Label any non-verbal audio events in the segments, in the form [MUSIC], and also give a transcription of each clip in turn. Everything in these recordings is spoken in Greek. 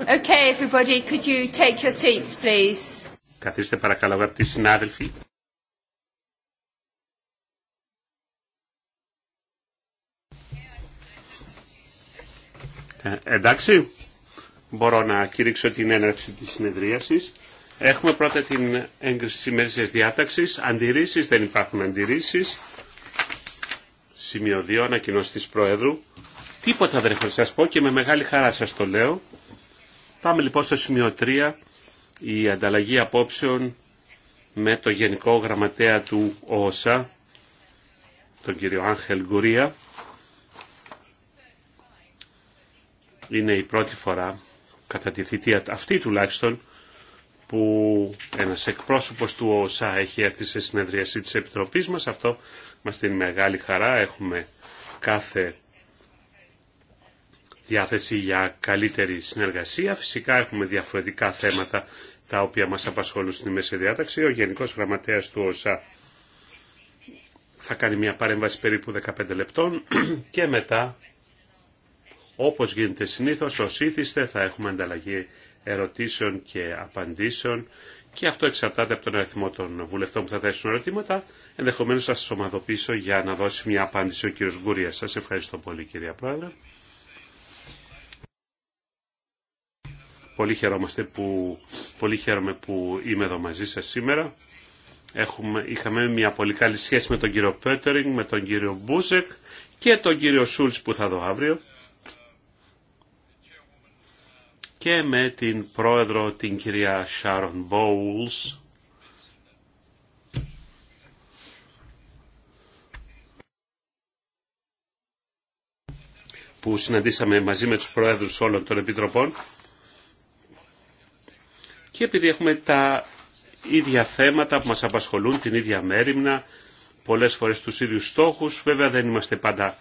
Okay, everybody, could you take your seats, please? Καθίστε παρακαλώ αγαπητοί συνάδελφοι. Ε, εντάξει, μπορώ να κηρύξω την έναρξη της συνεδρίασης. Έχουμε πρώτα την έγκριση της διάταξης. Αντιρρήσεις, δεν υπάρχουν αντιρρήσεις. Σημείο 2, ανακοινώσεις της Προέδρου. Τίποτα δεν έχω να σας πω και με μεγάλη χαρά σας το λέω. Πάμε λοιπόν στο σημείο 3, η ανταλλαγή απόψεων με το Γενικό Γραμματέα του ΟΣΑ, τον κύριο Άγχελ Γκουρία. Είναι η πρώτη φορά, κατά τη θητεία αυτή τουλάχιστον, που ένας εκπρόσωπος του ΟΣΑ έχει έρθει σε συνεδρίαση της Επιτροπής μας. Αυτό μας την μεγάλη χαρά. Έχουμε κάθε διάθεση για καλύτερη συνεργασία. Φυσικά έχουμε διαφορετικά θέματα τα οποία μας απασχολούν στη Μέση Διάταξη. Ο Γενικός Γραμματέας του ΩΣΑ θα κάνει μια παρέμβαση περίπου 15 λεπτών [CLEARS THROAT] και μετά, όπως γίνεται συνήθως, ως ήθιστε θα έχουμε ανταλλαγή ερωτήσεων και απαντήσεων και αυτό εξαρτάται από τον αριθμό των βουλευτών που θα θέσουν ερωτήματα. Ενδεχομένως θα σας ομαδοποιήσω για να δώσει μια απάντηση ο κύριος Γκούρια. Σας ευχαριστώ πολύ κυρία Πρόεδρε. Πολύ, χαιρόμαστε που, πολύ χαίρομαι που είμαι εδώ μαζί σας σήμερα. Έχουμε, είχαμε μια πολύ καλή σχέση με τον κύριο Πέτερινγκ, με τον κύριο Μπούζεκ και τον κύριο Σούλτς που θα δω αύριο και με την πρόεδρο την κυρία Sharon Bowles που συναντήσαμε μαζί με τους πρόεδρους όλων των επιτροπών και επειδή έχουμε τα ίδια θέματα που μας απασχολούν, την ίδια μέρημνα, πολλές φορές τους ίδιους στόχους, βέβαια δεν είμαστε πάντα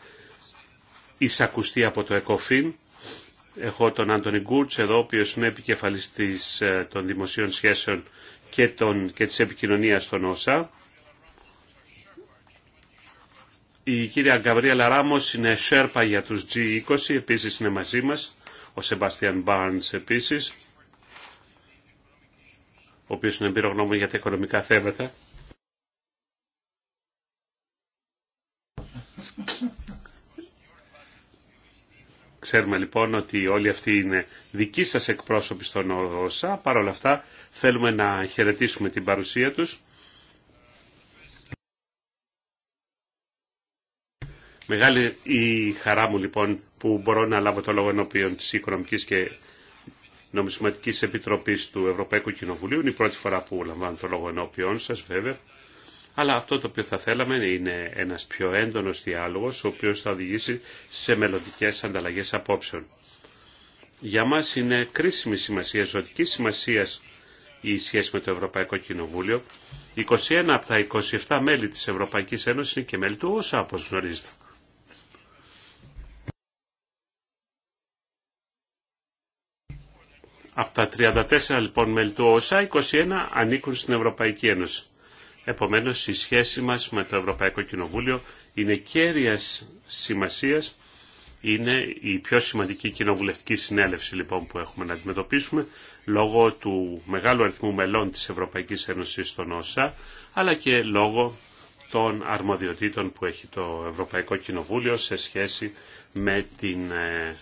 εισακουστοί από το ΕΚΟΦΗΝ. Έχω τον Άντωνη Γκούρτς εδώ, ο οποίος είναι επικεφαλής της, ε, των δημοσίων σχέσεων και, των, και της επικοινωνίας στον ΩΣΑ. Η κυρία Γκαμπρία Λαράμος είναι σέρπα για τους G20, επίσης είναι μαζί μας. Ο Σεμπαστιαν Μπάρνς επίσης ο οποίο είναι εμπειρογνώμων για τα οικονομικά θέματα. Ξέρουμε λοιπόν ότι όλοι αυτοί είναι δικοί σας εκπρόσωποι στον ΩΣΑ. Παρ' όλα αυτά θέλουμε να χαιρετήσουμε την παρουσία τους. Μεγάλη η χαρά μου λοιπόν που μπορώ να λάβω το λόγο ενώπιον της Οικονομικής και Νομισματική επιτροπή του Ευρωπαϊκού Κοινοβουλίου. Είναι η πρώτη φορά που λαμβάνω το λόγο ενώπιόν σα, βέβαια. Αλλά αυτό το οποίο θα θέλαμε είναι ένα πιο έντονο διάλογο ο οποίο θα οδηγήσει σε μελλοντικέ ανταλλαγές απόψεων. Για μα είναι κρίσιμη σημασία, ζωτική σημασία η σχέση με το Ευρωπαϊκό Κοινοβούλιο. 21 από τα 27 μέλη της Ευρωπαϊκής Ένωσης είναι και μέλη του όσα όπως γνωρίζετε. Από τα 34 λοιπόν μέλη του ΟΣΑ, 21 ανήκουν στην Ευρωπαϊκή Ένωση. Επομένως, η σχέση μας με το Ευρωπαϊκό Κοινοβούλιο είναι κέρυας σημασίας. Είναι η πιο σημαντική κοινοβουλευτική συνέλευση λοιπόν που έχουμε να αντιμετωπίσουμε λόγω του μεγάλου αριθμού μελών της Ευρωπαϊκής Ένωσης στον ΩΣΑ αλλά και λόγω των αρμοδιοτήτων που έχει το Ευρωπαϊκό Κοινοβούλιο σε σχέση με την ε,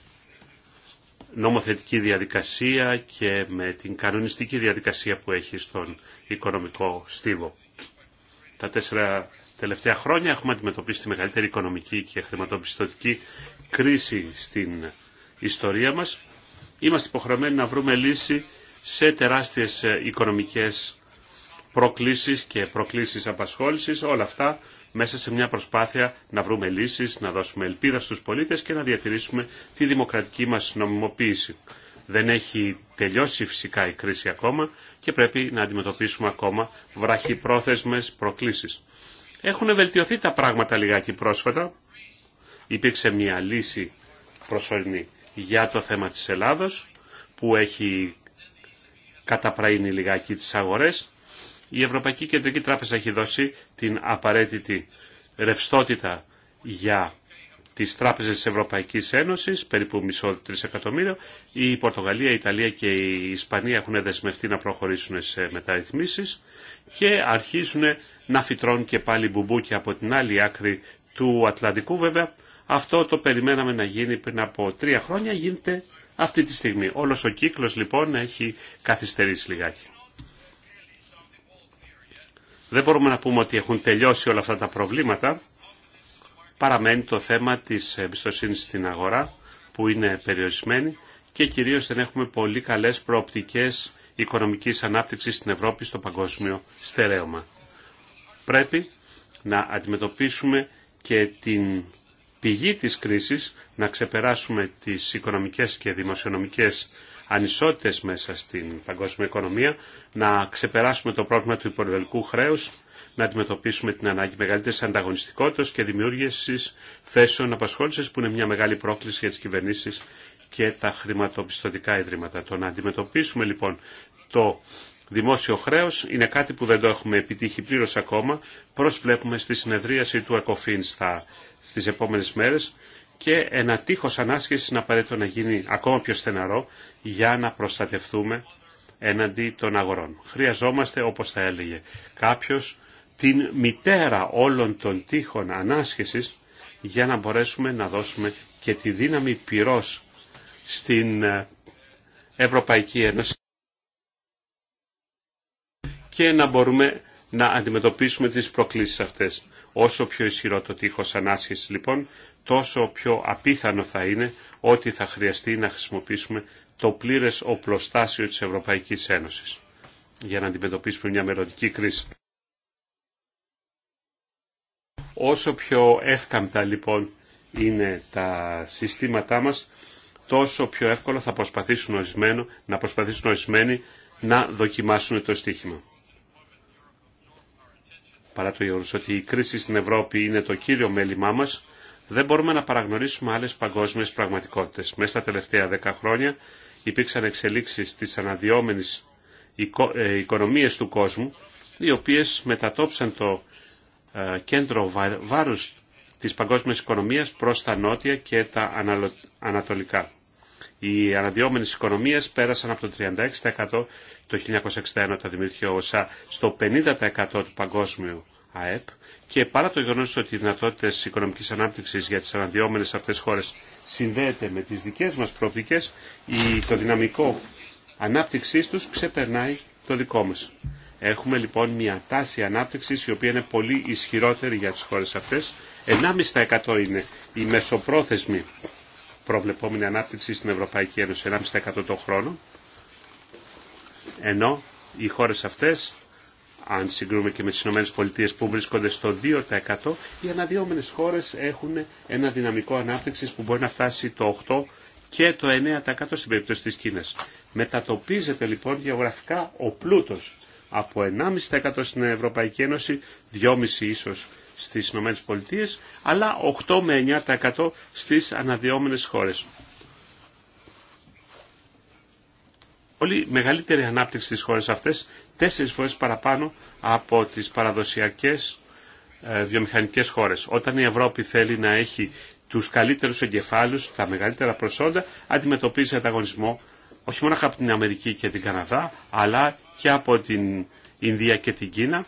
νομοθετική διαδικασία και με την κανονιστική διαδικασία που έχει στον οικονομικό στίβο. Τα τέσσερα τελευταία χρόνια έχουμε αντιμετωπίσει τη μεγαλύτερη οικονομική και χρηματοπιστωτική κρίση στην ιστορία μας. Είμαστε υποχρεωμένοι να βρούμε λύση σε τεράστιες οικονομικές προκλήσεις και προκλήσεις απασχόλησης. Όλα αυτά μέσα σε μια προσπάθεια να βρούμε λύσεις, να δώσουμε ελπίδα στους πολίτες και να διατηρήσουμε τη δημοκρατική μας νομιμοποίηση. Δεν έχει τελειώσει φυσικά η κρίση ακόμα και πρέπει να αντιμετωπίσουμε ακόμα βραχυπρόθεσμες προκλήσεις. Έχουν βελτιωθεί τα πράγματα λιγάκι πρόσφατα. Υπήρξε μια λύση προσωρινή για το θέμα της Ελλάδος που έχει καταπραίνει λιγάκι τις αγορές η Ευρωπαϊκή Κεντρική Τράπεζα έχει δώσει την απαραίτητη ρευστότητα για τις τράπεζες της Ευρωπαϊκής Ένωσης, περίπου μισό τρισεκατομμύριο. Η Πορτογαλία, η Ιταλία και η Ισπανία έχουν δεσμευτεί να προχωρήσουν σε μεταρρυθμίσεις και αρχίζουν να φυτρώνουν και πάλι μπουμπούκια από την άλλη άκρη του Ατλαντικού βέβαια. Αυτό το περιμέναμε να γίνει πριν από τρία χρόνια, γίνεται αυτή τη στιγμή. Όλος ο κύκλος λοιπόν έχει καθυστερήσει λιγάκι. Δεν μπορούμε να πούμε ότι έχουν τελειώσει όλα αυτά τα προβλήματα. Παραμένει το θέμα της εμπιστοσύνης στην αγορά που είναι περιορισμένη και κυρίως δεν έχουμε πολύ καλές προοπτικές οικονομικής ανάπτυξης στην Ευρώπη στο παγκόσμιο στερέωμα. Πρέπει να αντιμετωπίσουμε και την πηγή της κρίσης, να ξεπεράσουμε τις οικονομικές και δημοσιονομικές ανισότητες μέσα στην παγκόσμια οικονομία, να ξεπεράσουμε το πρόβλημα του υπορβελικού χρέους, να αντιμετωπίσουμε την ανάγκη μεγαλύτερης ανταγωνιστικότητας και δημιούργησης θέσεων απασχόλησης που είναι μια μεγάλη πρόκληση για τις κυβερνήσεις και τα χρηματοπιστωτικά ιδρύματα. Το να αντιμετωπίσουμε λοιπόν το δημόσιο χρέος είναι κάτι που δεν το έχουμε επιτύχει πλήρως ακόμα. Προσβλέπουμε στη συνεδρίαση του ΕΚΟΦΗΝ στα, επόμενε επόμενες και ένα τείχος ανάσχεσης είναι απαραίτητο να γίνει ακόμα πιο στεναρό για να προστατευτούμε έναντι των αγορών. Χρειαζόμαστε, όπως θα έλεγε κάποιος, την μητέρα όλων των τείχων ανάσχεσης για να μπορέσουμε να δώσουμε και τη δύναμη πυρός στην ε, Ευρωπαϊκή Ένωση και να μπορούμε να αντιμετωπίσουμε τις προκλήσεις αυτές. Όσο πιο ισχυρό το τείχος ανάσχεσης λοιπόν, τόσο πιο απίθανο θα είναι ότι θα χρειαστεί να χρησιμοποιήσουμε το πλήρες οπλοστάσιο της Ευρωπαϊκής Ένωσης για να αντιμετωπίσουμε μια μελλοντική κρίση. Όσο πιο εύκαμπτα λοιπόν είναι τα συστήματά μας, τόσο πιο εύκολα θα προσπαθήσουν να προσπαθήσουν ορισμένοι να δοκιμάσουν το στοίχημα. Παρά το γεγονός ότι η κρίση στην Ευρώπη είναι το κύριο μέλημά μας, δεν μπορούμε να παραγνωρίσουμε άλλες παγκόσμιες πραγματικότητες. Μέσα στα τελευταία δέκα χρόνια υπήρξαν εξελίξεις στις αναδυόμενες οικονομίε οικονομίες του κόσμου, οι οποίες μετατόψαν το ε, κέντρο βάρου βάρους της παγκόσμιας οικονομίας προς τα νότια και τα ανατολικά. Οι αναδυόμενες οικονομίες πέρασαν από το 36% το 1961 όταν δημιουργήθηκε ο ΩΣΑ στο 50% του παγκόσμιου ΑΕΠ, και παρά το γεγονό ότι οι δυνατότητε οικονομική ανάπτυξη για τι αναδυόμενε αυτέ χώρε συνδέεται με τι δικέ μα προοπτικέ, το δυναμικό ανάπτυξή του ξεπερνάει το δικό μα. Έχουμε λοιπόν μια τάση ανάπτυξη η οποία είναι πολύ ισχυρότερη για τι χώρε αυτέ. 1,5% είναι η μεσοπρόθεσμη προβλεπόμενη ανάπτυξη στην Ευρωπαϊκή Ένωση, 1,5% το χρόνο. Ενώ οι χώρε αυτέ αν συγκρούμε και με τις ΗΠΑ που βρίσκονται στο 2%, οι αναδυόμενες χώρες έχουν ένα δυναμικό ανάπτυξης που μπορεί να φτάσει το 8% και το 9% στην περίπτωση της Κίνας. Μετατοπίζεται λοιπόν γεωγραφικά ο πλούτος από 1,5% στην Ευρωπαϊκή Ένωση, 2,5% ίσως στις ΗΠΑ, αλλά 8 με 9% στις αναδυόμενες χώρες. Πολύ μεγαλύτερη ανάπτυξη στις χώρες αυτές τέσσερις φορές παραπάνω από τις παραδοσιακές ε, βιομηχανικές χώρες. Όταν η Ευρώπη θέλει να έχει τους καλύτερους εγκεφάλους, τα μεγαλύτερα προσόντα, αντιμετωπίζει ανταγωνισμό όχι μόνο από την Αμερική και την Καναδά, αλλά και από την Ινδία και την Κίνα.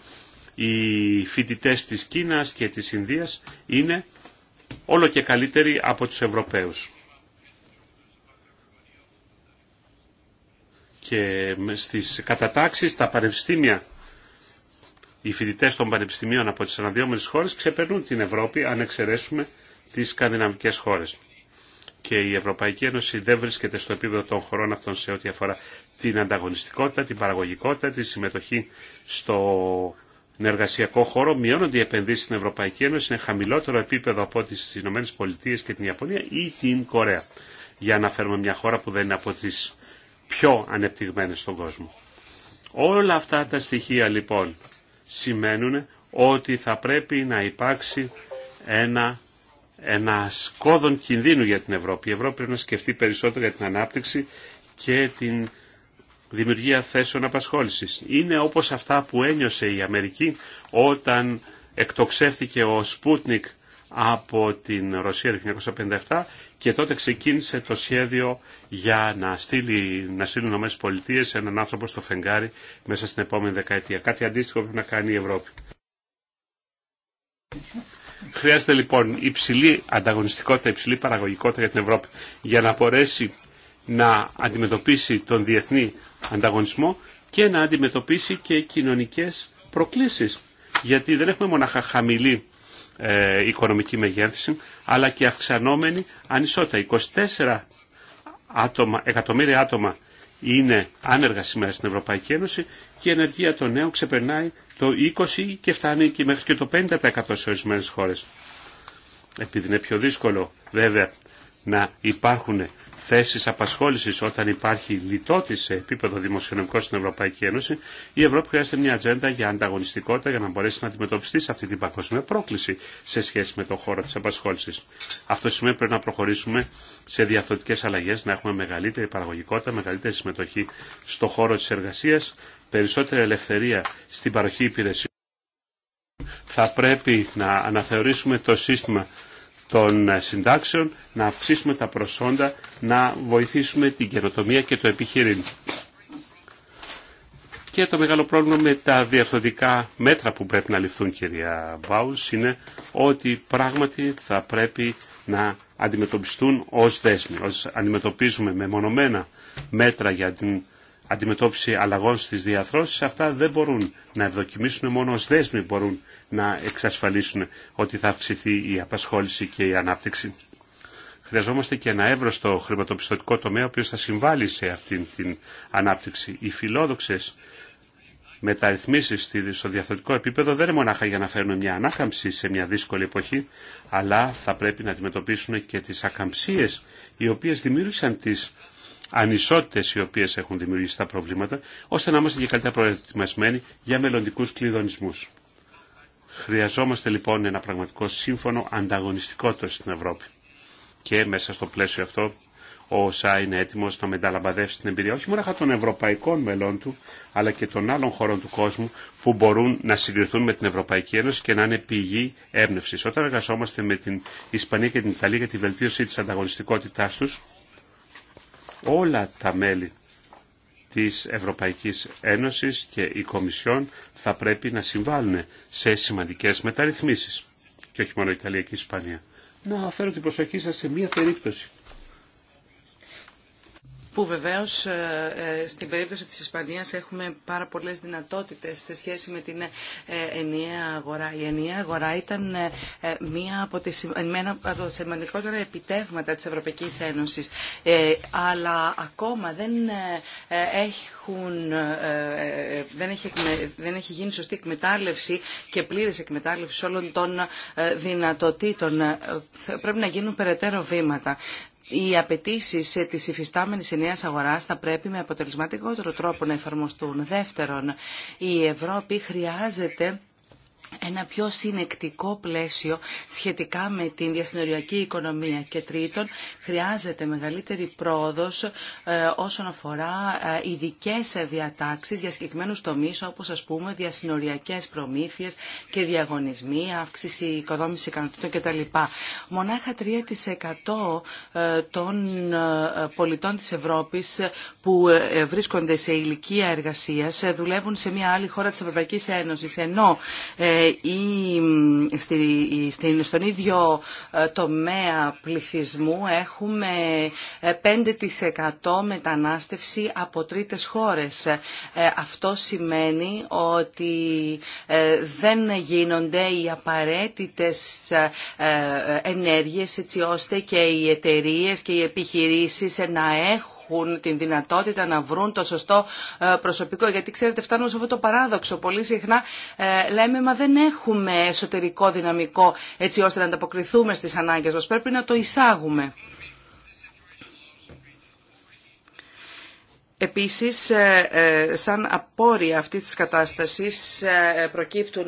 Οι φοιτητέ της Κίνας και της Ινδίας είναι όλο και καλύτεροι από τους Ευρωπαίους. και στις κατατάξεις τα πανεπιστήμια οι φοιτητές των πανεπιστημίων από τις αναδυόμενες χώρες ξεπερνούν την Ευρώπη αν εξαιρέσουμε τις σκανδιναβικές χώρες. Και η Ευρωπαϊκή Ένωση δεν βρίσκεται στο επίπεδο των χωρών αυτών σε ό,τι αφορά την ανταγωνιστικότητα, την παραγωγικότητα, τη συμμετοχή στο ενεργασιακό χώρο. Μειώνονται οι επενδύσει στην Ευρωπαϊκή Ένωση, είναι χαμηλότερο επίπεδο από τι ΗΠΑ και την Ιαπωνία ή την Κορέα. Για να φέρουμε μια χώρα που δεν είναι από τις πιο ανεπτυγμένες στον κόσμο. Όλα αυτά τα στοιχεία λοιπόν σημαίνουν ότι θα πρέπει να υπάρξει ένα, ένα σκόδον κινδύνου για την Ευρώπη. Η Ευρώπη πρέπει να σκεφτεί περισσότερο για την ανάπτυξη και την δημιουργία θέσεων απασχόλησης. Είναι όπως αυτά που ένιωσε η Αμερική όταν εκτοξεύτηκε ο Σπούτνικ από την Ρωσία το 1957 και τότε ξεκίνησε το σχέδιο για να, στείλει, να στείλουν οι έναν άνθρωπο στο φεγγάρι μέσα στην επόμενη δεκαετία. Κάτι αντίστοιχο πρέπει να κάνει η Ευρώπη. Χρειάζεται λοιπόν υψηλή ανταγωνιστικότητα, υψηλή παραγωγικότητα για την Ευρώπη για να μπορέσει να αντιμετωπίσει τον διεθνή ανταγωνισμό και να αντιμετωπίσει και κοινωνικές προκλήσεις. Γιατί δεν έχουμε μονάχα χαμηλή ε, οικονομική μεγέθυνση, αλλά και αυξανόμενη ανισότητα. 24 άτομα, εκατομμύρια άτομα είναι άνεργα σήμερα στην Ευρωπαϊκή Ένωση και η ενεργεία των νέων ξεπερνάει το 20% και φτάνει και μέχρι και το 50% σε ορισμένε χώρε. Επειδή είναι πιο δύσκολο βέβαια να υπάρχουν θέσεις απασχόλησης όταν υπάρχει λιτότη σε επίπεδο δημοσιονομικό στην Ευρωπαϊκή Ένωση, η Ευρώπη χρειάζεται μια ατζέντα για ανταγωνιστικότητα για να μπορέσει να αντιμετωπιστεί σε αυτή την παγκόσμια πρόκληση σε σχέση με τον χώρο της απασχόλησης. Αυτό σημαίνει πρέπει να προχωρήσουμε σε διαφορετικέ αλλαγές, να έχουμε μεγαλύτερη παραγωγικότητα, μεγαλύτερη συμμετοχή στο χώρο της εργασίας, περισσότερη ελευθερία στην παροχή υπηρεσιών. Θα πρέπει να αναθεωρήσουμε το σύστημα των ε, συντάξεων, να αυξήσουμε τα προσόντα, να βοηθήσουμε την καινοτομία και το επιχειρήμα. Και το μεγάλο πρόβλημα με τα διαρθωτικά μέτρα που πρέπει να ληφθούν, κυρία Μπάους, είναι ότι πράγματι θα πρέπει να αντιμετωπιστούν ως δέσμοι. Ως αντιμετωπίζουμε με μονομένα μέτρα για την αντιμετώπιση αλλαγών στις διαθρώσεις, αυτά δεν μπορούν να ευδοκιμήσουν μόνο ως δέσμοι μπορούν να εξασφαλίσουν ότι θα αυξηθεί η απασχόληση και η ανάπτυξη. Χρειαζόμαστε και ένα στο χρηματοπιστωτικό τομέα, ο οποίο θα συμβάλλει σε αυτή την ανάπτυξη. Οι φιλόδοξε μεταρρυθμίσει στο διαθετικό επίπεδο δεν είναι μονάχα για να φέρουν μια ανάκαμψη σε μια δύσκολη εποχή, αλλά θα πρέπει να αντιμετωπίσουν και τι ακαμψίες οι οποίε δημιούργησαν τι ανισότητε, οι οποίε έχουν δημιουργήσει τα προβλήματα, ώστε να είμαστε και καλύτερα προετοιμασμένοι για μελλοντικού κλειδονισμού. Χρειαζόμαστε λοιπόν ένα πραγματικό σύμφωνο ανταγωνιστικότητα στην Ευρώπη. Και μέσα στο πλαίσιο αυτό ο ΩΣΑ είναι έτοιμος να μεταλαμπαδεύσει την εμπειρία όχι μόνο των ευρωπαϊκών μελών του, αλλά και των άλλων χωρών του κόσμου που μπορούν να συγκριθούν με την Ευρωπαϊκή Ένωση και να είναι πηγή έμπνευση. Όταν εργαζόμαστε με την Ισπανία και την Ιταλία για τη βελτίωση της ανταγωνιστικότητάς τους, όλα τα μέλη της Ευρωπαϊκής Ένωσης και η Κομισιόν θα πρέπει να συμβάλλουν σε σημαντικές μεταρρυθμίσεις. Και όχι μόνο η Ιταλία και η Ισπανία. Να φέρω την προσοχή σας σε μία περίπτωση που βεβαίως ε, ε, στην περίπτωση της Ισπανίας έχουμε πάρα πολλές δυνατότητες σε σχέση με την ε, ενιαία αγορά. Η ενιαία αγορά ήταν μία από τις, ένα από τα σημαντικότερα επιτεύγματα της Ευρωπαϊκής Ένωσης. Αλλά ακόμα δεν, έχουν, δεν, έχει, δεν έχει γίνει σωστή εκμετάλλευση και πλήρης εκμετάλλευση όλων των δυνατοτήτων. Πρέπει να γίνουν περαιτέρω βήματα οι απαιτήσει ε, τη υφιστάμενη ενιαία αγορά θα πρέπει με αποτελεσματικότερο τρόπο να εφαρμοστούν. Δεύτερον, η Ευρώπη χρειάζεται ένα πιο συνεκτικό πλαίσιο σχετικά με την διασυνοριακή οικονομία. Και τρίτον, χρειάζεται μεγαλύτερη πρόοδος ε, όσον αφορά ε, ειδικέ διατάξεις για συγκεκριμένους τομείς όπως ας πούμε διασυνοριακές προμήθειες και διαγωνισμοί, αύξηση οικοδόμηση ικανοτήτων κτλ. Μονάχα 3% ε, των πολιτών της Ευρώπης που βρίσκονται σε ηλικία εργασίας δουλεύουν σε μια άλλη χώρα της Ευρωπαϊκής Ένωση ενώ στην, στον ίδιο ε, τομέα πληθυσμού έχουμε 5% ε, μετανάστευση από τρίτες χώρες. Ε, αυτό σημαίνει ότι δεν γίνονται οι απαραίτητες ενέργειες έτσι ώστε και οι εταιρείες και οι επιχειρήσεις να έχουν έχουν την δυνατότητα να βρουν το σωστό ε, προσωπικό. Γιατί ξέρετε φτάνουμε σε αυτό το παράδοξο. Πολύ συχνά ε, λέμε μα δεν έχουμε εσωτερικό δυναμικό έτσι ώστε να ανταποκριθούμε στι ανάγκε μα. Πρέπει να το εισάγουμε. Επίσης, ε, ε, σαν απόρρια αυτής της κατάστασης ε, προκύπτουν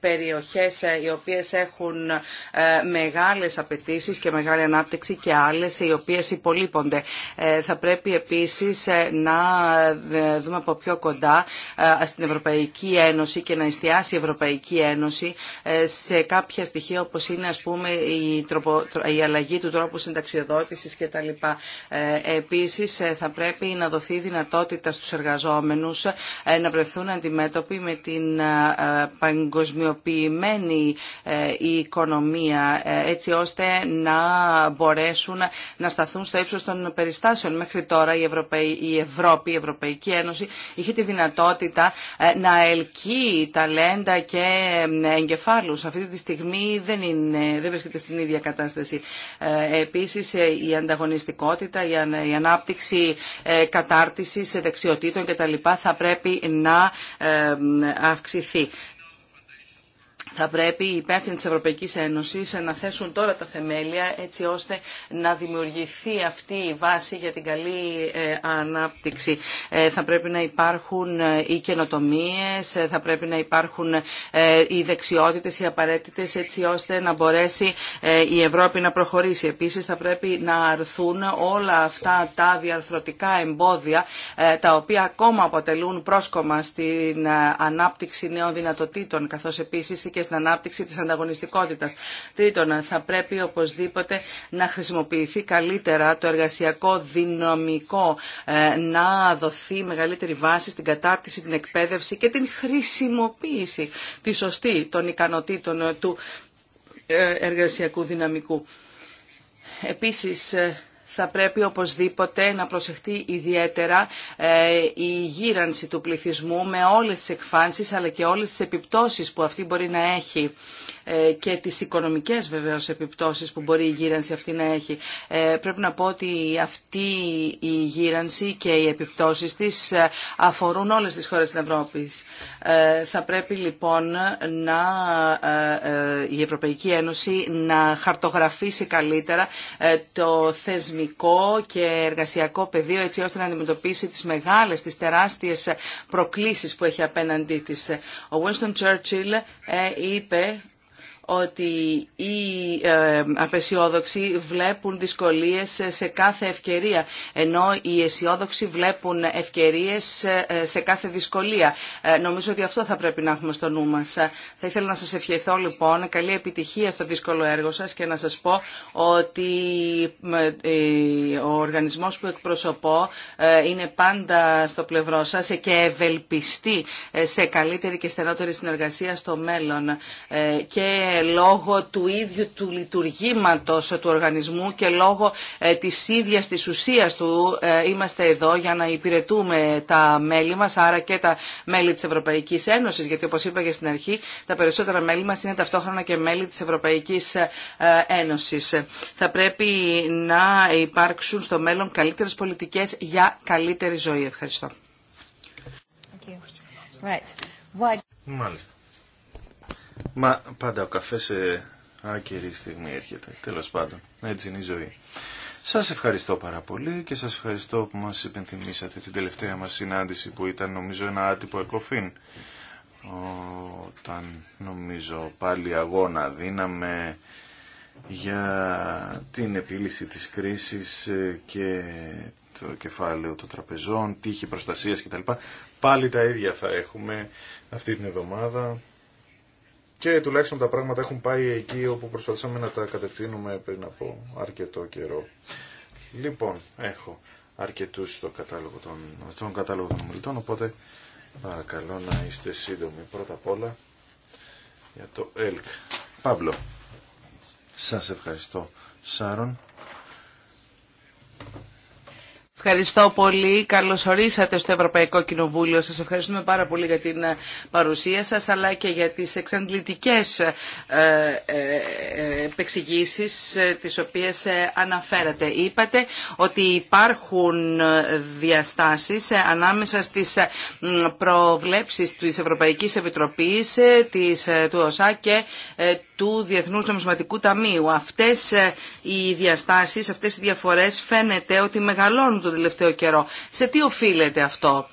περιοχές οι οποίες έχουν μεγάλες απαιτήσεις και μεγάλη ανάπτυξη και άλλες οι οποίες υπολείπονται. Θα πρέπει επίσης να δούμε από πιο κοντά στην Ευρωπαϊκή Ένωση και να εστιάσει η Ευρωπαϊκή Ένωση σε κάποια στοιχεία όπως είναι ας πούμε η, τροπο, αλλαγή του τρόπου συνταξιοδότησης κτλ. Επίσης θα πρέπει να δοθεί δυνατότητα στους εργαζόμενους ε, να βρεθούν αντιμέτωποι με την ε, παγκοσμιοποιημένη ε, οικονομία έτσι ώστε να μπορέσουν να σταθούν στο ύψος των περιστάσεων. Μέχρι τώρα η, Ευρώπη, η Ευρωπαϊκή Ένωση είχε τη δυνατότητα να ελκύει ταλέντα και εγκεφάλους. Αυτή τη στιγμή δεν, είναι... δεν βρίσκεται στην ίδια κατάσταση. Επίσης η ανταγωνιστικότητα, η ανάπτυξη κατάρτισης σε δεξιοτήτων κτλ. θα πρέπει να ε, αυξηθεί θα πρέπει οι υπεύθυνοι της Ευρωπαϊκής Ένωσης να θέσουν τώρα τα θεμέλια έτσι ώστε να δημιουργηθεί αυτή η βάση για την καλή ε, ανάπτυξη. Ε, θα πρέπει να υπάρχουν ε, οι καινοτομίες, θα πρέπει να υπάρχουν οι δεξιότητες, οι απαραίτητες έτσι ώστε να μπορέσει η Ευρώπη να προχωρήσει. Επίσης θα πρέπει να αρθούν όλα αυτά τα διαρθρωτικά εμπόδια τα οποία ακόμα αποτελούν πρόσκομα στην ανάπτυξη νέων δυνατοτήτων καθώς επίσης και στην ανάπτυξη της ανταγωνιστικότητας. Τρίτον, θα πρέπει οπωσδήποτε να χρησιμοποιηθεί καλύτερα το εργασιακό δυναμικό, ε, να δοθεί μεγαλύτερη βάση στην κατάρτιση, την εκπαίδευση και την χρησιμοποίηση τη σωστή των ικανοτήτων ε, του ε, εργασιακού δυναμικού. Επίσης, θα πρέπει οπωσδήποτε να προσεχτεί ιδιαίτερα ε, η γύρανση του πληθυσμού με όλες τις εκφάνσεις αλλά και όλες τις επιπτώσεις που αυτή μπορεί να έχει ε, και τις οικονομικές βεβαίως επιπτώσεις που μπορεί η γύρανση αυτή να έχει. Ε, πρέπει να πω ότι αυτή η γύρανση και οι επιπτώσεις της ε, αφορούν όλες τις χώρες της Ευρώπης. Θα πρέπει λοιπόν να η Ευρωπαϊκή Ένωση να χαρτογραφήσει καλύτερα το θεσμικό και εργασιακό πεδίο έτσι ώστε να αντιμετωπίσει τις μεγάλες, τις τεράστιες προκλήσεις που έχει απέναντί της. Ο Winston Churchill είπε ότι οι ε, απεσιόδοξοι βλέπουν δυσκολίες σε κάθε ευκαιρία, ενώ οι αισιόδοξοι βλέπουν ευκαιρίες ε, σε κάθε δυσκολία. Ε, νομίζω ότι αυτό θα πρέπει να έχουμε στο νου μας. Θα ήθελα να σας ευχηθώ λοιπόν καλή επιτυχία στο δύσκολο έργο σας και να σας πω ότι ο οργανισμός που εκπροσωπώ είναι πάντα στο πλευρό σας και ευελπιστεί σε καλύτερη και στενότερη συνεργασία στο μέλλον. Και λόγω του ίδιου του λειτουργήματος του οργανισμού και λόγω ε, της ίδιας της ουσίας του ε, είμαστε εδώ για να υπηρετούμε τα μέλη μας, άρα και τα μέλη της Ευρωπαϊκής Ένωσης, γιατί όπως είπα και στην αρχή, τα περισσότερα μέλη μας είναι ταυτόχρονα και μέλη της Ευρωπαϊκής ε, Ένωσης. Θα πρέπει να υπάρξουν στο μέλλον καλύτερες πολιτικές για καλύτερη ζωή. Ευχαριστώ. Μάλιστα. Μα πάντα ο καφέ σε άκυρη στιγμή έρχεται. Τέλος πάντων. Έτσι είναι η ζωή. Σας ευχαριστώ πάρα πολύ και σας ευχαριστώ που μας υπενθυμίσατε την τελευταία μας συνάντηση που ήταν νομίζω ένα άτυπο εκοφήν. Όταν νομίζω πάλι αγώνα δύναμε για την επίλυση της κρίσης και το κεφάλαιο των τραπεζών, τύχη προστασίας κτλ. Πάλι τα ίδια θα έχουμε αυτή την εβδομάδα και τουλάχιστον τα πράγματα έχουν πάει εκεί όπου προσπαθήσαμε να τα κατευθύνουμε πριν από αρκετό καιρό. Λοιπόν, έχω αρκετού στο κατάλογο των, στον κατάλογο των ομιλητών, οπότε παρακαλώ να είστε σύντομοι πρώτα απ' όλα για το ΕΛΚ. Παύλο, σας ευχαριστώ Σάρον. Ευχαριστώ πολύ. Καλώς ορίσατε στο Ευρωπαϊκό Κοινοβούλιο. Σας ευχαριστούμε πάρα πολύ για την ε, παρουσία σας, αλλά και για τις εξαντλητικές ε, ε, επεξηγήσεις τις οποίες αναφέρατε. Είπατε ότι υπάρχουν διαστάσεις ανάμεσα στις προβλέψεις της Ευρωπαϊκής Επιτροπής, της, του ΟΣΑ και του Διεθνούς Νομισματικού Ταμείου. Αυτές ε, οι διαστάσεις, αυτές οι διαφορές φαίνεται ότι μεγαλώνουν τον τελευταίο καιρό. Σε τι οφείλεται αυτό.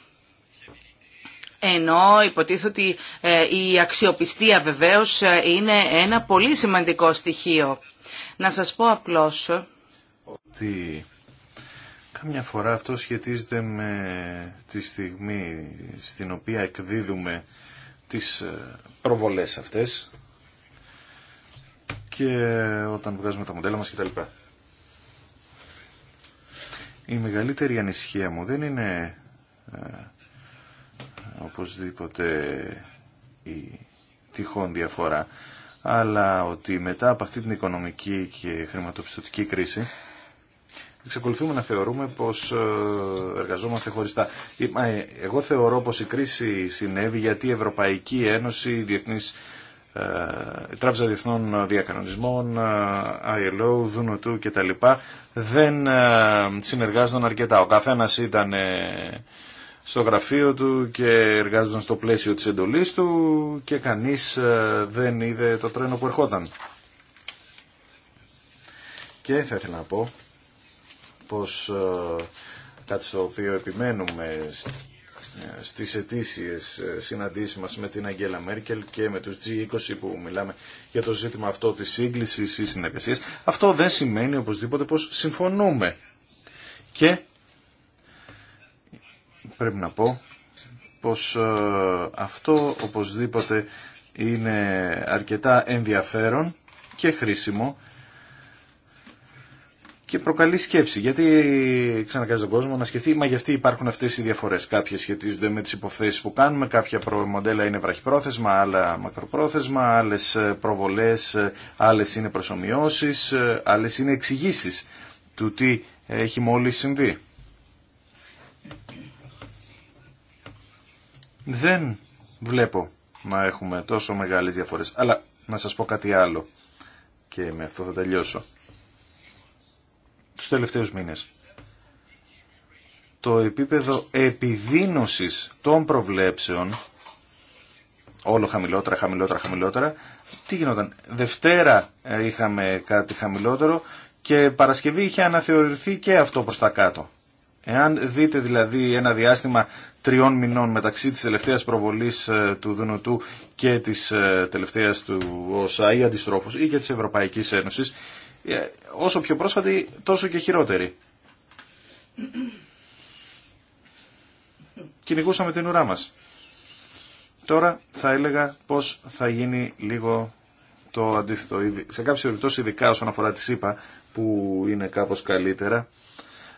Ενώ υποτίθεται ότι ε, η αξιοπιστία βεβαίως ε, είναι ένα πολύ σημαντικό στοιχείο. Να σας πω απλώς ότι καμιά φορά αυτό σχετίζεται με τη στιγμή στην οποία εκδίδουμε τις προβολές αυτές και όταν βγάζουμε τα μοντέλα μας κτλ. Η μεγαλύτερη ανησυχία μου δεν είναι ε, οπωσδήποτε η τυχόν διαφορά, αλλά ότι μετά από αυτή την οικονομική και χρηματοπιστωτική κρίση εξακολουθούμε να θεωρούμε πως ε, εργαζόμαστε χωριστά. Ε, εγώ θεωρώ πως η κρίση συνέβη γιατί η Ευρωπαϊκή Ένωση, Διεθνής ε, Τράπεζα Διεθνών Διακανονισμών, ε, ILO, τα κτλ. δεν ε, συνεργάζονταν αρκετά. Ο καθένα ήταν στο γραφείο του και εργάζονταν στο πλαίσιο της εντολής του και κανείς δεν είδε το τρένο που ερχόταν. Και θα ήθελα να πω πως κάτι στο οποίο επιμένουμε στις ετήσιες ε, συναντήσεις μας με την Αγγέλα Μέρκελ και με τους G20 που μιλάμε για το ζήτημα αυτό της σύγκλησης ή συνεργασίας. Αυτό δεν σημαίνει οπωσδήποτε πως συμφωνούμε. Και πρέπει να πω πως ε, αυτό οπωσδήποτε είναι αρκετά ενδιαφέρον και χρήσιμο και προκαλεί σκέψη. Γιατί ξαναγκάζει τον κόσμο να σκεφτεί, μα γιατί υπάρχουν αυτέ οι διαφορέ. Κάποιε σχετίζονται με τι υποθέσει που κάνουμε, κάποια μοντέλα είναι βραχυπρόθεσμα, άλλα μακροπρόθεσμα, άλλε προβολέ, ε, άλλε είναι προσωμιώσει, ε, άλλε είναι εξηγήσει του τι έχει μόλι συμβεί. Δεν βλέπω να έχουμε τόσο μεγάλες διαφορές. Αλλά να σας πω κάτι άλλο και με αυτό θα τελειώσω τους τελευταίους μήνες. Το επίπεδο επιδίνωσης των προβλέψεων, όλο χαμηλότερα, χαμηλότερα, χαμηλότερα, τι γινόταν. Δευτέρα ε, είχαμε κάτι χαμηλότερο και Παρασκευή είχε αναθεωρηθεί και αυτό προς τα κάτω. Εάν δείτε δηλαδή ένα διάστημα τριών μηνών μεταξύ της τελευταίας προβολής ε, του Δουνουτού και της ε, τελευταίας του ΟΣΑ ή αντιστρόφως ή και της Ευρωπαϊκής Ένωσης, ε, όσο πιο πρόσφατη τόσο και χειρότερη. Κυνηγούσαμε την ουρά μας. Τώρα θα έλεγα πως θα γίνει λίγο το αντίθετο. Σε κάποιες περιπτώσεις ειδικά όσον αφορά τη ΣΥΠΑ που είναι κάπως καλύτερα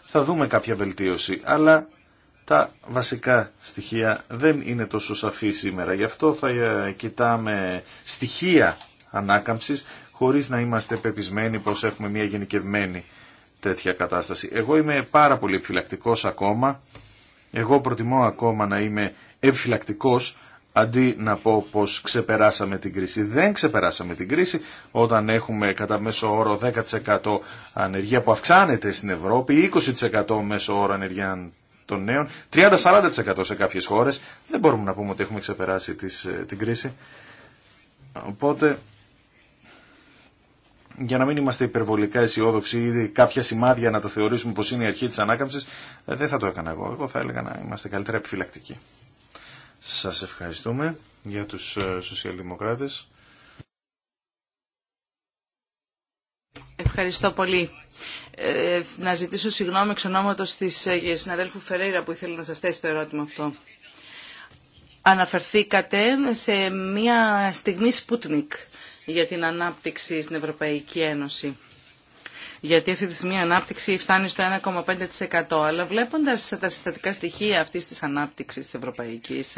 θα δούμε κάποια βελτίωση. Αλλά τα βασικά στοιχεία δεν είναι τόσο σαφή σήμερα. Γι' αυτό θα ε, κοιτάμε στοιχεία ανάκαμψης χωρίς να είμαστε πεπισμένοι πως έχουμε μια γενικευμένη τέτοια κατάσταση. Εγώ είμαι πάρα πολύ επιφυλακτικό ακόμα. Εγώ προτιμώ ακόμα να είμαι επιφυλακτικό αντί να πω πως ξεπεράσαμε την κρίση. Δεν ξεπεράσαμε την κρίση όταν έχουμε κατά μέσο όρο 10% ανεργία που αυξάνεται στην Ευρώπη, 20% μέσο όρο ανεργία των νέων, 30-40% σε κάποιες χώρες. Δεν μπορούμε να πούμε ότι έχουμε ξεπεράσει ε, την κρίση. Οπότε για να μην είμαστε υπερβολικά αισιόδοξοι ή κάποια σημάδια να το θεωρήσουμε πως είναι η αρχή της ανάκαμψης, ε, δεν θα το έκανα εγώ. Εγώ θα έλεγα να είμαστε καλύτερα επιφυλακτικοί. Σας ευχαριστούμε για τους ε, σοσιαλδημοκράτες. Ευχαριστώ πολύ. Ε, να ζητήσω συγγνώμη εξ ονόματος της ε, συναδέλφου Φερέιρα που ήθελε να σας θέσει το ερώτημα αυτό. Αναφερθήκατε σε μια στιγμή σπούτνικ για την ανάπτυξη στην Ευρωπαϊκή Ένωση γιατί αυτή τη στιγμή η ανάπτυξη φτάνει στο 1,5%. Αλλά βλέποντας τα συστατικά στοιχεία αυτής της ανάπτυξης της ευρωπαϊκής,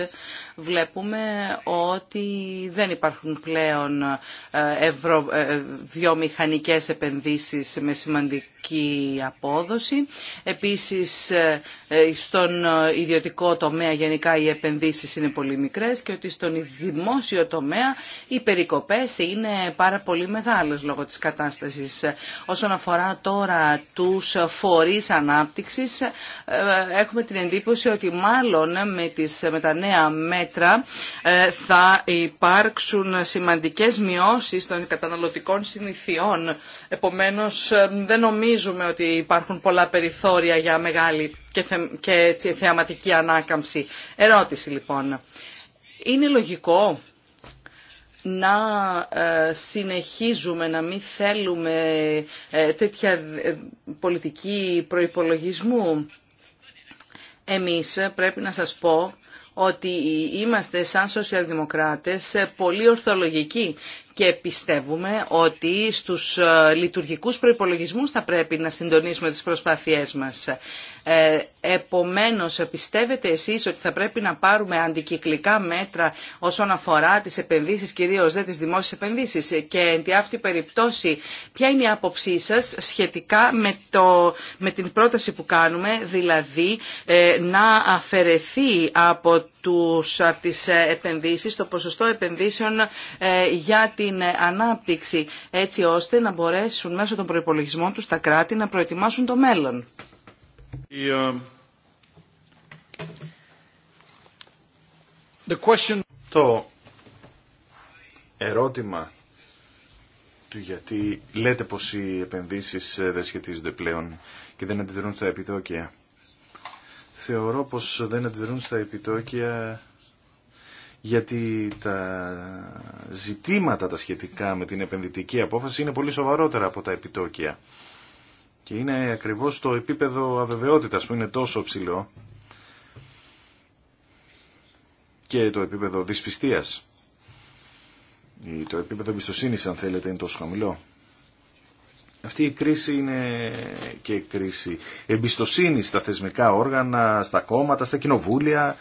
βλέπουμε ότι δεν υπάρχουν πλέον βιομηχανικέ ε, ε, βιομηχανικές επενδύσεις με σημαντικό η απόδοση. Επίσης ε, ε, στον ιδιωτικό τομέα γενικά οι επενδύσεις είναι πολύ μικρές και ότι στον δημόσιο τομέα οι περικοπές είναι πάρα πολύ μεγάλες λόγω της κατάστασης. Όσον αφορά τώρα τους φορείς ανάπτυξης ε, έχουμε την εντύπωση ότι μάλλον με, τις, με τα νέα μέτρα θα υπάρξουν σημαντικές μειώσεις των καταναλωτικών συνηθιών. Επομένως δεν νομίζω Νομίζουμε ότι υπάρχουν πολλά περιθώρια για μεγάλη και, θε, και έτσι, θεαματική ανάκαμψη. Ερώτηση λοιπόν. Είναι λογικό να ε, συνεχίζουμε να μην θέλουμε ε, τέτοια ε, πολιτική προϋπολογισμού. Εμείς πρέπει να σας πω ότι είμαστε σαν σοσιαλδημοκράτες πολύ ορθολογικοί και πιστεύουμε ότι στους ε, λειτουργικούς προϋπολογισμούς θα πρέπει να συντονίσουμε τις προσπάθειές μας. Ε, επομένως, πιστεύετε εσείς ότι θα πρέπει να πάρουμε αντικυκλικά μέτρα όσον αφορά τις επενδύσεις, κυρίως δεν τις δημόσιες επενδύσεις και εν τη αυτή περιπτώση ποια είναι η άποψή σας σχετικά με, το, με την πρόταση που κάνουμε, δηλαδή ε, να αφαιρεθεί από, τους, από τις ε, επενδύσεις το ποσοστό επενδύσεων ε, για την ε, ανάπτυξη έτσι ώστε να μπορέσουν μέσω των προϋπολογισμών τους τα κράτη να προετοιμάσουν το μέλλον. Ε, the question... Το ερώτημα του γιατί λέτε πως οι επενδύσεις ε, δεν σχετίζονται πλέον και δεν αντιδρούν στα επιτόκια. Θεωρώ πως δεν αντιδρούν στα επιτόκια γιατί τα ζητήματα τα σχετικά με την επενδυτική απόφαση είναι πολύ σοβαρότερα από τα επιτόκια. Και είναι ακριβώς το επίπεδο αβεβαιότητας που είναι τόσο ψηλό και το επίπεδο δυσπιστίας ή το επίπεδο εμπιστοσύνη αν θέλετε είναι τόσο χαμηλό. Αυτή η κρίση είναι και κρίση εμπιστοσύνη στα θεσμικά όργανα, στα κόμματα, στα κοινοβούλια,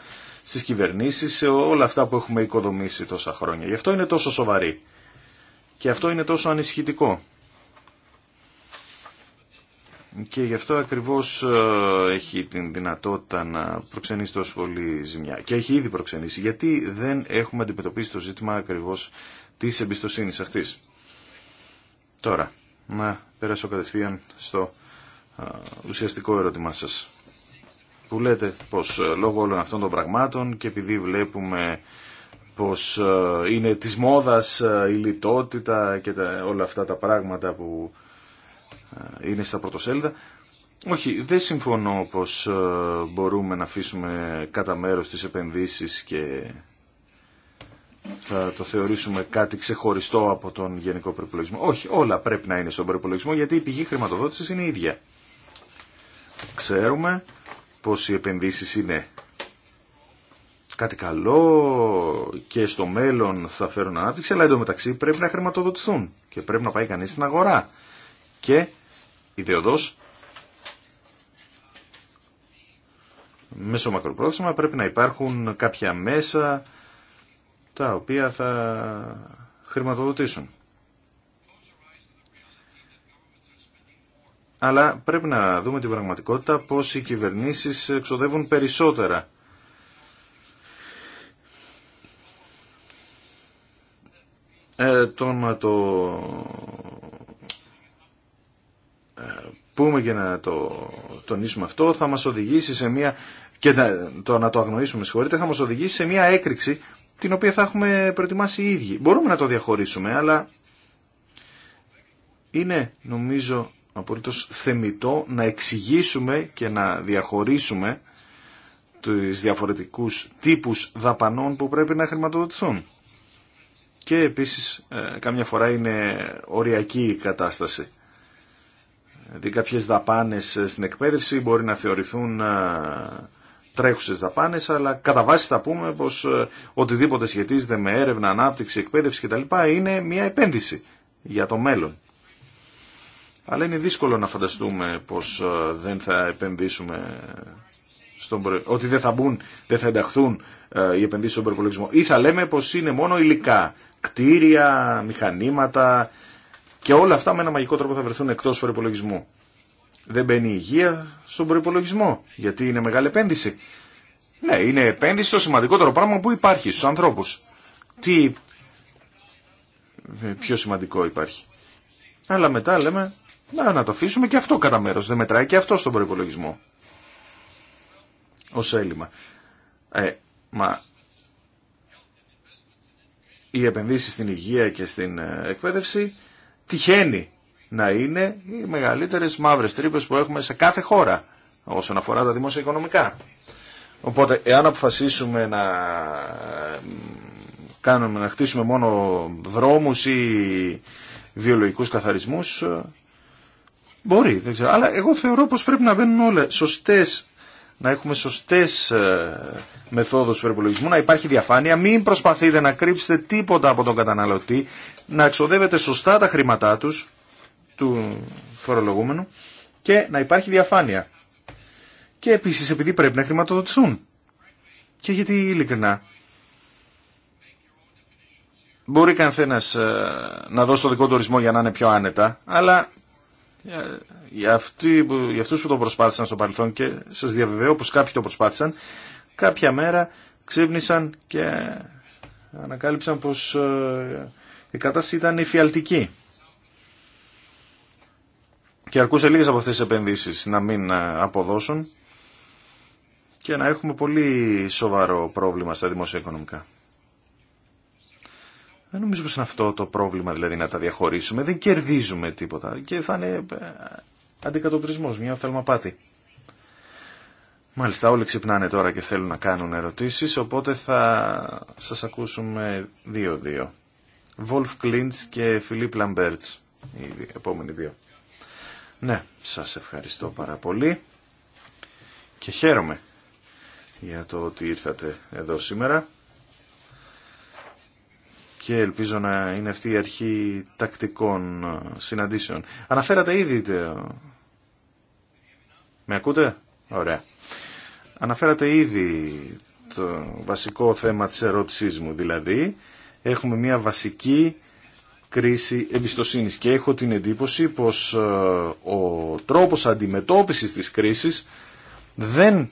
Στι κυβερνήσει σε όλα αυτά που έχουμε οικοδομήσει τόσα χρόνια. Γι' αυτό είναι τόσο σοβαρή. Και αυτό είναι τόσο ανησυχητικό. Και γι' αυτό ακριβώς ε, έχει την δυνατότητα να προξενήσει τόσο πολύ ζημιά. Και έχει ήδη προξενήσει. Γιατί δεν έχουμε αντιμετωπίσει το ζήτημα ακριβώς της εμπιστοσύνης αυτής. Τώρα, να περάσω κατευθείαν στο ε, ουσιαστικό ερώτημά σας που λέτε πως ε, λόγω όλων αυτών των πραγμάτων και επειδή βλέπουμε πως ε, είναι της μόδας ε, η λιτότητα και όλα αυτά τα πράγματα που είναι στα πρωτοσέλιδα. Όχι, δεν συμφωνώ πως μπορούμε να αφήσουμε κατά μέρος τις επενδύσεις και θα το θεωρήσουμε κάτι ξεχωριστό από τον γενικό προπολογισμό. Όχι, όλα πρέπει να είναι στον προπολογισμό γιατί η πηγή χρηματοδότησης είναι ίδια. Ξέρουμε πως οι επενδύσεις είναι κάτι καλό και στο μέλλον θα φέρουν ανάπτυξη, αλλά εντωμεταξύ πρέπει να χρηματοδοτηθούν και πρέπει να πάει κανείς στην αγορά. Και ιδεοδός, μέσω μακροπρόθεσμα πρέπει να υπάρχουν κάποια μέσα τα οποία θα χρηματοδοτήσουν. αλλά πρέπει να δούμε την πραγματικότητα πως οι κυβερνήσεις εξοδεύουν περισσότερα. Ε, το να το ε, πούμε και να το τονίσουμε αυτό θα μας οδηγήσει σε μια και να το, να το αγνοήσουμε συγχωρείτε θα μας οδηγήσει σε μια έκρηξη την οποία θα έχουμε προετοιμάσει οι ίδιοι. Μπορούμε να το διαχωρίσουμε αλλά είναι νομίζω απολύτως θεμητό να εξηγήσουμε και να διαχωρίσουμε τους διαφορετικούς τύπους δαπανών που πρέπει να χρηματοδοτηθούν. Και επίσης ε, κάμια φορά είναι οριακή η κατάσταση. Δηλαδή κάποιες δαπάνες ε, στην εκπαίδευση μπορεί να θεωρηθούν ε, τρέχουσες δαπάνες, αλλά κατά βάση θα πούμε πως οτιδήποτε σχετίζεται με έρευνα, ανάπτυξη, εκπαίδευση κτλ. είναι μια επένδυση για το μέλλον. Αλλά είναι δύσκολο να φανταστούμε πως ε, δεν θα επενδύσουμε στον ότι δεν θα μπουν, δεν θα ενταχθούν ε, οι επενδύσεις στον προπολογισμό. Ή θα λέμε πως είναι μόνο υλικά, κτίρια, μηχανήματα και όλα αυτά με ένα μαγικό τρόπο θα βρεθούν εκτός προπολογισμού. Δεν μπαίνει η υγεία στον προπολογισμό, γιατί είναι μεγάλη επένδυση. Ναι, είναι επένδυση στο σημαντικότερο πράγμα που υπάρχει στους ανθρώπους. Τι ε, πιο σημαντικό υπάρχει. Αλλά μετά λέμε να, να το αφήσουμε και αυτό κατά μέρο, Δεν μετράει και αυτό στον προπολογισμό. ω έλλειμμα. Ε, μα οι επενδύσει στην υγεία και στην ε, εκπαίδευση τυχαίνει να είναι οι μεγαλύτερε μαύρε τρύπε που έχουμε σε κάθε χώρα όσον αφορά τα δημόσια οικονομικά. Οπότε, εάν αποφασίσουμε να ε, κάνουμε, να χτίσουμε μόνο δρόμους ή βιολογικούς καθαρισμούς, Μπορεί, δεν ξέρω. Αλλά εγώ θεωρώ πως πρέπει να μπαίνουν όλα σωστές, να έχουμε σωστές ε, μεθόδους υπερπολογισμού, να υπάρχει διαφάνεια, μην προσπαθείτε να κρύψετε τίποτα από τον καταναλωτή, να εξοδεύετε σωστά τα χρήματά τους, του φορολογούμενου, και να υπάρχει διαφάνεια. Και επίσης επειδή πρέπει να χρηματοδοτηθούν. Και γιατί ειλικρινά. Μπορεί κανένα ε, να δώσει το δικό του ορισμό για να είναι πιο άνετα, αλλά ε, για, αυτού αυτούς που το προσπάθησαν στο παρελθόν και σας διαβεβαιώ πως κάποιοι το προσπάθησαν, κάποια μέρα ξύπνησαν και ανακάλυψαν πως ε, η κατάσταση ήταν εφιαλτική. Και αρκούσε λίγες από αυτές τις επενδύσεις να μην ε, αποδώσουν και να έχουμε πολύ σοβαρό πρόβλημα στα δημόσια οικονομικά. Δεν νομίζω πως είναι αυτό το πρόβλημα δηλαδή να τα διαχωρίσουμε. Δεν κερδίζουμε τίποτα και θα είναι ε, αντικατοπτρισμός, μια οφθαλμαπάτη. Μάλιστα όλοι ξυπνάνε τώρα και θέλουν να κάνουν ερωτήσεις, οπότε θα σας ακούσουμε δύο-δύο. Βολφ Κλίντς και Φιλίπ Λαμπέρτς, οι επόμενοι δύο. Ναι, σας ευχαριστώ πάρα πολύ και χαίρομαι για το ότι ήρθατε εδώ σήμερα και ελπίζω να είναι αυτή η αρχή τακτικών ε, συναντήσεων. Αναφέρατε ήδη... Ε, με ακούτε? Ωραία. Αναφέρατε ήδη το βασικό θέμα της ερώτησής μου, δηλαδή έχουμε μια βασική κρίση εμπιστοσύνης και έχω την εντύπωση πως ε, ο τρόπος αντιμετώπισης της κρίσης δεν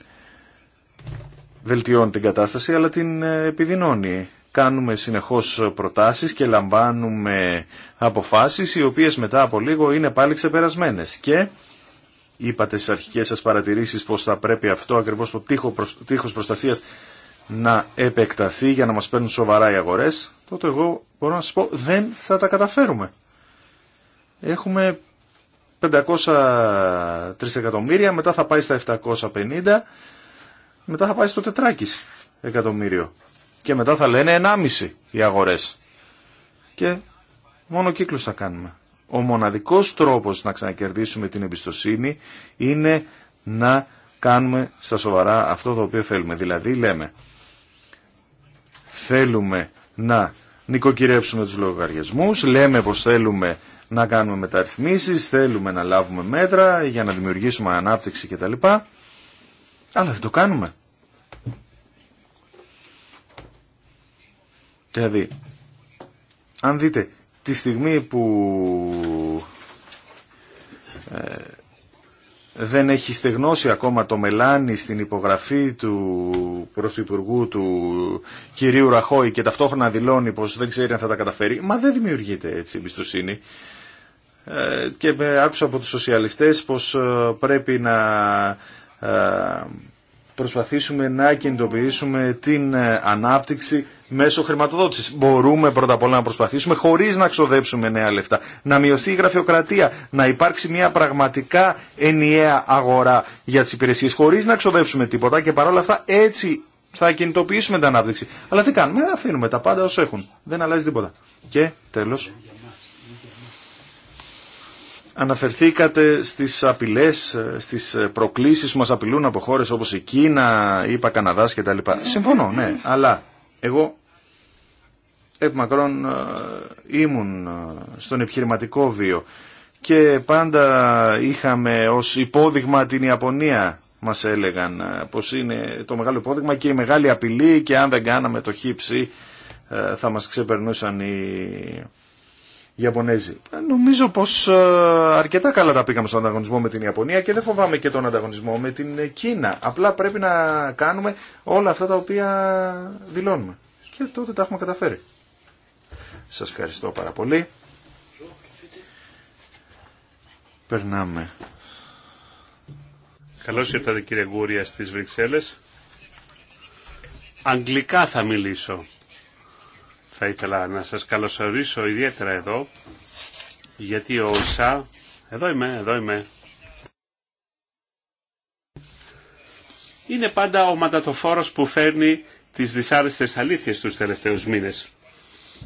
βελτιώνει την κατάσταση αλλά την επιδεινώνει κάνουμε συνεχώς προτάσεις και λαμβάνουμε αποφάσεις οι οποίες μετά από λίγο είναι πάλι ξεπερασμένες. Και είπατε στις αρχικές σας παρατηρήσεις πως θα πρέπει αυτό ακριβώς το τείχος προστασίας να επεκταθεί για να μας παίρνουν σοβαρά οι αγορές, τότε εγώ μπορώ να σας πω δεν θα τα καταφέρουμε. Έχουμε 503 εκατομμύρια, μετά θα πάει στα 750, μετά θα πάει στο τετράκι εκατομμύριο. Και μετά θα λένε 1,5 οι αγορές. Και μόνο κύκλους θα κάνουμε. Ο μοναδικός τρόπος να ξανακερδίσουμε την εμπιστοσύνη είναι να κάνουμε στα σοβαρά αυτό το οποίο θέλουμε. Δηλαδή λέμε θέλουμε να νοικοκυρεύσουμε τους λογαριασμούς, λέμε πως θέλουμε να κάνουμε μεταρρυθμίσεις, θέλουμε να λάβουμε μέτρα για να δημιουργήσουμε ανάπτυξη κτλ. Αλλά δεν το κάνουμε. Δηλαδή, αν δείτε τη στιγμή που ε, δεν έχει στεγνώσει ακόμα το μελάνι στην υπογραφή του Πρωθυπουργού του κυρίου Ραχώη και ταυτόχρονα δηλώνει πως δεν ξέρει αν θα τα καταφέρει, μα δεν δημιουργείται έτσι εμπιστοσύνη. Ε, και άκουσα από τους σοσιαλιστές πως ε, πρέπει να προσπαθήσουμε να κινητοποιήσουμε την ε, ανάπτυξη μέσω χρηματοδότηση. Μπορούμε πρώτα απ' όλα να προσπαθήσουμε χωρίς να ξοδέψουμε νέα λεφτά, να μειωθεί η γραφειοκρατία, να υπάρξει μια πραγματικά ενιαία αγορά για τις υπηρεσίες χωρίς να ξοδέψουμε τίποτα και παρόλα αυτά έτσι θα κινητοποιήσουμε την ανάπτυξη. Αλλά τι κάνουμε, αφήνουμε τα πάντα όσο έχουν. Δεν αλλάζει τίποτα. Και τέλο. Αναφερθήκατε στις απειλές, ε, στις ε, προκλήσεις που μας απειλούν από χώρες όπως η Κίνα, η Καναδάς και τα λοιπά. Συμφωνώ, ναι, αλλά εγώ επί μακρόν ε, ήμουν στον επιχειρηματικό βίο και πάντα είχαμε ως υπόδειγμα την Ιαπωνία μας έλεγαν πως είναι το μεγάλο υπόδειγμα και η μεγάλη απειλή και αν δεν κάναμε το χύψη θα μας ξεπερνούσαν οι Ιαπωνέζοι. Ε, νομίζω πως ε, αρκετά καλά τα πήγαμε στον ανταγωνισμό με την Ιαπωνία και δεν φοβάμαι και τον ανταγωνισμό με την Κίνα. Απλά πρέπει να κάνουμε όλα αυτά τα οποία δηλώνουμε. Και τότε τα έχουμε καταφέρει. Σα ευχαριστώ πάρα πολύ. Περνάμε. Καλώς ήρθατε κύριε Γκούρια στι Βρυξέλλε. Αγγλικά θα μιλήσω. Θα ήθελα να σας καλωσορίσω ιδιαίτερα εδώ, γιατί ο ΙΣΑ... Εδώ είμαι, εδώ είμαι. Είναι πάντα ο που φέρνει τις δυσάρεστες αλήθειες τους τελευταίους μήνες.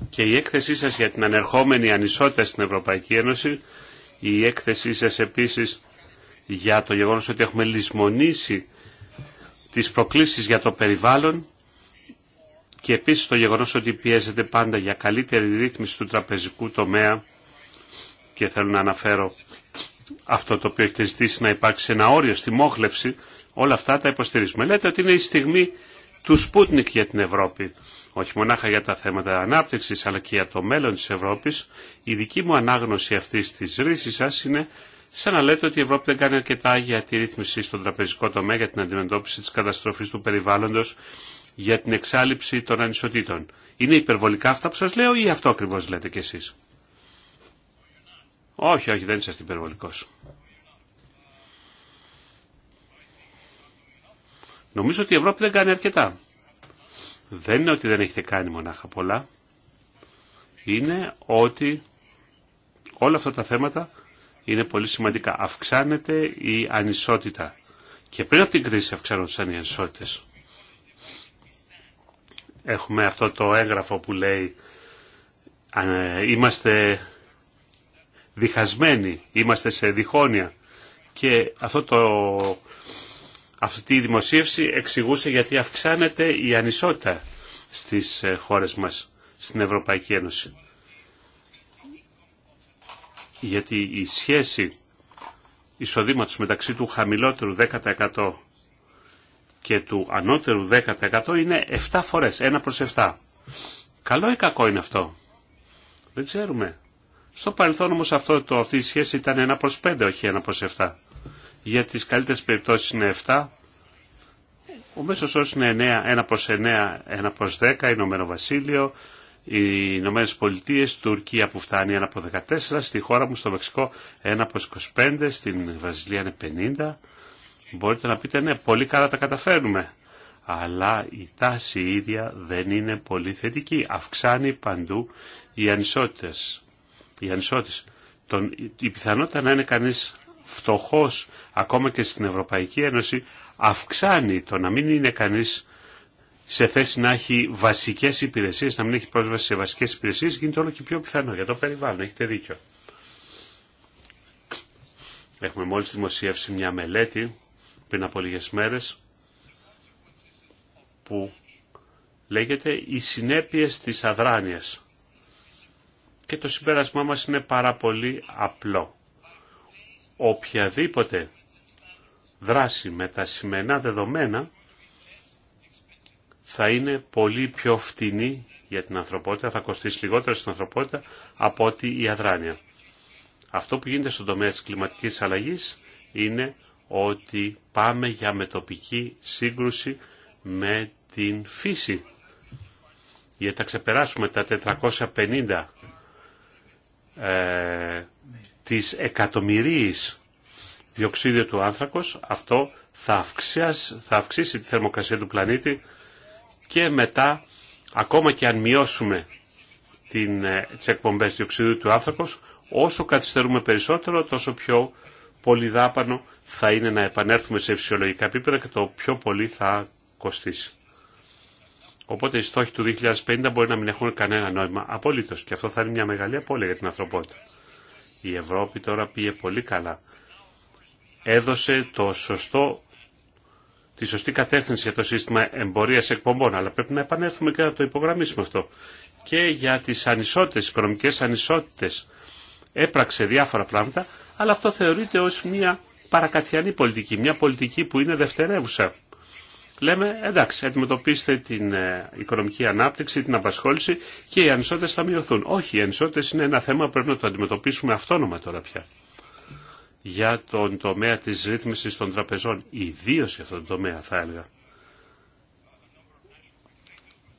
Και η έκθεσή σας για την ανερχόμενη ανισότητα στην Ευρωπαϊκή Ένωση, η έκθεσή σας επίσης για το γεγονός ότι έχουμε λησμονήσει τις προκλήσεις για το περιβάλλον και επίσης το γεγονός ότι πιέζεται πάντα για καλύτερη ρύθμιση του τραπεζικού τομέα και θέλω να αναφέρω αυτό το οποίο έχετε ζητήσει να υπάρξει ένα όριο στη μόχλευση, όλα αυτά τα υποστηρίζουμε. Λέτε ότι είναι η στιγμή του Σπούτνικ για την Ευρώπη. Όχι μονάχα για τα θέματα ανάπτυξης, αλλά και για το μέλλον της Ευρώπης. Η δική μου ανάγνωση αυτής της ρίσης σας είναι σαν να λέτε ότι η Ευρώπη δεν κάνει αρκετά για τη ρύθμιση στον τραπεζικό τομέα, για την αντιμετώπιση της καταστροφής του περιβάλλοντος για την εξάλληψη των ανισοτήτων. Είναι υπερβολικά αυτά που σας λέω ή αυτό ακριβώς λέτε κι εσείς. Όχι, όχι, δεν είσαστε υπερβολικός. Νομίζω ότι η Ευρώπη δεν κάνει αρκετά. Δεν είναι ότι δεν έχετε κάνει μονάχα πολλά. Είναι ότι όλα αυτά τα θέματα είναι πολύ σημαντικά. Αυξάνεται η ανισότητα. Και πριν από την κρίση αυξάνονται οι ανισότητες έχουμε αυτό το έγγραφο που λέει είμαστε διχασμένοι, είμαστε σε διχόνοια και αυτό το, αυτή η δημοσίευση εξηγούσε γιατί αυξάνεται η ανισότητα στις ε, χώρες μας, στην Ευρωπαϊκή Ένωση. Γιατί η σχέση εισοδήματος μεταξύ του χαμηλότερου 10% και του ανώτερου 10% είναι 7 φορές, 1 προς 7. Καλό ή κακό είναι αυτό. Δεν ξέρουμε. Στο παρελθόν όμως αυτό, το, αυτή η σχέση ήταν 1 προς 5, όχι 1 προς 7. Για τις καλύτερες περιπτώσεις είναι 7, ο μέσος όρος είναι 9, 1 προς 9, 1 προς 10, Ηνωμένο Βασίλειο, οι Ηνωμένε Πολιτείε, Τουρκία που φτάνει 1 από 14, στη χώρα μου στο Μεξικό 1 από 25, στην Βραζιλία είναι 50, μπορείτε να πείτε ναι, πολύ καλά τα καταφέρνουμε. Αλλά η τάση ίδια δεν είναι πολύ θετική. Αυξάνει παντού οι ανισότητες. Οι ανισότητες. Τον, η πιθανότητα να είναι κανείς φτωχός ακόμα και στην Ευρωπαϊκή Ένωση αυξάνει το να μην είναι κανείς σε θέση να έχει βασικές υπηρεσίες, να μην έχει πρόσβαση σε βασικές υπηρεσίες γίνεται όλο και πιο πιθανό για το περιβάλλον. Έχετε δίκιο. Έχουμε μόλις δημοσίευσει μια μελέτη πριν από λίγες μέρες που λέγεται «Οι συνέπειες της αδράνειας». Και το συμπέρασμά μας είναι πάρα πολύ απλό. Οποιαδήποτε δράση με τα σημερινά δεδομένα θα είναι πολύ πιο φτηνή για την ανθρωπότητα, θα κοστίσει λιγότερο στην ανθρωπότητα από ότι η αδράνεια. Αυτό που γίνεται στον τομέα της κλιματικής αλλαγής είναι ότι πάμε για μετοπική σύγκρουση με την φύση. Γιατί θα ξεπεράσουμε τα 450 ε, της εκατομμυρίης διοξίδιο του άνθρακος, αυτό θα αυξήσει, θα αυξήσει τη θερμοκρασία του πλανήτη και μετά, ακόμα και αν μειώσουμε την, ε, τις εκπομπές διοξιδίου του άνθρακος, όσο καθυστερούμε περισσότερο, τόσο πιο πολυδάπανο θα είναι να επανέλθουμε σε φυσιολογικά επίπεδα και το πιο πολύ θα κοστίσει. Οπότε οι στόχοι του 2050 μπορεί να μην έχουν κανένα νόημα απολύτω. και αυτό θα είναι μια μεγάλη απώλεια για την ανθρωπότητα. Η Ευρώπη τώρα πήγε πολύ καλά. Έδωσε το σωστό, τη σωστή κατεύθυνση για το σύστημα εμπορία εκπομπών, αλλά πρέπει να επανέλθουμε και να το υπογραμμίσουμε αυτό. Και για τι ανισότητες, οικονομικέ ανισότητε, έπραξε διάφορα πράγματα, αλλά αυτό θεωρείται ως μια παρακατιανή πολιτική, μια πολιτική που είναι δευτερεύουσα. Λέμε, εντάξει, αντιμετωπίστε την ε, οικονομική ανάπτυξη, την απασχόληση και οι ανισότητες θα μειωθούν. Όχι, οι ανισότητες είναι ένα θέμα που πρέπει να το αντιμετωπίσουμε αυτόνομα τώρα πια. Για τον τομέα της ρύθμισης των τραπεζών, ιδίω για αυτόν τον τομέα θα έλεγα.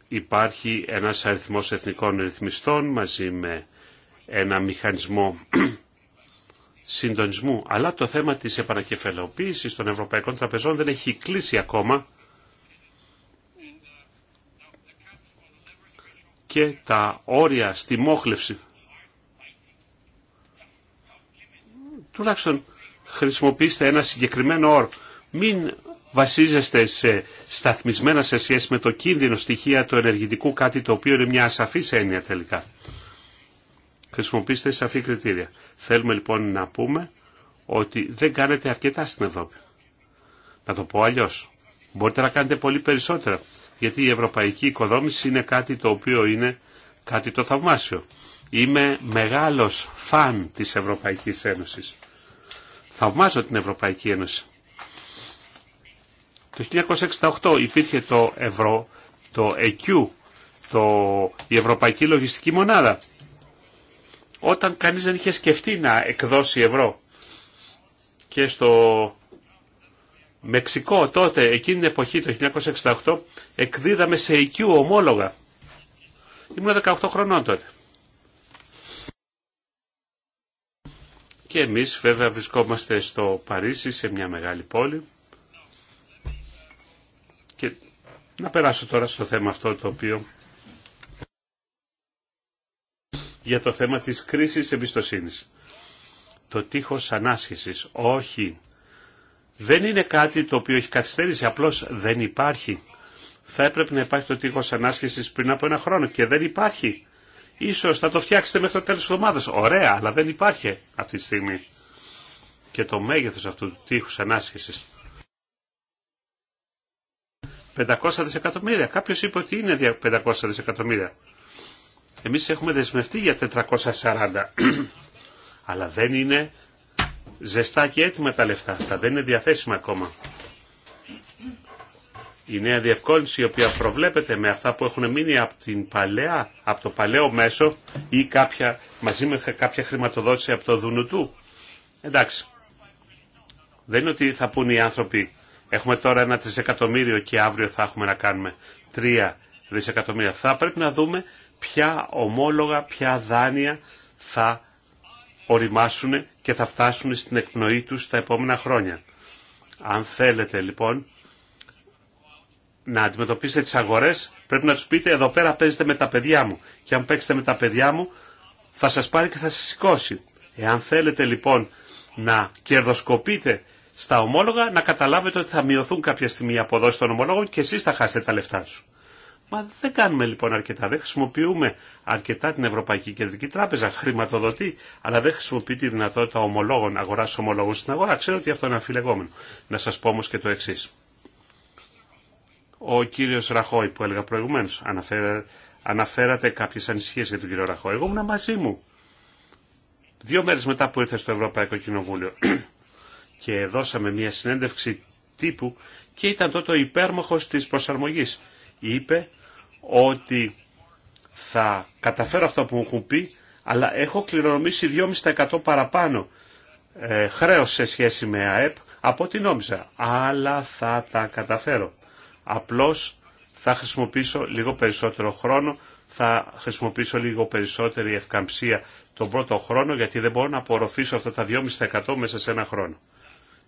Υπάρχει ένας αριθμός εθνικών ρυθμιστών μαζί με ένα μηχανισμό συντονισμού, αλλά το θέμα της επανακεφαλαιοποίησης των ευρωπαϊκών τραπεζών δεν έχει κλείσει ακόμα και τα όρια στη μόχλευση τουλάχιστον χρησιμοποιήστε ένα συγκεκριμένο όρο. Μην βασίζεστε σε σταθμισμένα σε σχέση με το κίνδυνο στοιχεία του ενεργητικού, κάτι το οποίο είναι μια ασαφής έννοια τελικά. Χρησιμοποιήστε σαφή κριτήρια. Θέλουμε λοιπόν να πούμε ότι δεν κάνετε αρκετά στην Ευρώπη. Να το πω αλλιώ. Μπορείτε να κάνετε πολύ περισσότερα. Γιατί η ευρωπαϊκή οικοδόμηση είναι κάτι το οποίο είναι κάτι το θαυμάσιο. Είμαι μεγάλος φαν της Ευρωπαϊκής Ένωσης. Θαυμάζω την Ευρωπαϊκή Ένωση. Το 1968 υπήρχε το ευρώ, το EQ, το, η Ευρωπαϊκή Λογιστική Μονάδα όταν κανείς δεν είχε σκεφτεί να εκδώσει ευρώ. Και στο Μεξικό τότε, εκείνη την εποχή το 1968, εκδίδαμε σε IQ ομόλογα. Ήμουν 18 χρονών τότε. Και εμείς βέβαια βρισκόμαστε στο Παρίσι, σε μια μεγάλη πόλη. Και να περάσω τώρα στο θέμα αυτό το οποίο για το θέμα της κρίσης εμπιστοσύνης. Το τείχος ανάσχεσης, όχι, δεν είναι κάτι το οποίο έχει καθυστέρηση, απλώς δεν υπάρχει. Θα έπρεπε να υπάρχει το τείχος ανάσχεσης πριν από ένα χρόνο και δεν υπάρχει. Ίσως θα το φτιάξετε μέχρι το τέλος της εβδομάδας. Ωραία, αλλά δεν υπάρχει αυτή τη στιγμή. Και το μέγεθος αυτού του τείχους ανάσχεσης. 500 δισεκατομμύρια. Κάποιος είπε ότι είναι 500 δισεκατομμύρια. Εμείς έχουμε δεσμευτεί για 440, [CLEARS THROAT] αλλά δεν είναι ζεστά και έτοιμα τα λεφτά αυτά, δεν είναι διαθέσιμα ακόμα. Η νέα διευκόλυνση η οποία προβλέπεται με αυτά που έχουν μείνει από, την παλαιά, από το παλαιό μέσο ή κάποια, μαζί με κάποια χρηματοδότηση από το Δουνουτού. Εντάξει. Δεν είναι ότι θα πούνε οι άνθρωποι έχουμε τώρα ένα τρισεκατομμύριο και αύριο θα έχουμε να κάνουμε τρία δισεκατομμύρια. Θα πρέπει να δούμε ποια ομόλογα, ποια δάνεια θα οριμάσουν και θα φτάσουν στην εκπνοή τους τα επόμενα χρόνια. Αν θέλετε λοιπόν να αντιμετωπίσετε τις αγορές, πρέπει να τους πείτε εδώ πέρα παίζετε με τα παιδιά μου. Και αν παίξετε με τα παιδιά μου, θα σας πάρει και θα σας σηκώσει. Εάν θέλετε λοιπόν να κερδοσκοπείτε στα ομόλογα, να καταλάβετε ότι θα μειωθούν κάποια στιγμή οι αποδόσεις των ομολόγων και εσείς θα χάσετε τα λεφτά σου. Μα δεν κάνουμε λοιπόν αρκετά. Δεν χρησιμοποιούμε αρκετά την Ευρωπαϊκή Κεντρική Τράπεζα. Χρηματοδοτεί, αλλά δεν χρησιμοποιεί τη δυνατότητα ομολόγων, αγορά ομολόγων στην αγορά. Ξέρω ότι αυτό είναι αμφιλεγόμενο. Να σα πω όμω και το εξή. Ο κύριο Ραχώη που έλεγα προηγουμένω, αναφέρα, αναφέρατε κάποιε ανησυχίε για τον κύριο Ραχώη. Εγώ ήμουν μαζί μου. Δύο μέρε μετά που ήρθε στο Ευρωπαϊκό Κοινοβούλιο [CLEARS THROAT] και δώσαμε μια συνέντευξη τύπου και ήταν τότε ο υπέρμαχο τη προσαρμογή. Είπε ότι θα καταφέρω αυτό που μου έχουν πει, αλλά έχω κληρονομήσει 2,5% παραπάνω ε, χρέος σε σχέση με ΑΕΠ από ό,τι νόμιζα. Αλλά θα τα καταφέρω. Απλώς θα χρησιμοποιήσω λίγο περισσότερο χρόνο, θα χρησιμοποιήσω λίγο περισσότερη ευκαμψία τον πρώτο χρόνο, γιατί δεν μπορώ να απορροφήσω αυτά τα 2,5% μέσα σε ένα χρόνο.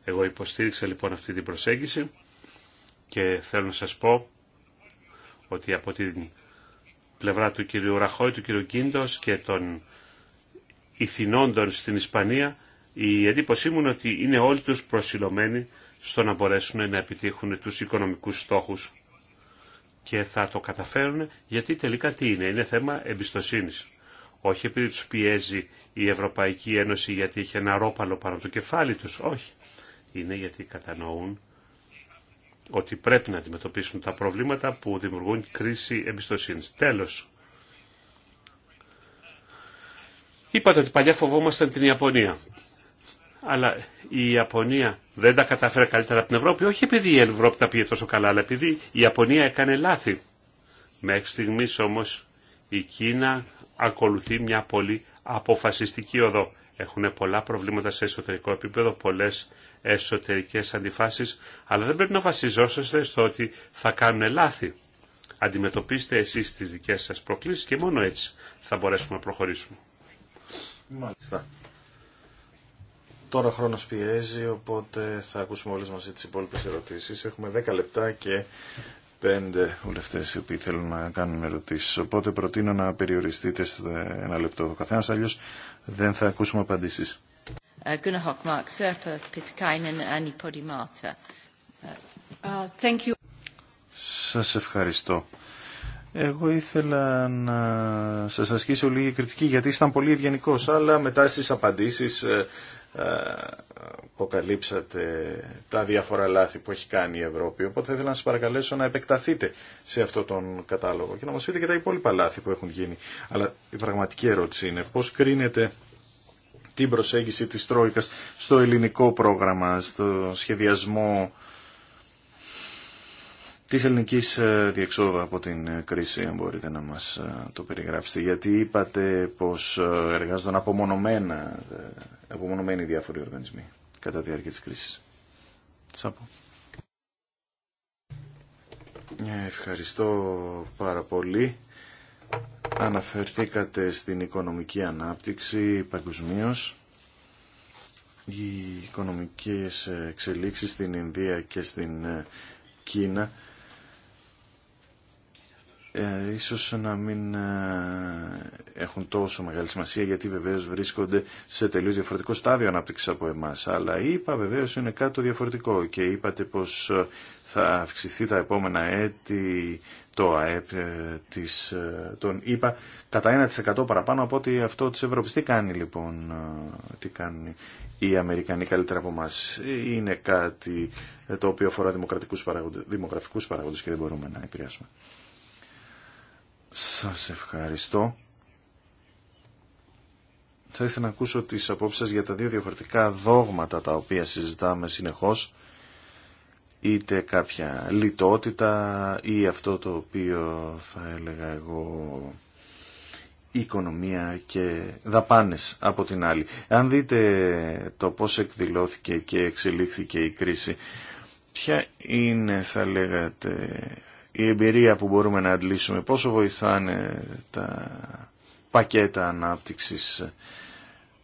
Εγώ υποστήριξα λοιπόν αυτή την προσέγγιση και θέλω να σας πω ότι από την πλευρά του κυρίου Ραχώη, του κυρίου Κίντος και των ηθινόντων στην Ισπανία, η εντύπωσή μου είναι ότι είναι όλοι τους προσιλωμένοι στο να μπορέσουν να επιτύχουν τους οικονομικούς στόχους και θα το καταφέρουν γιατί τελικά τι είναι, είναι θέμα εμπιστοσύνης. Όχι επειδή τους πιέζει η Ευρωπαϊκή Ένωση γιατί είχε ένα ρόπαλο πάνω το κεφάλι τους, όχι. Είναι γιατί κατανοούν ότι πρέπει να αντιμετωπίσουν τα προβλήματα που δημιουργούν κρίση εμπιστοσύνης. Τέλος, είπατε ότι παλιά φοβόμασταν την Ιαπωνία. Αλλά η Ιαπωνία δεν τα κατάφερε καλύτερα από την Ευρώπη, όχι επειδή η Ευρώπη τα πήγε τόσο καλά, αλλά επειδή η Ιαπωνία έκανε λάθη. Μέχρι στιγμής όμως η Κίνα ακολουθεί μια πολύ αποφασιστική οδό έχουν πολλά προβλήματα σε εσωτερικό επίπεδο, πολλές εσωτερικές αντιφάσεις, αλλά δεν πρέπει να βασιζόσαστε στο ότι θα κάνουν λάθη. Αντιμετωπίστε εσείς τις δικές σας προκλήσεις και μόνο έτσι θα μπορέσουμε να προχωρήσουμε. Μάλιστα. Τώρα χρόνος πιέζει, οπότε θα ακούσουμε όλες μαζί τις υπόλοιπες ερωτήσεις. Έχουμε 10 λεπτά και πέντε βουλευτέ οι οποίοι θέλουν να κάνουν ερωτήσει. Οπότε προτείνω να περιοριστείτε σε ένα λεπτό ο καθένα. Αλλιώ δεν θα ακούσουμε απαντήσεις. Ε, ε, uh, σας ευχαριστώ. Εγώ ήθελα να σας ασκήσω λίγη κριτική γιατί ήταν πολύ ευγενικό, αλλά μετά στις απαντήσεις ε, ε, αποκαλύψατε τα διάφορα λάθη που έχει κάνει η Ευρώπη. Οπότε θα ήθελα να σας παρακαλέσω να επεκταθείτε σε αυτό τον κατάλογο και να μας πείτε και τα υπόλοιπα λάθη που έχουν γίνει. Αλλά η πραγματική ερώτηση είναι πώς κρίνεται την προσέγγιση της Τρόικας στο ελληνικό πρόγραμμα, στο σχεδιασμό της ελληνικής ε, διεξόδου από την ε, κρίση, αν μπορείτε να μας ε, το περιγράψετε, γιατί είπατε πως εργάζονταν απομονωμένα, απομονωμένοι διάφοροι οργανισμοί κατά τη διάρκεια της κρίσης. Σάπο. Ευχαριστώ πάρα πολύ. Αναφερθήκατε στην οικονομική ανάπτυξη παγκοσμίω. Οι οικονομικές εξελίξεις στην Ινδία και στην Κίνα ε, ίσως να μην ε, έχουν τόσο μεγάλη σημασία γιατί βεβαίως βρίσκονται σε τελείως διαφορετικό στάδιο ανάπτυξης από εμάς. Αλλά είπα βεβαίως είναι κάτι το διαφορετικό και είπατε πως ε, θα αυξηθεί τα επόμενα έτη το ΑΕΠ ε, της, τον είπα κατά 1% παραπάνω από ότι αυτό της Ευρώπης. Τι κάνει λοιπόν, τι κάνει οι Αμερικανοί καλύτερα από μας. Είναι κάτι το οποίο αφορά δημοκρατικούς παραγοντες, δημογραφικούς παραγόντες και δεν μπορούμε να επηρεάσουμε. Σας ευχαριστώ. Θα ήθελα να ακούσω τις απόψεις σας για τα δύο διαφορετικά δόγματα τα οποία συζητάμε συνεχώς είτε κάποια λιτότητα ή αυτό το οποίο θα έλεγα εγώ οικονομία και δαπάνες από την άλλη. Αν δείτε το πώς εκδηλώθηκε και εξελίχθηκε η κρίση, ποια είναι θα λέγατε η εμπειρία που μπορούμε να αντλήσουμε, πόσο βοηθάνε τα πακέτα ανάπτυξης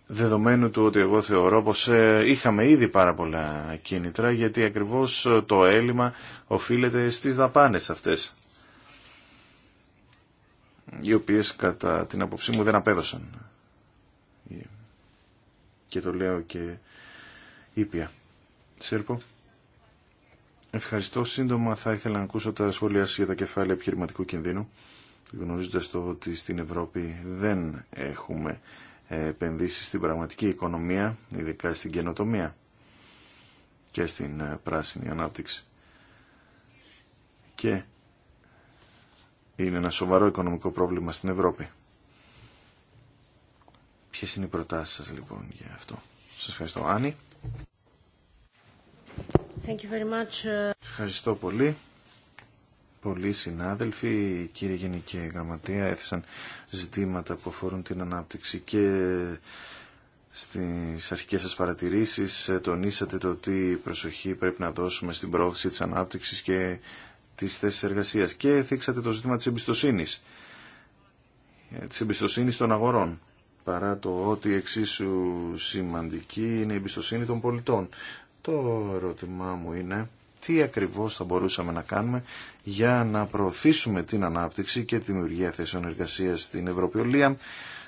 δεδομένου του ότι εγώ θεωρώ πως ε, είχαμε ήδη πάρα πολλά κίνητρα γιατί ακριβώς ε, το έλλειμμα οφείλεται στις δαπάνες αυτές οι οποίες κατά την απόψή μου δεν απέδωσαν και το λέω και ήπια Σέρκο. Ευχαριστώ. Σύντομα θα ήθελα να ακούσω τα σχόλιά για τα κεφάλαια επιχειρηματικού κινδύνου, γνωρίζοντας το ότι στην Ευρώπη δεν έχουμε ε, επενδύσει στην πραγματική οικονομία, ειδικά στην καινοτομία και στην ε, πράσινη ανάπτυξη. Και είναι ένα σοβαρό οικονομικό πρόβλημα στην Ευρώπη. Ποιες είναι οι προτάσεις σας λοιπόν για αυτό. Σας ευχαριστώ. Άννη. Ευχαριστώ πολύ. Πολλοί συνάδελφοι, κύριε Γενική Γραμματεία, έθεσαν ζητήματα που αφορούν την ανάπτυξη και στις αρχικές σας παρατηρήσεις τονίσατε το ότι προσοχή πρέπει να δώσουμε στην πρόθεση της ανάπτυξης και της θέσης εργασίας και θίξατε το ζήτημα της εμπιστοσύνης, της εμπιστοσύνης των αγορών παρά το ότι εξίσου σημαντική είναι η εμπιστοσύνη των πολιτών το ερώτημά μου είναι τι ακριβώς θα μπορούσαμε να κάνουμε για να προωθήσουμε την ανάπτυξη και τη δημιουργία θέσεων εργασίας στην Ευρώπη. Ο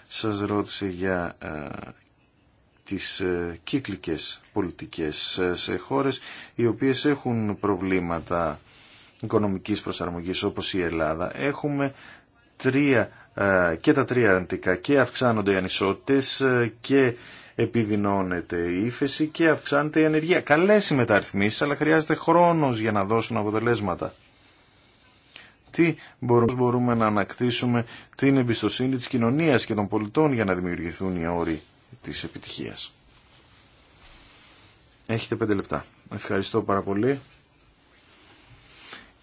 σας ρώτησε για ε, τις ε, κύκλικες πολιτικές ε, σε χώρες οι οποίες έχουν προβλήματα οικονομικής προσαρμογής όπως η Ελλάδα. Έχουμε τρία, και τα τρία αρνητικά και αυξάνονται οι ανισότητες και επιδεινώνεται η ύφεση και αυξάνεται η ανεργία. Καλές οι μεταρρυθμίσεις, αλλά χρειάζεται χρόνος για να δώσουν αποτελέσματα. Τι μπορούμε, να ανακτήσουμε την εμπιστοσύνη της κοινωνίας και των πολιτών για να δημιουργηθούν οι όροι της επιτυχίας. Έχετε πέντε λεπτά. Ευχαριστώ πάρα πολύ.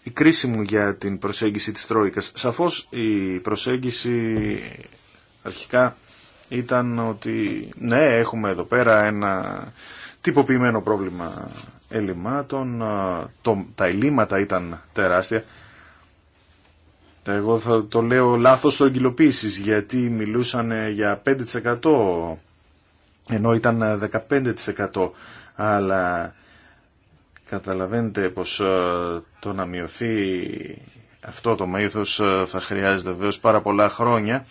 Η κρίση μου για την προσέγγιση της Τρόικας. Σαφώς η προσέγγιση αρχικά ήταν ότι ναι έχουμε εδώ πέρα ένα τυποποιημένο πρόβλημα ελλημάτων, το, τα ελλείμματα ήταν τεράστια. Εγώ θα το λέω λάθος εγκυλοποίησης γιατί μιλούσαν για 5% ενώ ήταν 15% αλλά καταλαβαίνετε πως το να μειωθεί αυτό το μέγεθος θα χρειάζεται βεβαίω πάρα πολλά χρόνια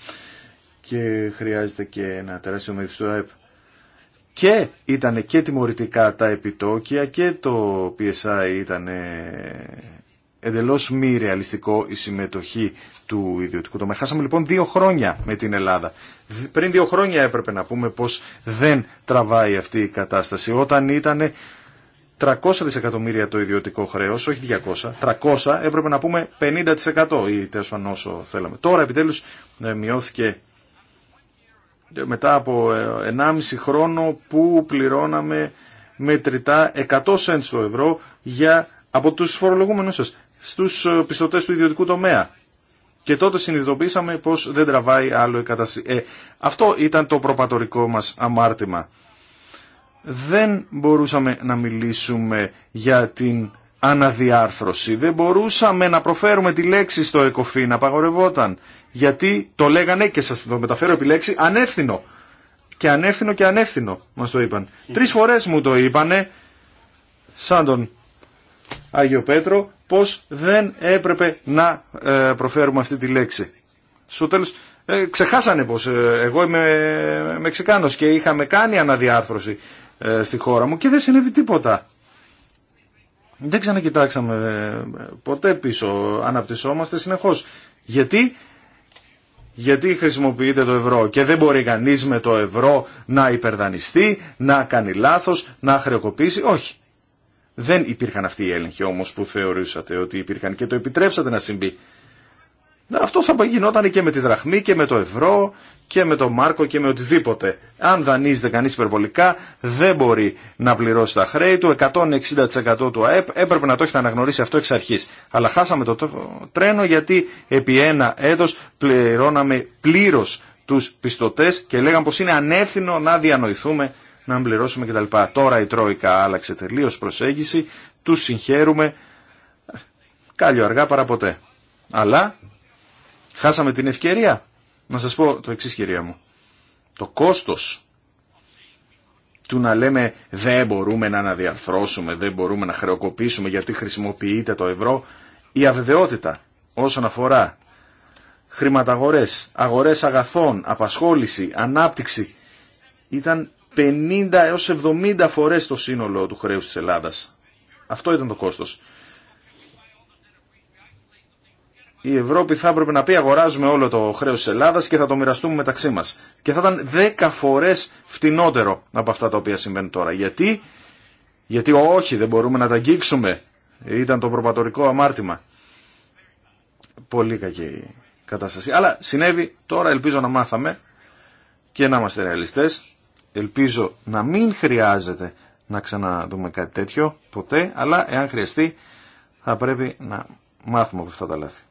και χρειάζεται και ένα τεράστιο μέγεθος ΑΕΠ. Και ήταν και τιμωρητικά τα επιτόκια και το PSI ήταν ε, εντελώς μη ρεαλιστικό η συμμετοχή του ιδιωτικού τομέα. Χάσαμε λοιπόν δύο χρόνια με την Ελλάδα. Πριν δύο χρόνια έπρεπε να πούμε πως δεν τραβάει αυτή η κατάσταση. Όταν ήταν 300 δισεκατομμύρια το ιδιωτικό χρέος, όχι 200, 300 έπρεπε να πούμε 50% ή τέλος πάντων όσο θέλαμε. Τώρα επιτέλους ε, μειώθηκε μετά από 1,5 ε, χρόνο που πληρώναμε μετρητά 100 cents το ευρώ για, από τους φορολογούμενους σας στους ε, πιστωτές του ιδιωτικού τομέα. Και τότε συνειδητοποίησαμε πως δεν τραβάει άλλο η κατάσταση. Ε, αυτό ήταν το προπατορικό μας αμάρτημα. Δεν μπορούσαμε να μιλήσουμε για την αναδιάρθρωση. Δεν μπορούσαμε να προφέρουμε τη λέξη στο να απαγορευόταν. Γιατί το λέγανε και σας το μεταφέρω επί λέξη ανεύθυνο. Και ανεύθυνο και ανεύθυνο μας το είπαν. Τρεις φορές μου το είπανε, σαν τον Άγιο Πέτρο, πως δεν έπρεπε να ε, προφέρουμε αυτή τη λέξη. Στο τέλος, ε, ξεχάσανε πως ε, εγώ είμαι Μεξικάνος και είχαμε κάνει αναδιάρθρωση στη χώρα μου και δεν συνέβη τίποτα. Δεν ξανακοιτάξαμε ε, ποτέ πίσω, αναπτυσσόμαστε συνεχώς. Γιατί, γιατί χρησιμοποιείται το ευρώ και δεν μπορεί κανεί με το ευρώ να υπερδανιστεί, να κάνει λάθος, να χρεοκοπήσει, όχι. Δεν υπήρχαν αυτοί οι έλεγχοι όμω που θεωρούσατε ότι υπήρχαν και το επιτρέψατε να συμβεί. Ναι, αυτό θα γινόταν και με τη δραχμή και με το ευρώ και με το Μάρκο και με οτιδήποτε. Αν δανείζεται κανείς υπερβολικά δεν μπορεί να πληρώσει τα χρέη του, 160% του ΑΕΠ έπρεπε να το έχετε αναγνωρίσει αυτό εξ αρχής. Αλλά χάσαμε το τρένο γιατί επί ένα έτος πληρώναμε πλήρως τους πιστωτές και λέγαν πως είναι ανεύθυνο να διανοηθούμε να πληρώσουμε κτλ. Τώρα η Τρόικα άλλαξε τελείως προσέγγιση, τους συγχαίρουμε, κάλλιο αργά παρά ποτέ. Αλλά Χάσαμε την ευκαιρία. Να σας πω το εξής κυρία μου. Το κόστος του να λέμε δεν μπορούμε να αναδιαρθρώσουμε, δεν μπορούμε να χρεοκοπήσουμε γιατί χρησιμοποιείται το ευρώ, η αβεβαιότητα όσον αφορά χρηματαγορές, αγορές αγαθών, απασχόληση, ανάπτυξη ήταν 50 έως 70 φορές το σύνολο του χρέους της Ελλάδας. Αυτό ήταν το κόστος. η Ευρώπη θα έπρεπε να πει αγοράζουμε όλο το χρέο τη Ελλάδα και θα το μοιραστούμε μεταξύ μα. Και θα ήταν 10 φορέ φτηνότερο από αυτά τα οποία συμβαίνουν τώρα. Γιατί, γιατί όχι δεν μπορούμε να τα αγγίξουμε. Ήταν το προπατορικό αμάρτημα. Πολύ κακή κατάσταση. Αλλά συνέβη τώρα, ελπίζω να μάθαμε και να είμαστε ρεαλιστέ. Ελπίζω να μην χρειάζεται να ξαναδούμε κάτι τέτοιο ποτέ, αλλά εάν χρειαστεί θα πρέπει να μάθουμε από αυτά τα λάθη.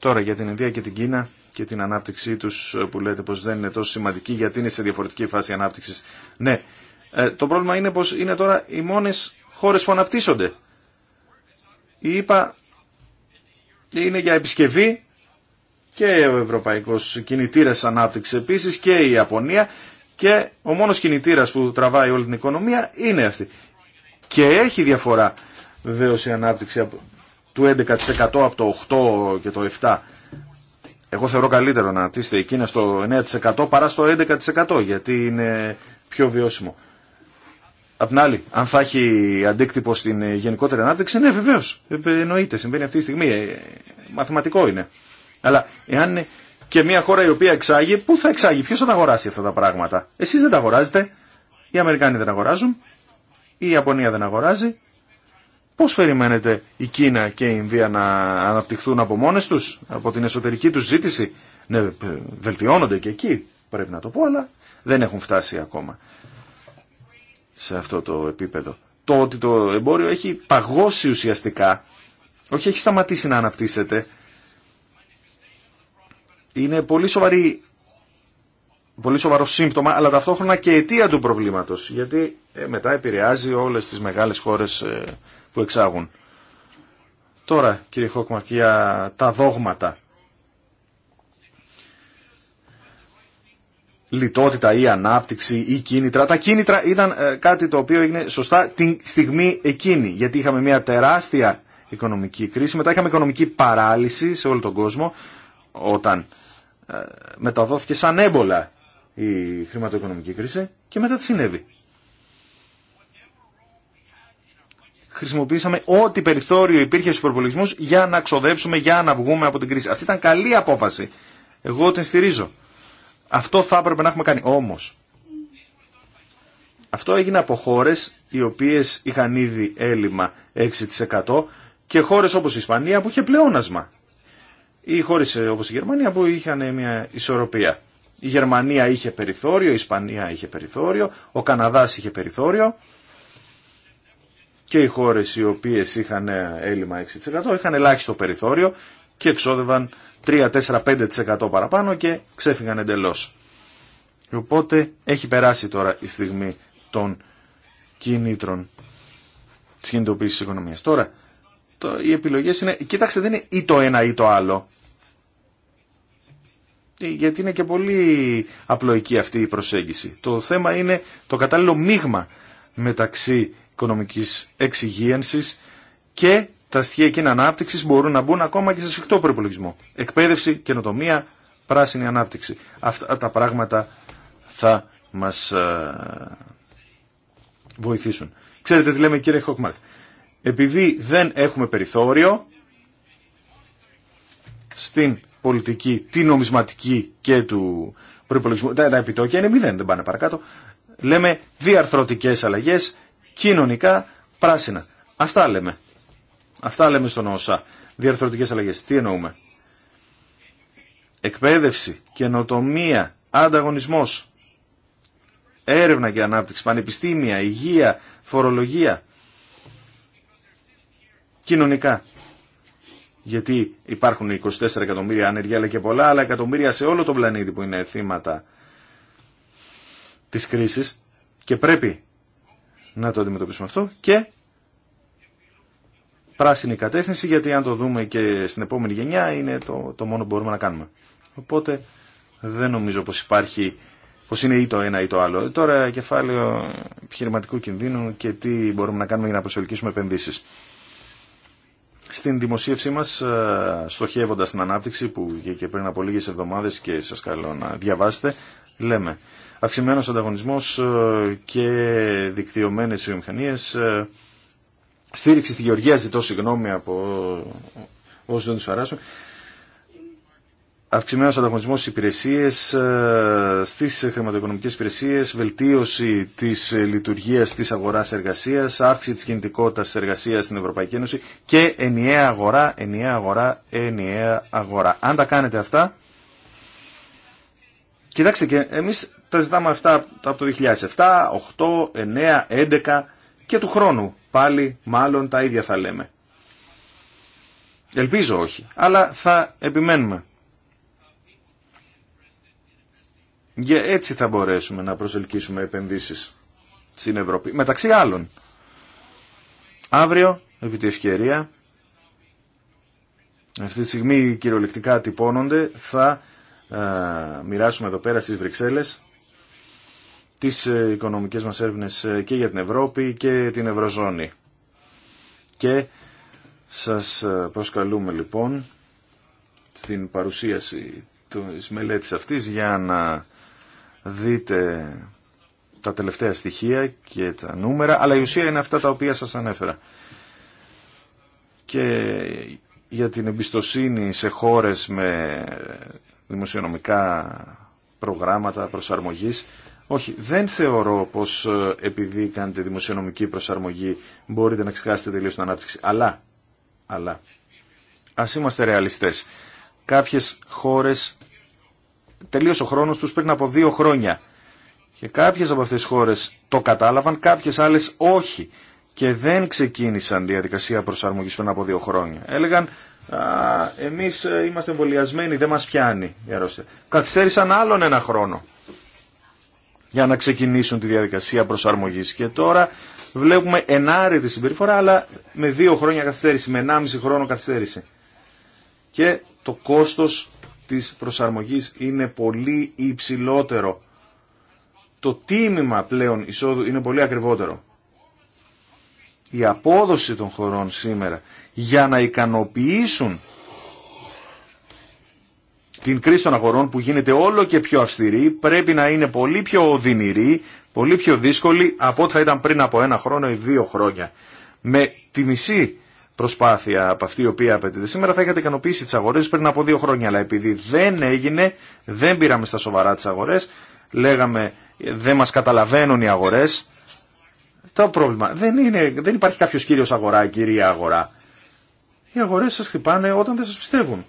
Τώρα για την Ινδία και την Κίνα και την ανάπτυξή τους ε, που λέτε πως δεν είναι τόσο σημαντική γιατί είναι σε διαφορετική φάση ανάπτυξης. Ναι, ε, το πρόβλημα είναι πως είναι τώρα οι μόνες χώρες που αναπτύσσονται. Η ΕΠΑ είναι για επισκευή και ο ευρωπαϊκός κινητήρας ανάπτυξης επίσης και η Ιαπωνία και ο μόνος κινητήρας που τραβάει όλη την οικονομία είναι αυτή. Και έχει διαφορά βεβαίω η ανάπτυξη του 11% από το 8% και το 7%. Εγώ θεωρώ καλύτερο να τίστε εκείνα στο 9% παρά στο 11% γιατί είναι πιο βιώσιμο. Απ' την άλλη, αν θα έχει αντίκτυπο στην ε, γενικότερη ανάπτυξη, ναι βεβαίω. Ε, ε, εννοείται, συμβαίνει αυτή τη στιγμή. Μαθηματικό είναι. Αλλά εάν και μια χώρα η οποία εξάγει, πού θα εξάγει, ποιο θα τα αγοράσει αυτά τα πράγματα. Εσεί δεν τα αγοράζετε, οι Αμερικάνοι δεν αγοράζουν, η Ιαπωνία δεν αγοράζει, Πώς περιμένετε η Κίνα και η Ινδία να αναπτυχθούν από μόνες τους, από την εσωτερική τους ζήτηση. Ναι, βελτιώνονται και εκεί, πρέπει να το πω, αλλά δεν έχουν φτάσει ακόμα σε αυτό το επίπεδο. Το ότι το εμπόριο έχει παγώσει ουσιαστικά, όχι έχει σταματήσει να αναπτύσσεται, είναι πολύ, σοβαρή, πολύ σοβαρό σύμπτωμα, αλλά ταυτόχρονα και αιτία του προβλήματος, γιατί ε, μετά επηρεάζει όλες τις μεγάλες χώρες ε, που εξάγουν. Τώρα, κύριε Χόκμαρκ, για τα δόγματα. Λιτότητα ή ανάπτυξη ή κίνητρα. Τα κίνητρα ήταν ε, κάτι το οποίο έγινε σωστά την στιγμή εκείνη, γιατί είχαμε μια τεράστια οικονομική κρίση. Μετά είχαμε οικονομική παράλυση σε όλο τον κόσμο, όταν ε, μεταδόθηκε σαν έμπολα η χρηματοοικονομική κρίση και μετά τι συνέβη. χρησιμοποίησαμε ό,τι περιθώριο υπήρχε στου προπολογισμού για να ξοδέψουμε, για να βγούμε από την κρίση. Αυτή ήταν καλή απόφαση. Εγώ την στηρίζω. Αυτό θα έπρεπε να έχουμε κάνει. Όμω. αυτό έγινε από χώρε οι οποίε είχαν ήδη έλλειμμα 6% και χώρε όπω η Ισπανία που είχε πλεόνασμα. Ή χώρες ε, όπως η Γερμανία που είχαν μια ισορροπία. Η Γερμανία είχε περιθώριο, η Ισπανία είχε περιθώριο, ο Καναδά είχε περιθώριο και οι χώρες οι οποίες είχαν έλλειμμα 6% είχαν ελάχιστο περιθώριο και εξόδευαν 3-4-5% παραπάνω και ξέφυγαν εντελώς. Οπότε έχει περάσει τώρα η στιγμή των κινήτρων της κινητοποίησης της οικονομίας. Τώρα, το, οι επιλογές είναι, κοιτάξτε δεν είναι ή το ένα ή το άλλο. Ε, γιατί είναι και πολύ απλοϊκή αυτή η προσέγγιση. Το θέμα είναι το κατάλληλο μείγμα μεταξύ οικονομικής εξυγίανσης και τα στοιχεία εκείνα ανάπτυξη μπορούν να μπουν ακόμα και σε σφιχτό προπολογισμό. Εκπαίδευση, καινοτομία, πράσινη ανάπτυξη. Αυτά τα πράγματα θα μας ε, βοηθήσουν. Ξέρετε τι λέμε κύριε Χοκμάλ; Επειδή δεν έχουμε περιθώριο στην πολιτική, την νομισματική και του προπολογισμού, τα, τα επιτόκια είναι μηδέν, δεν πάνε παρακάτω, λέμε διαρθρωτικές αλλαγές κοινωνικά πράσινα. Αυτά λέμε. Αυτά λέμε στον ΩΣΑ. Διαρθρωτικέ αλλαγές. Τι εννοούμε. Εκπαίδευση, καινοτομία, ανταγωνισμός, έρευνα και ανάπτυξη, πανεπιστήμια, υγεία, φορολογία, κοινωνικά. Γιατί υπάρχουν 24 εκατομμύρια ανεργία αλλά και πολλά άλλα εκατομμύρια σε όλο τον πλανήτη που είναι θύματα της κρίσης και πρέπει να το αντιμετωπίσουμε αυτό και πράσινη κατεύθυνση γιατί αν το δούμε και στην επόμενη γενιά είναι το, το μόνο που μπορούμε να κάνουμε. Οπότε δεν νομίζω πως υπάρχει πως είναι ή το ένα ή το άλλο. Τώρα κεφάλαιο επιχειρηματικού κινδύνου και τι μπορούμε να κάνουμε για να προσελκύσουμε επενδύσεις. Στην δημοσίευσή μας, ε, στοχεύοντας την ανάπτυξη που και πριν από λίγες εβδομάδες και σας καλώ να διαβάσετε, λέμε αυξημένος ανταγωνισμός ε, και δικτυωμένες βιομηχανίες. Ε, στήριξη στη Γεωργία, ζητώ συγγνώμη από όσους δεν τους αράσουν. Αυξημένος ανταγωνισμός στις υπηρεσίες, ε, στις χρηματοοικονομικές υπηρεσίες, βελτίωση της λειτουργίας της αγοράς εργασίας, αύξηση της κινητικότητας της εργασίας στην Ευρωπαϊκή Ένωση και ενιαία αγορά, ενιαία αγορά, ενιαία αγορά. Αν τα κάνετε αυτά, Κοιτάξτε και εμείς τα ζητάμε αυτά από το 2007, 8, 9, 11 και του χρόνου. Πάλι μάλλον τα ίδια θα λέμε. Ελπίζω όχι, αλλά θα επιμένουμε. Και έτσι θα μπορέσουμε να προσελκύσουμε επενδύσεις στην Ευρώπη. Μεταξύ άλλων, αύριο, επί τη ευκαιρία, αυτή τη στιγμή κυριολεκτικά τυπώνονται, θα α, ε, μοιράσουμε εδώ πέρα στις Βρυξέλλες τις ε, οικονομικές μας έρευνες ε, και για την Ευρώπη και την Ευρωζώνη. Και σας ε, προσκαλούμε λοιπόν στην παρουσίαση της μελέτης αυτής για να δείτε τα τελευταία στοιχεία και τα νούμερα, αλλά η ουσία είναι αυτά τα οποία σας ανέφερα. Και για την εμπιστοσύνη σε χώρες με δημοσιονομικά προγράμματα προσαρμογής όχι, δεν θεωρώ πως ε, επειδή κάνετε δημοσιονομική προσαρμογή μπορείτε να ξεχάσετε τελείω την ανάπτυξη. Αλλά, αλλά, ας είμαστε ρεαλιστές. Κάποιες χώρες, τελείωσε ο χρόνος τους πριν από δύο χρόνια. Και κάποιες από αυτές τις χώρες το κατάλαβαν, κάποιες άλλες όχι. Και δεν ξεκίνησαν διαδικασία προσαρμογής πριν από δύο χρόνια. Έλεγαν, εμεί ε, είμαστε εμβολιασμένοι, δεν μα πιάνει η αρρώστια. Καθυστέρησαν άλλον ένα χρόνο για να ξεκινήσουν τη διαδικασία προσαρμογής. Και τώρα βλέπουμε ενάρετη συμπεριφορά, αλλά με δύο χρόνια καθυστέρηση, με ενάμιση χρόνο καθυστέρηση. Και το κόστος της προσαρμογής είναι πολύ υψηλότερο. Το τίμημα πλέον εισόδου είναι πολύ ακριβότερο. Η απόδοση των χωρών σήμερα για να ικανοποιήσουν την κρίση των αγορών που γίνεται όλο και πιο αυστηρή πρέπει να είναι πολύ πιο οδυνηρή, πολύ πιο δύσκολη από ό,τι θα ήταν πριν από ένα χρόνο ή δύο χρόνια. Με τη μισή προσπάθεια από αυτή η οποία απαιτείται σήμερα θα είχατε ικανοποιήσει τι αγορέ πριν από δύο χρόνια. Αλλά επειδή δεν έγινε, δεν πήραμε στα σοβαρά τι αγορέ, λέγαμε δεν μα καταλαβαίνουν οι αγορέ. Το πρόβλημα δεν, είναι, δεν υπάρχει κάποιο κύριο αγορά, κυρία αγορά. Οι αγορέ σα χτυπάνε όταν δεν σα πιστεύουν.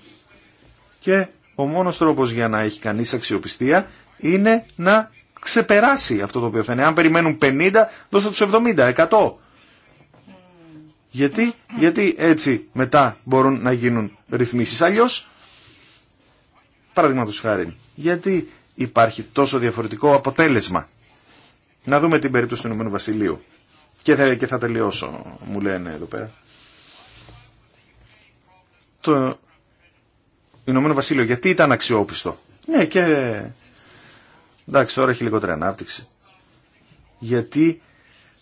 Και ο μόνος τρόπος για να έχει κανείς αξιοπιστία είναι να ξεπεράσει αυτό το οποίο φαίνεται. Αν περιμένουν 50, δώστε τους 70, 100. Γιατί, γιατί έτσι μετά μπορούν να γίνουν ρυθμίσεις. Αλλιώς, παραδείγματος χάρη, γιατί υπάρχει τόσο διαφορετικό αποτέλεσμα. Να δούμε την περίπτωση του Ηνωμένου Βασιλείου. Και θα, και θα τελειώσω, μου λένε εδώ πέρα. Το Ηνωμένο Βασίλειο, γιατί ήταν αξιόπιστο. Ναι, και εντάξει, τώρα έχει λιγότερη ανάπτυξη. Γιατί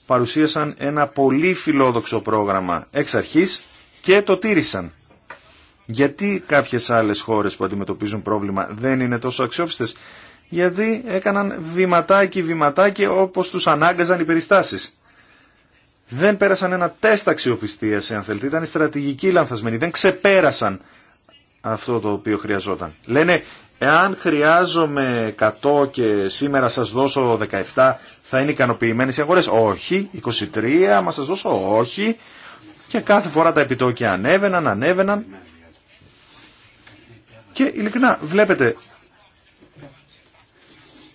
παρουσίασαν ένα πολύ φιλόδοξο πρόγραμμα εξ αρχή και το τήρησαν. Γιατί κάποιες άλλες χώρες που αντιμετωπίζουν πρόβλημα δεν είναι τόσο αξιόπιστες. Γιατί έκαναν βηματάκι βηματάκι όπως τους ανάγκαζαν οι περιστάσεις. Δεν πέρασαν ένα τεστ αξιοπιστίας, αν θέλετε. Ήταν η στρατηγική Δεν ξεπέρασαν αυτό το οποίο χρειαζόταν. Λένε, εάν χρειάζομαι 100 και σήμερα σας δώσω 17, θα είναι ικανοποιημένες οι αγορές. Όχι. 23, μα σας δώσω όχι. Και κάθε φορά τα επιτόκια ανέβαιναν, ανέβαιναν. Και ειλικρινά, βλέπετε,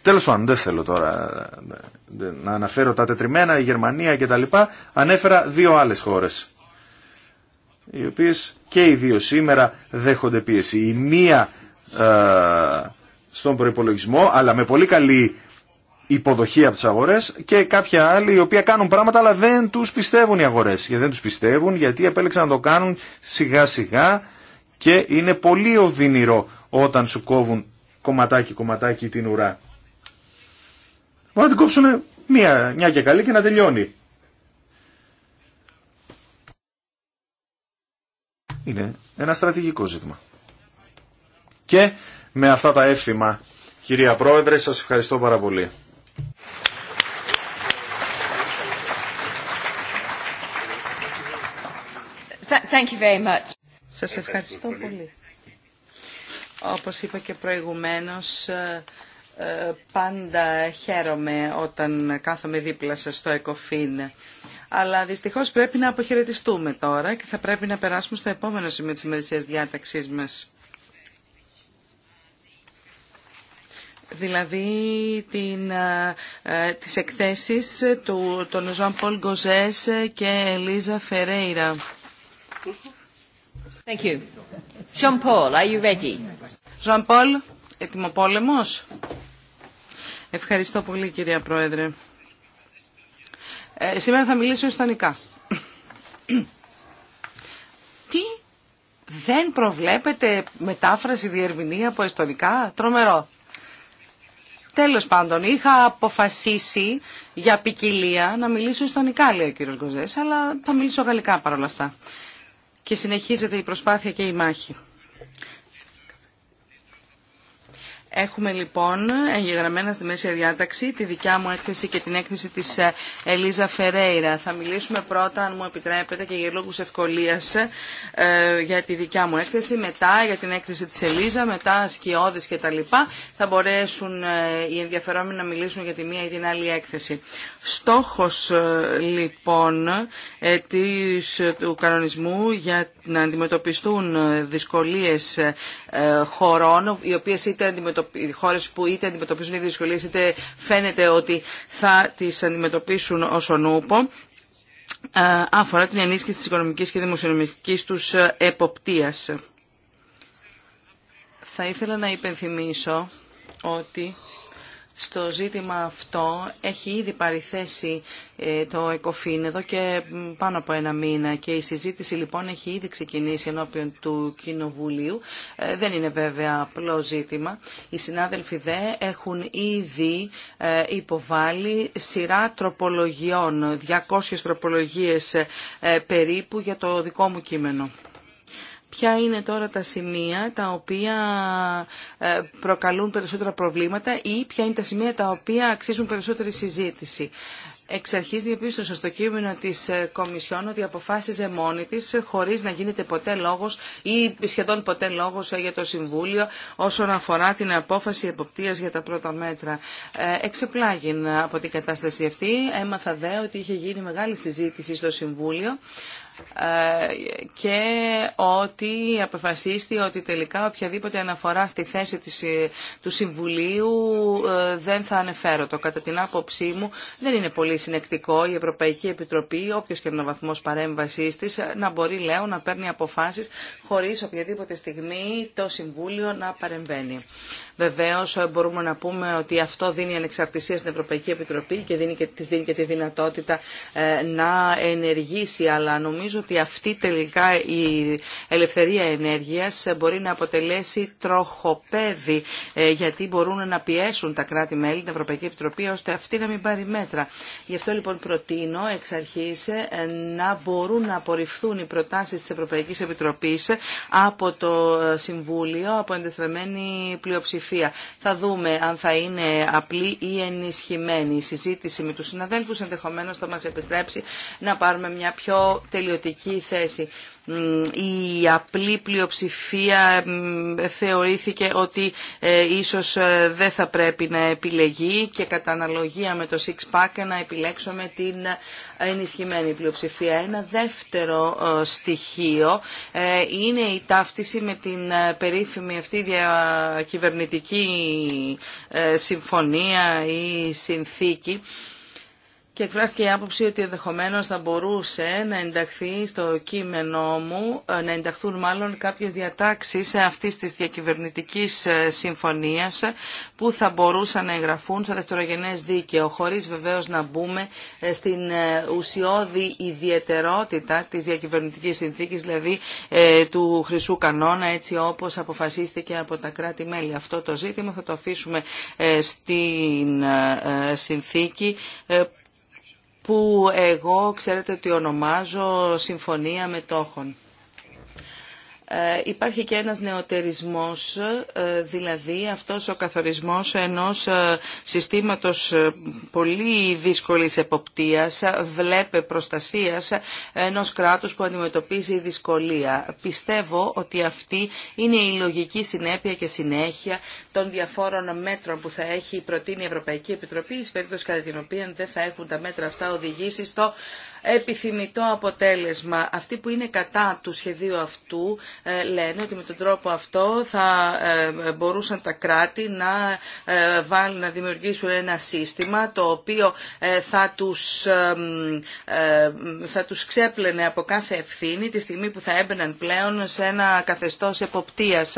τέλος πάντων, δεν θέλω τώρα να αναφέρω τα τετριμένα, η Γερμανία λοιπά, Ανέφερα δύο άλλες χώρες, Οι οποίε και οι δύο σήμερα δέχονται πίεση. Η μία ε, στον προπολογισμό, αλλά με πολύ καλή υποδοχή από τις αγορές και κάποια άλλη, οι οποία κάνουν πράγματα αλλά δεν τους πιστεύουν οι αγορές και δεν τους πιστεύουν γιατί επέλεξαν να το κάνουν σιγά σιγά και είναι πολύ οδυνηρό όταν σου κόβουν κομματάκι κομματάκι την ουρά. Μπορεί να την κόψουν μια, μια και καλή και να τελειώνει. Είναι ένα στρατηγικό ζήτημα. Και με αυτά τα εύθυμα, κυρία Πρόεδρε, σας ευχαριστώ πάρα πολύ. Thank you very much. Σας ευχαριστώ πολύ. Όπως είπα και προηγουμένως, ε, ε, πάντα χαίρομαι όταν κάθομαι δίπλα σας στο ΕΚΟΦΗΝ. Αλλά δυστυχώς πρέπει να αποχαιρετιστούμε τώρα και θα πρέπει να περάσουμε στο επόμενο σημείο της ημερησία διάταξή μας. δηλαδή την, ε, ε, τις εκθέσεις του, των Ζωάν Πολ Γκοζές και Ελίζα Φερέιρα. Thank you. Jean Paul, Ευχαριστώ πολύ κυρία Πρόεδρε. Ε, σήμερα θα μιλήσω ιστανικά. Τι δεν προβλέπετε μετάφραση διερμηνία από εστονικά. Τρομερό. Τέλος πάντων, είχα αποφασίσει για ποικιλία να μιλήσω ιστονικά, λέει ο κύριος Γκοζές, αλλά θα μιλήσω γαλλικά παρόλα αυτά. Και συνεχίζεται η προσπάθεια και η μάχη. Έχουμε λοιπόν εγγεγραμμένα στη μέση διάταξη τη δικιά μου έκθεση και την έκθεση της ε, Ελίζα Φερέιρα. Θα μιλήσουμε πρώτα, αν μου επιτρέπετε και για λόγους ευκολίας, ε, για τη δικιά μου έκθεση, μετά για την έκθεση της Ελίζα, μετά σκιώδη κτλ. Θα μπορέσουν ε, οι ενδιαφερόμενοι να μιλήσουν για τη μία ή την άλλη έκθεση. Στόχος ε, λοιπόν ε, ε, του κανονισμού για να αντιμετωπιστούν δυσκολίες χωρών, οι οποίες είτε χώρες που είτε αντιμετωπίζουν οι δυσκολίες είτε φαίνεται ότι θα τις αντιμετωπίσουν όσον ο νούπο, αφορά την ενίσχυση της οικονομικής και δημοσιονομικής τους εποπτείας. Θα ήθελα να υπενθυμίσω ότι στο ζήτημα αυτό έχει ήδη πάρει ε, το ΕΚΟΦΗΝ εδώ και πάνω από ένα μήνα και η συζήτηση λοιπόν έχει ήδη ξεκινήσει ενώπιον του Κοινοβουλίου. Ε, δεν είναι βέβαια απλό ζήτημα. Οι συνάδελφοι δε έχουν ήδη ε, υποβάλει σειρά τροπολογιών, 200 τροπολογίες περίπου για το δικό μου κείμενο ποια είναι τώρα τα σημεία τα οποία ε, προκαλούν περισσότερα προβλήματα ή ποια είναι τα σημεία τα οποία αξίζουν περισσότερη συζήτηση. Εξ αρχής διαπίστωσα στο κείμενο της ε, Κομισιόν ότι αποφάσιζε μόνη τη, ε, χωρί να γίνεται ποτέ λόγος ή σχεδόν ποτέ λόγος για το Συμβούλιο όσον αφορά την απόφαση εποπτεία για τα πρώτα μέτρα. Έξεπλάγει από την κατάσταση αυτή έμαθα δε ότι είχε γίνει μεγάλη συζήτηση στο Συμβούλιο ε, και ότι αποφασίστηκε ότι τελικά οποιαδήποτε αναφορά στη θέση της, ε, του Συμβουλίου ε, δεν θα ανεφέρω Κατά την άποψή μου δεν είναι πολύ συνεκτικό η Ευρωπαϊκή Επιτροπή, όποιος και είναι ο βαθμός παρέμβασής της, να μπορεί λέω να παίρνει αποφάσεις χωρίς οποιαδήποτε στιγμή το Συμβούλιο να παρεμβαίνει. Βεβαίω μπορούμε να πούμε ότι αυτό δίνει ανεξαρτησία στην Ευρωπαϊκή Επιτροπή και δίνει της δίνει και τη δυνατότητα να ενεργήσει, αλλά νομίζω νομίζω ότι αυτή τελικά η ελευθερία ενέργειας μπορεί να αποτελέσει τροχοπέδι ε, γιατί μπορούν να πιέσουν τα κράτη-μέλη, την Ευρωπαϊκή Επιτροπή, ώστε αυτή να μην πάρει μέτρα. Γι' αυτό λοιπόν προτείνω εξ αρχής ε, να μπορούν να απορριφθούν οι προτάσεις της Ευρωπαϊκής Επιτροπής από το Συμβούλιο, από εντεστραμμένη πλειοψηφία. Θα δούμε αν θα είναι απλή ή ενισχυμένη η συζήτηση με τους συναδέλφους, ενδεχομένως θα μας επιτρέψει να πάρουμε μια πιο θέση. Η απλή πλειοψηφία θεωρήθηκε ότι ε, ίσως ε, δεν θα πρέπει να επιλεγεί και κατά αναλογία με το six pack να επιλέξουμε την ε, ενισχυμένη πλειοψηφία. Ένα δεύτερο στοιχείο είναι η ταύτιση με την περίφημη αυτή διακυβερνητική συμφωνία ή συνθήκη και εκφράστηκε η άποψη ότι ενδεχομένω θα μπορούσε να ενταχθεί στο κείμενό μου, ε, να ενταχθούν μάλλον κάποιες διατάξεις αυτής της διακυβερνητικής ε, συμφωνίας που θα μπορούσαν να εγγραφούν στο δεύτερογενέ δίκαιο, χωρίς βεβαίως να μπούμε ε, στην ουσιώδη ιδιαιτερότητα της διακυβερνητικής συνθήκης, δηλαδή του χρυσού κανόνα, έτσι όπως αποφασίστηκε από τα κράτη-μέλη. Αυτό το ζήτημα θα το αφήσουμε στην συνθήκη που εγώ ξέρετε ότι ονομάζω συμφωνία μετόχων. Ε, υπάρχει και ένας νεοτερισμός, ε, δηλαδή αυτός ο καθορισμός ενός ε, συστήματος πολύ δύσκολης εποπτείας, βλέπε προστασίας ενός κράτους που αντιμετωπίζει δυσκολία. Πιστεύω ότι αυτή είναι η λογική συνέπεια και συνέχεια των διαφόρων μέτρων που θα έχει προτείνει η Ευρωπαϊκή Επιτροπή, εις περίπτωση κατά την οποία δεν θα έχουν τα μέτρα αυτά οδηγήσει στο επιθυμητό αποτέλεσμα. Αυτοί που είναι κατά του σχεδίου αυτού ε, λένε ότι με τον τρόπο αυτό θα ε, μπορούσαν τα κράτη να, ε, βάλουν, να δημιουργήσουν ένα σύστημα το οποίο θα τους, θα τους ξέπλαινε από κάθε ευθύνη τη στιγμή που θα έμπαιναν πλέον σε ένα καθεστώς εποπτείας.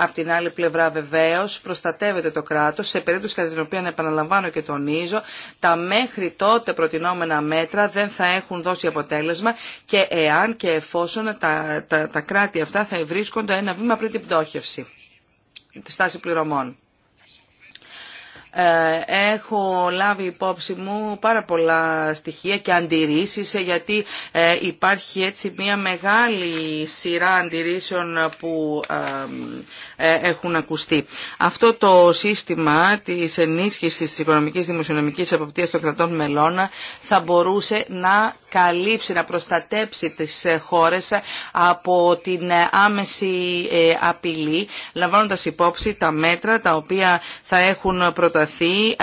από την άλλη πλευρά βεβαίως προστατεύεται το κράτος σε περίπτωση κατά την οποία επαναλαμβάνω και τονίζω τα μέχρι τότε προτινόμενα μέτρα δεν θα έχουν δώσει αποτέλεσμα και εάν και εφόσον τα, τα, κράτη αυτά θα βρίσκονται ένα βήμα πριν την πτώχευση, τη στάση πληρωμών. Ε, έχω λάβει υπόψη μου πάρα πολλά στοιχεία και αντιρρήσεις ε, γιατί ε, υπάρχει έτσι μια μεγάλη σειρά αντιρρήσεων που ε, έχουν ακουστεί. Αυτό το σύστημα της ενίσχυσης της οικονομικής δημοσιονομικής εποπτείας των κρατών μελών θα μπορούσε να καλύψει, να προστατέψει τις χώρες από την άμεση ε, απειλή, λαμβάνοντας υπόψη τα μέτρα τα οποία θα έχουν προταθεί ε,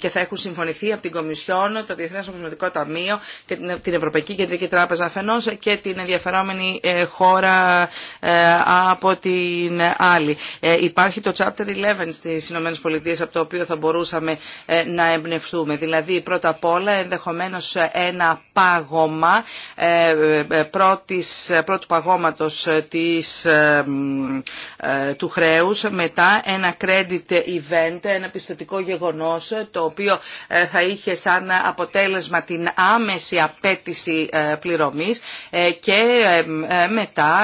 και θα έχουν συμφωνηθεί από την Κομισιόν, το Διεθνές Νομισματικό Ταμείο και την Ευρωπαϊκή Κεντρική Τράπεζα αφενός και την ενδιαφερόμενη χώρα από την ε, υπάρχει το Chapter 11 στις ΗΠΑ από το οποίο θα μπορούσαμε ε, να εμπνευστούμε. Δηλαδή πρώτα απ' όλα ενδεχομένως ε, ένα πάγωμα πρώτης, πρώτου παγώματος της, του χρέους, μετά ένα credit event, ένα πιστοτικό γεγονός το οποίο θα είχε σαν αποτέλεσμα την άμεση απέτηση πληρωμής και μετά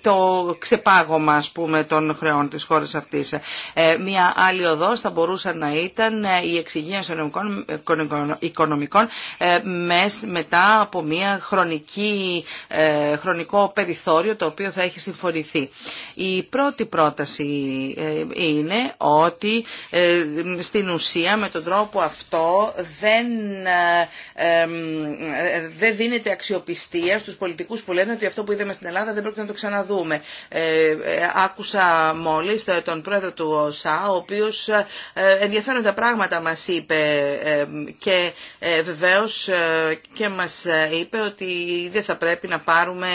το ξεπάγωμα ας πούμε των χρεών της χώρας αυτής. Ε, μία άλλη οδός θα μπορούσε να ήταν ε, η εξυγίανση των οικονομικών ε, μετά από μία χρονική, χρονικό περιθώριο το οποίο θα έχει συμφωνηθεί. Η πρώτη πρόταση είναι ότι στην ουσία με τον τρόπο αυτό δεν, δεν δίνεται αξιοπιστία στους πολιτικούς που λένε ότι αυτό που είδαμε στην Ελλάδα δεν πρέπει να το ξαναδούμε. Άκουσα μόλις ε, τον πρόεδρο του ΩΣΑ ο οποίος ε, ενδιαφέροντα πράγματα μας είπε ε, και βεβαίως και μας είπε ότι δεν θα πρέπει να πάρουμε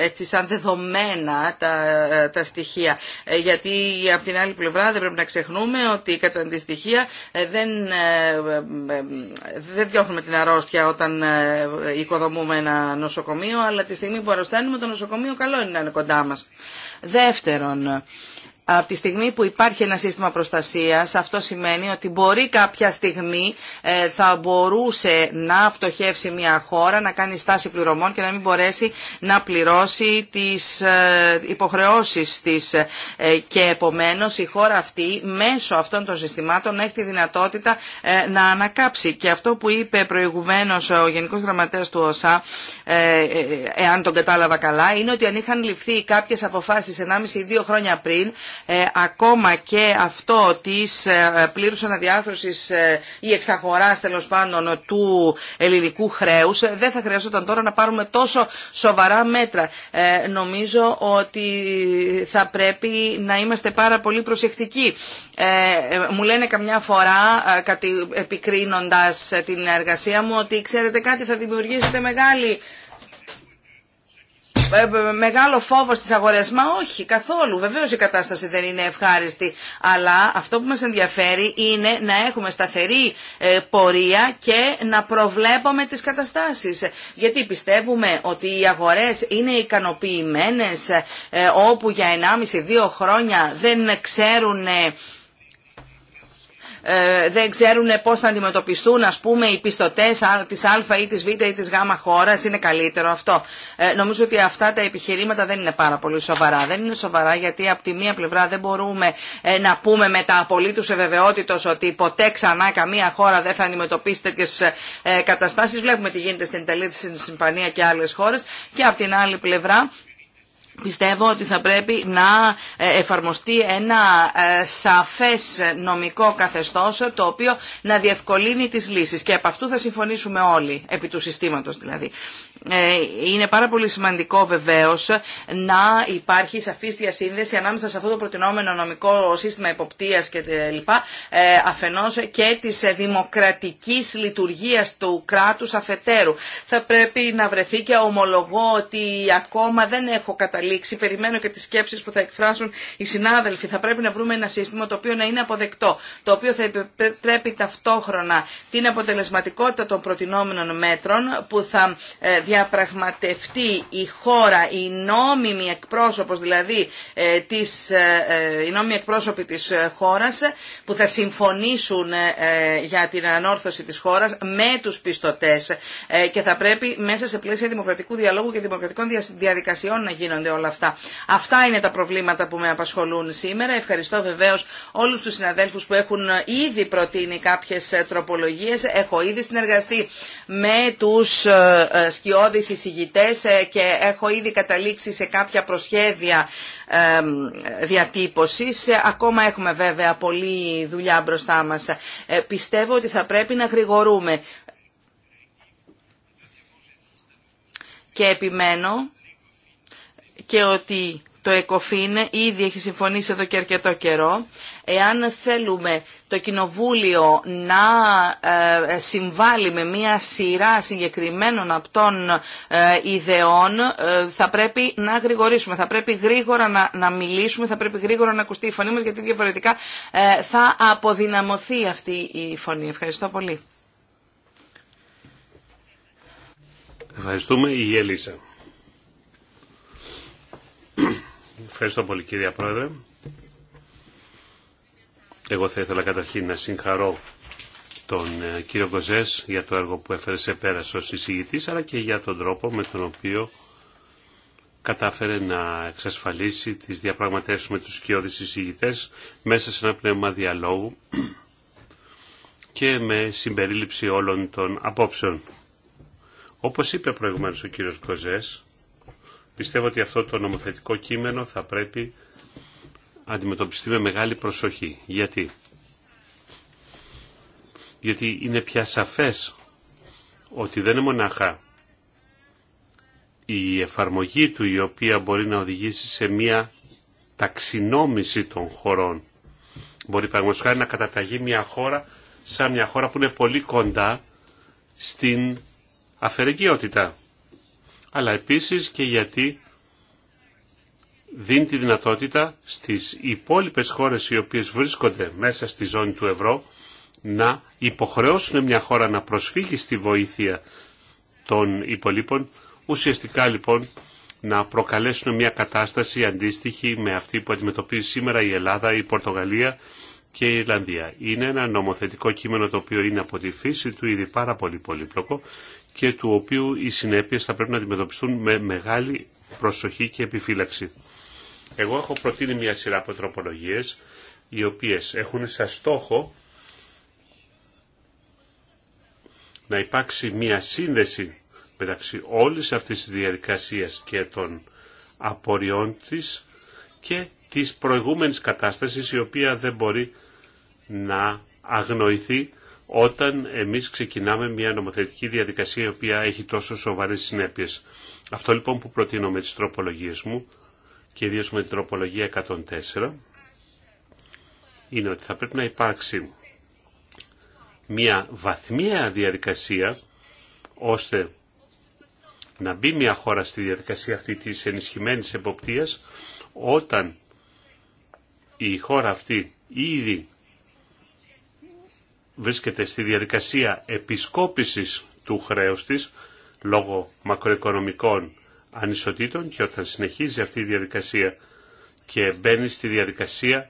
έτσι σαν δεδομένα τα, τα στοιχεία. Γιατί από την άλλη πλευρά δεν πρέπει να ξεχνούμε ότι κατά τη δεν, δεν διώχνουμε την αρρώστια όταν οικοδομούμε ένα νοσοκομείο, αλλά τη στιγμή που αρρωσταίνουμε το νοσοκομείο καλό είναι να είναι κοντά μας. Δεύτερον, από τη στιγμή που υπάρχει ένα σύστημα προστασίας, αυτό σημαίνει ότι μπορεί κάποια στιγμή ε, θα μπορούσε να πτωχεύσει μια χώρα, να κάνει στάση πληρωμών και να μην μπορέσει να πληρώσει τις ε, υποχρεώσεις της. Ε, και επομένως η χώρα αυτή μέσω αυτών των συστημάτων έχει τη δυνατότητα να ανακάψει. Και αυτό που είπε προηγουμένως ο Γενικός Γραμματέας του ΟΣΑ, εάν τον κατάλαβα καλά, είναι ότι αν είχαν ληφθεί κάποιες αποφάσεις 1,5 2 χρόνια πριν, ε, ακόμα και αυτό της ε, πλήρους αναδιάρθρωσης ε, ή εξαγορά τέλο πάντων του ελληνικού χρέους δεν θα χρειαζόταν τώρα να πάρουμε τόσο σοβαρά μέτρα. Νομίζω ότι θα πρέπει να είμαστε πάρα πολύ προσεκτικοί. Μου λένε καμιά φορά επικρίνοντας την εργασία μου ότι ξέρετε κάτι θα δημιουργήσετε μεγάλη ε, ε, μεγάλο φόβο στις αγορές. Μα όχι, καθόλου. Βεβαίως η κατάσταση δεν είναι ευχάριστη. Αλλά αυτό που μας ενδιαφέρει είναι να έχουμε σταθερή ε, πορεία και να προβλέπουμε τις καταστάσεις. Γιατί πιστεύουμε ότι οι αγορές είναι ικανοποιημένες όπου για 1,5-2 χρόνια δεν ξέρουν ε, δεν ξέρουν πώς θα αντιμετωπιστούν ας πούμε οι πιστωτές της Α ή της Β ή της Γ χώρας, είναι καλύτερο αυτό. Ε, νομίζω ότι αυτά τα επιχειρήματα δεν είναι πάρα πολύ σοβαρά. Δεν είναι σοβαρά γιατί από τη μία πλευρά δεν μπορούμε ε, να πούμε με τα απολύτους ευεβαιότητος ότι ποτέ ξανά καμία χώρα δεν θα αντιμετωπίσει τέτοιες καταστάσεις. Βλέπουμε τι γίνεται στην Ιταλία, στην Ισπανία και άλλες χώρες και από την άλλη πλευρά Πιστεύω ότι θα πρέπει να ε, εφαρμοστεί ένα ε, σαφές νομικό καθεστώς το οποίο να διευκολύνει τις λύσεις και από αυτού θα συμφωνήσουμε όλοι, επί του συστήματος δηλαδή. Ε, είναι πάρα πολύ σημαντικό βεβαίω να υπάρχει σαφή διασύνδεση ανάμεσα σε αυτό το προτινόμενο νομικό σύστημα υποπτία κτλ. και ε, τη δημοκρατική λειτουργία του κράτου αφετέρου. Θα πρέπει να βρεθεί και ομολογώ ότι ακόμα δεν έχω καταλήξει, περιμένω και τι σκέψει που θα εκφράσουν οι συνάδελφοι. Θα πρέπει να βρούμε ένα σύστημα το οποίο να είναι αποδεκτό, το οποίο θα επιτρέπει ταυτόχρονα την αποτελεσματικότητα των προτινόμενων μέτρων που θα ε, διαπραγματευτεί η χώρα, η νόμιμη εκπρόσωπος δηλαδή, ε, της, ε, ε, οι νόμιμοι εκπρόσωποι της χώρας που θα συμφωνήσουν για την ανόρθωση της χώρας με τους πιστωτές και θα πρέπει μέσα σε πλαίσια δημοκρατικού διαλόγου και δημοκρατικών διαδικασιών να γίνονται όλα αυτά. Αυτά είναι τα προβλήματα που με απασχολούν σήμερα. Ευχαριστώ βεβαίως όλους τους συναδέλφους που έχουν ήδη προτείνει κάποιες τροπολογίες. Έχω ήδη συνεργαστεί με τους σκιώδεις εισηγητές ε, και έχω ήδη καταλήξει σε κάποια προσχέδια διατύπωσης. Ε, ακόμα έχουμε βέβαια πολλή δουλειά μπροστά μας. Ε, πιστεύω ότι θα πρέπει να γρηγορούμε. Και επιμένω και ότι το ΕΚΟΦΗΝ ήδη έχει συμφωνήσει εδώ και αρκετό καιρό. Εάν θέλουμε το Κοινοβούλιο να ε, συμβάλλει με μία σειρά συγκεκριμένων αυτών ε, ιδεών, ε, θα πρέπει να γρηγορήσουμε, θα πρέπει γρήγορα να, να μιλήσουμε, θα πρέπει γρήγορα να ακουστεί η φωνή μας, γιατί διαφορετικά θα αποδυναμωθεί αυτή η φωνή. Ευχαριστώ πολύ. Ευχαριστούμε η Mm-hmm. Ευχαριστώ πολύ κύριε Πρόεδρε. Εγώ θα ήθελα καταρχήν να συγχαρώ τον ε, κύριο Κοζές για το έργο που έφερε σε πέρας ως εισηγητής, αλλά και για τον τρόπο με τον οποίο κατάφερε να εξασφαλίσει τις διαπραγματεύσεις με τους σκιώδεις εισηγητές μέσα σε ένα πνεύμα διαλόγου και με συμπερίληψη όλων των απόψεων. Όπως είπε προηγουμένως ο κύριος Κοζές, Πιστεύω ότι αυτό το νομοθετικό κείμενο θα πρέπει αντιμετωπιστεί με μεγάλη προσοχή. Γιατί? Γιατί είναι πια σαφές ότι δεν είναι μονάχα η εφαρμογή του η οποία μπορεί να οδηγήσει σε μια ταξινόμηση των χωρών. Μπορεί πραγματικά να καταταγεί μια χώρα σαν μια χώρα που είναι πολύ κοντά στην αφαιρεγγιότητα αλλά επίσης και γιατί δίνει τη δυνατότητα στις υπόλοιπες χώρες οι οποίες βρίσκονται μέσα στη ζώνη του ευρώ να υποχρεώσουν μια χώρα να προσφύγει στη βοήθεια των υπολείπων, ουσιαστικά λοιπόν να προκαλέσουν μια κατάσταση αντίστοιχη με αυτή που αντιμετωπίζει σήμερα η Ελλάδα, η Πορτογαλία και η Ιρλανδία. Είναι ένα νομοθετικό κείμενο το οποίο είναι από τη φύση του ήδη πάρα πολύ πολύπλοκο και του οποίου οι συνέπειες θα πρέπει να αντιμετωπιστούν με μεγάλη προσοχή και επιφύλαξη. Εγώ έχω προτείνει μια σειρά από τροπολογίες οι οποίες έχουν σαν στόχο να υπάρξει μια σύνδεση μεταξύ όλης αυτής της διαδικασίας και των απορριών της και της προηγούμενης κατάστασης η οποία δεν μπορεί να αγνοηθεί όταν εμείς ξεκινάμε μια νομοθετική διαδικασία η οποία έχει τόσο σοβαρές συνέπειες. Αυτό λοιπόν που προτείνω με τις τροπολογίες μου και ιδίως με την τροπολογία 104 είναι ότι θα πρέπει να υπάρξει μια βαθμία διαδικασία ώστε να μπει μια χώρα στη διαδικασία αυτή της ενισχυμένης εποπτείας όταν η χώρα αυτή ήδη βρίσκεται στη διαδικασία επισκόπησης του χρέους της λόγω μακροοικονομικών ανισοτήτων και όταν συνεχίζει αυτή η διαδικασία και μπαίνει στη διαδικασία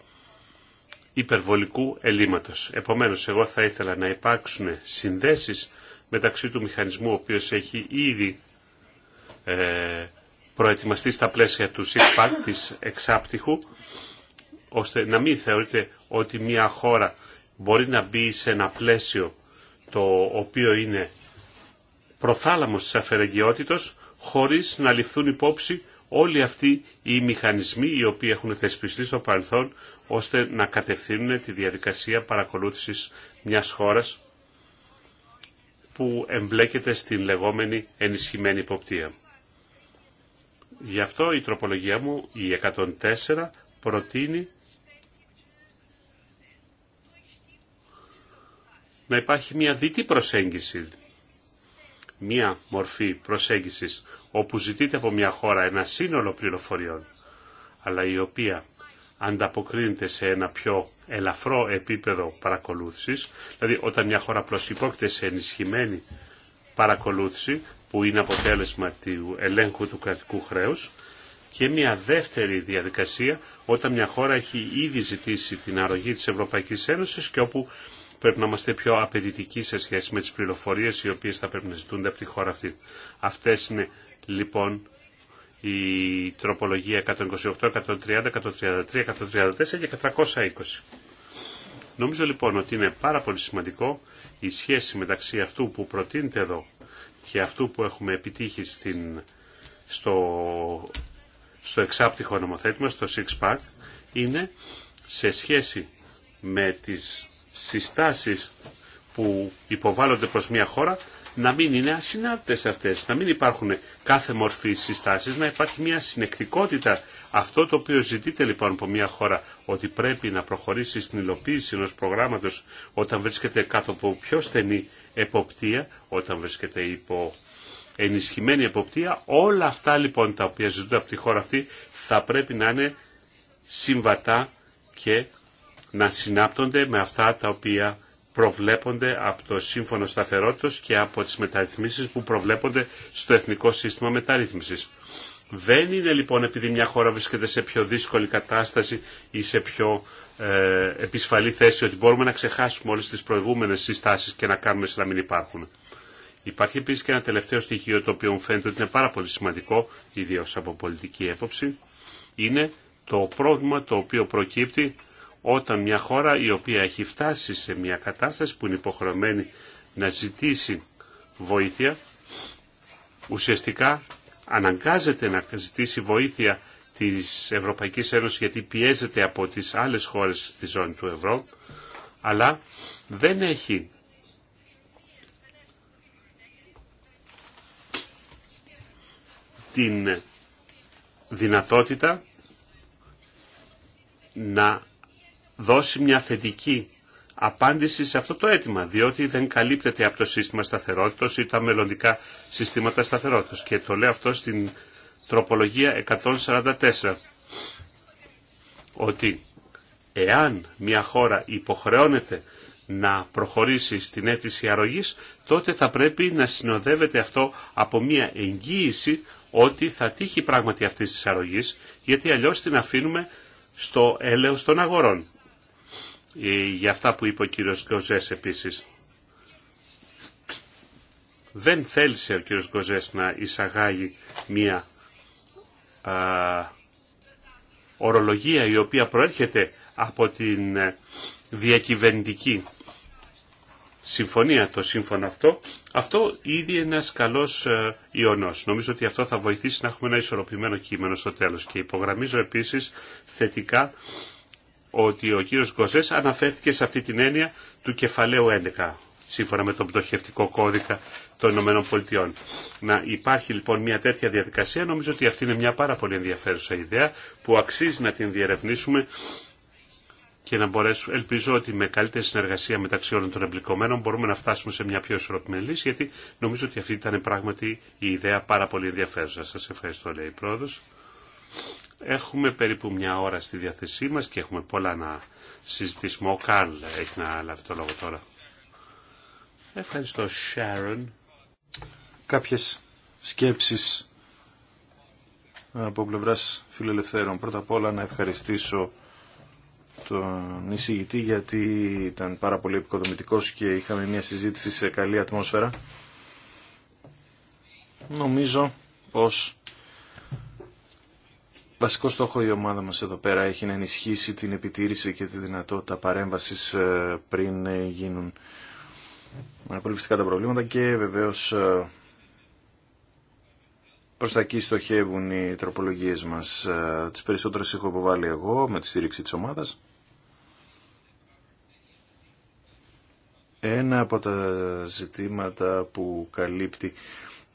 υπερβολικού ελλείμματος. Επομένως, εγώ θα ήθελα να υπάρξουν συνδέσεις μεταξύ του μηχανισμού ο οποίος έχει ήδη ε, προετοιμαστεί στα πλαίσια του ΣΥΚΠΑΚ της εξάπτυχου, ώστε να μην θεωρείται ότι μια χώρα μπορεί να μπει σε ένα πλαίσιο το οποίο είναι προθάλαμος της αφαιρεγγιότητος χωρίς να ληφθούν υπόψη όλοι αυτοί οι μηχανισμοί οι οποίοι έχουν θεσπιστεί στο παρελθόν ώστε να κατευθύνουν τη διαδικασία παρακολούθησης μιας χώρας που εμπλέκεται στην λεγόμενη ενισχυμένη υποπτία. Γι' αυτό η τροπολογία μου, η 104, προτείνει να υπάρχει μια δυτή προσέγγιση, μια μορφή προσέγγισης όπου ζητείται από μια χώρα ένα σύνολο πληροφοριών, αλλά η οποία ανταποκρίνεται σε ένα πιο ελαφρό επίπεδο παρακολούθησης, δηλαδή όταν μια χώρα προσυπόκειται σε ενισχυμένη παρακολούθηση, που είναι αποτέλεσμα του ελέγχου του κρατικού χρέους, και μια δεύτερη διαδικασία όταν μια χώρα έχει ήδη ζητήσει την αρρωγή της Ευρωπαϊκής Ένωσης και όπου Πρέπει να είμαστε πιο απαιτητικοί σε σχέση με τις πληροφορίες οι οποίες θα πρέπει να ζητούνται από τη χώρα αυτή. Αυτές είναι λοιπόν η τροπολογία 128, 130, 133, 134 και 420. Νομίζω λοιπόν ότι είναι πάρα πολύ σημαντικό η σχέση μεταξύ αυτού που προτείνεται εδώ και αυτού που έχουμε επιτύχει στην, στο, στο εξάπτυχο νομοθέτημα, στο six pack, είναι σε σχέση με τις συστάσεις που υποβάλλονται προς μια χώρα να μην είναι ασυνάρτητες αυτές, να μην υπάρχουν κάθε μορφή συστάσεις, να υπάρχει μια συνεκτικότητα. Αυτό το οποίο ζητείτε λοιπόν από μια χώρα ότι πρέπει να προχωρήσει στην υλοποίηση ενός προγράμματος όταν βρίσκεται κάτω από πιο στενή εποπτεία, όταν βρίσκεται υπό ενισχυμένη εποπτεία, όλα αυτά λοιπόν τα οποία ζητούνται από τη χώρα αυτή θα πρέπει να είναι συμβατά και να συνάπτονται με αυτά τα οποία προβλέπονται από το Σύμφωνο Σταθερότητος και από τις μεταρρυθμίσεις που προβλέπονται στο Εθνικό Σύστημα Μεταρρύθμισης. Δεν είναι λοιπόν επειδή μια χώρα βρίσκεται σε πιο δύσκολη κατάσταση ή σε πιο ε, επισφαλή θέση ότι μπορούμε να ξεχάσουμε όλες τις προηγούμενες συστάσεις και να κάνουμε σαν να μην υπάρχουν. Υπάρχει επίση και ένα τελευταίο στοιχείο το οποίο μου φαίνεται ότι είναι πάρα πολύ σημαντικό, ιδίω από πολιτική έποψη, είναι το πρόβλημα το οποίο προκύπτει όταν μια χώρα η οποία έχει φτάσει σε μια κατάσταση που είναι υποχρεωμένη να ζητήσει βοήθεια, ουσιαστικά αναγκάζεται να ζητήσει βοήθεια της Ευρωπαϊκής Ένωσης γιατί πιέζεται από τις άλλες χώρες της ζώνη του ευρώ, αλλά δεν έχει την δυνατότητα να δώσει μια θετική απάντηση σε αυτό το αίτημα, διότι δεν καλύπτεται από το σύστημα σταθερότητας ή τα μελλοντικά συστήματα σταθερότητας. Και το λέω αυτό στην τροπολογία 144, ότι εάν μια χώρα υποχρεώνεται να προχωρήσει στην αίτηση αρρωγής, τότε θα πρέπει να συνοδεύεται αυτό από μια εγγύηση ότι θα τύχει πράγματι αυτής της αρρωγής, γιατί αλλιώς την αφήνουμε στο έλεος των αγορών. Ε, για αυτά που είπε ο κύριος Γκοζές επίσης. Δεν θέλησε ο κύριος Γκοζές να εισαγάγει μια ορολογία η οποία προέρχεται από την ε, διακυβερνητική συμφωνία το σύμφωνο αυτό, αυτό ήδη ένας καλός ε, ιονός. Νομίζω ότι αυτό θα βοηθήσει να έχουμε ένα ισορροπημένο κείμενο στο τέλος. Και υπογραμμίζω επίσης θετικά ότι ο κύριος Γκοζές αναφέρθηκε σε αυτή την έννοια του κεφαλαίου 11, σύμφωνα με τον πτωχευτικό κώδικα των ΗΠΑ. Να υπάρχει λοιπόν μια τέτοια διαδικασία, νομίζω ότι αυτή είναι μια πάρα πολύ ενδιαφέρουσα ιδέα που αξίζει να την διερευνήσουμε και να μπορέσουμε, ελπίζω ότι με καλύτερη συνεργασία μεταξύ όλων των εμπλικομένων μπορούμε να φτάσουμε σε μια πιο ισορροπημένη λύση, γιατί νομίζω ότι αυτή ήταν πράγματι η ιδέα πάρα πολύ ενδιαφέρουσα. Σας ευχαριστώ, λέει η πρόεδρος. Έχουμε περίπου μια ώρα στη διάθεσή μας και έχουμε πολλά να συζητήσουμε. Ο Καρλ έχει να λάβει το λόγο τώρα. Ευχαριστώ, Sharon. Κάποιες σκέψεις από πλευράς φιλελευθέρων. Πρώτα απ' όλα να ευχαριστήσω τον εισηγητή γιατί ήταν πάρα πολύ επικοδομητικός και είχαμε μια συζήτηση σε καλή ατμόσφαιρα. Νομίζω πως Βασικό στόχο η ομάδα μας εδώ πέρα έχει να ενισχύσει την επιτήρηση και τη δυνατότητα παρέμβασης ε, πριν ε, γίνουν απολυφιστικά τα προβλήματα και βεβαίως ε, προς τα εκεί στοχεύουν οι τροπολογίες μας. Τις περισσότερες έχω υποβάλει εγώ με τη στήριξη της ομάδας. Ένα από τα ζητήματα που καλύπτει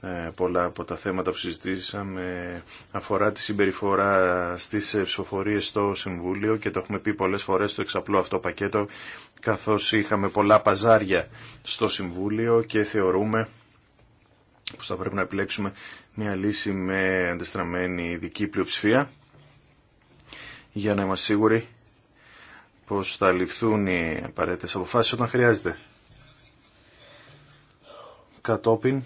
ε, πολλά από τα θέματα που συζητήσαμε αφορά τη συμπεριφορά στις ψηφοφορίες στο Συμβούλιο και το έχουμε πει πολλές φορές στο εξαπλό αυτό πακέτο καθώς είχαμε πολλά παζάρια στο Συμβούλιο και θεωρούμε πως θα πρέπει να επιλέξουμε μια λύση με αντιστραμμένη ειδική πλειοψηφία για να είμαστε σίγουροι πως θα ληφθούν οι απαραίτητες αποφάσεις όταν χρειάζεται. Κατόπιν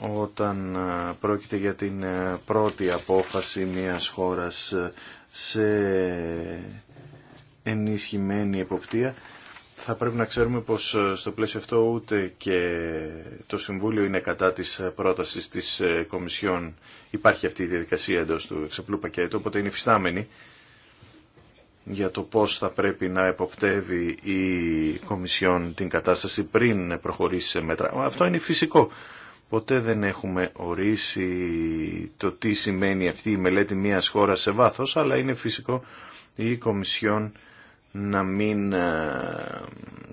όταν ε, πρόκειται για την ε, πρώτη απόφαση μιας χώρας ε, σε ενισχυμένη εποπτεία θα πρέπει να ξέρουμε πως στο πλαίσιο αυτό ούτε και το Συμβούλιο είναι κατά της πρότασης της Κομισιόν. Υπάρχει αυτή η διαδικασία εντός του εξαπλού πακέτου, οπότε είναι φυστάμενη για το πώς θα πρέπει να εποπτεύει η Κομισιόν την κατάσταση πριν προχωρήσει σε μέτρα. Αυτό είναι φυσικό. Ποτέ δεν έχουμε ορίσει το τι σημαίνει αυτή η μελέτη μιας χώρας σε βάθος, αλλά είναι φυσικό η Κομισιόν να μην ε,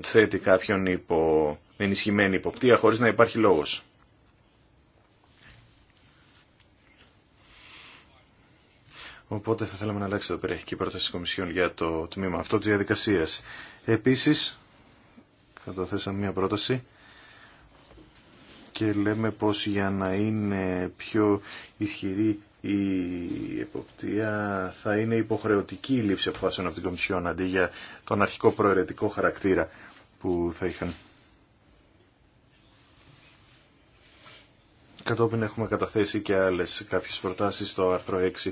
θέτει κάποιον υπό ενισχυμένη υποπτία χωρίς να υπάρχει λόγος. Οπότε θα θέλαμε να αλλάξει το η πρόταση της Κομισιόν για το τμήμα αυτό της διαδικασίας. Επίσης, θέσαμε μια πρόταση και λέμε πως για να είναι πιο ισχυρή η εποπτεία θα είναι υποχρεωτική η λήψη αποφάσεων από την Κομισιόν αντί για τον αρχικό προαιρετικό χαρακτήρα που θα είχαν. Κατόπιν έχουμε καταθέσει και άλλες κάποιες προτάσεις στο άρθρο 6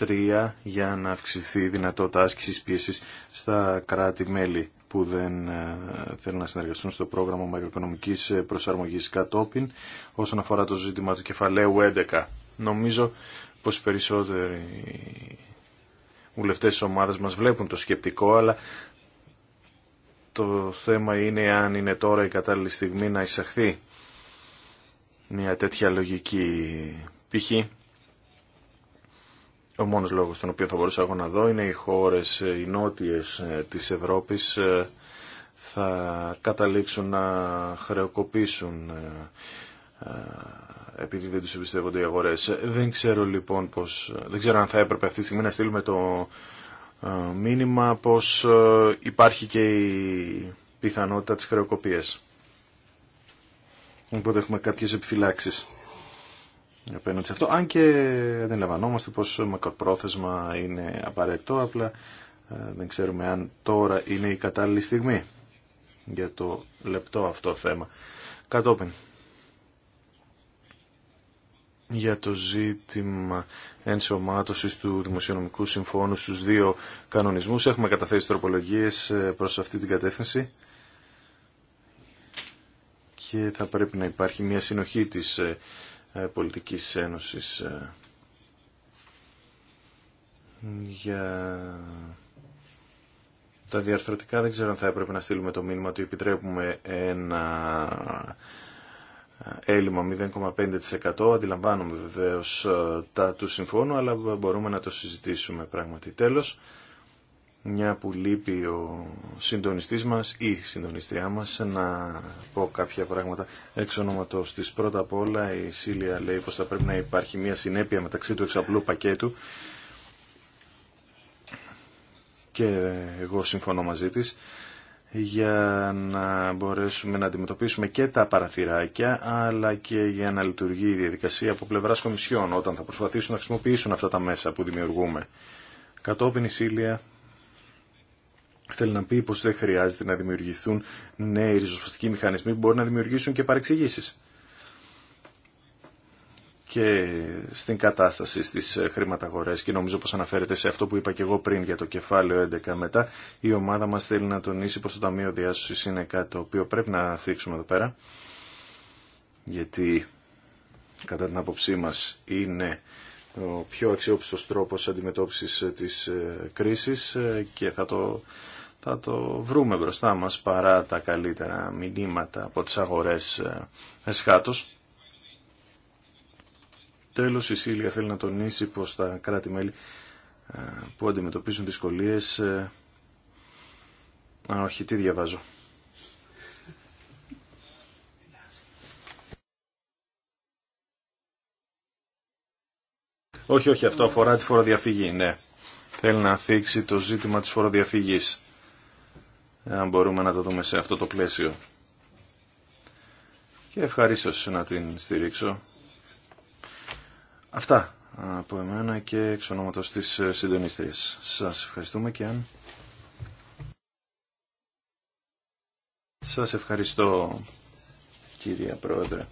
3 για να αυξηθεί η δυνατότητα άσκησης πίεσης στα κράτη-μέλη που δεν ε, θέλουν να συνεργαστούν στο πρόγραμμα μακροοικονομικής ε, προσαρμογής κατόπιν όσον αφορά το ζήτημα του κεφαλαίου 11. Νομίζω πως οι περισσότεροι βουλευτές της ομάδας μας βλέπουν το σκεπτικό, αλλά το θέμα είναι αν είναι τώρα η κατάλληλη στιγμή να εισαχθεί μια τέτοια λογική π.χ. Ο μόνος λόγος τον οποίο θα μπορούσα εγώ να δω είναι οι χώρες, ε, οι νότιες ε, της Ευρώπης ε, θα καταλήξουν να χρεοκοπήσουν επειδή δεν τους εμπιστεύονται οι αγορές. Δεν ξέρω λοιπόν πως, δεν ξέρω αν θα έπρεπε αυτή τη στιγμή να στείλουμε το μήνυμα πως υπάρχει και η πιθανότητα της χρεοκοπίας. Οπότε έχουμε κάποιες επιφυλάξεις απέναντι σε αυτό. Αν και δεν λαμβανόμαστε πως μακροπρόθεσμα είναι απαραίτητο, απλά ε, δεν ξέρουμε αν τώρα είναι η κατάλληλη στιγμή για το λεπτό αυτό θέμα. Κατόπιν, για το ζήτημα ενσωμάτωσης του Δημοσιονομικού Συμφώνου στους δύο κανονισμούς, έχουμε καταθέσει τροπολογίες ε, προς αυτή την κατεύθυνση και θα πρέπει να υπάρχει μια συνοχή της ε, ε, πολιτικής ένωσης ε, για τα διαρθρωτικά δεν ξέρω αν θα έπρεπε να στείλουμε το μήνυμα ότι επιτρέπουμε ένα ε, έλλειμμα 0,5% αντιλαμβάνομαι βεβαίως τα του συμφώνου αλλά μπορούμε να το συζητήσουμε πράγματι τέλος μια που λείπει ο συντονιστής μας ή η συντονιστρια μας να πω κάποια πράγματα εξ ονοματός της. Πρώτα απ' όλα η Σίλια λέει πως θα πρέπει να υπάρχει μια συνέπεια μεταξύ του εξαπλού πακέτου και εγώ συμφωνώ μαζί της για να μπορέσουμε να αντιμετωπίσουμε και τα παραθυράκια αλλά και για να λειτουργεί η διαδικασία από πλευράς κομισιών όταν θα προσπαθήσουν να χρησιμοποιήσουν αυτά τα μέσα που δημιουργούμε. Κατόπιν η Σίλια Θέλει να πει πως δεν χρειάζεται να δημιουργηθούν νέοι ριζοσπαστικοί μηχανισμοί που μπορούν να δημιουργήσουν και παρεξηγήσεις. Και στην κατάσταση στις ε, χρηματαγορές και νομίζω πως αναφέρεται σε αυτό που είπα και εγώ πριν για το κεφάλαιο 11 μετά, η ομάδα μας θέλει να τονίσει πως το Ταμείο Διάσωσης είναι κάτι το οποίο πρέπει να θίξουμε εδώ πέρα. Γιατί κατά την άποψή μας είναι ο πιο αξιόπιστος τρόπος αντιμετώπισης ε, της ε, κρίσης και θα το θα το βρούμε μπροστά μας παρά τα καλύτερα μηνύματα από τις αγορές ε, εσχάτως. Τέλος, η Σίλια θέλει να τονίσει πως τα κράτη-μέλη ε, που αντιμετωπίζουν δυσκολίες... Ε, Α, όχι, τι διαβάζω. Όχι, όχι, αυτό αφορά τη φοροδιαφυγή, ναι. Θέλει να θίξει το ζήτημα της φοροδιαφυγής αν μπορούμε να το δούμε σε αυτό το πλαίσιο. Και ευχαρίστω να την στηρίξω. Αυτά από εμένα και εξ ονόματος της ε, συντονίστριας. Σας ευχαριστούμε και αν... Σας ευχαριστώ κυρία Πρόεδρε.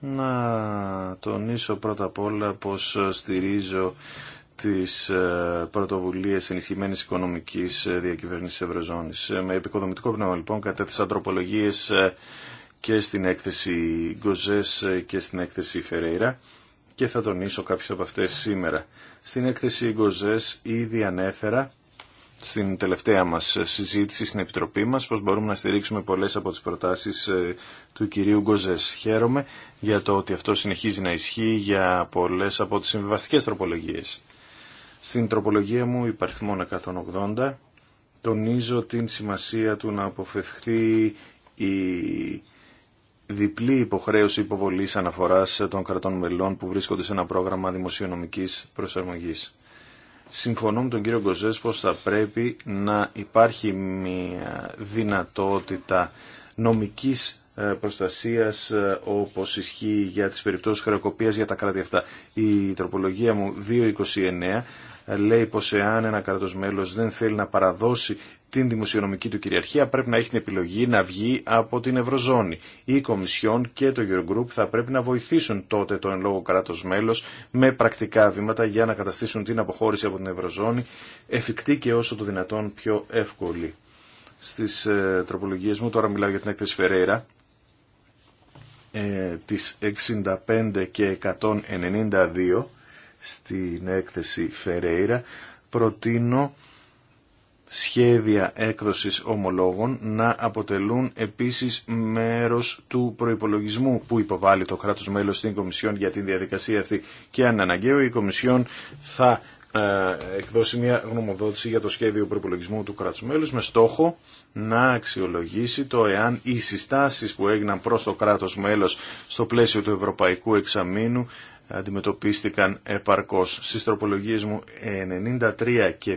Να τονίσω πρώτα απ' όλα πως στηρίζω τις ε, πρωτοβουλίες ενισχυμένης οικονομικής ε, διακυβέρνησης Ευρωζώνης. Ε, με επικοδομητικό πνεύμα λοιπόν κατέθεσαν τροπολογίες και στην έκθεση Γκοζέ και στην έκθεση Φερέιρα και θα τονίσω κάποιε από αυτές σήμερα. Στην έκθεση Γκοζέ ήδη ανέφερα στην τελευταία μας συζήτηση στην Επιτροπή μας πως μπορούμε να στηρίξουμε πολλέ από τις προτάσεις του κυρίου Γκοζές. Χαίρομαι για το ότι αυτό συνεχίζει να ισχύει για πολλέ από τις συμβιβαστικές τροπολογίε. Στην τροπολογία μου υπαριθμών 180 τονίζω την σημασία του να αποφευχθεί η διπλή υποχρέωση υποβολής αναφοράς των κρατών μελών που βρίσκονται σε ένα πρόγραμμα δημοσιονομικής προσαρμογής. Συμφωνώ με τον κύριο Γκοζές πως θα πρέπει να υπάρχει μια δυνατότητα νομικής ε, προστασίας ε, όπως ισχύει για τις περιπτώσεις χρεοκοπίας για τα κράτη αυτά. Η τροπολογία μου 229 λέει πως εάν ένα κράτος μέλος δεν θέλει να παραδώσει την δημοσιονομική του κυριαρχία πρέπει να έχει την επιλογή να βγει από την Ευρωζώνη. Η Κομισιόν και το Eurogroup θα πρέπει να βοηθήσουν τότε το εν λόγω κράτος μέλος με πρακτικά βήματα για να καταστήσουν την αποχώρηση από την Ευρωζώνη εφικτή και όσο το δυνατόν πιο εύκολη. Στις ε, τροπολογίες μου, τώρα μιλάω για την έκθεση Φεραίρα ε, τις 65 και 192 στην έκθεση Φερέιρα, προτείνω σχέδια έκδοσης ομολόγων να αποτελούν επίσης μέρος του προϋπολογισμού που υποβάλλει το κράτος μέλος στην Κομισιόν για την διαδικασία αυτή και αν αναγκαίο η Κομισιόν θα ε, εκδώσει μια γνωμοδότηση για το σχέδιο προϋπολογισμού του κράτους μέλους με στόχο να αξιολογήσει το εάν οι συστάσεις που έγιναν προς το κράτος μέλος στο πλαίσιο του Ευρωπαϊκού Εξαμήνου αντιμετωπίστηκαν επαρκώς. Στις τροπολογίες μου 93 και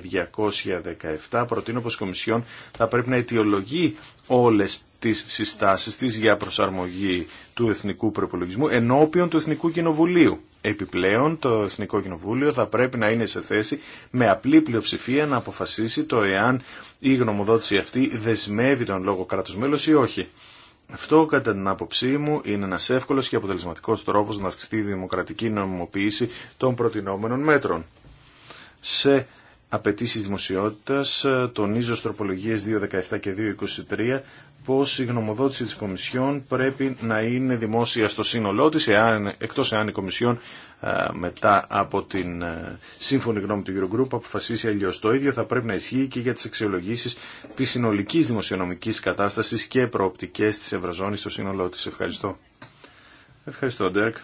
217 προτείνω πως η Κομισιόν θα πρέπει να αιτιολογεί όλες τις συστάσεις της για προσαρμογή του Εθνικού Προπολογισμού ενώπιον του Εθνικού Κοινοβουλίου. Επιπλέον, το Εθνικό Κοινοβούλιο θα πρέπει να είναι σε θέση με απλή πλειοψηφία να αποφασίσει το εάν η γνωμοδότηση αυτή δεσμεύει τον λόγο κράτους μέλος ή όχι. Αυτό, κατά την άποψή μου, είναι ένα εύκολο και αποτελεσματικό τρόπο να αυξηθεί η δημοκρατική νομιμοποίηση των προτινόμενων μέτρων. Σε απαιτήσει δημοσιότητας ε, τονίζω στροπολογίε 2.17 και 2.23 πως η γνωμοδότηση της Κομισιόν πρέπει να είναι δημόσια στο σύνολό της, εάν, εκτός εάν η Κομισιόν μετά από την σύμφωνη γνώμη του Eurogroup αποφασίσει αλλιώ το ίδιο θα πρέπει να ισχύει και για τις αξιολογήσεις της συνολικής δημοσιονομικής κατάστασης και προοπτικές της Ευρωζώνης στο σύνολό της. Ευχαριστώ. Ευχαριστώ, Ντέρκ.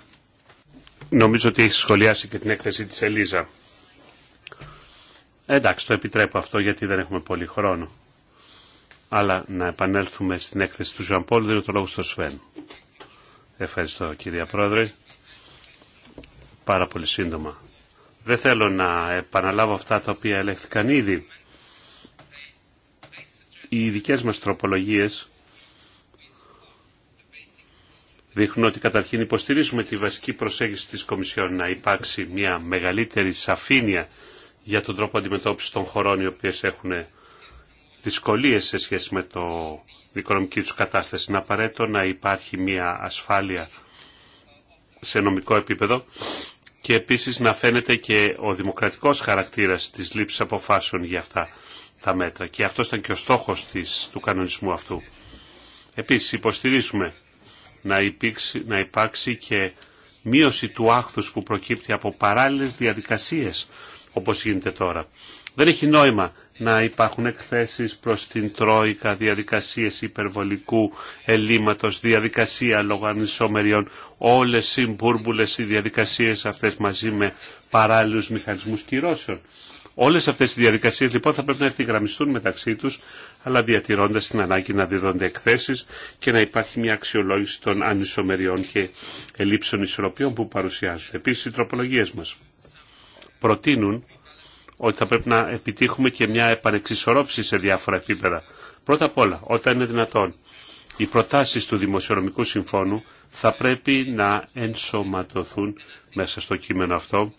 Νομίζω ότι έχει σχολιάσει και την έκθεση της Ελίζα. Εντάξει, το επιτρέπω αυτό γιατί δεν έχουμε πολύ χρόνο. Αλλά να επανέλθουμε στην έκθεση του Ζωάν Πολ, δίνω το λόγο στο Σβέν. Ευχαριστώ κυρία Πρόεδρε. Πάρα πολύ σύντομα. Δεν θέλω να επαναλάβω αυτά τα οποία ελέγχθηκαν ήδη. Οι δικές μας τροπολογίες δείχνουν ότι καταρχήν υποστηρίζουμε τη βασική προσέγγιση της Κομισιόν να υπάρξει μια μεγαλύτερη σαφήνεια για τον τρόπο αντιμετώπισης των χωρών οι οποίες έχουν δυσκολίες σε σχέση με το οικονομική τους κατάσταση. Είναι απαραίτητο να υπάρχει μια ασφάλεια σε νομικό επίπεδο και επίσης να φαίνεται και ο δημοκρατικός χαρακτήρας της λήψης αποφάσεων για αυτά τα μέτρα. Και αυτό ήταν και ο στόχος της, του κανονισμού αυτού. Επίσης υποστηρίζουμε να υπάρξει, να υπάρξει και μείωση του άχθους που προκύπτει από παράλληλες διαδικασίες όπως γίνεται τώρα. Δεν έχει νόημα να υπάρχουν εκθέσεις προς την Τρόικα, διαδικασίες υπερβολικού ελλείμματος, διαδικασία λογανισόμεριων, όλες συμπούρμπουλες οι διαδικασίες αυτές μαζί με παράλληλους μηχανισμούς κυρώσεων. Όλες αυτές οι διαδικασίες λοιπόν θα πρέπει να ευθυγραμμιστούν μεταξύ τους, αλλά διατηρώντας την ανάγκη να δίδονται εκθέσεις και να υπάρχει μια αξιολόγηση των ανισομεριών και ελλείψεων ισορροπιών που παρουσιάζουν. Επίσης οι τροπολογίες μας προτείνουν ότι θα πρέπει να επιτύχουμε και μια επανεξισορρόψη σε διάφορα επίπεδα. Πρώτα απ' όλα, όταν είναι δυνατόν, οι προτάσεις του Δημοσιονομικού Συμφώνου θα πρέπει να ενσωματωθούν μέσα στο κείμενο αυτό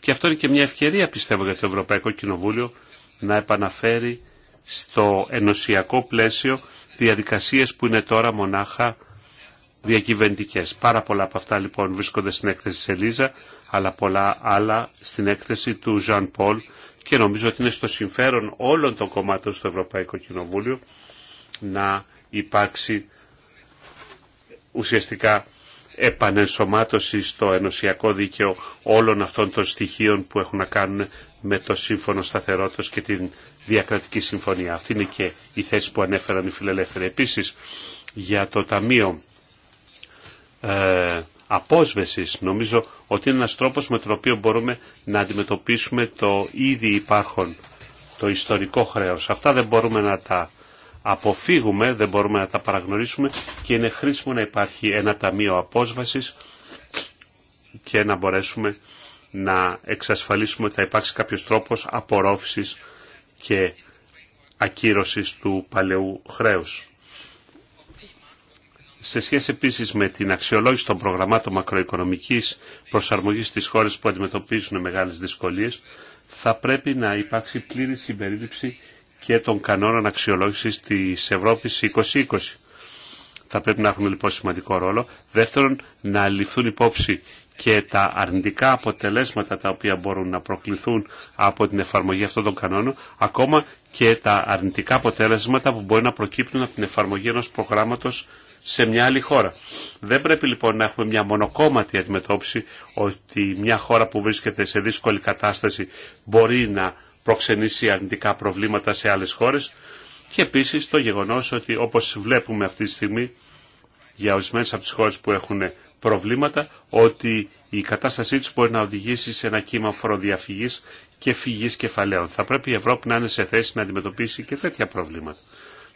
και αυτό είναι και μια ευκαιρία πιστεύω για το Ευρωπαϊκό Κοινοβούλιο να επαναφέρει στο ενωσιακό πλαίσιο διαδικασίες που είναι τώρα μονάχα διακυβερνητικές. Πάρα πολλά από αυτά λοιπόν βρίσκονται στην έκθεση της Ελίζα, αλλά πολλά άλλα στην έκθεση του Ζαν Πολ και νομίζω ότι είναι στο συμφέρον όλων των κομμάτων στο Ευρωπαϊκό Κοινοβούλιο να υπάρξει ουσιαστικά επανενσωμάτωση στο ενωσιακό δίκαιο όλων αυτών των στοιχείων που έχουν να κάνουν με το Σύμφωνο Σταθερότητας και την Διακρατική Συμφωνία. Αυτή είναι και η θέση που ανέφεραν οι φιλελεύθεροι. Επίσης, για το Ταμείο ε, απόσβεσης. Νομίζω ότι είναι ένας τρόπος με τον οποίο μπορούμε να αντιμετωπίσουμε το ήδη υπάρχον, το ιστορικό χρέος. Αυτά δεν μπορούμε να τα αποφύγουμε, δεν μπορούμε να τα παραγνωρίσουμε και είναι χρήσιμο να υπάρχει ένα ταμείο απόσβασης και να μπορέσουμε να εξασφαλίσουμε ότι θα υπάρξει κάποιος τρόπος απορρόφησης και ακύρωσης του παλαιού χρέους. Σε σχέση επίσης με την αξιολόγηση των προγραμμάτων μακροοικονομικής προσαρμογής στις χώρες που αντιμετωπίζουν μεγάλες δυσκολίες, θα πρέπει να υπάρξει πλήρη συμπερίληψη και των κανόνων αξιολόγησης της Ευρώπης 2020. Θα πρέπει να έχουν λοιπόν σημαντικό ρόλο. Δεύτερον, να ληφθούν υπόψη και τα αρνητικά αποτελέσματα τα οποία μπορούν να προκληθούν από την εφαρμογή αυτών των κανόνων, ακόμα και τα αρνητικά αποτελέσματα που μπορεί να προκύπτουν από την εφαρμογή ενός προγράμματος σε μια άλλη χώρα. Δεν πρέπει λοιπόν να έχουμε μια μονοκόμματη αντιμετώπιση ότι μια χώρα που βρίσκεται σε δύσκολη κατάσταση μπορεί να προξενήσει αρνητικά προβλήματα σε άλλες χώρες και επίσης το γεγονός ότι όπως βλέπουμε αυτή τη στιγμή για ορισμένε από τις χώρες που έχουν προβλήματα ότι η κατάστασή τους μπορεί να οδηγήσει σε ένα κύμα φοροδιαφυγής και φυγής κεφαλαίων. Θα πρέπει η Ευρώπη να είναι σε θέση να αντιμετωπίσει και τέτοια προβλήματα.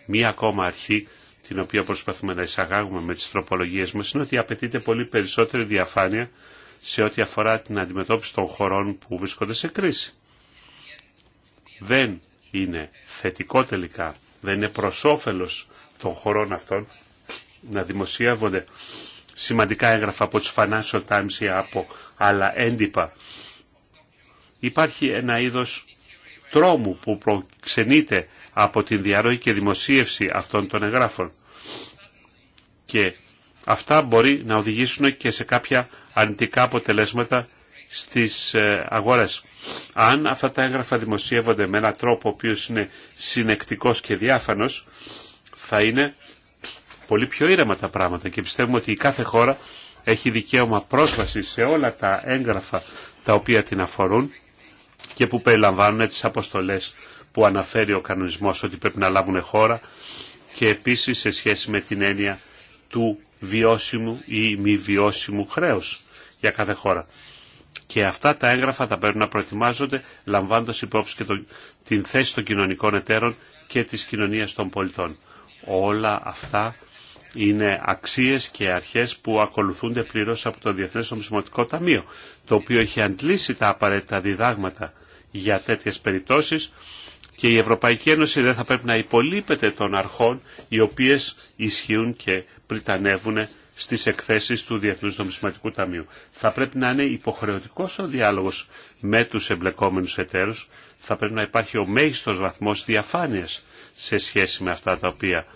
Μία ακόμα αρχή την οποία προσπαθούμε να εισαγάγουμε με τις τροπολογίες μας, είναι ότι απαιτείται πολύ περισσότερη διαφάνεια σε ό,τι αφορά την αντιμετώπιση των χωρών που βρίσκονται σε κρίση. Δεν είναι θετικό τελικά, δεν είναι προς όφελος των χωρών αυτών να δημοσιεύονται σημαντικά έγγραφα από τους Financial Times ή από άλλα έντυπα. Υπάρχει ένα είδος τρόμου που προξενείται από την διαρροή και δημοσίευση αυτών των εγγράφων. Και αυτά μπορεί να οδηγήσουν και σε κάποια αρνητικά αποτελέσματα στις ε, αγορές. Αν αυτά τα έγγραφα δημοσιεύονται με έναν τρόπο ο είναι συνεκτικός και διάφανος, θα είναι πολύ πιο ήρεμα τα πράγματα και πιστεύουμε ότι η κάθε χώρα έχει δικαίωμα πρόσβαση σε όλα τα έγγραφα τα οποία την αφορούν και που περιλαμβάνουν τις αποστολές που αναφέρει ο κανονισμός ότι πρέπει να λάβουν χώρα και επίσης σε σχέση με την έννοια του βιώσιμου ή μη βιώσιμου χρέους για κάθε χώρα. Και αυτά τα έγγραφα θα πρέπει να προετοιμάζονται λαμβάνοντας υπόψη και το, την θέση των κοινωνικών εταίρων και της κοινωνίας των πολιτών. Όλα αυτά είναι αξίες και αρχές που ακολουθούνται πλήρως από το Διεθνές Νομισματικό Ταμείο, το οποίο έχει αντλήσει τα απαραίτητα διδάγματα για τέτοιες περιπτώσεις και η Ευρωπαϊκή Ένωση δεν θα πρέπει να υπολείπεται των αρχών οι οποίες ισχύουν και πριτανεύουν στις εκθέσεις του Διεθνούς Νομισματικού Ταμείου. Θα πρέπει να είναι υποχρεωτικός ο διάλογος με τους εμπλεκόμενους εταίρους. Θα πρέπει να υπάρχει ο μέγιστος βαθμός διαφάνειας σε σχέση με αυτά τα οποία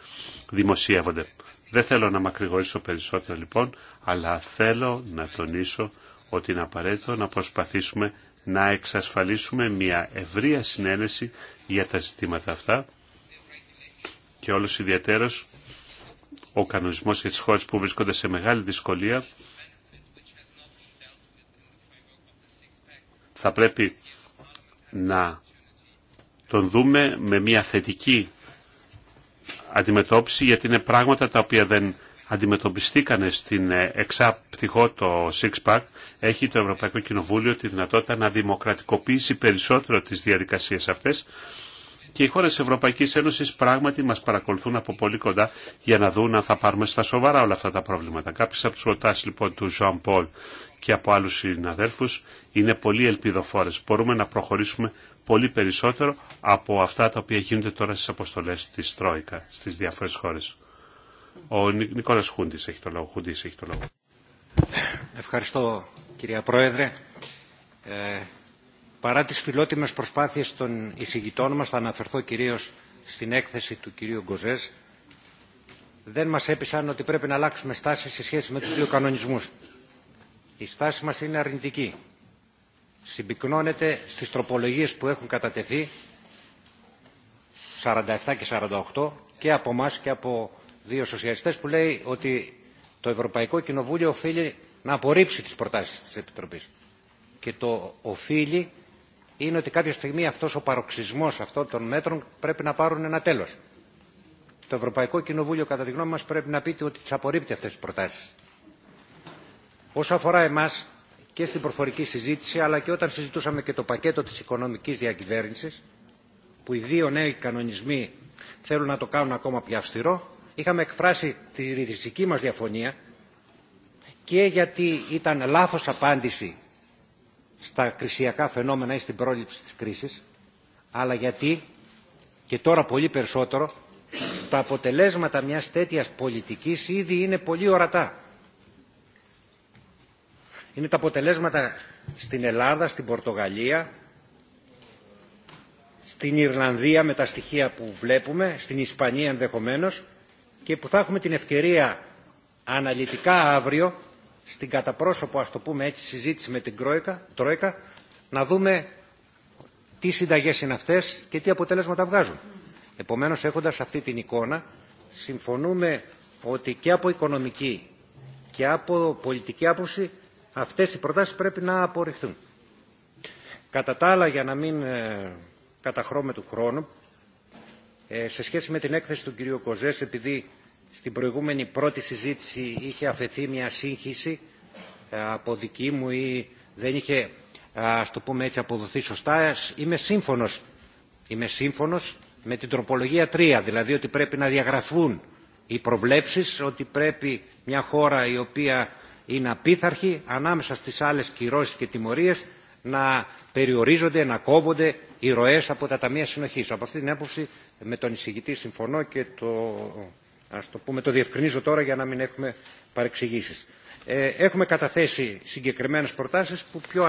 δημοσιεύονται. Δεν θέλω να μακρηγορήσω περισσότερο λοιπόν, αλλά θέλω να τονίσω ότι είναι απαραίτητο να προσπαθήσουμε να εξασφαλίσουμε μια ευρεία συνένεση για τα ζητήματα αυτά και όλος ιδιαίτερος ο κανονισμός για τις χώρες που βρίσκονται σε μεγάλη δυσκολία θα πρέπει να τον δούμε με μια θετική αντιμετώπιση γιατί είναι πράγματα τα οποία δεν αντιμετωπιστήκανε στην ε, εξάπτυχο το ΣΥΚΣΠΑΚ, έχει το Ευρωπαϊκό Κοινοβούλιο τη δυνατότητα να δημοκρατικοποιήσει περισσότερο τις διαδικασίες αυτές και οι χώρες της Ευρωπαϊκής Ένωσης πράγματι μας παρακολουθούν από πολύ κοντά για να δουν αν θα πάρουμε στα σοβαρά όλα αυτά τα προβλήματα. Κάποιες από τις προτάσεις λοιπόν του Ζωάν Πολ και από άλλους συναδέλφους είναι πολύ ελπιδοφόρες. Μπορούμε να προχωρήσουμε πολύ περισσότερο από αυτά τα οποία γίνονται τώρα στις αποστολές της Τρόικα στις διάφορες χώρες. Ο Νικόλας Χούντης έχει το λόγο. έχει το λόγο. Ευχαριστώ κυρία Πρόεδρε. Ε, παρά τις φιλότιμες προσπάθειες των εισηγητών μας, θα αναφερθώ κυρίως στην έκθεση του κυρίου Γκοζές, δεν μας έπεισαν ότι πρέπει να αλλάξουμε στάση σε σχέση με τους δύο κανονισμούς. Η στάση μας είναι αρνητική. Συμπυκνώνεται στις τροπολογίες που έχουν κατατεθεί 47 και 48 και από εμά και από δύο σοσιαλιστές που λέει ότι το Ευρωπαϊκό Κοινοβούλιο οφείλει να απορρίψει τις προτάσεις της Επιτροπής. Και το οφείλει είναι ότι κάποια στιγμή αυτός ο παροξισμός αυτών των μέτρων πρέπει να πάρουν ένα τέλος. Το Ευρωπαϊκό Κοινοβούλιο κατά τη γνώμη μας πρέπει να πείτε ότι τις απορρίπτει αυτές τις προτάσεις. Όσο αφορά εμάς και στην προφορική συζήτηση αλλά και όταν συζητούσαμε και το πακέτο της οικονομικής διακυβέρνησης που οι δύο νέοι κανονισμοί θέλουν να το κάνουν ακόμα πιο αυστηρό είχαμε εκφράσει τη ριθιστική μας διαφωνία και γιατί ήταν λάθος απάντηση στα κρισιακά φαινόμενα ή στην πρόληψη της κρίσης, αλλά γιατί και τώρα πολύ περισσότερο τα αποτελέσματα μιας τέτοιας πολιτικής ήδη είναι πολύ ορατά. Είναι τα αποτελέσματα στην Ελλάδα, στην Πορτογαλία, στην Ιρλανδία με τα στοιχεία που βλέπουμε, στην Ισπανία ενδεχομένως και που θα έχουμε την ευκαιρία αναλυτικά αύριο στην καταπρόσωπο ας το πούμε έτσι συζήτηση με την Κρόικα, Τρόικα να δούμε τι συνταγές είναι αυτές και τι αποτελέσματα βγάζουν. Επομένως έχοντας αυτή την εικόνα συμφωνούμε ότι και από οικονομική και από πολιτική άποψη αυτές οι προτάσεις πρέπει να απορριφθούν. Κατά τα άλλα για να μην ε, καταχρώμε του χρόνου ε, σε σχέση με την έκθεση του κυρίου Κοζές, επειδή στην προηγούμενη πρώτη συζήτηση είχε αφαιθεί μια σύγχυση ε, από δική μου ή δεν είχε, ε, ας το πούμε έτσι, αποδοθεί σωστά, είμαι σύμφωνος. Είμαι με την τροπολογία 3, δηλαδή ότι πρέπει να διαγραφούν οι προβλέψεις, ότι πρέπει μια χώρα η οποία είναι απίθαρχη ανάμεσα στις άλλες κυρώσεις και τιμωρίες να περιορίζονται, να κόβονται οι ροές από τα ταμεία συνοχής. Από αυτή την άποψη με τον εισηγητή συμφωνώ και το, ας το, πούμε, το διευκρινίζω τώρα για να μην έχουμε παρεξηγήσεις. Ε, έχουμε καταθέσει συγκεκριμένες προτάσεις, που πιο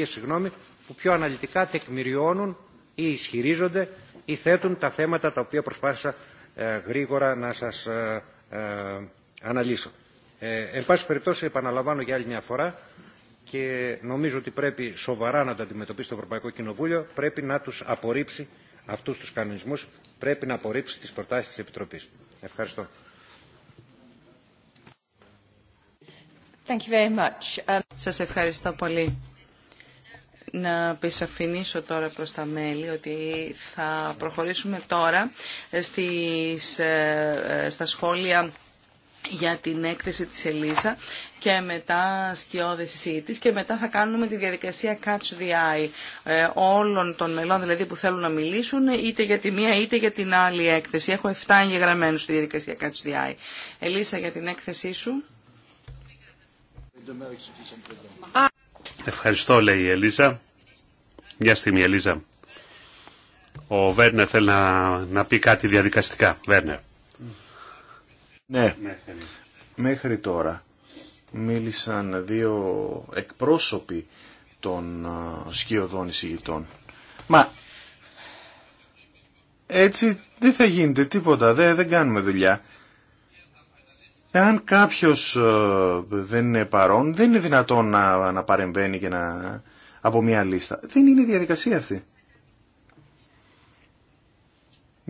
ε, συγγνώμη, που πιο αναλυτικά τεκμηριώνουν ή ισχυρίζονται ή θέτουν τα θέματα τα οποία προσπάθησα ε, γρήγορα να σας αναλύσω. Εν πάση περιπτώσει, επαναλαμβάνω για άλλη μια φορά, και νομίζω ότι πρέπει σοβαρά να τα αντιμετωπίσει το Ευρωπαϊκό Κοινοβούλιο, πρέπει να τους απορρίψει αυτού του κανονισμού, πρέπει να απορρίψει τι προτάσει τη Επιτροπή. Ευχαριστώ. Thank you um, ευχαριστώ πολύ. Να πεισαφηνήσω τώρα προς τα μέλη ότι θα προχωρήσουμε τώρα στις, ε, ε, στα σχόλια για την έκθεση της Ελίζα και μετά σκιώδες της και μετά θα κάνουμε τη διαδικασία catch the eye ε, όλων των μελών δηλαδή που θέλουν να μιλήσουν είτε για τη μία είτε για την άλλη έκθεση. Έχω 7 εγγεγραμμένους στη διαδικασία catch the eye. Ελίσσα για την έκθεσή σου. Ευχαριστώ λέει η Ελίζα. Μια στιγμή Ελίζα. Ο Βέρνερ θέλει να, να πει κάτι διαδικαστικά. Βέρνερ. Ναι, μέχρι, μέχρι τώρα μίλησαν δύο εκπρόσωποι των σκιωδών εισηγητών. Μα έτσι δεν θα γίνεται τίποτα, δεν, κάνουμε δουλειά. Εάν κάποιος δεν είναι παρόν, δεν είναι δυνατόν να, παρεμβαίνει και να από μια λίστα. Δεν είναι η διαδικασία αυτή.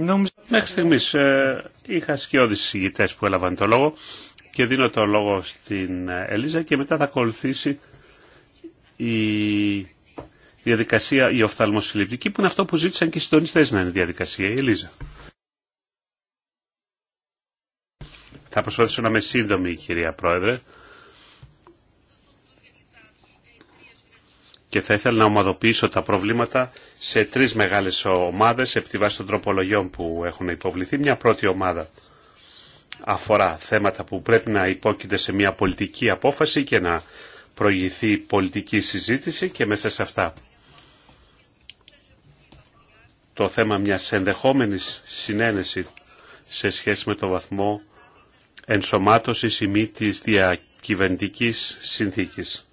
Νομίζω... Μέχρι στιγμής ε, είχα σκιώδη συγητέ που έλαβαν το λόγο και δίνω το λόγο στην ε, Ελίζα και μετά θα ακολουθήσει η διαδικασία η οφθαλμοσυλληπτική που είναι αυτό που ζήτησαν και οι συντονιστέ να είναι διαδικασία. Η Ελίζα. Θα προσπαθήσω να είμαι σύντομη κυρία Πρόεδρε. και θα ήθελα να ομαδοποιήσω τα προβλήματα σε τρεις μεγάλες ομάδες επί τη βάση των τροπολογιών που έχουν υποβληθεί. Μια πρώτη ομάδα αφορά θέματα που πρέπει να υπόκειται σε μια πολιτική απόφαση και να προηγηθεί πολιτική συζήτηση και μέσα σε αυτά το θέμα μιας ενδεχόμενης συνένεση σε σχέση με το βαθμό ενσωμάτωσης ή μη της διακυβερνητικής συνθήκης.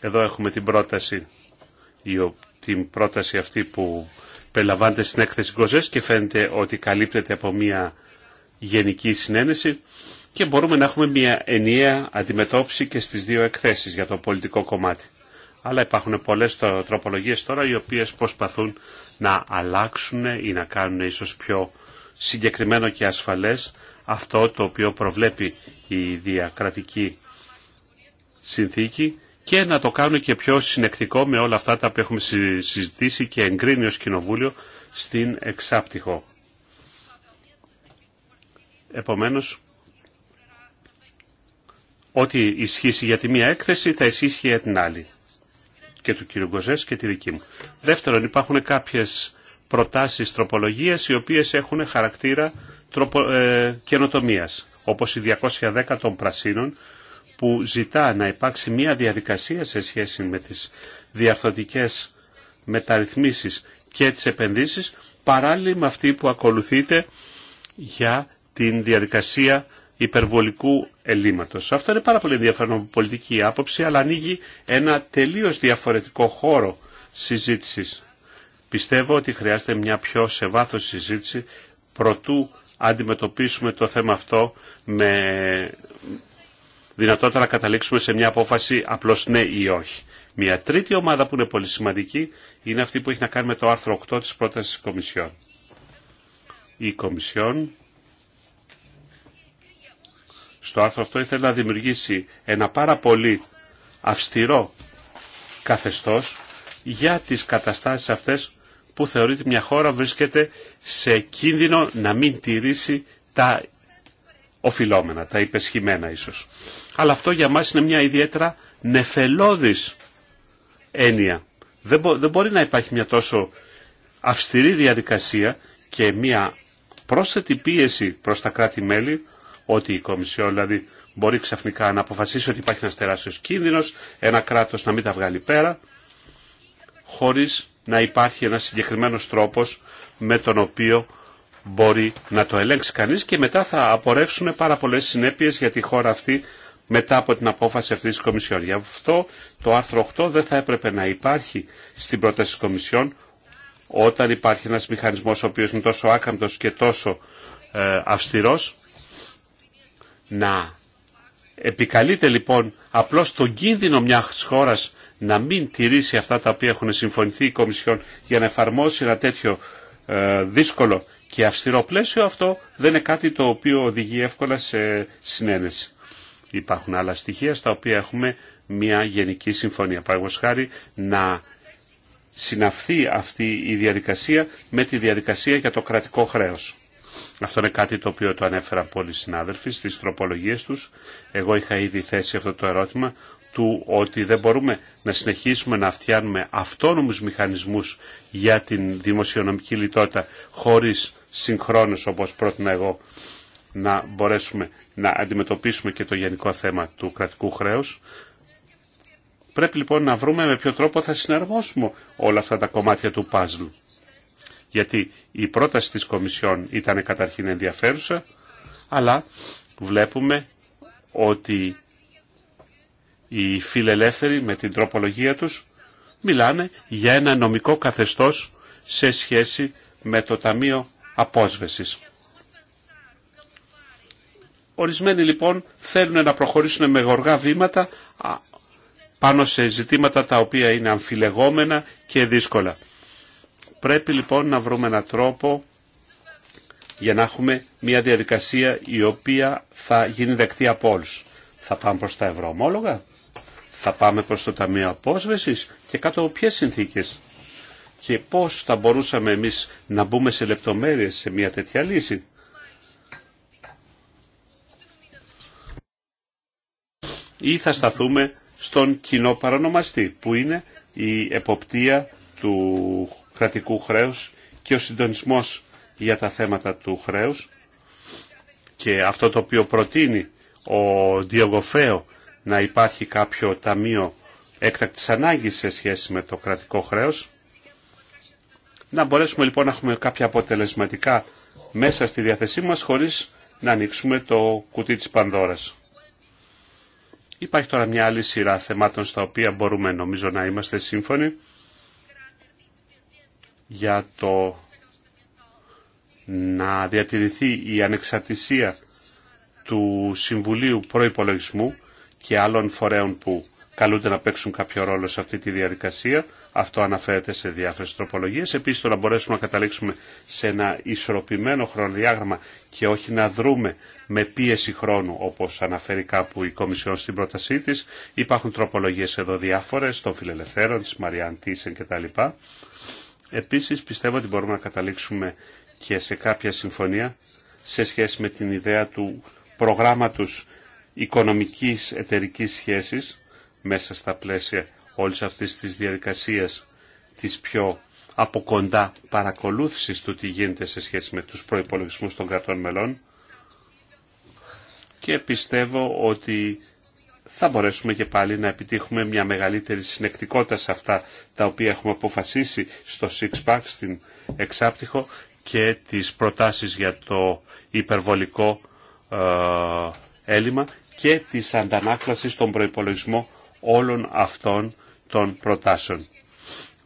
Εδώ έχουμε την πρόταση, την πρόταση αυτή που περιλαμβάνεται στην έκθεση Γκοζές και φαίνεται ότι καλύπτεται από μια γενική συνένεση και μπορούμε να έχουμε μια ενιαία αντιμετώπιση και στις δύο εκθέσεις για το πολιτικό κομμάτι. Αλλά υπάρχουν πολλές τροπολογίες τώρα οι οποίες προσπαθούν να αλλάξουν ή να κάνουν ίσως πιο συγκεκριμένο και ασφαλές αυτό το οποίο προβλέπει η διακρατική συνθήκη και να το κάνουν και πιο συνεκτικό με όλα αυτά τα που έχουμε συζητήσει και εγκρίνει ως Κοινοβούλιο στην Εξάπτυχο. Επομένως, ό,τι ισχύσει για τη μία έκθεση θα ισχύσει για την άλλη και του κύριου Γκοζές και τη δική μου. Δεύτερον, υπάρχουν κάποιες προτάσεις τροπολογίας οι οποίες έχουν χαρακτήρα τροπο, ε, καινοτομίας, όπως η 210 των πρασίνων που ζητά να υπάρξει μια διαδικασία σε σχέση με τις διαρθωτικές μεταρρυθμίσεις και τις επενδύσεις, παράλληλα με αυτή που ακολουθείται για την διαδικασία υπερβολικού ελλείμματος. Αυτό είναι πάρα πολύ ενδιαφέρον από πολιτική άποψη, αλλά ανοίγει ένα τελείως διαφορετικό χώρο συζήτησης. Πιστεύω ότι χρειάζεται μια πιο σε βάθος συζήτηση προτού αντιμετωπίσουμε το θέμα αυτό με δυνατότητα να καταλήξουμε σε μια απόφαση απλώς ναι ή όχι. Μια τρίτη ομάδα που είναι πολύ σημαντική είναι αυτή που έχει να κάνει με το άρθρο 8 της πρότασης της Κομισιόν. Η Κομισιόν στο άρθρο αυτό ήθελε να δημιουργήσει ένα πάρα πολύ αυστηρό καθεστώς για τις καταστάσεις αυτές που θεωρείται μια χώρα βρίσκεται σε κίνδυνο να μην τηρήσει τα οφειλόμενα, τα υπεσχημένα ίσως. Αλλά αυτό για μας είναι μια ιδιαίτερα νεφελώδης έννοια. Δεν, μπο, μπορεί να υπάρχει μια τόσο αυστηρή διαδικασία και μια πρόσθετη πίεση προς τα κράτη-μέλη ότι η Κομισιόν δηλαδή μπορεί ξαφνικά να αποφασίσει ότι υπάρχει ένας τεράστιος κίνδυνος, ένα κράτος να μην τα βγάλει πέρα, χωρίς να υπάρχει ένας συγκεκριμένος τρόπος με τον οποίο μπορεί να το ελέγξει κανείς και μετά θα απορρεύσουν πάρα πολλές συνέπειες για τη χώρα αυτή μετά από την απόφαση αυτής της Κομισιόν. Γι' αυτό το άρθρο 8 δεν θα έπρεπε να υπάρχει στην πρόταση της Κομισιόν όταν υπάρχει ένας μηχανισμός ο οποίος είναι τόσο άκαμπτος και τόσο ε, αυστηρός να επικαλείται λοιπόν απλώς τον κίνδυνο μιας χώρας να μην τηρήσει αυτά τα οποία έχουν συμφωνηθεί η Κομισιόν για να εφαρμόσει ένα τέτοιο ε, δύσκολο και αυστηρό πλαίσιο αυτό δεν είναι κάτι το οποίο οδηγεί εύκολα σε συνένεση. Υπάρχουν άλλα στοιχεία στα οποία έχουμε μια γενική συμφωνία. Παραγωγός χάρη να συναυθεί αυτή η διαδικασία με τη διαδικασία για το κρατικό χρέος. Αυτό είναι κάτι το οποίο το ανέφεραν πολλοί συνάδελφοι στις τροπολογίες τους. Εγώ είχα ήδη θέσει αυτό το ερώτημα του ότι δεν μπορούμε να συνεχίσουμε να φτιάνουμε αυτόνομους μηχανισμούς για την δημοσιονομική λιτότητα χωρίς συγχρόνως όπως πρότεινα εγώ να μπορέσουμε να αντιμετωπίσουμε και το γενικό θέμα του κρατικού χρέους. Πρέπει λοιπόν να βρούμε με ποιο τρόπο θα συναρμόσουμε όλα αυτά τα κομμάτια του παζλ. Γιατί η πρόταση της Κομισιόν ήταν καταρχήν ενδιαφέρουσα, αλλά βλέπουμε ότι οι φιλελεύθεροι με την τροπολογία τους μιλάνε για ένα νομικό καθεστώς σε σχέση με το Ταμείο Απόσβεσης. Ορισμένοι λοιπόν θέλουν να προχωρήσουν με γοργά βήματα πάνω σε ζητήματα τα οποία είναι αμφιλεγόμενα και δύσκολα. Πρέπει λοιπόν να βρούμε έναν τρόπο για να έχουμε μια διαδικασία η οποία θα γίνει δεκτή από όλους. Θα πάμε προς τα ευρωομόλογα, θα πάμε προς το Ταμείο Απόσβεσης και κάτω από ποιες συνθήκες και πώς θα μπορούσαμε εμείς να μπούμε σε λεπτομέρειες σε μια τέτοια λύση. ή θα σταθούμε στον κοινό παρανομαστή που είναι η εποπτεία του κρατικού χρέους και ο συντονισμός για τα θέματα του χρέους και αυτό το οποίο προτείνει ο Διογοφέο να υπάρχει κάποιο ταμείο έκτακτης ανάγκης σε σχέση με το κρατικό χρέος. Να μπορέσουμε λοιπόν να έχουμε κάποια αποτελεσματικά μέσα στη διαθεσή μας χωρίς να ανοίξουμε το κουτί της πανδώρας. Υπάρχει τώρα μια άλλη σειρά θεμάτων στα οποία μπορούμε νομίζω να είμαστε σύμφωνοι για το να διατηρηθεί η ανεξαρτησία του Συμβουλίου Προϋπολογισμού και άλλων φορέων που καλούνται να παίξουν κάποιο ρόλο σε αυτή τη διαδικασία. Αυτό αναφέρεται σε διάφορες τροπολογίες. Επίσης το να μπορέσουμε να καταλήξουμε σε ένα ισορροπημένο χρονοδιάγραμμα και όχι να δρούμε με πίεση χρόνου όπως αναφέρει κάπου η Κομισιόν στην πρότασή της. Υπάρχουν τροπολογίες εδώ διάφορες των φιλελευθέρων, της Μαριάν Τίσεν κτλ. Επίσης πιστεύω ότι μπορούμε να καταλήξουμε και σε κάποια συμφωνία σε σχέση με την ιδέα του προγράμματο οικονομικής εταιρική σχέση μέσα στα πλαίσια όλης αυτής της διαδικασίας της πιο από κοντά παρακολούθησης του τι γίνεται σε σχέση με τους προϋπολογισμούς των κρατών μελών και πιστεύω ότι θα μπορέσουμε και πάλι να επιτύχουμε μια μεγαλύτερη συνεκτικότητα σε αυτά τα οποία έχουμε αποφασίσει στο Six Pack, στην Εξάπτυχο και τις προτάσεις για το υπερβολικό ε, έλλειμμα και της αντανάκλασης στον προϋπολογισμό όλων αυτών των προτάσεων.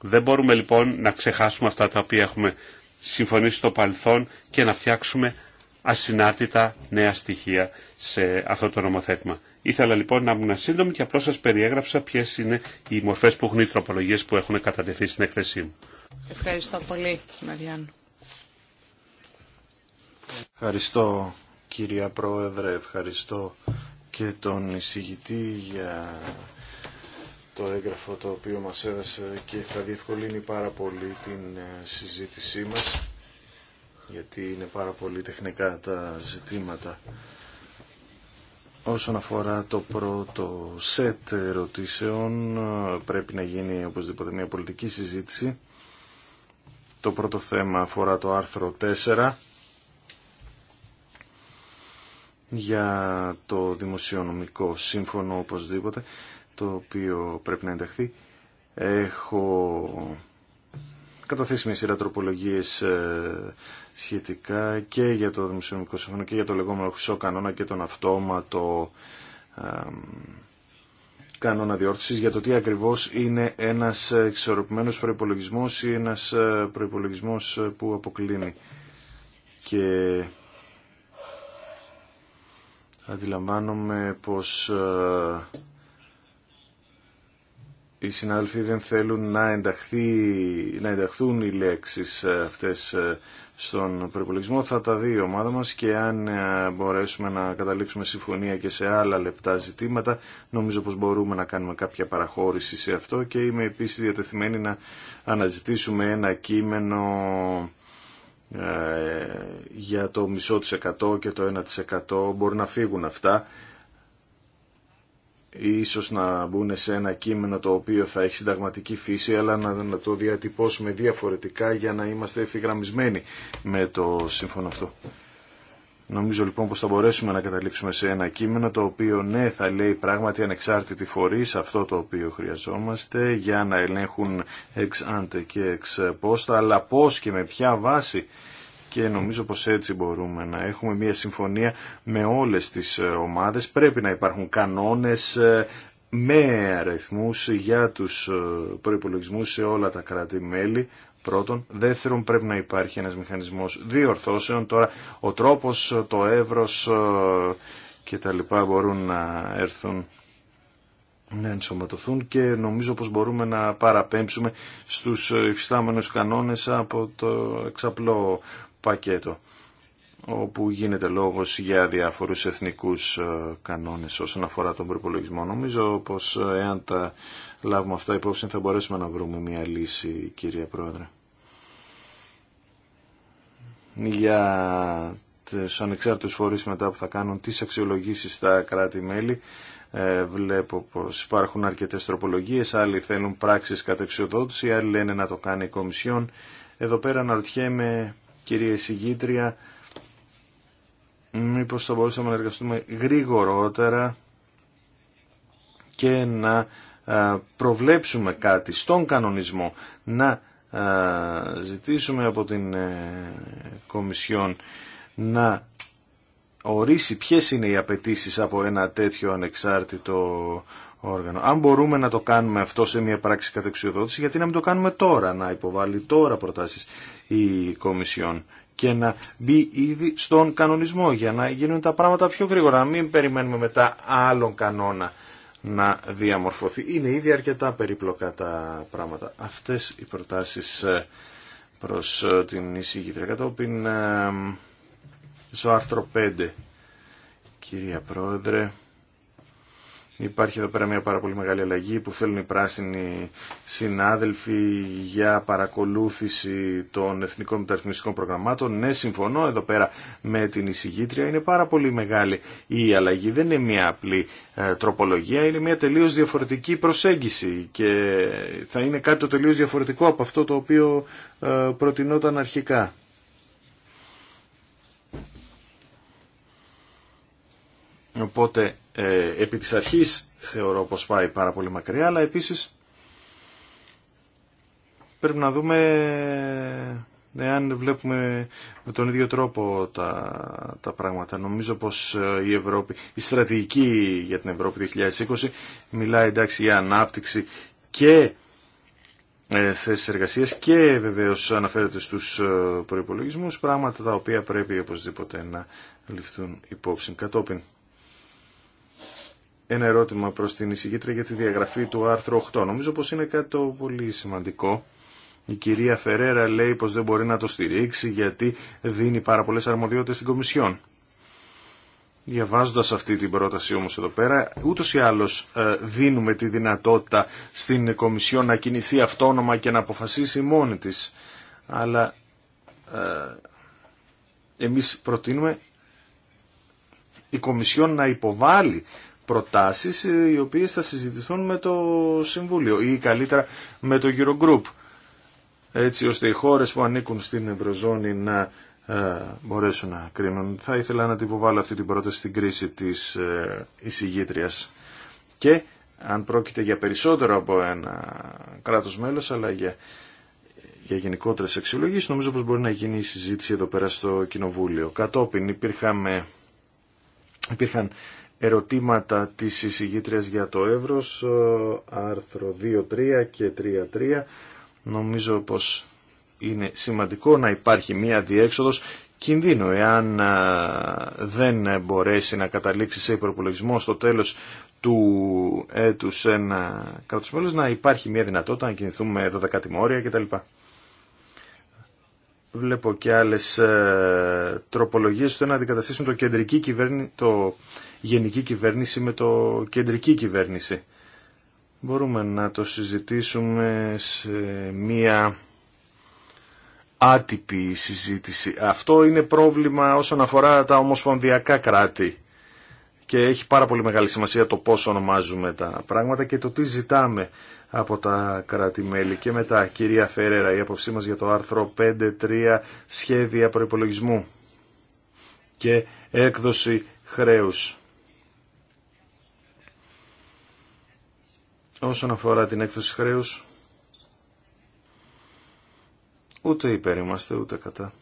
Δεν μπορούμε λοιπόν να ξεχάσουμε αυτά τα οποία έχουμε συμφωνήσει στο παρελθόν και να φτιάξουμε ασυνάρτητα νέα στοιχεία σε αυτό το νομοθέτημα. Ήθελα λοιπόν να ήμουν σύντομη και απλώς σας περιέγραψα ποιες είναι οι μορφές που έχουν οι τροπολογίες που έχουν κατατεθεί στην έκθεσή μου. Ευχαριστώ πολύ, Μαριάννου. Ευχαριστώ, κυρία Πρόεδρε, ευχαριστώ και τον εισηγητή για το έγγραφο το οποίο μας έδωσε και θα διευκολύνει πάρα πολύ την ε, συζήτησή μας γιατί είναι πάρα πολύ τεχνικά τα ζητήματα. Όσον αφορά το πρώτο σετ ερωτήσεων, ε, πρέπει να γίνει οπωσδήποτε μια πολιτική συζήτηση. Το πρώτο θέμα αφορά το άρθρο 4 για το δημοσιονομικό σύμφωνο οπωσδήποτε το οποίο πρέπει να ενταχθεί. Έχω καταθέσει μια σειρά τροπολογίες ε, σχετικά και για το Δημοσιονομικό Σύμφωνο και για το λεγόμενο χρυσό κανόνα και τον αυτόματο ε, κανόνα διόρθωσης για το τι ακριβώς είναι ένας εξορροπημένος προϋπολογισμός ή ένας ε, προϋπολογισμός που αποκλίνει. Και αντιλαμβάνομαι πως οι συνάδελφοι δεν θέλουν να, ενταχθεί, να ενταχθούν οι λέξεις ε, αυτές ε, στον προπολογισμό. Θα τα δει η ομάδα μας και αν ε, μπορέσουμε να καταλήξουμε συμφωνία και σε άλλα λεπτά ζητήματα, νομίζω πως μπορούμε να κάνουμε κάποια παραχώρηση σε αυτό και είμαι επίσης διατεθειμένη να αναζητήσουμε ένα κείμενο για το μισό της εκατό και το 1% μπορεί να φύγουν αυτά ίσως να μπουν σε ένα κείμενο το οποίο θα έχει συνταγματική φύση, αλλά να, το διατυπώσουμε διαφορετικά για να είμαστε ευθυγραμμισμένοι με το σύμφωνο αυτό. Νομίζω λοιπόν πως θα μπορέσουμε να καταλήξουμε σε ένα κείμενο το οποίο ναι θα λέει πράγματι ανεξάρτητη σε αυτό το οποίο χρειαζόμαστε για να ελέγχουν εξ άντε και εξ αλλά πώς και με ποια βάση και νομίζω πως έτσι μπορούμε να έχουμε μια συμφωνία με όλες τις ε, ομάδες. Πρέπει να υπάρχουν κανόνες ε, με αριθμούς για τους ε, προϋπολογισμούς σε όλα τα κράτη-μέλη. Πρώτον. Δεύτερον, πρέπει να υπάρχει ένας μηχανισμός διορθώσεων. Τώρα, ο τρόπος, το εύρος και τα λοιπά μπορούν να έρθουν να ενσωματωθούν και νομίζω πως μπορούμε να παραπέμψουμε στους υφιστάμενους κανόνες από το εξαπλό πακέτο όπου γίνεται λόγος για διάφορους εθνικούς ε, κανόνες όσον αφορά τον προπολογισμό. Νομίζω πως ε, εάν τα λάβουμε αυτά υπόψη θα μπορέσουμε να βρούμε μια λύση κυρία Πρόεδρε. Για τους ανεξάρτητους φορείς μετά που θα κάνουν τις αξιολογήσεις στα κράτη-μέλη ε, βλέπω πως υπάρχουν αρκετές τροπολογίες, άλλοι θέλουν πράξεις κατεξοδότηση, άλλοι λένε να το κάνει η Κομισιόν. Εδώ πέρα αναρωτιέμαι κυρία εισηγήτρια, μήπως θα μπορούσαμε να εργαστούμε γρήγορότερα και να προβλέψουμε κάτι στον κανονισμό, να ζητήσουμε από την ε, Κομισιόν να ορίσει ποιες είναι οι απαιτήσει από ένα τέτοιο ανεξάρτητο όργανο. Αν μπορούμε να το κάνουμε αυτό σε μια πράξη κατεξιοδότηση, γιατί να μην το κάνουμε τώρα, να υποβάλει τώρα προτάσεις η Κομισιόν και να μπει ήδη στον κανονισμό για να γίνουν τα πράγματα πιο γρήγορα. μην περιμένουμε μετά άλλον κανόνα να διαμορφωθεί. Είναι ήδη αρκετά περίπλοκα τα πράγματα. Αυτές οι προτάσεις ε, προς ε, την εισηγήτρια κατόπιν ε, στο άρθρο 5. Κυρία Πρόεδρε, Υπάρχει εδώ πέρα μια πάρα πολύ μεγάλη αλλαγή που θέλουν οι πράσινοι συνάδελφοι για παρακολούθηση των εθνικών μεταρρυθμιστικών προγραμμάτων. Ναι, συμφωνώ εδώ πέρα με την εισηγήτρια. Είναι πάρα πολύ μεγάλη η αλλαγή. Δεν είναι μια απλή ε, τροπολογία. Είναι μια τελείως διαφορετική προσέγγιση και θα είναι κάτι το τελείως διαφορετικό από αυτό το οποίο ε, προτινόταν αρχικά. Οπότε ε, επί της αρχής θεωρώ πως πάει πάρα πολύ μακριά, αλλά επίσης πρέπει να δούμε ε, εάν βλέπουμε με τον ίδιο τρόπο τα, τα πράγματα. Νομίζω πως ε, η, Ευρώπη, η στρατηγική για την Ευρώπη 2020 μιλάει εντάξει για ανάπτυξη και ε, θέσεις εργασίας και βεβαίως αναφέρεται στους προϋπολογισμούς, πράγματα τα οποία πρέπει οπωσδήποτε να ληφθούν υπόψη κατόπιν ένα ερώτημα προς την εισηγήτρια για τη διαγραφή του άρθρου 8. Νομίζω πως είναι κάτι το πολύ σημαντικό. Η κυρία Φερέρα λέει πως δεν μπορεί να το στηρίξει γιατί δίνει πάρα πολλές αρμοδιότητες στην Κομισιόν. Διαβάζοντα αυτή την πρόταση όμω εδώ πέρα, ούτω ή άλλω ε, δίνουμε τη δυνατότητα στην Κομισιόν να κινηθεί αυτόνομα και να αποφασίσει μόνη τη. Αλλά ε, εμείς προτείνουμε η Κομισιόν να υποβάλει προτάσεις ε, οι οποίες θα συζητηθούν με το Συμβούλιο ή καλύτερα με το Eurogroup έτσι ώστε οι χώρες που ανήκουν στην Ευρωζώνη να ε, μπορέσουν να κρίνουν. Θα ήθελα να την υποβάλω αυτή την πρόταση στην κρίση της ε, εισηγήτριας και αν πρόκειται για περισσότερο από ένα κράτος μέλος αλλά για, για γενικότερες νομίζω πως μπορεί να γίνει η συζήτηση εδώ πέρα στο Κοινοβούλιο. Κατόπιν υπήρχαμε, υπήρχαν ερωτήματα της εισηγήτριας για το Εύρος, ε, άρθρο 2.3 και 3.3. Νομίζω πως είναι σημαντικό να υπάρχει μία διέξοδος κινδύνου. Εάν ε, δεν μπορέσει να καταλήξει σε υπολογισμό στο τέλος του έτους ένα κράτος μέλος, να υπάρχει μία δυνατότητα να κινηθούμε 12 τιμόρια κτλ. Βλέπω και άλλες ε, τροπολογίες στο να αντικαταστήσουν το κεντρική κυβέρνηση, το γενική κυβέρνηση με το κεντρική κυβέρνηση. Μπορούμε να το συζητήσουμε σε μία άτυπη συζήτηση. Αυτό είναι πρόβλημα όσον αφορά τα ομοσπονδιακά κράτη και έχει πάρα πολύ μεγάλη σημασία το πώς ονομάζουμε τα πράγματα και το τι ζητάμε από τα κράτη-μέλη. Και μετά, κυρία Φερέρα, η άποψή μας για το άρθρο 5.3 σχέδια προϋπολογισμού και έκδοση χρέους. Όσον αφορά την έκθεση χρέους, ούτε υπέρ είμαστε, ούτε κατά.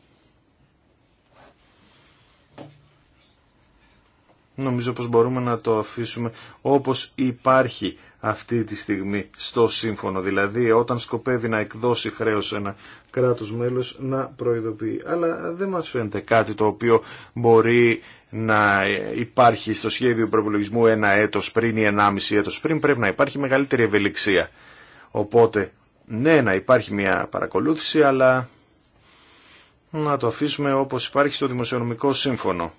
Νομίζω πως μπορούμε να το αφήσουμε όπως υπάρχει αυτή τη στιγμή στο σύμφωνο. Δηλαδή όταν σκοπεύει να εκδώσει χρέος ένα κράτος μέλος να προειδοποιεί. Αλλά δεν μας φαίνεται κάτι το οποίο μπορεί να υπάρχει στο σχέδιο προπολογισμού ένα έτος πριν ή ενάμιση έτος πριν. Πρέπει να υπάρχει μεγαλύτερη ευελιξία. Οπότε ναι να υπάρχει μια παρακολούθηση αλλά να το αφήσουμε όπως υπάρχει στο Δημοσιονομικό Σύμφωνο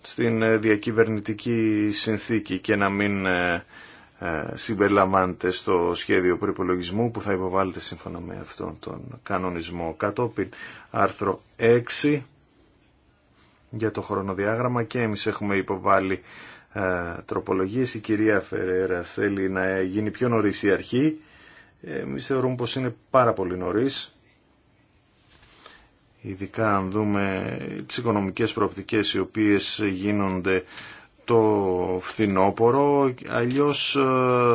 στην ε, διακυβερνητική συνθήκη και να μην ε, ε, συμπεριλαμβάνεται στο σχέδιο προπολογισμού που θα υποβάλλεται σύμφωνα με αυτόν τον κανονισμό κατόπιν άρθρο 6 για το χρονοδιάγραμμα και εμείς έχουμε υποβάλει ε, τροπολογίες η κυρία Φερέρα θέλει να γίνει πιο νωρίς η αρχή εμείς θεωρούμε πως είναι πάρα πολύ νωρίς ειδικά αν δούμε τις οικονομικές προοπτικές οι οποίες γίνονται το φθινόπωρο, αλλιώς ε,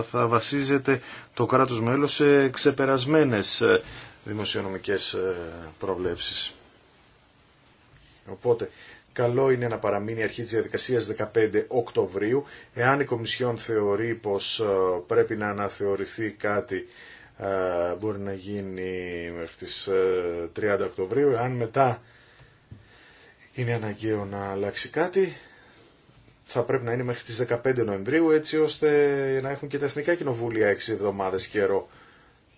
θα βασίζεται το κράτος μέλος σε ξεπερασμένες ε, δημοσιονομικές ε, προβλέψεις. Οπότε, καλό είναι να παραμείνει η αρχή της διαδικασίας 15 Οκτωβρίου. Εάν η Κομισιόν θεωρεί πως πρέπει να αναθεωρηθεί κάτι, μπορεί να γίνει μέχρι τις 30 Οκτωβρίου. Εάν μετά είναι αναγκαίο να αλλάξει κάτι, θα πρέπει να είναι μέχρι τις 15 Νοεμβρίου έτσι ώστε να έχουν και τα εθνικά κοινοβούλια 6 εβδομάδες καιρό.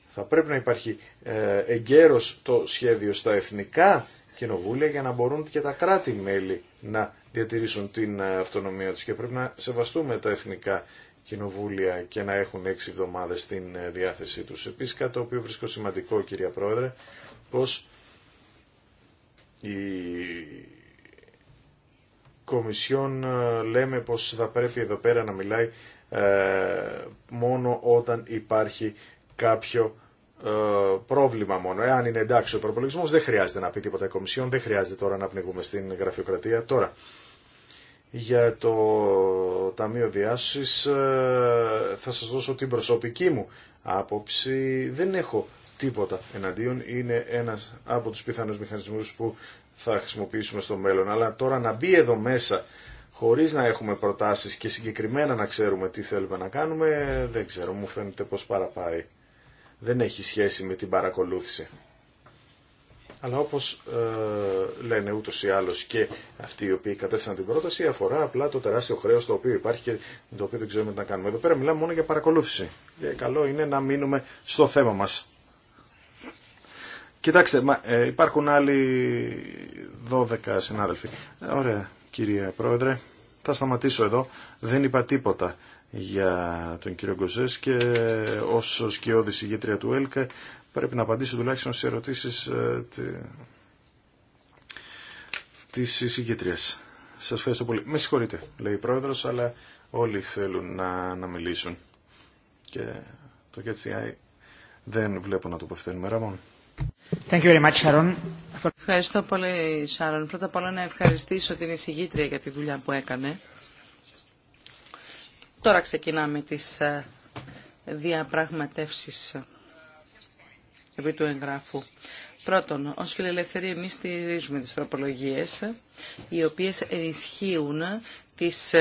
Θα πρέπει να υπάρχει ε, εγκαίρος το σχέδιο στα εθνικά κοινοβούλια για να μπορούν και τα κράτη-μέλη να διατηρήσουν την ε, αυτονομία τους και πρέπει να σεβαστούμε τα εθνικά κοινοβούλια και να έχουν 6 εβδομάδες στην ε, διάθεσή τους. Επίσης κάτι το οποίο βρίσκω σημαντικό κυρία Πρόεδρε, πως η Κομισιόν ε, λέμε πως θα πρέπει εδώ πέρα να μιλάει ε, μόνο όταν υπάρχει κάποιο ε, πρόβλημα μόνο. Εάν είναι εντάξει ο προπολογισμός δεν χρειάζεται να πει τίποτα η Κομισιόν, δεν χρειάζεται τώρα να πνιγούμε στην γραφειοκρατία. Τώρα, για το Ταμείο Διάσωση, θα σας δώσω την προσωπική μου άποψη. Δεν έχω τίποτα εναντίον. Είναι ένας από τους πιθανούς μηχανισμούς που θα χρησιμοποιήσουμε στο μέλλον. Αλλά τώρα να μπει εδώ μέσα χωρίς να έχουμε προτάσεις και συγκεκριμένα να ξέρουμε τι θέλουμε να κάνουμε, δεν ξέρω, μου φαίνεται πως παραπάει. Δεν έχει σχέση με την παρακολούθηση. Αλλά όπως ε, λένε ούτως ή άλλως και αυτοί οι οποίοι κατέστησαν την πρόταση αφορά απλά το τεράστιο χρέος το οποίο υπάρχει και το οποίο δεν ξέρουμε τι να κάνουμε. Εδώ πέρα μιλάμε μόνο για παρακολούθηση. Και καλό είναι να μείνουμε στο θέμα μας. Κοιτάξτε, ε, υπάρχουν άλλοι 12 συνάδελφοι. Ωραία, κύριε Πρόεδρε. Θα σταματήσω εδώ. Δεν είπα τίποτα για τον κύριο Γκοζές και ως σκιώδη ηγέτρια του ΕΛΚΑ πρέπει να απαντήσω τουλάχιστον σε ερωτήσεις ε, τη... της Σα Σας ευχαριστώ πολύ. Με συγχωρείτε, λέει η Πρόεδρος, αλλά όλοι θέλουν να, να μιλήσουν. Και το KTI δεν βλέπω να το μέρα Ραμόν. Ευχαριστώ πολύ, Σάρον. Πρώτα απ' όλα να ευχαριστήσω την εισηγήτρια για τη δουλειά που έκανε. Τώρα ξεκινάμε τις ε, διαπραγματεύσεις ε, επί του εγγράφου. Πρώτον, ως φιλελευθεροί εμείς στηρίζουμε τις τροπολογίες, ε, οι οποίες ενισχύουν τις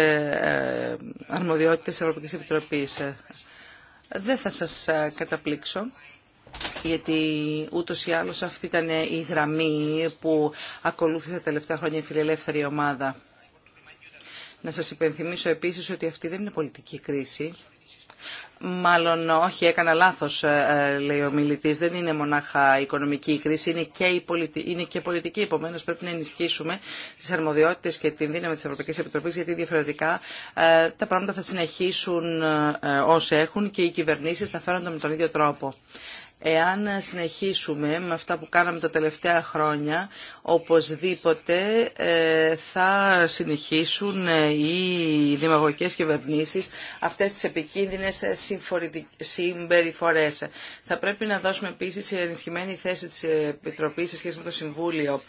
αρμοδιότητες της Ευρωπαϊκής Επιτροπής. Δεν θα σας καταπλήξω γιατί ούτως ή άλλω αυτή ήταν η γραμμή που ακολούθησε τα τελευταία χρόνια η φιλελεύθερη ομάδα. Να σας υπενθυμίσω επίσης ότι αυτή δεν είναι πολιτική κρίση. Μάλλον όχι, έκανα λάθος, ε, ε, λέει ο μιλητής. Δεν είναι μονάχα οικονομική η κρίση, είναι και, η πολιτική, είναι και πολιτική. Επομένως πρέπει να ενισχύσουμε τις αρμοδιότητες και την δύναμη της Ευρωπαϊκής Επιτροπής, γιατί διαφορετικά ε, τα πράγματα θα συνεχίσουν όσοι έχουν και οι κυβερνήσεις θα φέρονται με τον ίδιο τρόπο. Εάν συνεχίσουμε με αυτά που κάναμε τα τελευταία χρόνια, οπωσδήποτε ε, θα συνεχίσουν ε, οι δημαγωγικές κυβερνήσεις αυτές τις επικίνδυνες ε, συμπεριφορές. Θα πρέπει να δώσουμε επίσης η ενισχυμένη θέση της Επιτροπής σε σχέση με το Συμβούλιο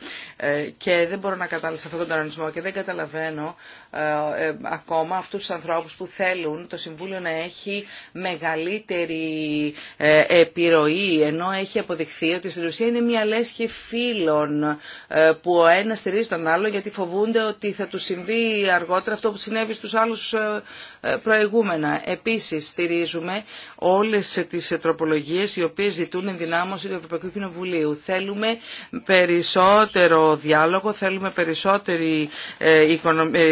και δεν μπορώ να κατάλαβω σε αυτόν τον κανονισμό και δεν καταλαβαίνω ακόμα αυτούς τους ανθρώπους που θέλουν το Συμβούλιο να έχει μεγαλύτερη επιρροή ενώ έχει αποδειχθεί ότι στην ουσία είναι μια λέσχη φίλων ε, που ο ένας στηρίζει τον άλλο γιατί φοβούνται ότι θα του συμβεί αργότερα αυτό που συνέβη στους άλλους ε, ε, προηγούμενα. Επίσης στηρίζουμε όλες τις τροπολογίες οι οποίες ζητούν ενδυνάμωση του Ευρωπαϊκού Κοινοβουλίου. Θέλουμε περισσότερο διάλογο, θέλουμε περισσότερη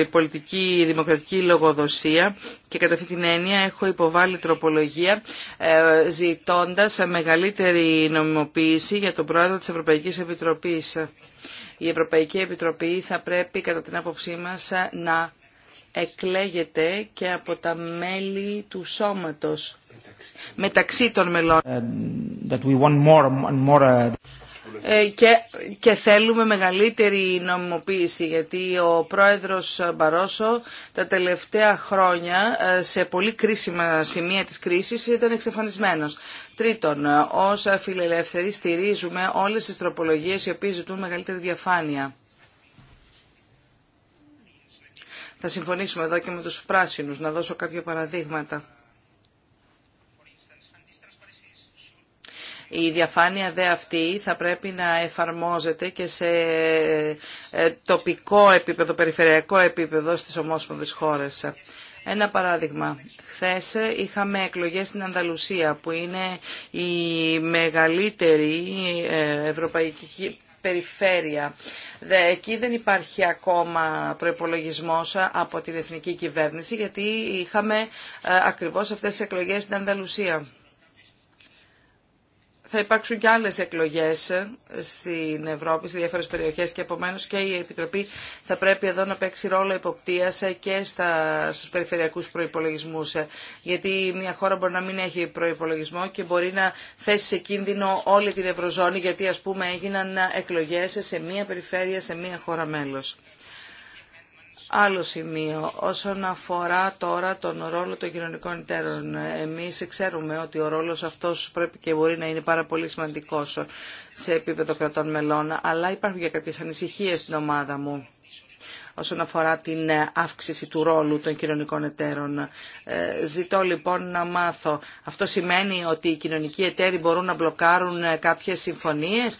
πολιτική δημοκρατική λογοδοσία και κατά αυτή την έννοια έχω υποβάλει τροπολογία ε, ζητώντας μεγαλύτερη νομιμοποίηση για τον πρόεδρο της Ευρωπαϊκής Επιτροπής. Η Ευρωπαϊκή Επιτροπή θα πρέπει κατά την άποψή μας να εκλέγεται και από τα μέλη του σώματος μεταξύ των μελών. Ε, that we uh, ε, και, και θέλουμε μεγαλύτερη νομιμοποίηση γιατί ο πρόεδρος Μπαρόσο τα τελευταία χρόνια ε, σε πολύ κρίσιμα σημεία της κρίσης ήταν εξεφανισμένος. Τρίτον, ως φιλελεύθεροι στηρίζουμε όλες τις τροπολογίες οι οποίες ζητούν μεγαλύτερη διαφάνεια. Θα συμφωνήσουμε εδώ και με τους πράσινους, να δώσω κάποια παραδείγματα. Η διαφάνεια δε αυτή θα πρέπει να εφαρμόζεται και σε ε, τοπικό επίπεδο, περιφερειακό επίπεδο στις ομόσπονδες χώρες. Ένα παράδειγμα. Χθες είχαμε εκλογές στην Ανταλουσία που είναι η μεγαλύτερη ε, ευρωπαϊκή περιφέρεια. Εκεί δεν υπάρχει ακόμα προϋπολογισμός από την εθνική κυβέρνηση γιατί είχαμε ε, ακριβώς αυτές τις εκλογές στην Ανταλουσία θα υπάρξουν και άλλες εκλογές ε, στην Ευρώπη, σε διάφορες περιοχές και επομένως και η Επιτροπή θα πρέπει εδώ να παίξει ρόλο υποπτίας ε, και στα, στους περιφερειακούς προϋπολογισμούς. Ε. Γιατί μια χώρα μπορεί να μην έχει προϋπολογισμό και μπορεί να θέσει σε κίνδυνο όλη την Ευρωζώνη γιατί ας πούμε έγιναν εκλογές σε μια περιφέρεια, σε μια χώρα μέλος. Άλλο σημείο, όσον αφορά τώρα τον ρόλο των κοινωνικών εταίρων. Εμείς ξέρουμε ότι ο ρόλος αυτός πρέπει και μπορεί να είναι πάρα πολύ σημαντικός σε επίπεδο κρατών μελών, αλλά υπάρχουν και κάποιες ανησυχίες στην ομάδα μου όσον αφορά την ε, αύξηση του ρόλου των κοινωνικών εταίρων. Ε, ζητώ λοιπόν να μάθω. Αυτό σημαίνει ότι οι κοινωνικοί εταίροι μπορούν να μπλοκάρουν ε, κάποιες συμφωνίες.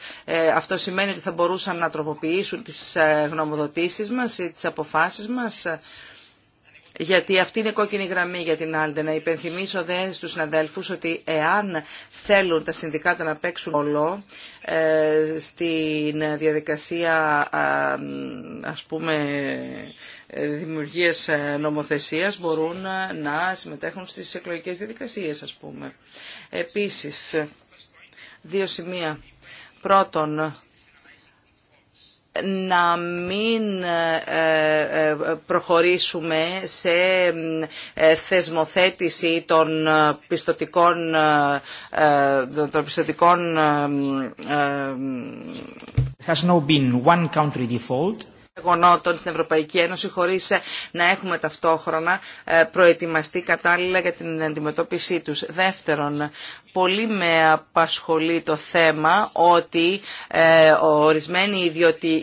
Αυτό σημαίνει ότι θα μπορούσαν να τροποποιήσουν τις γνωμοδοτήσεις μας ή τις αποφάσεις μας γιατί αυτή είναι κόκκινη γραμμή για την Άλντε. Να υπενθυμίσω δε στους συναδέλφους ότι εάν θέλουν τα συνδικάτα να παίξουν όλο ε, στην διαδικασία α, ας πούμε ε, δημιουργίες ε, νομοθεσίας μπορούν να συμμετέχουν στις εκλογικές διαδικασίες ας πούμε. Επίσης, δύο σημεία. Πρώτον, να μην ε, ε, προχωρήσουμε σε ε, θεσμοθέτηση των πιστοτικών, των πιστοτικών Has no been one country default. στην Ευρωπαϊκή Ένωση χωρίς να έχουμε ταυτόχρονα προετοιμαστεί κατάλληλα για την αντιμετώπιση τους. Δεύτερον, πολύ με απασχολεί το θέμα ότι ε, ορισμένοι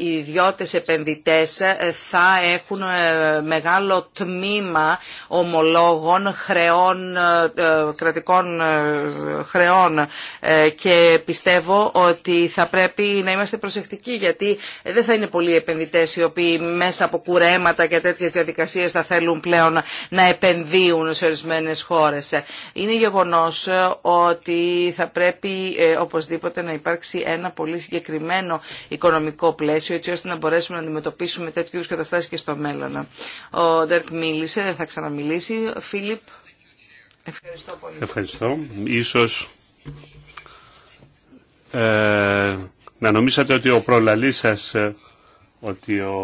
ιδιώτες επενδυτές ε, θα έχουν ε, μεγάλο τμήμα ομολόγων χρεών, κρατικών χρεών και πιστεύω ότι θα πρέπει να είμαστε προσεκτικοί γιατί δεν θα είναι πολλοί επενδυτές οι οποίοι μέσα από κουρέματα και τέτοιες διαδικασίες θα θέλουν πλέον να επενδύουν σε ορισμένες χώρες. Είναι γεγονός ότι ότι θα πρέπει ε, οπωσδήποτε να υπάρξει ένα πολύ συγκεκριμένο οικονομικό πλαίσιο έτσι ώστε να μπορέσουμε να αντιμετωπίσουμε τέτοιου καταστάσει και στο μέλλον. Ο Ντέρκ μίλησε, δεν θα ξαναμιλήσει. Φίλιπ, ευχαριστώ πολύ. Ευχαριστώ. Ίσως ε, να νομίσατε ότι ο προλαλής σας ε, ότι ο,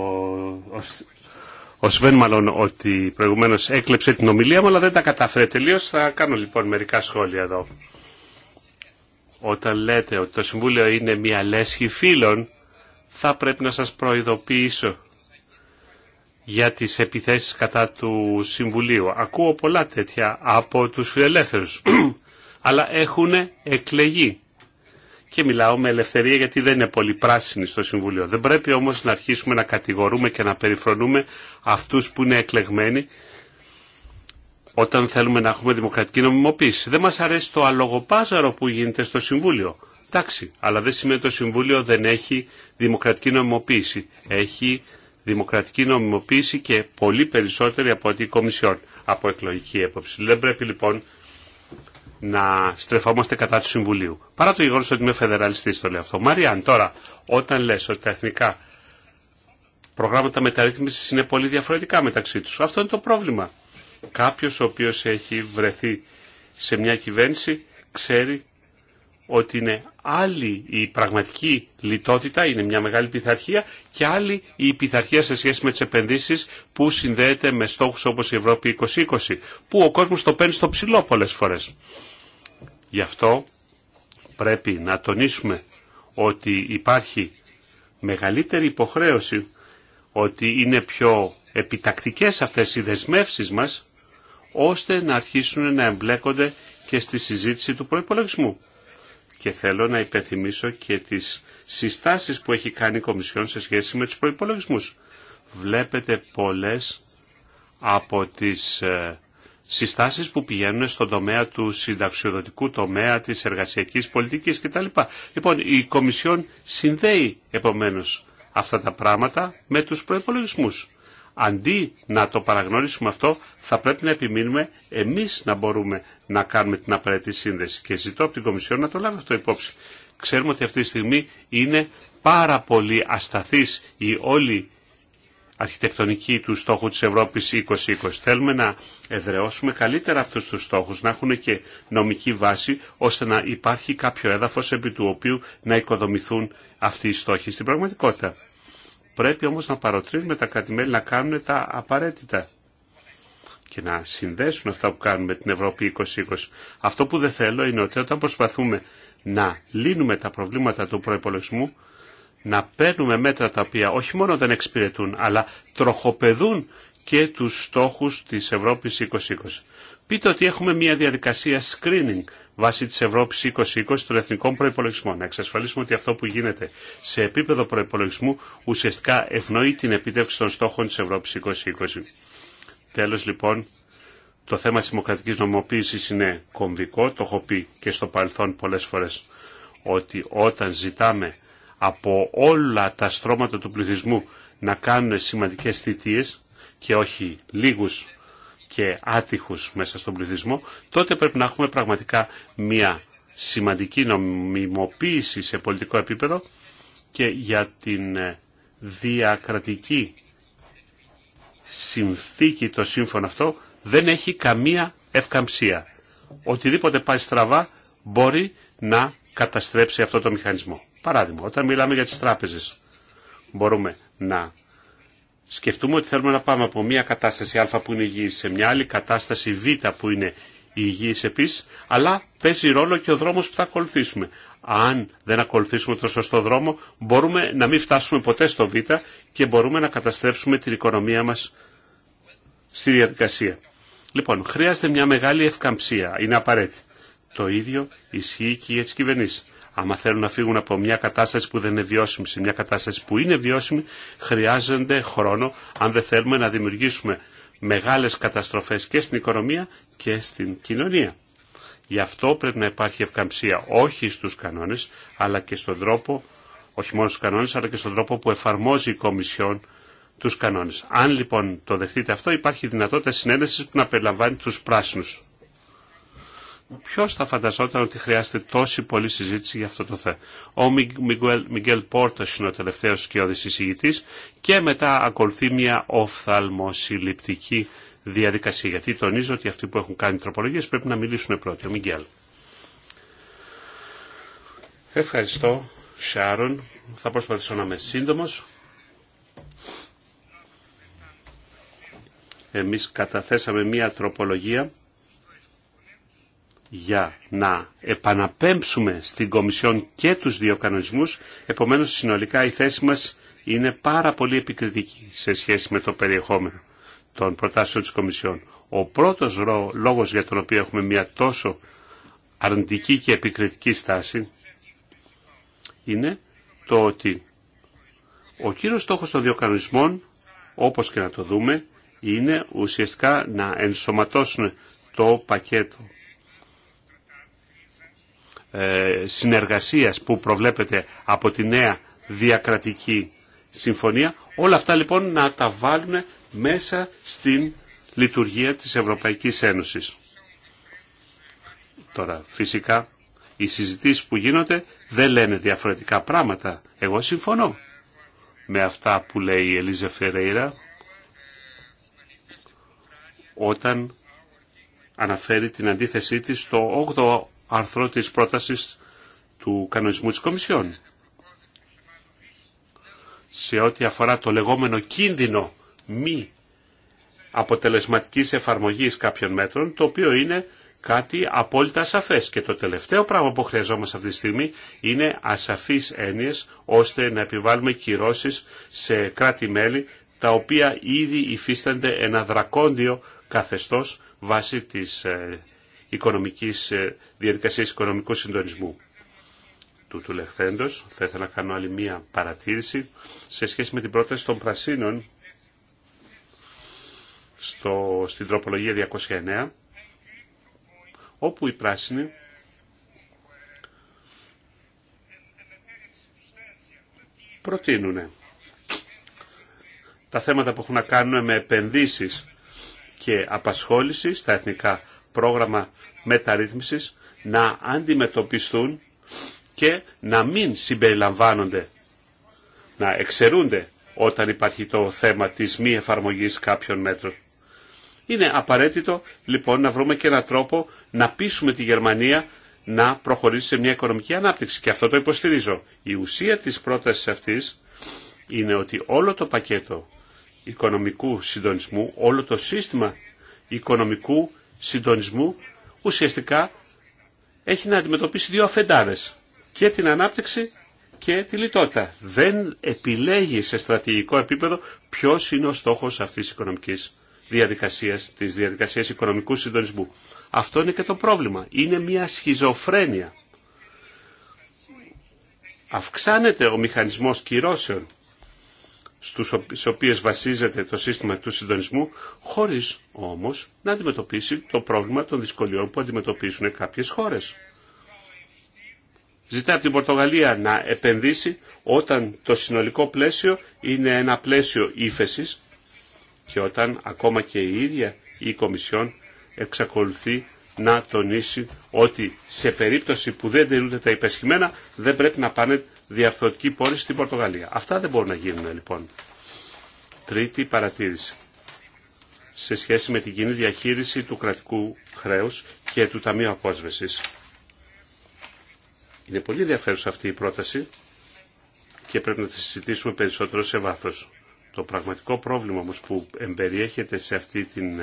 ο, Σβέν μάλλον ότι προηγουμένως έκλεψε την ομιλία μου αλλά δεν τα κατάφερε τελείω. Θα κάνω λοιπόν μερικά σχόλια εδώ. Όταν λέτε ότι το Συμβούλιο είναι μια λέσχη φίλων, θα πρέπει να σας προειδοποιήσω για τις επιθέσεις κατά του Συμβουλίου. Ακούω πολλά τέτοια από τους φιλελεύθερους, [CLEARS THROAT] αλλά έχουν εκλεγεί. Και μιλάω με ελευθερία γιατί δεν είναι πολύ πράσινη στο Συμβουλίο. Δεν πρέπει όμως να αρχίσουμε να κατηγορούμε και να περιφρονούμε αυτούς που είναι εκλεγμένοι όταν θέλουμε να έχουμε δημοκρατική νομιμοποίηση. Δεν μας αρέσει το αλογοπάζαρο που γίνεται στο Συμβούλιο. Εντάξει, αλλά δεν σημαίνει ότι το Συμβούλιο δεν έχει δημοκρατική νομιμοποίηση. Έχει δημοκρατική νομιμοποίηση και πολύ περισσότερη από ό,τι η Κομισιόν από εκλογική έποψη. Δεν πρέπει λοιπόν να στρεφόμαστε κατά του Συμβουλίου. Παρά το γεγονό ότι είμαι φεδεραλιστή, το λέω αυτό. Μαριάν, τώρα, όταν λε ότι τα εθνικά προγράμματα μεταρρύθμιση είναι πολύ διαφορετικά μεταξύ του, αυτό είναι το πρόβλημα κάποιος ο οποίος έχει βρεθεί σε μια κυβέρνηση ξέρει ότι είναι άλλη η πραγματική λιτότητα, είναι μια μεγάλη πειθαρχία και άλλη η πειθαρχία σε σχέση με τις επενδύσεις που συνδέεται με στόχους όπως η Ευρώπη 2020 που ο κόσμος το παίρνει στο ψηλό πολλές φορές. Γι' αυτό πρέπει να τονίσουμε ότι υπάρχει μεγαλύτερη υποχρέωση ότι είναι πιο επιτακτικές αυτές οι δεσμεύσεις μας ώστε να αρχίσουν να εμπλέκονται και στη συζήτηση του προϋπολογισμού. Και θέλω να υπενθυμίσω και τις συστάσεις που έχει κάνει η Κομισιόν σε σχέση με τους προϋπολογισμούς. Βλέπετε πολλές από τις ε, συστάσεις που πηγαίνουν στον τομέα του συνταξιοδοτικού τομέα, της εργασιακής πολιτικής κτλ. Λοιπόν, η Κομισιόν συνδέει επομένως αυτά τα πράγματα με τους προϋπολογισμούς. Αντί να το παραγνωρίσουμε αυτό, θα πρέπει να επιμείνουμε εμείς να μπορούμε να κάνουμε την απαραίτητη σύνδεση. Και ζητώ από την Κομισιόν να το λάβει αυτό υπόψη. Ξέρουμε ότι αυτή τη στιγμή είναι πάρα πολύ ασταθής η όλη αρχιτεκτονική του στόχου της Ευρώπης 2020. Θέλουμε να εδραιώσουμε καλύτερα αυτούς τους στόχους, να έχουν και νομική βάση, ώστε να υπάρχει κάποιο έδαφος επί του οποίου να οικοδομηθούν αυτοί οι στόχοι στην πραγματικότητα. Πρέπει όμως να παροτρύνουμε τα κρατημέλη να κάνουν τα απαραίτητα και να συνδέσουν αυτά που κάνουν με την Ευρώπη 2020. Αυτό που δεν θέλω είναι ότι όταν προσπαθούμε να λύνουμε τα προβλήματα του προϋπολογισμού, να παίρνουμε μέτρα τα οποία όχι μόνο δεν εξυπηρετούν, αλλά τροχοπεδούν και τους στόχους της Ευρώπης 2020. Πείτε ότι έχουμε μια διαδικασία screening βάσει της Ευρώπη 2020 των εθνικών προπολογισμών. Να εξασφαλίσουμε ότι αυτό που γίνεται σε επίπεδο προϋπολογισμού ουσιαστικά ευνοεί την επίτευξη των στόχων της Ευρώπη 2020. Τέλος λοιπόν, το θέμα τη δημοκρατική νομοποίησης είναι κομβικό, το έχω πει και στο παρελθόν πολλές φορές, ότι όταν ζητάμε από όλα τα στρώματα του πληθυσμού να κάνουν σημαντικές θητείες και όχι λίγους και άτυχους μέσα στον πληθυσμό, τότε πρέπει να έχουμε πραγματικά μια σημαντική νομιμοποίηση σε πολιτικό επίπεδο και για την ε, διακρατική συνθήκη το σύμφωνο αυτό δεν έχει καμία ευκαμψία. Οτιδήποτε πάει στραβά μπορεί να καταστρέψει αυτό το μηχανισμό. Παράδειγμα, όταν μιλάμε για τις τράπεζες μπορούμε να σκεφτούμε ότι θέλουμε να πάμε από μια κατάσταση α που είναι υγιής σε μια άλλη κατάσταση β που είναι υγιής επίσης, αλλά παίζει ρόλο και ο δρόμος που θα ακολουθήσουμε. Αν δεν ακολουθήσουμε το σωστό δρόμο, μπορούμε να μην φτάσουμε ποτέ στο β και μπορούμε να καταστρέψουμε την οικονομία μας στη διαδικασία. Λοιπόν, χρειάζεται μια μεγάλη ευκαμψία, είναι απαραίτητη. Το ίδιο ισχύει και για τις κυβερνήσεις. Άμα θέλουν να φύγουν από μια κατάσταση που δεν είναι βιώσιμη σε μια κατάσταση που είναι βιώσιμη, χρειάζονται χρόνο αν δεν θέλουμε να δημιουργήσουμε μεγάλες καταστροφές και στην οικονομία και στην κοινωνία. Γι' αυτό πρέπει να υπάρχει ευκαμψία όχι στους κανόνες, αλλά και στον τρόπο, όχι μόνο στους κανόνες, αλλά και στον τρόπο που εφαρμόζει η Κομισιόν τους κανόνες. Αν λοιπόν το δεχτείτε αυτό, υπάρχει δυνατότητα συνένεσης που να περιλαμβάνει τους πράσινους. Ποιος θα φανταζόταν ότι χρειάζεται τόση πολλή συζήτηση για αυτό το θέμα. Ο Μιγκέλ Πόρτος είναι ο τελευταίος σκιώδης εισηγητής και μετά ακολουθεί μια οφθαλμοσυλληπτική διαδικασία. Γιατί τονίζω ότι αυτοί που έχουν κάνει τροπολογίες πρέπει να μιλήσουν πρώτοι. Ο Μιγκέλ. Ευχαριστώ, Σάρον. Θα προσπαθήσω να είμαι σύντομος. Εμείς καταθέσαμε μία τροπολογία για να επαναπέμψουμε στην Κομισιόν και τους δύο κανονισμούς, επομένως συνολικά η θέση μας είναι πάρα πολύ επικριτική σε σχέση με το περιεχόμενο των προτάσεων της Κομισιόν. Ο πρώτος λόγος για τον οποίο έχουμε μια τόσο αρνητική και επικριτική στάση είναι το ότι ο κύριος στόχος των δύο κανονισμών, όπως και να το δούμε, είναι ουσιαστικά να ενσωματώσουν το πακέτο ε, συνεργασίας που προβλέπεται από τη νέα διακρατική συμφωνία. Όλα αυτά λοιπόν να τα βάλουν μέσα στην λειτουργία της Ευρωπαϊκής Ένωσης. Τώρα φυσικά οι συζητήσεις που γίνονται δεν λένε διαφορετικά πράγματα. Εγώ συμφωνώ με αυτά που λέει η Ελίζα Φερέιρα όταν αναφέρει την αντίθεσή της στο 8ο άρθρο της πρότασης του κανονισμού της Κομισιόν. Σε ό,τι αφορά το λεγόμενο κίνδυνο μη αποτελεσματικής εφαρμογής κάποιων μέτρων, το οποίο είναι κάτι απόλυτα σαφές. Και το τελευταίο πράγμα που χρειαζόμαστε αυτή τη στιγμή είναι ασαφείς έννοιες, ώστε να επιβάλλουμε κυρώσεις σε κράτη-μέλη, τα οποία ήδη υφίστανται ένα δρακόντιο καθεστώς βάσει της ε, οικονομικής, ε, διαδικασίας οικονομικού συντονισμού. Του του λεχθέντος, θα ήθελα να κάνω άλλη μία παρατήρηση σε σχέση με την πρόταση των πρασίνων στο, στην τροπολογία 209, όπου οι πράσινοι προτείνουν τα θέματα που έχουν να κάνουν με επενδύσεις και απασχόληση στα εθνικά πρόγραμμα μεταρρύθμισης να αντιμετωπιστούν και να μην συμπεριλαμβάνονται, να εξαιρούνται όταν υπάρχει το θέμα της μη εφαρμογής κάποιων μέτρων. Είναι απαραίτητο λοιπόν να βρούμε και έναν τρόπο να πείσουμε τη Γερμανία να προχωρήσει σε μια οικονομική ανάπτυξη και αυτό το υποστηρίζω. Η ουσία της πρότασης αυτής είναι ότι όλο το πακέτο οικονομικού συντονισμού, όλο το σύστημα οικονομικού συντονισμού ουσιαστικά έχει να αντιμετωπίσει δύο αφεντάδες, και την ανάπτυξη και τη λιτότητα. Δεν επιλέγει σε στρατηγικό επίπεδο ποιος είναι ο στόχος αυτής της οικονομικής διαδικασίας, της διαδικασίας οικονομικού συντονισμού. Αυτό είναι και το πρόβλημα. Είναι μια σχιζοφρένεια. Αυξάνεται ο μηχανισμός κυρώσεων στους οποίες βασίζεται το σύστημα του συντονισμού, χωρίς όμως να αντιμετωπίσει το πρόβλημα των δυσκολιών που αντιμετωπίσουν κάποιες χώρες. Ζητά από την Πορτογαλία να επενδύσει όταν το συνολικό πλαίσιο είναι ένα πλαίσιο ύφεση και όταν ακόμα και η ίδια η Κομισιόν εξακολουθεί να τονίσει ότι σε περίπτωση που δεν τηρούνται τα υπεσχημένα δεν πρέπει να πάνε Διαρθωτική πόληση στην Πορτογαλία. Αυτά δεν μπορούν να γίνουν λοιπόν. Τρίτη παρατήρηση. Σε σχέση με την κοινή διαχείριση του κρατικού χρέους και του Ταμείου Απόσβεσης. Είναι πολύ ενδιαφέρουσα αυτή η πρόταση και πρέπει να τη συζητήσουμε περισσότερο σε βάθος. Το πραγματικό πρόβλημα όμως που εμπεριέχεται σε αυτή την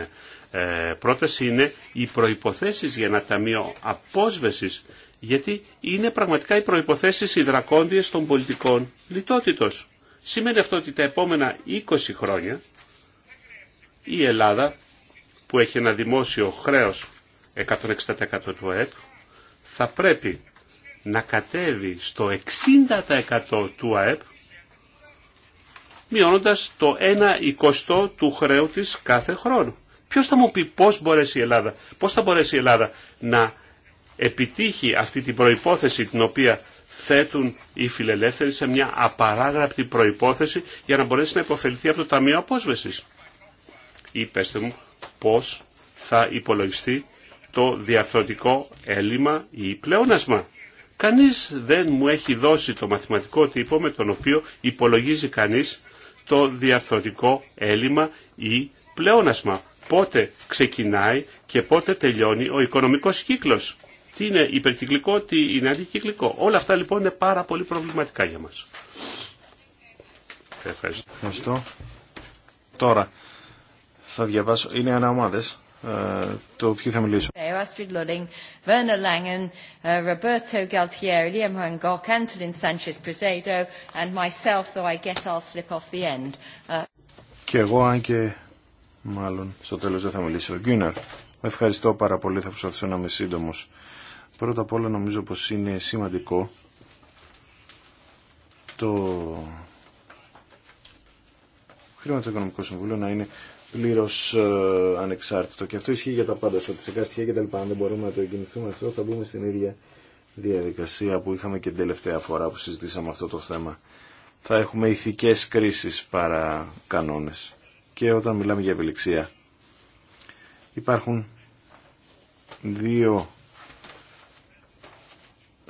ε, πρόταση είναι οι προϋποθέσεις για ένα ταμείο απόσβεσης γιατί είναι πραγματικά οι προϋποθέσεις υδρακόντιες των πολιτικών λιτότητος. Σημαίνει αυτό ότι τα επόμενα 20 χρόνια η Ελλάδα που έχει ένα δημόσιο χρέος 160% του ΑΕΠ θα πρέπει να κατέβει στο 60% του ΑΕΠ μειώνοντας το 1 20 του χρέου της κάθε χρόνο. Ποιος θα μου πει πώς, η Ελλάδα, πώς θα μπορέσει η Ελλάδα να επιτύχει αυτή την προϋπόθεση την οποία θέτουν οι φιλελεύθεροι σε μια απαράγραπτη προϋπόθεση για να μπορέσει να υποφεληθεί από το Ταμείο Απόσβεσης. Ή μου πώς θα υπολογιστεί το διαρθρωτικό έλλειμμα ή πλεόνασμα. Κανείς δεν μου έχει δώσει το μαθηματικό τύπο με τον οποίο υπολογίζει κανείς το διαρθρωτικό έλλειμμα ή πλεόνασμα. Πότε ξεκινάει και πότε τελειώνει ο οικονομικός κύκλος τι είναι υπερκυκλικό, τι είναι αντικυκλικό. Όλα αυτά λοιπόν είναι πάρα πολύ προβληματικά για μας. Ευχαριστώ. Ευχαριστώ. Τώρα θα διαβάσω, είναι αναομάδες, ε, το ποιο θα μιλήσω. Astrid Lulling, Werner Langen, Roberto Galtieri, Liam Sanchez and myself, though I guess I'll slip off the end. Uh, και εγώ, αν και μάλλον στο τέλος δεν θα μιλήσω. Γκίνερ, ευχαριστώ πάρα πολύ, θα προσπαθήσω να είμαι σύντομος. Πρώτα απ' όλα νομίζω πως είναι σημαντικό το χρηματοοικονομικό συμβούλιο να είναι πλήρω ε, ανεξάρτητο. Και αυτό ισχύει για τα πάντα, στατιστικά στοιχεία κτλ. Αν δεν μπορούμε να το εγκινηθούμε αυτό, θα μπούμε στην ίδια διαδικασία που είχαμε και την τελευταία φορά που συζητήσαμε αυτό το θέμα. Θα έχουμε ηθικές κρίσεις παρά κανόνες. Και όταν μιλάμε για ευελιξία, υπάρχουν δύο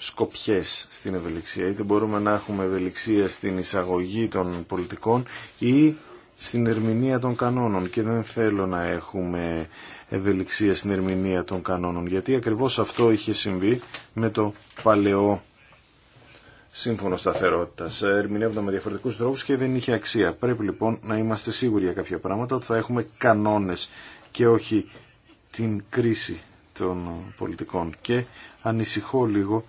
σκοπιές στην ευελιξία. Είτε μπορούμε να έχουμε ευελιξία στην εισαγωγή των πολιτικών ή στην ερμηνεία των κανόνων και δεν θέλω να έχουμε ευελιξία στην ερμηνεία των κανόνων γιατί ακριβώς αυτό είχε συμβεί με το παλαιό σύμφωνο σταθερότητα. Ερμηνεύονταν με διαφορετικούς τρόπους και δεν είχε αξία. Πρέπει λοιπόν να είμαστε σίγουροι για κάποια πράγματα ότι θα έχουμε κανόνες και όχι την κρίση των πολιτικών και ανησυχώ λίγο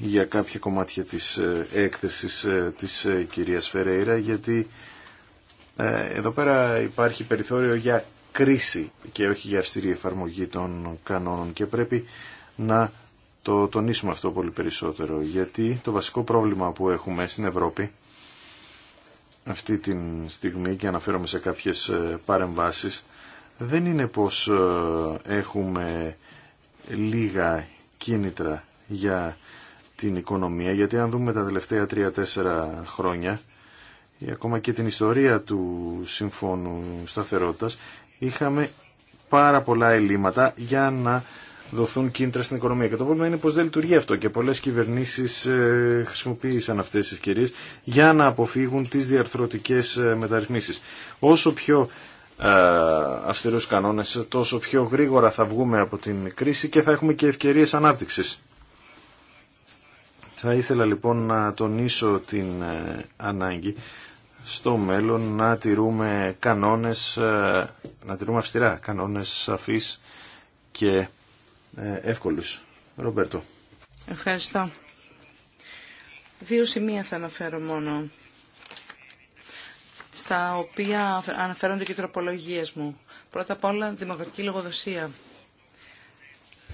για κάποια κομμάτια της ε, έκθεσης ε, της ε, κυρίας Φερέιρα γιατί εδώ πέρα υπάρχει περιθώριο για κρίση και όχι για αυστηρή εφαρμογή των κανόνων και πρέπει να το τονίσουμε αυτό πολύ περισσότερο γιατί το βασικό πρόβλημα που έχουμε στην Ευρώπη αυτή τη στιγμή και αναφέρομαι σε κάποιες παρεμβάσεις δεν είναι πως έχουμε λίγα κίνητρα για την οικονομία, γιατί αν δούμε τα τελευταία 3-4 χρόνια ή ακόμα και την ιστορία του Συμφώνου Σταθερότητας, είχαμε πάρα πολλά ελλείμματα για να δοθούν κίνητρα στην οικονομία. Και το πρόβλημα είναι πως δεν λειτουργεί αυτό και πολλές κυβερνήσεις ε, χρησιμοποίησαν αυτές τις ευκαιρίες για να αποφύγουν τις διαρθρωτικές ε, μεταρρυθμίσεις. Όσο πιο ε, αυστηρούς κανόνες, τόσο πιο γρήγορα θα βγούμε από την κρίση και θα έχουμε και ευκαιρίες ανάπτυξης. Θα ήθελα λοιπόν να τονίσω την ε, ανάγκη στο μέλλον να τηρούμε κανόνες, ε, να τηρούμε αυστηρά κανόνες σαφείς και ε, εύκολους. Ρομπέρτο. Ευχαριστώ. Δύο σημεία θα αναφέρω μόνο, στα οποία αναφέρονται και οι τροπολογίες μου. Πρώτα απ' όλα, δημοκρατική λογοδοσία.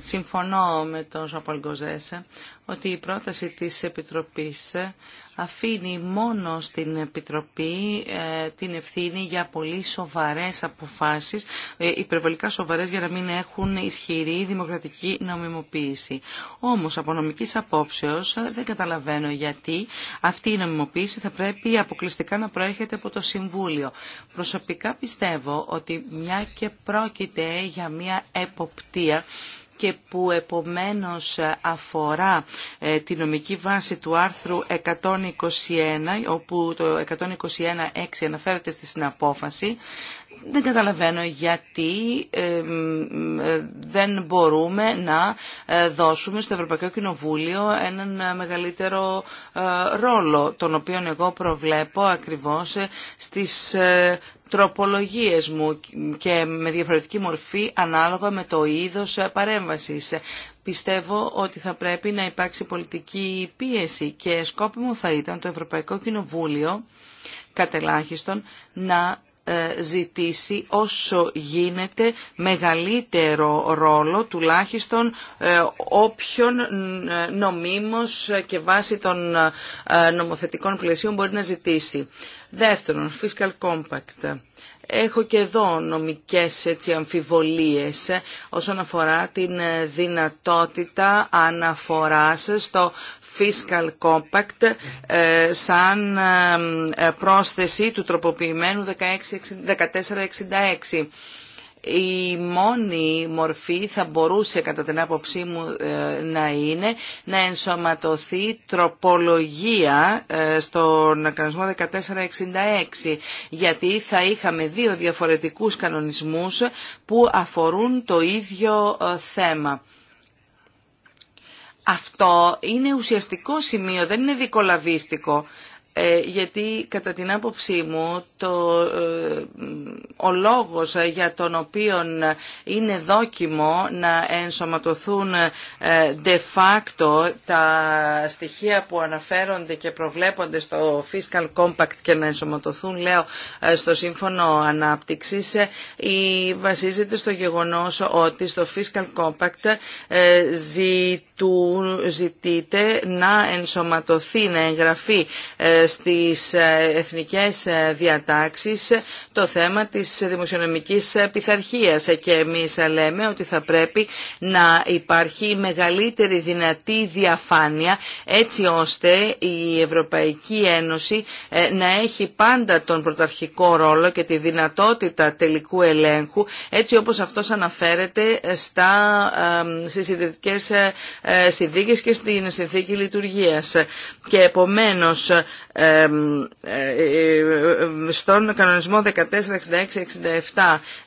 Συμφωνώ με τον Ζαπολ ότι η πρόταση της Επιτροπής αφήνει μόνο στην Επιτροπή ε, την ευθύνη για πολύ σοβαρές αποφάσεις, ε, υπερβολικά σοβαρές για να μην έχουν ισχυρή δημοκρατική νομιμοποίηση. Όμως από νομικής απόψεως δεν καταλαβαίνω γιατί αυτή η νομιμοποίηση θα πρέπει αποκλειστικά να προέρχεται από το Συμβούλιο. Προσωπικά πιστεύω ότι μια και πρόκειται για μια εποπτεία και που επομένως αφορά ε, τη νομική βάση του άρθρου 121, όπου το 121.6 αναφέρεται στη συναπόφαση, δεν καταλαβαίνω γιατί ε, δεν μπορούμε να ε, δώσουμε στο Ευρωπαϊκό Κοινοβούλιο έναν μεγαλύτερο ρόλο, τον οποίο εγώ προβλέπω ακριβώς στις τροπολογίες μου και με διαφορετική μορφή ανάλογα με το είδος παρέμβασης. Πιστεύω ότι θα πρέπει να υπάρξει πολιτική πίεση και σκόπιμο θα ήταν το Ευρωπαϊκό Κοινοβούλιο κατελάχιστον να ε, ζητήσει όσο γίνεται μεγαλύτερο ρόλο τουλάχιστον ε, όποιον ε, νομίμως και βάσει των νομοθετικών πλαισίων μπορεί να ζητήσει. Δεύτερον, Fiscal Compact. Έχω και εδώ νομικές έτσι, αμφιβολίες όσον αφορά την ε, δυνατότητα αναφοράς στο Fiscal Compact ε, σαν ε, πρόσθεση του τροποποιημένου 1466 η μόνη μορφή θα μπορούσε κατά την άποψή μου ε, να είναι να ενσωματωθεί τροπολογία ε, στον κανονισμό 1466 γιατί θα είχαμε δύο διαφορετικούς κανονισμούς που αφορούν το ίδιο ε, θέμα. Αυτό είναι ουσιαστικό σημείο, δεν είναι δικολαβίστικο. Ε, γιατί κατά την άποψή μου το, ε, ο λόγος για τον οποίο είναι δόκιμο να ενσωματωθούν ε, de facto τα στοιχεία που αναφέρονται και προβλέπονται στο Fiscal Compact και να ενσωματωθούν λέω στο Σύμφωνο Ανάπτυξης βασίζεται στο γεγονός ότι στο Fiscal Compact ζητείται να ενσωματωθεί, να εγγραφεί στις ε, εθνικές ε, διατάξεις το θέμα της δημοσιονομικής πειθαρχίας και εμείς λέμε ότι θα πρέπει να υπάρχει μεγαλύτερη δυνατή διαφάνεια έτσι ώστε η Ευρωπαϊκή Ένωση ε, να έχει πάντα τον πρωταρχικό ρόλο και τη δυνατότητα τελικού ελέγχου έτσι όπως αυτός αναφέρεται στα, στις ιδρυτικές συνθήκες και στην συνθήκη λειτουργίας. Και επομένως ε, ε, στον κανονισμό 1466-67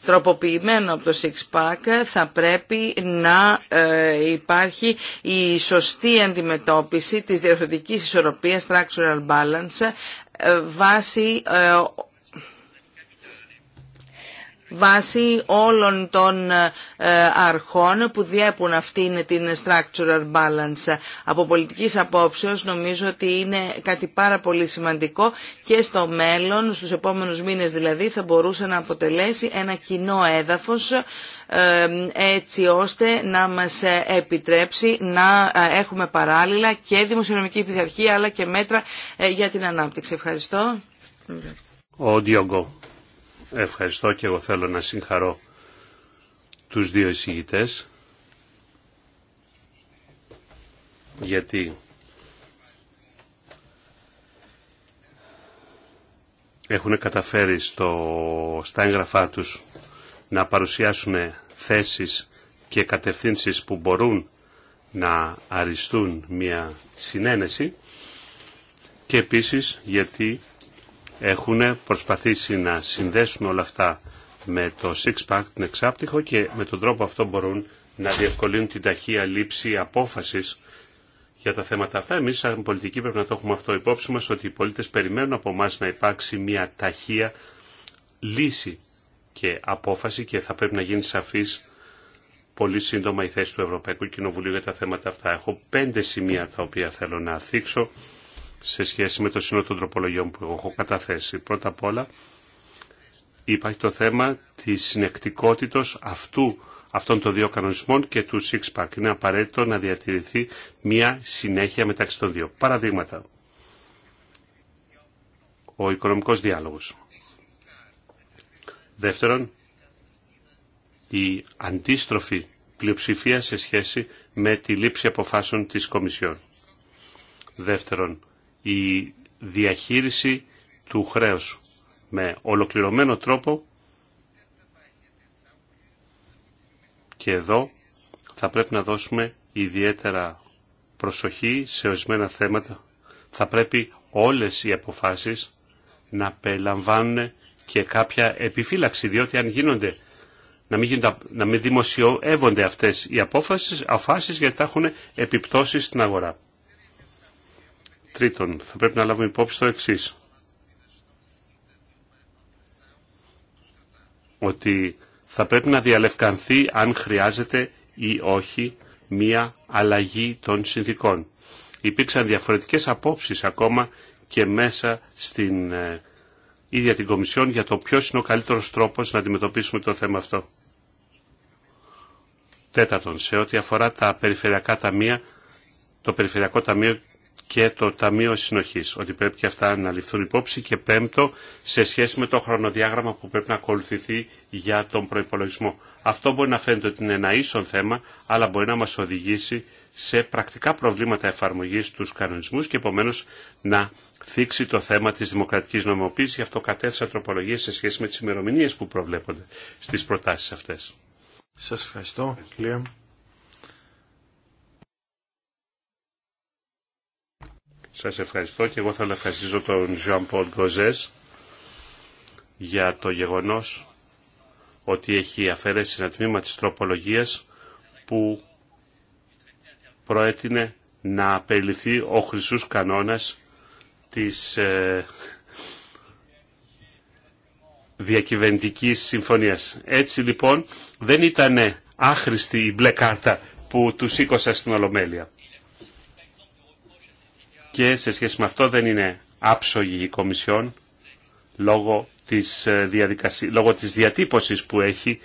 τροποποιημένο από το Six Pack θα πρέπει να ε, υπάρχει η σωστή αντιμετώπιση της διορθωτικής ισορροπίας structural balance βάσει βάσει όλων των ε, αρχών που διέπουν αυτήν την structural balance. Από πολιτικής απόψεως νομίζω ότι είναι κάτι πάρα πολύ σημαντικό και στο μέλλον, στους επόμενους μήνες δηλαδή, θα μπορούσε να αποτελέσει ένα κοινό έδαφος ε, έτσι ώστε να μας επιτρέψει να ε, έχουμε παράλληλα και δημοσιονομική πειθαρχία αλλά και μέτρα για την ανάπτυξη. Ευχαριστώ. Ευχαριστώ και εγώ θέλω να συγχαρώ τους δύο εισηγητές γιατί έχουν καταφέρει στο, στα έγγραφά τους να παρουσιάσουν θέσεις και κατευθύνσεις που μπορούν να αριστούν μια συνένεση και επίσης γιατί έχουν προσπαθήσει να συνδέσουν όλα αυτά με το six-pack, την εξάπτυχο και με τον τρόπο αυτό μπορούν να διευκολύνουν την ταχεία λήψη απόφασης για τα θέματα αυτά. Εμείς σαν πολιτικοί πρέπει να το έχουμε αυτό υπόψη μας ότι οι πολίτες περιμένουν από εμά να υπάρξει μια ταχεία λύση και απόφαση και θα πρέπει να γίνει σαφής πολύ σύντομα η θέση του Ευρωπαϊκού Κοινοβουλίου για τα θέματα αυτά. Έχω πέντε σημεία τα οποία θέλω να θίξω σε σχέση με το σύνολο των τροπολογιών που έχω καταθέσει. Πρώτα απ' όλα υπάρχει το θέμα της συνεκτικότητος αυτού, αυτών των δύο κανονισμών και του six-pack. Είναι απαραίτητο να διατηρηθεί μια συνέχεια μεταξύ των δύο. Παραδείγματα. Ο οικονομικός διάλογος. Δεύτερον, η αντίστροφη πλειοψηφία σε σχέση με τη λήψη αποφάσεων της Κομισιόν. Δεύτερον, η διαχείριση του χρέους με ολοκληρωμένο τρόπο και εδώ θα πρέπει να δώσουμε ιδιαίτερα προσοχή σε ορισμένα θέματα. Θα πρέπει όλες οι αποφάσεις να περιλαμβάνουν και κάποια επιφύλαξη, διότι αν γίνονται να μην, γίνονται, δημοσιεύονται αυτές οι απόφασεις, γιατί θα έχουν επιπτώσεις στην αγορά. Τρίτον, θα πρέπει να λάβουμε υπόψη το εξή. Ότι θα πρέπει να διαλευκανθεί αν χρειάζεται ή όχι μία αλλαγή των συνθήκων. Υπήρξαν διαφορετικές απόψεις ακόμα και μέσα στην ε, ίδια την Κομισιόν για το ποιος είναι ο καλύτερος τρόπος να αντιμετωπίσουμε το θέμα αυτό. Τέταρτον, σε ό,τι αφορά τα περιφερειακά ταμεία, το Περιφερειακό Ταμείο και το Ταμείο Συνοχής, ότι πρέπει και αυτά να ληφθούν υπόψη και πέμπτο σε σχέση με το χρονοδιάγραμμα που πρέπει να ακολουθηθεί για τον προϋπολογισμό. Αυτό μπορεί να φαίνεται ότι είναι ένα ίσον θέμα, αλλά μπορεί να μας οδηγήσει σε πρακτικά προβλήματα εφαρμογής τους κανονισμούς και επομένως να θίξει το θέμα της δημοκρατικής νομιμοποίησης. Γι' αυτό κατέθεσα σε σχέση με τις ημερομηνίες που προβλέπονται στις προτάσεις αυτές. Σας ευχαριστώ, Σας ευχαριστώ και εγώ θέλω να ευχαριστήσω τον Jean Paul για το γεγονός ότι έχει αφαιρέσει ένα τμήμα της τροπολογίας που προέτεινε να απεληθεί ο χρυσούς κανόνας της ε, διακυβερνητικής συμφωνίας. Έτσι λοιπόν δεν ήταν άχρηστη η μπλε κάρτα που του σήκωσα στην Ολομέλεια και σε σχέση με αυτό δεν είναι άψογη η Κομισιόν λόγω της, ε, διαδικασίας, λόγω της διατύπωσης που έχει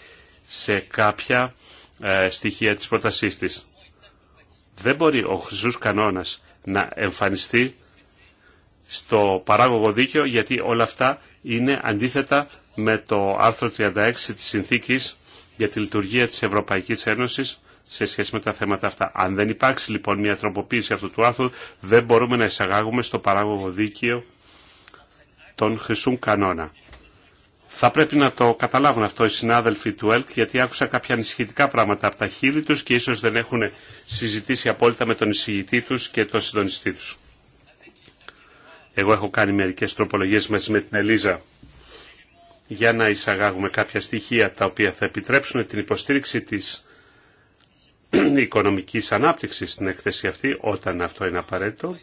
σε κάποια ε, στοιχεία της πρότασής της. Δεν μπορεί ο χρυσούς κανόνας να εμφανιστεί στο παράγωγο δίκαιο γιατί όλα αυτά είναι αντίθετα με το άρθρο 36 της Συνθήκης για τη λειτουργία της Ευρωπαϊκής Ένωσης σε σχέση με τα θέματα αυτά. Αν δεν υπάρξει λοιπόν μια τροποποίηση αυτού του άρθρου, δεν μπορούμε να εισαγάγουμε στο παράγωγο δίκαιο τον χρυσούν κανόνα. Θα πρέπει να το καταλάβουν αυτό οι συνάδελφοι του ΕΛΚ, γιατί άκουσα κάποια ανησυχητικά πράγματα από τα χείλη τους και ίσως δεν έχουν συζητήσει απόλυτα με τον εισηγητή τους και τον συντονιστή τους. Εγώ έχω κάνει μερικές τροπολογίες μαζί με την Ελίζα για να εισαγάγουμε κάποια στοιχεία τα οποία θα επιτρέψουν την υποστήριξη της οικονομικής ανάπτυξης στην έκθεση αυτή όταν αυτό είναι απαραίτητο.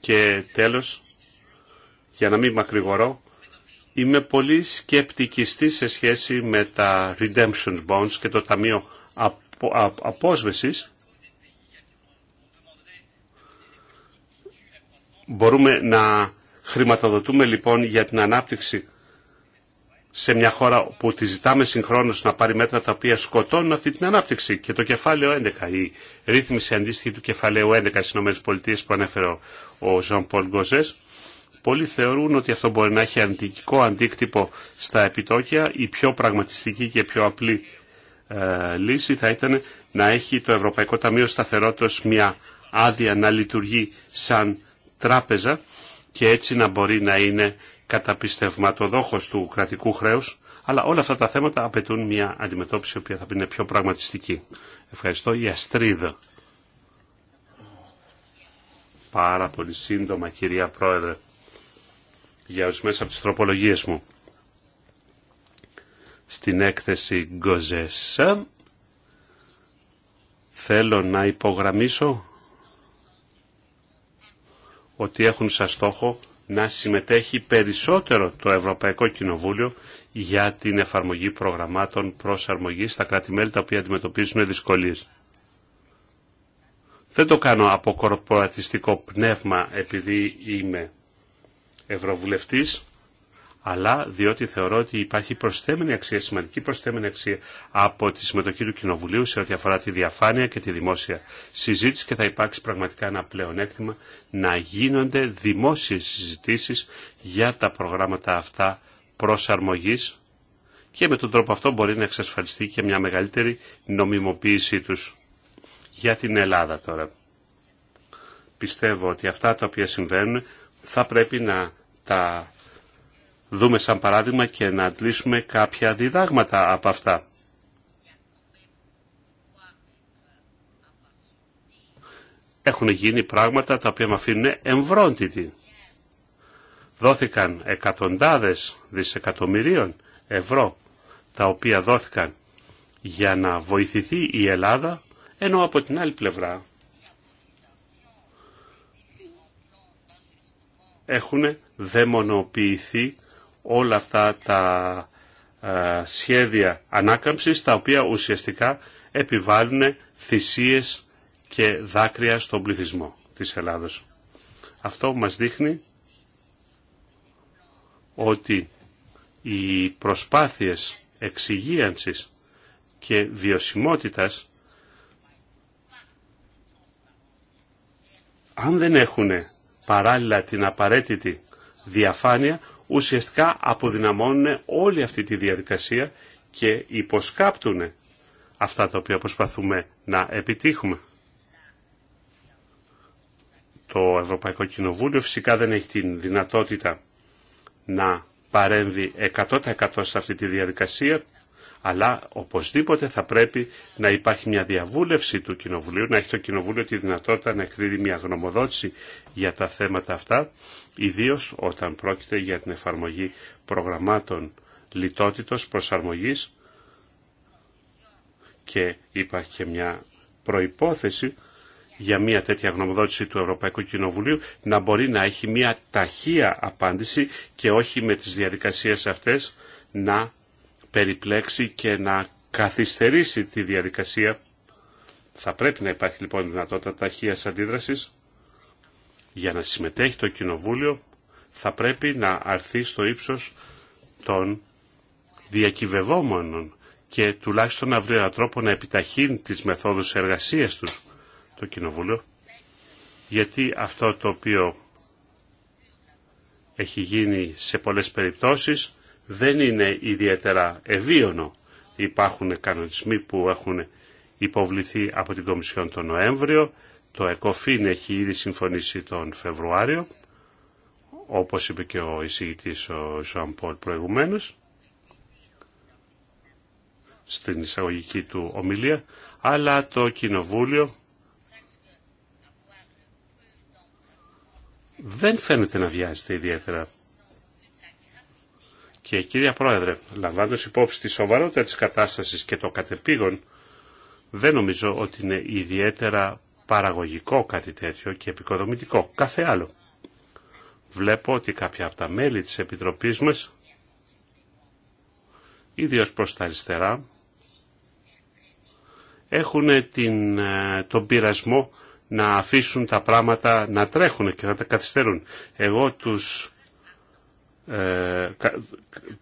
Και τέλος, για να μην μακρηγορώ, είμαι πολύ σκεπτικιστής σε σχέση με τα redemption bonds και το Ταμείο απο, Απόσβεσης. Μπορούμε να χρηματοδοτούμε λοιπόν για την ανάπτυξη σε μια χώρα που τη ζητάμε συγχρονώ να πάρει μέτρα τα οποία σκοτώνουν αυτή την ανάπτυξη και το κεφάλαιο 11, η ρύθμιση αντίστοιχη του κεφαλαίου 11 στι ΗΠΑ που ανέφερε ο Ζαν Πολ Γκοζέ, πολλοί θεωρούν ότι αυτό μπορεί να έχει αντικικό αντίκτυπο στα επιτόκια. Η πιο πραγματιστική και πιο απλή ε, λύση θα ήταν να έχει το Ευρωπαϊκό Ταμείο σταθερότητα μια άδεια να λειτουργεί σαν τράπεζα και έτσι να μπορεί να είναι καταπιστευματοδόχος του κρατικού χρέους, αλλά όλα αυτά τα θέματα απαιτούν μια αντιμετώπιση η οποία θα είναι πιο πραγματιστική. Ευχαριστώ. Η Αστρίδα. Πάρα πολύ σύντομα κυρία Πρόεδρε για μέσα από τις τροπολογίες μου. Στην έκθεση Γκοζέσα θέλω να υπογραμμίσω ότι έχουν σαν στόχο να συμμετέχει περισσότερο το Ευρωπαϊκό Κοινοβούλιο για την εφαρμογή προγραμμάτων προσαρμογής στα κράτη-μέλη τα οποία αντιμετωπίζουν δυσκολίες. Δεν το κάνω από κορπορατιστικό πνεύμα επειδή είμαι ευρωβουλευτής αλλά διότι θεωρώ ότι υπάρχει προσθέμενη αξία, σημαντική προσθέμενη αξία από τη συμμετοχή του Κοινοβουλίου σε ό,τι αφορά τη διαφάνεια και τη δημόσια συζήτηση και θα υπάρξει πραγματικά ένα πλεονέκτημα να γίνονται δημόσιες συζητήσεις για τα προγράμματα αυτά προσαρμογής και με τον τρόπο αυτό μπορεί να εξασφαλιστεί και μια μεγαλύτερη νομιμοποίησή τους για την Ελλάδα τώρα. Πιστεύω ότι αυτά τα οποία συμβαίνουν θα πρέπει να τα δούμε σαν παράδειγμα και να αντλήσουμε κάποια διδάγματα από αυτά. Έχουν γίνει πράγματα τα οποία με αφήνουν εμβρόντιτοι. Δόθηκαν εκατοντάδες δισεκατομμυρίων ευρώ τα οποία δόθηκαν για να βοηθηθεί η Ελλάδα ενώ από την άλλη πλευρά έχουν δαιμονοποιηθεί όλα αυτά τα ε, σχέδια ανάκαμψης τα οποία ουσιαστικά επιβάλλουν θυσίες και δάκρυα στον πληθυσμό της Ελλάδος. Αυτό μας δείχνει ότι οι προσπάθειες εξυγίανσης και βιωσιμότητας αν δεν έχουν παράλληλα την απαραίτητη διαφάνεια ουσιαστικά αποδυναμώνουν όλη αυτή τη διαδικασία και υποσκάπτουν αυτά τα οποία προσπαθούμε να επιτύχουμε. Το Ευρωπαϊκό Κοινοβούλιο φυσικά δεν έχει την δυνατότητα να παρέμβει 100% σε αυτή τη διαδικασία αλλά οπωσδήποτε θα πρέπει να υπάρχει μια διαβούλευση του Κοινοβουλίου, να έχει το Κοινοβούλιο τη δυνατότητα να εκδίδει μια γνωμοδότηση για τα θέματα αυτά, ιδίως όταν πρόκειται για την εφαρμογή προγραμμάτων λιτότητος, προσαρμογής και υπάρχει και μια προϋπόθεση για μια τέτοια γνωμοδότηση του Ευρωπαϊκού Κοινοβουλίου να μπορεί να έχει μια ταχεία απάντηση και όχι με τις διαδικασίες αυτές να περιπλέξει και να καθυστερήσει τη διαδικασία. Θα πρέπει να υπάρχει λοιπόν δυνατότητα ταχείας αντίδρασης. Για να συμμετέχει το Κοινοβούλιο θα πρέπει να αρθεί στο ύψος των διακυβευόμενων και τουλάχιστον να βρει έναν τρόπο να επιταχύνει τις μεθόδους εργασίας του το Κοινοβούλιο. Γιατί αυτό το οποίο έχει γίνει σε πολλές περιπτώσεις δεν είναι ιδιαίτερα ευίωνο. Υπάρχουν κανονισμοί που έχουν υποβληθεί από την Κομισιόν τον Νοέμβριο, το ΕΚΟΦΗΝ έχει ήδη συμφωνήσει τον Φεβρουάριο, όπως είπε και ο εισηγητής ο Ζωάν Πολ προηγουμένως, στην εισαγωγική του ομιλία, αλλά το Κοινοβούλιο δεν φαίνεται να βιάζεται ιδιαίτερα. Και κύριε Πρόεδρε, λαμβάνοντας υπόψη τη σοβαρότητα της κατάστασης και το κατεπήγον, δεν νομίζω ότι είναι ιδιαίτερα παραγωγικό κάτι τέτοιο και επικοδομητικό. Κάθε άλλο. Βλέπω ότι κάποια από τα μέλη της Επιτροπής μας, ιδίως προς τα αριστερά, έχουν την, ε, τον πειρασμό να αφήσουν τα πράγματα να τρέχουν και να τα καθυστερούν. Εγώ τους ε,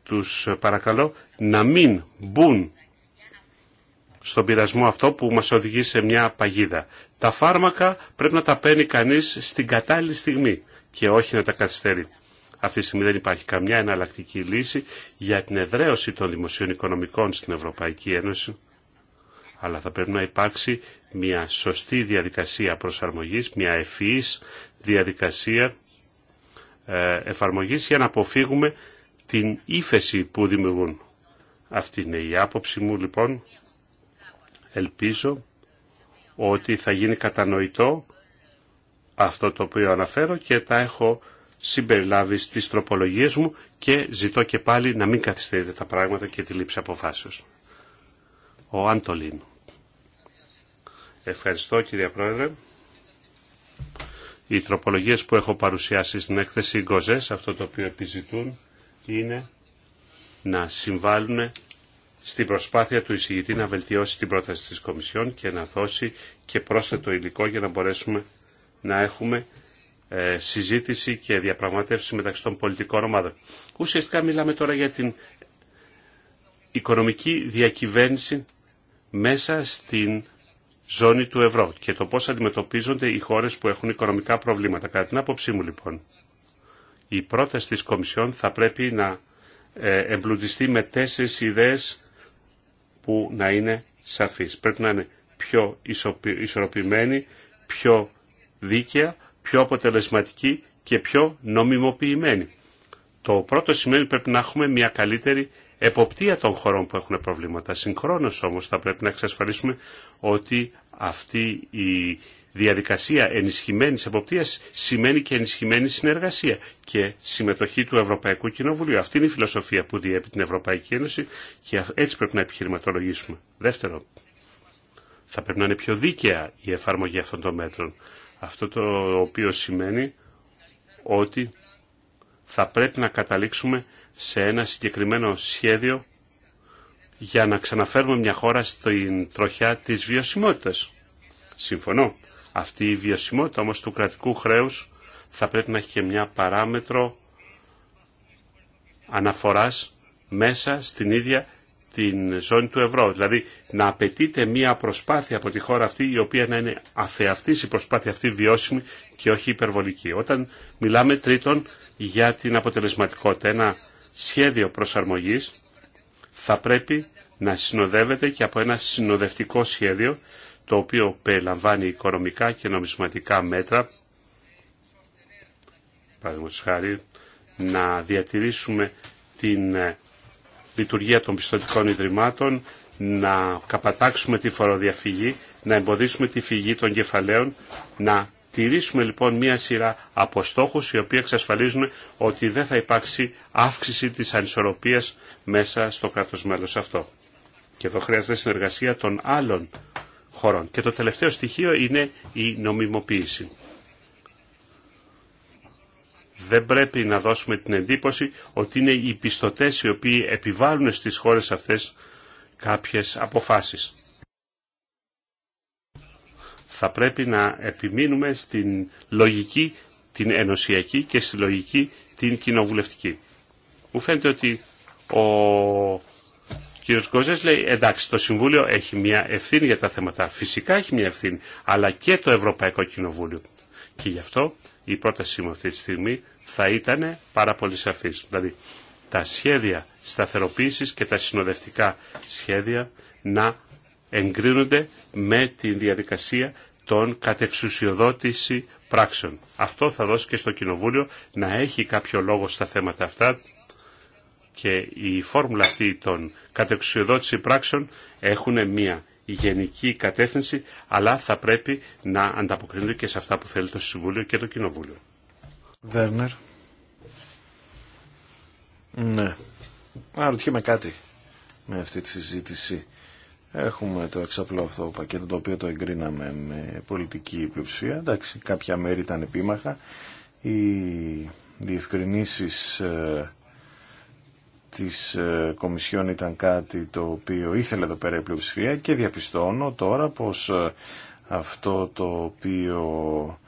τους παρακαλώ να μην μπουν στον πειρασμό αυτό που μας οδηγεί σε μια παγίδα. Τα φάρμακα πρέπει να τα παίρνει κανείς στην κατάλληλη στιγμή και όχι να τα καθυστερεί. Αυτή τη στιγμή δεν υπάρχει καμιά εναλλακτική λύση για την εδραίωση των δημοσίων οικονομικών στην Ευρωπαϊκή Ένωση, αλλά θα πρέπει να υπάρξει μια σωστή διαδικασία προσαρμογής, μια ευφυής διαδικασία ε, εφαρμογής για να αποφύγουμε την ύφεση που δημιουργούν. Αυτή είναι η άποψη μου λοιπόν. Ελπίζω ότι θα γίνει κατανοητό αυτό το οποίο αναφέρω και τα έχω συμπεριλάβει στις τροπολογίες μου και ζητώ και πάλι να μην καθυστερείτε τα πράγματα και τη λήψη αποφάσεως. Ο Αντολίν. Ευχαριστώ κύριε Πρόεδρε. Οι τροπολογίες που έχω παρουσιάσει στην έκθεση Γκοζές, αυτό το οποίο επιζητούν, είναι να συμβάλλουν στην προσπάθεια του εισηγητή να βελτιώσει την πρόταση της Κομισιόν και να δώσει και πρόσθετο υλικό για να μπορέσουμε να έχουμε ε, συζήτηση και διαπραγματεύσεις μεταξύ των πολιτικών ομάδων. Ουσιαστικά μιλάμε τώρα για την οικονομική διακυβέρνηση μέσα στην ζώνη του ευρώ και το πώς αντιμετωπίζονται οι χώρες που έχουν οικονομικά προβλήματα. Κατά την άποψή μου λοιπόν, η πρόταση της Κομισιόν θα πρέπει να ε, εμπλουτιστεί με τέσσερις ιδέες που να είναι σαφείς. Πρέπει να είναι πιο ισορροπημένη, πιο δίκαια, πιο αποτελεσματική και πιο νομιμοποιημένη. Το πρώτο σημαίνει πρέπει να έχουμε μια καλύτερη εποπτεία των χωρών που έχουν προβλήματα. Συγχρόνως όμως θα πρέπει να εξασφαλίσουμε ότι αυτή η διαδικασία ενισχυμένης εποπτείας σημαίνει και ενισχυμένη συνεργασία και συμμετοχή του Ευρωπαϊκού Κοινοβουλίου. Αυτή είναι η φιλοσοφία που διέπει την Ευρωπαϊκή Ένωση και έτσι πρέπει να επιχειρηματολογήσουμε. Δεύτερο, θα πρέπει να είναι πιο δίκαια η εφαρμογή αυτών των μέτρων. Αυτό το οποίο σημαίνει ότι θα πρέπει να καταλήξουμε σε ένα συγκεκριμένο σχέδιο για να ξαναφέρουμε μια χώρα στην τροχιά της βιωσιμότητας. Συμφωνώ. Αυτή η βιωσιμότητα όμως του κρατικού χρέους θα πρέπει να έχει και μια παράμετρο αναφοράς μέσα στην ίδια την ζώνη του ευρώ. Δηλαδή να απαιτείται μια προσπάθεια από τη χώρα αυτή η οποία να είναι αφεαυτής η προσπάθεια αυτή βιώσιμη και όχι υπερβολική. Όταν μιλάμε τρίτον για την αποτελεσματικότητα, σχέδιο προσαρμογής θα πρέπει να συνοδεύεται και από ένα συνοδευτικό σχέδιο το οποίο περιλαμβάνει οικονομικά και νομισματικά μέτρα παραδείγματος χάρη να διατηρήσουμε την ε, λειτουργία των πιστοτικών ιδρυμάτων να καπατάξουμε τη φοροδιαφυγή να εμποδίσουμε τη φυγή των κεφαλαίων να τηρήσουμε λοιπόν μία σειρά από στόχου, οι οποίοι εξασφαλίζουν ότι δεν θα υπάρξει αύξηση της ανισορροπίας μέσα στο κράτος μέλος αυτό. Και εδώ χρειάζεται συνεργασία των άλλων χωρών. Και το τελευταίο στοιχείο είναι η νομιμοποίηση. Δεν πρέπει να δώσουμε την εντύπωση ότι είναι οι πιστωτές οι οποίοι επιβάλλουν στις χώρες αυτές κάποιες αποφάσεις θα πρέπει να επιμείνουμε στην λογική την ενωσιακή και στη λογική την κοινοβουλευτική. Μου φαίνεται ότι ο κ. Κόζες λέει εντάξει το Συμβούλιο έχει μια ευθύνη για τα θέματα. Φυσικά έχει μια ευθύνη αλλά και το Ευρωπαϊκό Κοινοβούλιο. Και γι' αυτό η πρότασή μου αυτή τη στιγμή θα ήταν πάρα πολύ σαφής. Δηλαδή τα σχέδια σταθεροποίησης και τα συνοδευτικά σχέδια να εγκρίνονται με τη διαδικασία των κατεξουσιοδότηση πράξεων. Αυτό θα δώσει και στο Κοινοβούλιο να έχει κάποιο λόγο στα θέματα αυτά και η φόρμουλα αυτή των κατεξουσιοδότηση πράξεων έχουν μια γενική κατεύθυνση, αλλά θα πρέπει να ανταποκρίνονται και σε αυτά που θέλει το Συμβούλιο και το Κοινοβούλιο. Βέρνερ. Ναι. κάτι με αυτή τη συζήτηση. Έχουμε το εξαπλό αυτό πακέτο το οποίο το εγκρίναμε με πολιτική πλειοψηφία. Εντάξει, κάποια μέρη ήταν επίμαχα. Οι διευκρινήσεις ε, της ε, Κομισιόν ήταν κάτι το οποίο ήθελε εδώ πέρα η πλειοψηφία και διαπιστώνω τώρα πως ε, αυτό το οποίο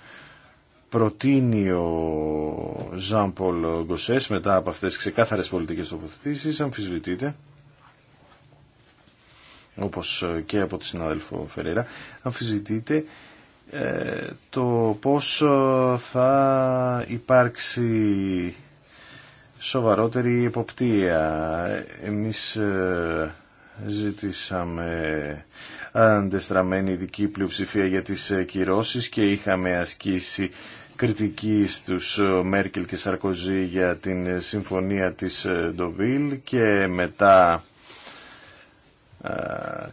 προτείνει ο Ζαν Πολ Γκοσές μετά από αυτές τις ξεκάθαρες πολιτικές τοποθετήσεις αμφισβητείται όπως ε, και από τη συνάδελφο Φερέρα, αμφισβητείται ε, το πόσο ε, θα υπάρξει σοβαρότερη υποπτία. Εμείς ζήτησαμε αντεστραμμένη ειδική πλειοψηφία για τις κυρώσεις και είχαμε ασκήσει κριτική στους Μέρκελ και Σαρκοζή για την συμφωνία της Ντοβίλ και μετά ε,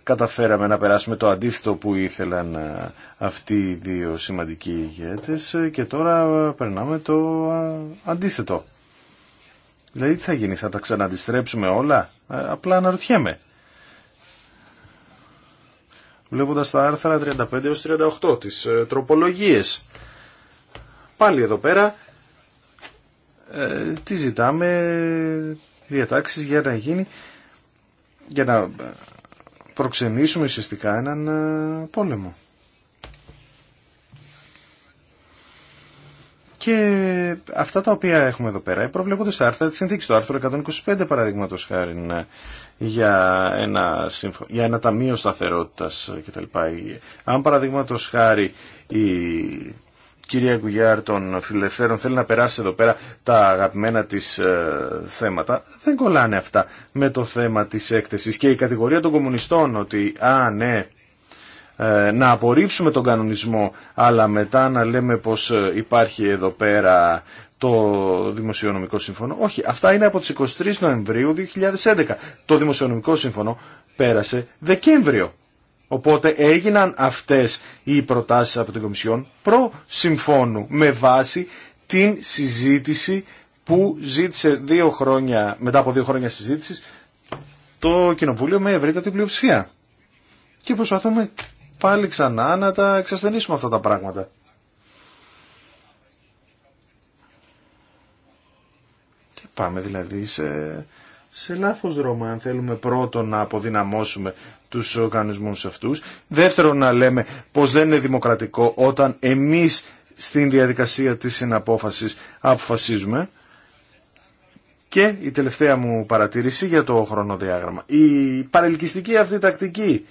καταφέραμε να περάσουμε το αντίθετο που ήθελαν ε, αυτοί οι δύο σημαντικοί ηγέτες και τώρα περνάμε το ε, αντίθετο. Δηλαδή τι θα γίνει, θα τα ξαναντιστρέψουμε όλα, απλά αναρωτιέμαι. Βλέποντας τα άρθρα 35 έως 38 τις τροπολογίες. Πάλι εδώ πέρα τι ζητάμε διατάξεις για να γίνει για να προξενήσουμε ουσιαστικά έναν ε, πόλεμο. Και αυτά τα οποία έχουμε εδώ πέρα ε, προβλέπονται στα άρθρα της συνθήκης. Το άρθρο 125 παραδείγματο χάρη ε, για ένα, σύμφω... για ένα ταμείο σταθερότητας κτλ. Αν παραδείγματο χάρη η κυρία Γκουγιάρ των Φιλελευθέρων θέλει να περάσει εδώ πέρα τα αγαπημένα της ε, θέματα. Δεν κολλάνε αυτά με το θέμα της έκθεσης και η κατηγορία των κομμουνιστών ότι α ναι ε, να απορρίψουμε τον κανονισμό αλλά μετά να λέμε πως ε, υπάρχει εδώ πέρα το Δημοσιονομικό Σύμφωνο. Όχι, αυτά είναι από τις 23 Νοεμβρίου 2011. Το Δημοσιονομικό Σύμφωνο πέρασε Δεκέμβριο. Οπότε έγιναν αυτές οι προτάσεις από την Κομισιόν προ συμφώνου με βάση την συζήτηση που ζήτησε δύο χρόνια, μετά από δύο χρόνια συζήτησης το Κοινοβούλιο με ευρύτατη πλειοψηφία. Και προσπαθούμε πάλι ξανά να τα εξασθενήσουμε αυτά τα πράγματα. Και πάμε δηλαδή σε, σε λάθος δρόμο αν θέλουμε πρώτον να αποδυναμώσουμε τους οργανισμούς αυτούς. Δεύτερον να λέμε πως δεν είναι δημοκρατικό όταν εμείς στην διαδικασία της συναπόφασης αποφασίζουμε. Και η τελευταία μου παρατήρηση για το χρονοδιάγραμμα. Η παρελκυστική αυτή τακτική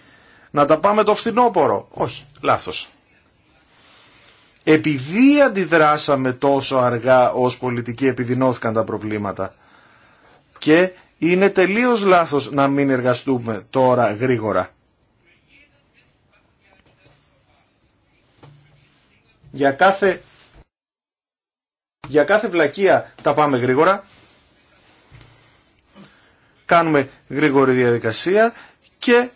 να τα πάμε το φθινόπωρο. Όχι, λάθος. Επειδή αντιδράσαμε τόσο αργά ως πολιτικοί επιδεινώθηκαν τα προβλήματα και είναι τελείως λάθος να μην εργαστούμε τώρα γρήγορα. Για κάθε, για κάθε βλακεία τα πάμε γρήγορα. Κάνουμε γρήγορη διαδικασία και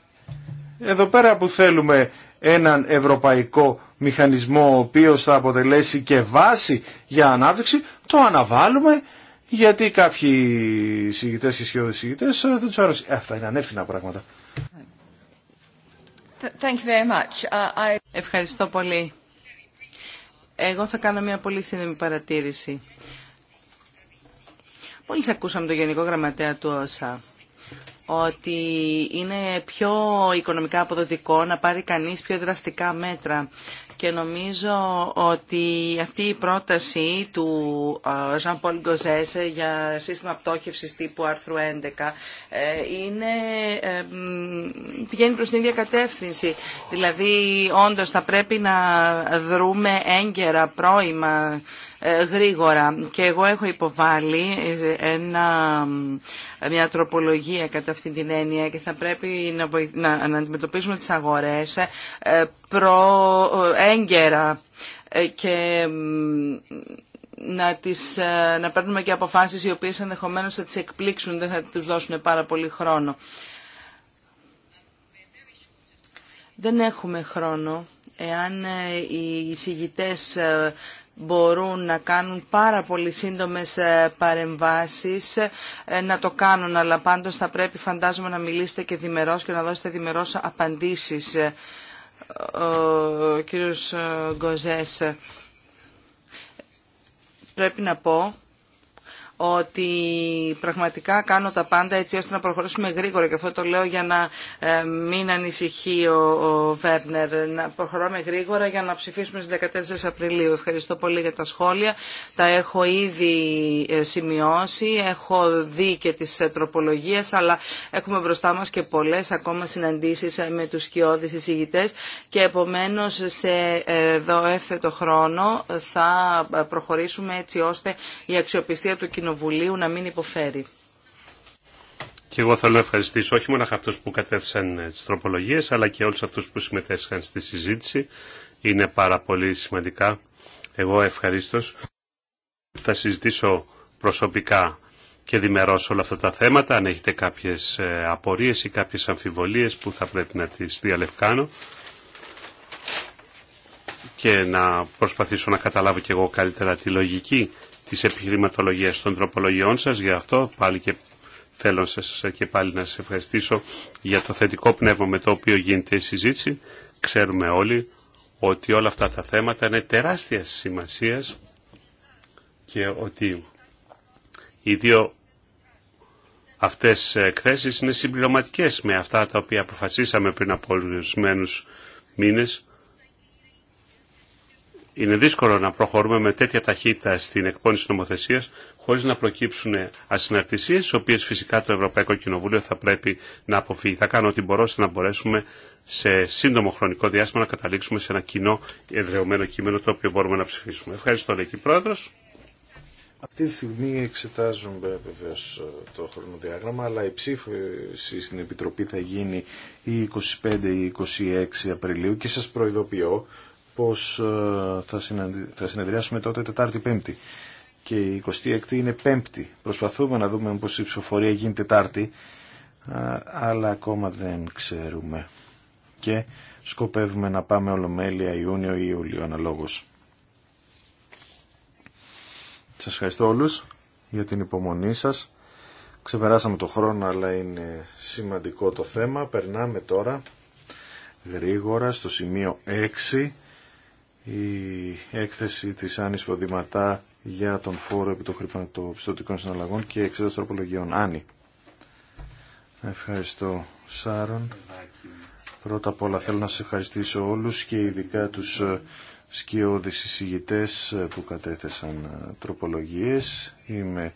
εδώ πέρα που θέλουμε έναν ευρωπαϊκό μηχανισμό ο οποίος θα αποτελέσει και βάση για ανάπτυξη, το αναβάλουμε γιατί κάποιοι συγητέ και σχεδόν συγητέ ε, δεν του άρεσε. Ε, αυτά είναι ανεύθυνα πράγματα. Uh, Ευχαριστώ πολύ. Εγώ θα κάνω μια πολύ σύντομη παρατήρηση. Πολύ ακούσαμε τον Γενικό Γραμματέα του ΩΣΑ ότι είναι πιο οικονομικά αποδοτικό να πάρει κανείς πιο δραστικά μέτρα και νομίζω ότι αυτή η πρόταση του Ζαν Πολ Γκοζέσε για σύστημα πτώχευσης τύπου άρθρου 11 ε, είναι, ε, πηγαίνει προς την ίδια κατεύθυνση. Δηλαδή όντως θα πρέπει να δρούμε έγκαιρα, πρώιμα ε, γρήγορα. Και εγώ έχω υποβάλει ε, μια τροπολογία κατά αυτήν την έννοια και θα πρέπει να, αντιμετωπίσουμε τις αγορές ε, προ, έγκαιρα και να, τις, παίρνουμε και αποφάσεις οι οποίες ενδεχομένως θα τις εκπλήξουν, δεν θα τους δώσουν πάρα πολύ χρόνο. Δεν έχουμε χρόνο. Εάν οι εισηγητές μπορούν να κάνουν πάρα πολύ σύντομες ε, παρεμβάσεις ε, να το κάνουν, αλλά πάντως θα πρέπει φαντάζομαι να μιλήσετε και διμερός και να δώσετε διμερός απαντήσεις. Ε, ο κύριος Γκοζές, πρέπει να πω ότι πραγματικά κάνω τα πάντα έτσι ώστε να προχωρήσουμε γρήγορα και αυτό το λέω για να ε, μην ανησυχεί ο Βέρνερ. Να προχωράμε γρήγορα για να ψηφίσουμε στις 14 Απριλίου. Ευχαριστώ πολύ για τα σχόλια. Τα έχω ήδη ε, σημειώσει, έχω δει και τις ε, τροπολογίες αλλά έχουμε μπροστά μας και πολλές ακόμα συναντήσεις με τους σκιώδεις εισηγητές και επομένως σε εδώ έφετο χρόνο θα προχωρήσουμε έτσι ώστε η αξιοπιστία του κοινωνικού Κοινοβουλίου να μην υποφέρει. Και εγώ θέλω να ευχαριστήσω όχι μόνο αυτούς που κατέθεσαν ε, τι τροπολογίε, αλλά και όλους αυτούς που συμμετέσχαν στη συζήτηση. Είναι πάρα πολύ σημαντικά. Εγώ ευχαριστώ. Θα συζητήσω προσωπικά και διμερώς όλα αυτά τα θέματα, αν έχετε κάποιες ε, απορίες ή κάποιες αμφιβολίες που θα πρέπει να τις διαλευκάνω και να προσπαθήσω να καταλάβω και εγώ καλύτερα τη λογική τις επιχειρηματολογίες των τροπολογιών σας. Γι' αυτό πάλι και θέλω σας και πάλι να σας ευχαριστήσω για το θετικό πνεύμα με το οποίο γίνεται η συζήτηση. Ξέρουμε όλοι ότι όλα αυτά τα θέματα είναι τεράστια σημασίας και ότι οι δύο αυτές εκθέσεις είναι συμπληρωματικές με αυτά τα οποία αποφασίσαμε πριν από ορισμένου μήνες είναι δύσκολο να προχωρούμε με τέτοια ταχύτητα στην εκπόνηση νομοθεσία χωρί να προκύψουν ασυναρτησίε, τι οποίε φυσικά το Ευρωπαϊκό Κοινοβούλιο θα πρέπει να αποφύγει. Θα κάνω ό,τι μπορώ ώστε να μπορέσουμε σε σύντομο χρονικό διάστημα να καταλήξουμε σε ένα κοινό εδρεωμένο κείμενο το οποίο μπορούμε να ψηφίσουμε. Ευχαριστώ, Λέκη Πρόεδρο. Αυτή τη στιγμή εξετάζουμε βεβαίω ε, το χρονοδιάγραμμα, αλλά η ψήφιση στην Επιτροπή θα γίνει η 25 ή 26 Απριλίου και σα προειδοποιώ πως ε, θα συνεδριάσουμε τότε Τετάρτη Πέμπτη και η 26η είναι Πέμπτη. Προσπαθούμε να δούμε πως η ψηφοφορία γίνει Τετάρτη ε, αλλά ακόμα δεν ξέρουμε και σκοπεύουμε να πάμε ολομέλεια Ιούνιο ή Ιούλιο αναλόγως. Σας ευχαριστώ όλους για την υπομονή σας. Ξεπεράσαμε το χρόνο αλλά είναι σημαντικό το θέμα. Περνάμε τώρα γρήγορα στο σημείο 6 η έκθεση της Άννης Ποδηματά για τον φόρο επί των χρηματοπιστωτικών συναλλαγών και εξέταση τροπολογιών. Άννη. Ευχαριστώ Σάρων. Πρώτα απ' όλα θέλω να σε ευχαριστήσω όλους και ειδικά τους ε, σκιώδεις εισηγητές ε, που κατέθεσαν ε, τροπολογίες. Είμαι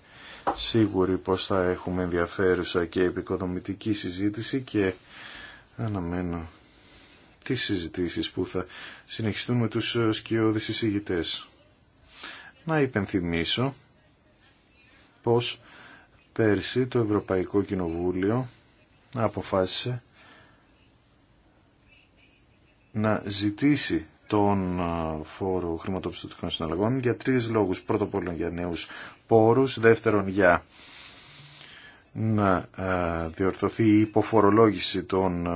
σίγουρη πως θα έχουμε ενδιαφέρουσα και επικοδομητική συζήτηση και αναμένω τις συζητήσεις που θα συνεχιστούν με τους ε, σκιώδεις εισηγητές. Να υπενθυμίσω πως πέρσι το Ευρωπαϊκό Κοινοβούλιο αποφάσισε να ζητήσει τον ε, φόρο χρηματοπιστωτικών συναλλαγών για τρεις λόγους. Πρώτο πόλεμο για νέους πόρους, δεύτερον για να ε, διορθωθεί η υποφορολόγηση των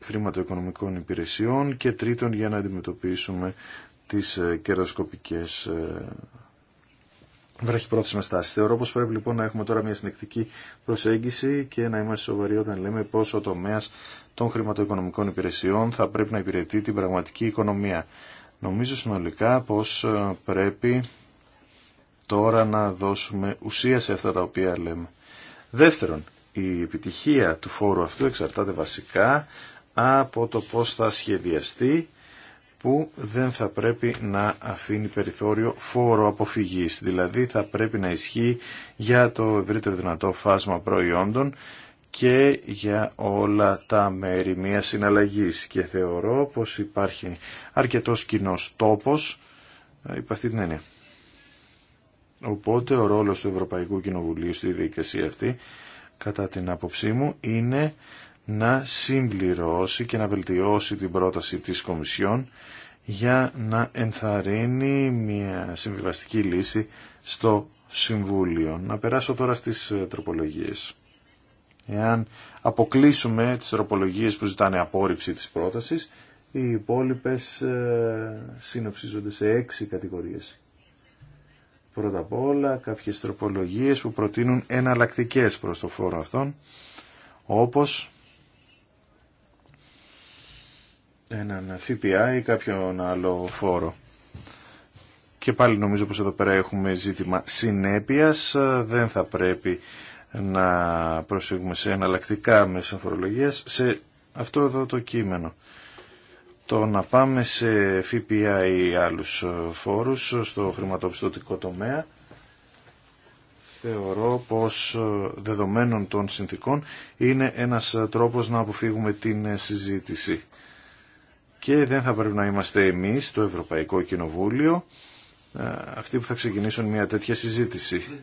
χρηματοοικονομικών υπηρεσιών και τρίτον για να αντιμετωπίσουμε τις ε, κερδοσκοπικές ε, βραχυπρόθεσμες τάσεις. Θεωρώ πως πρέπει λοιπόν να έχουμε τώρα μια συνεκτική προσέγγιση και να είμαστε σοβαροί όταν λέμε πόσο ο τομέας των χρηματοοικονομικών υπηρεσιών θα πρέπει να υπηρετεί την πραγματική οικονομία. Νομίζω συνολικά πως ε, πρέπει τώρα να δώσουμε ουσία σε αυτά τα οποία λέμε. Δεύτερον, η επιτυχία του φόρου αυτού εξαρτάται βασικά από το πώς θα σχεδιαστεί που δεν θα πρέπει να αφήνει περιθώριο φόρο αποφυγής. Δηλαδή θα πρέπει να ισχύει για το ευρύτερο δυνατό φάσμα προϊόντων και για όλα τα μέρη μιας συναλλαγής. Και θεωρώ πως υπάρχει αρκετός κοινό τόπος ε, υπ' αυτή την έννοια. Οπότε ο ρόλος του Ευρωπαϊκού Κοινοβουλίου στη δικασία αυτή κατά την άποψή μου είναι να συμπληρώσει και να βελτιώσει την πρόταση της Κομισιόν για να ενθαρρύνει μια συμβιβαστική λύση στο Συμβούλιο. Να περάσω τώρα στις ε, τροπολογίες. Εάν αποκλείσουμε τις τροπολογίες που ζητάνε απόρριψη της πρότασης, οι υπόλοιπε ε, συνοψίζονται σε έξι κατηγορίες. Πρώτα απ' όλα κάποιες τροπολογίες που προτείνουν εναλλακτικέ προς το φόρο αυτόν, όπως έναν ΦΠΑ ή κάποιον άλλο φόρο. Και πάλι νομίζω πως εδώ πέρα έχουμε ζήτημα συνέπειας, δεν θα πρέπει να προσφύγουμε σε εναλλακτικά μέσα φορολογίας, σε αυτό εδώ το κείμενο. Το να πάμε σε ΦΠΑ ή άλλους φόρους στο χρηματοπιστωτικό τομέα, θεωρώ πως δεδομένων των συνθήκων είναι ένας τρόπος να αποφύγουμε την συζήτηση και δεν θα πρέπει να είμαστε εμείς, το Ευρωπαϊκό Κοινοβούλιο, ε, αυτοί που θα ξεκινήσουν μια τέτοια συζήτηση.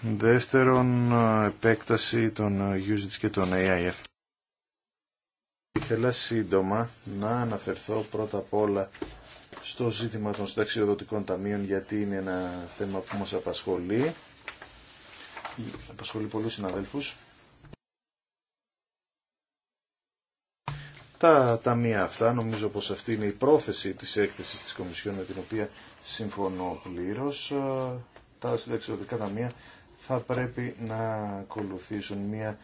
Δεύτερον, επέκταση των usage και των AIF. Ήθελα σύντομα να αναφερθώ πρώτα απ' όλα στο ζήτημα των συνταξιοδοτικών ταμείων γιατί είναι ένα θέμα που μας απασχολεί. Απασχολεί πολλούς συναδέλφους. τα ταμεία αυτά. Νομίζω πως αυτή είναι η πρόθεση της έκθεσης της Κομισιόν με την οποία συμφωνώ πλήρως. Ε, τα συνταξιδοτικά ταμεία θα πρέπει να ακολουθήσουν μια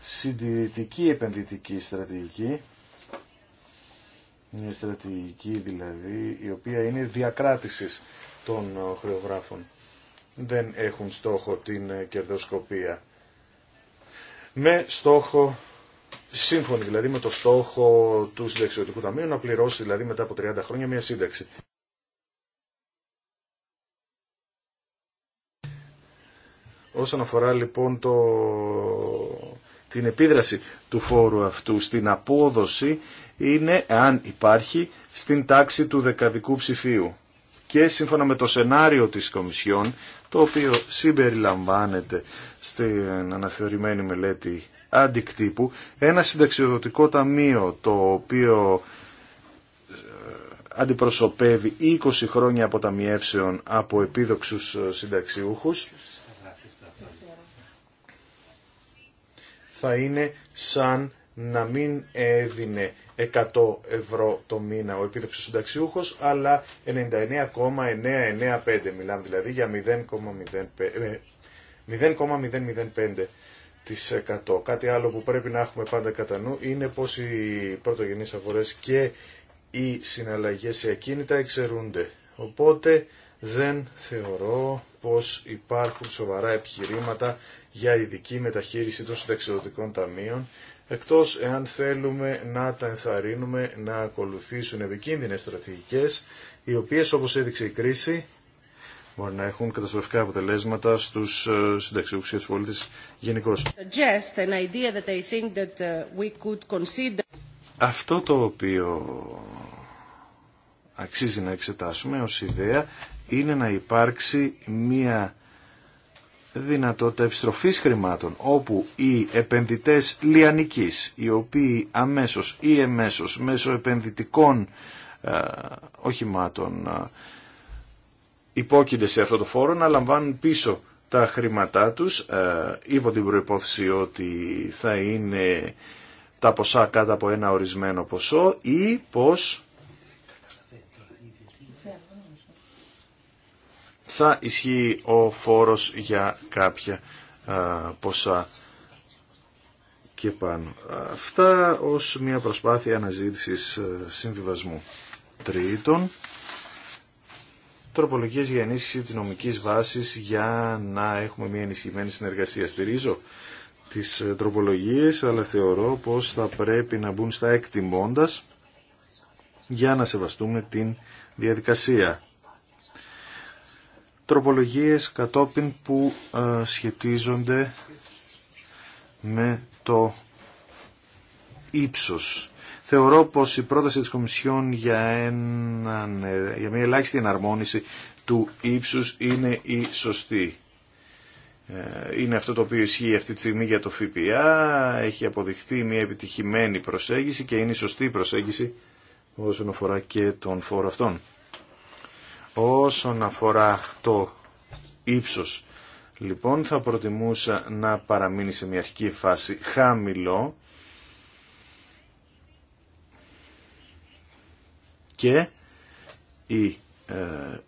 συντηρητική επενδυτική στρατηγική μια στρατηγική δηλαδή η οποία είναι διακράτησης των χρεογράφων. Δεν έχουν στόχο την κερδοσκοπία. Με στόχο σύμφωνα δηλαδή με το στόχο του συνταξιωτικού ταμείου να πληρώσει δηλαδή μετά από 30 χρόνια μια σύνταξη. Όσον αφορά λοιπόν το... την επίδραση του φόρου αυτού στην απόδοση είναι αν υπάρχει στην τάξη του δεκαδικού ψηφίου και σύμφωνα με το σενάριο της Κομισιόν το οποίο συμπεριλαμβάνεται στην αναθεωρημένη μελέτη αντικτύπου, ένα συνταξιοδοτικό ταμείο το οποίο ε, αντιπροσωπεύει 20 χρόνια αποταμιεύσεων από επίδοξους ε, συνταξιούχους θα είναι σαν να μην έδινε 100 ευρώ το μήνα ο επίδοξος συνταξιούχος, αλλά 99,995, μιλάμε δηλαδή για 0,005 Κάτι άλλο που πρέπει να έχουμε πάντα κατά νου είναι πως οι πρωτογενείς αγορές και οι συναλλαγές σε ακίνητα εξαιρούνται. Οπότε δεν θεωρώ πως υπάρχουν σοβαρά επιχειρήματα για ειδική μεταχείριση των συνταξιδοτικών ταμείων, εκτός εάν θέλουμε να τα ενθαρρύνουμε να ακολουθήσουν επικίνδυνες στρατηγικές, οι οποίες όπως έδειξε η κρίση μπορεί να έχουν καταστροφικά αποτελέσματα στους ε, συνταξιούχους και τους πολίτες γενικώ. Uh, Αυτό το οποίο αξίζει να εξετάσουμε ως ιδέα είναι να υπάρξει μία δυνατότητα επιστροφής χρημάτων όπου οι επενδυτές λιανικής οι οποίοι αμέσως ή εμέσως μέσω επενδυτικών ε, οχημάτων ε, υπόκεινται σε αυτό το φόρο να λαμβάνουν πίσω τα χρήματά τους υπό ε, την προϋπόθεση ότι θα είναι τα ποσά κάτω από ένα ορισμένο ποσό ή πως θα ισχύει ο φόρος για κάποια ε, ποσά και πάνω. Αυτά ως μια προσπάθεια αναζήτησης ε, συμβιβασμού. τρίτων τροπολογίες για ενίσχυση τη νομική βάσης για να έχουμε μια ενισχυμένη συνεργασία. Στηρίζω τις ε, τροπολογίες, αλλά θεωρώ πως θα πρέπει να μπουν στα εκτιμώντα για να σεβαστούμε την διαδικασία. Τροπολογίες κατόπιν που ε, σχετίζονται με το ύψος Θεωρώ πως η πρόταση της Κομισιόν για, για μια ελάχιστη εναρμόνιση του ύψους είναι η σωστή. Ε, είναι αυτό το οποίο ισχύει αυτή τη στιγμή για το ΦΠΑ, έχει αποδειχθεί μια επιτυχημένη προσέγγιση και είναι η σωστή προσέγγιση όσον αφορά και τον φόρο αυτόν. Όσον αφορά το ύψος, λοιπόν, θα προτιμούσα να παραμείνει σε μια αρχική φάση χαμηλό, και η ε,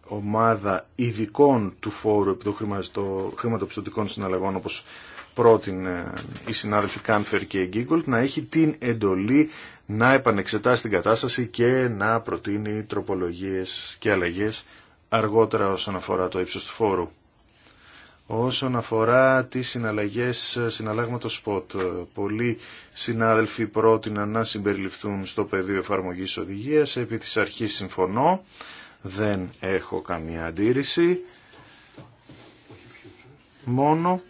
ομάδα ειδικών του φόρου επί των χρηματοπιστωτικών συναλλαγών όπως πρότεινε η συνάδελφη Κάνφερ και Γκίγκολτ να έχει την εντολή να επανεξετάσει την κατάσταση και να προτείνει τροπολογίες και αλλαγές αργότερα όσον αφορά το ύψος του φόρου όσον αφορά τις συναλλαγές συναλλάγματος σποτ. Πολλοί συνάδελφοι πρότειναν να συμπεριληφθούν στο πεδίο εφαρμογής οδηγίας. Επί της αρχής συμφωνώ, δεν έχω καμία αντίρρηση. Μόνο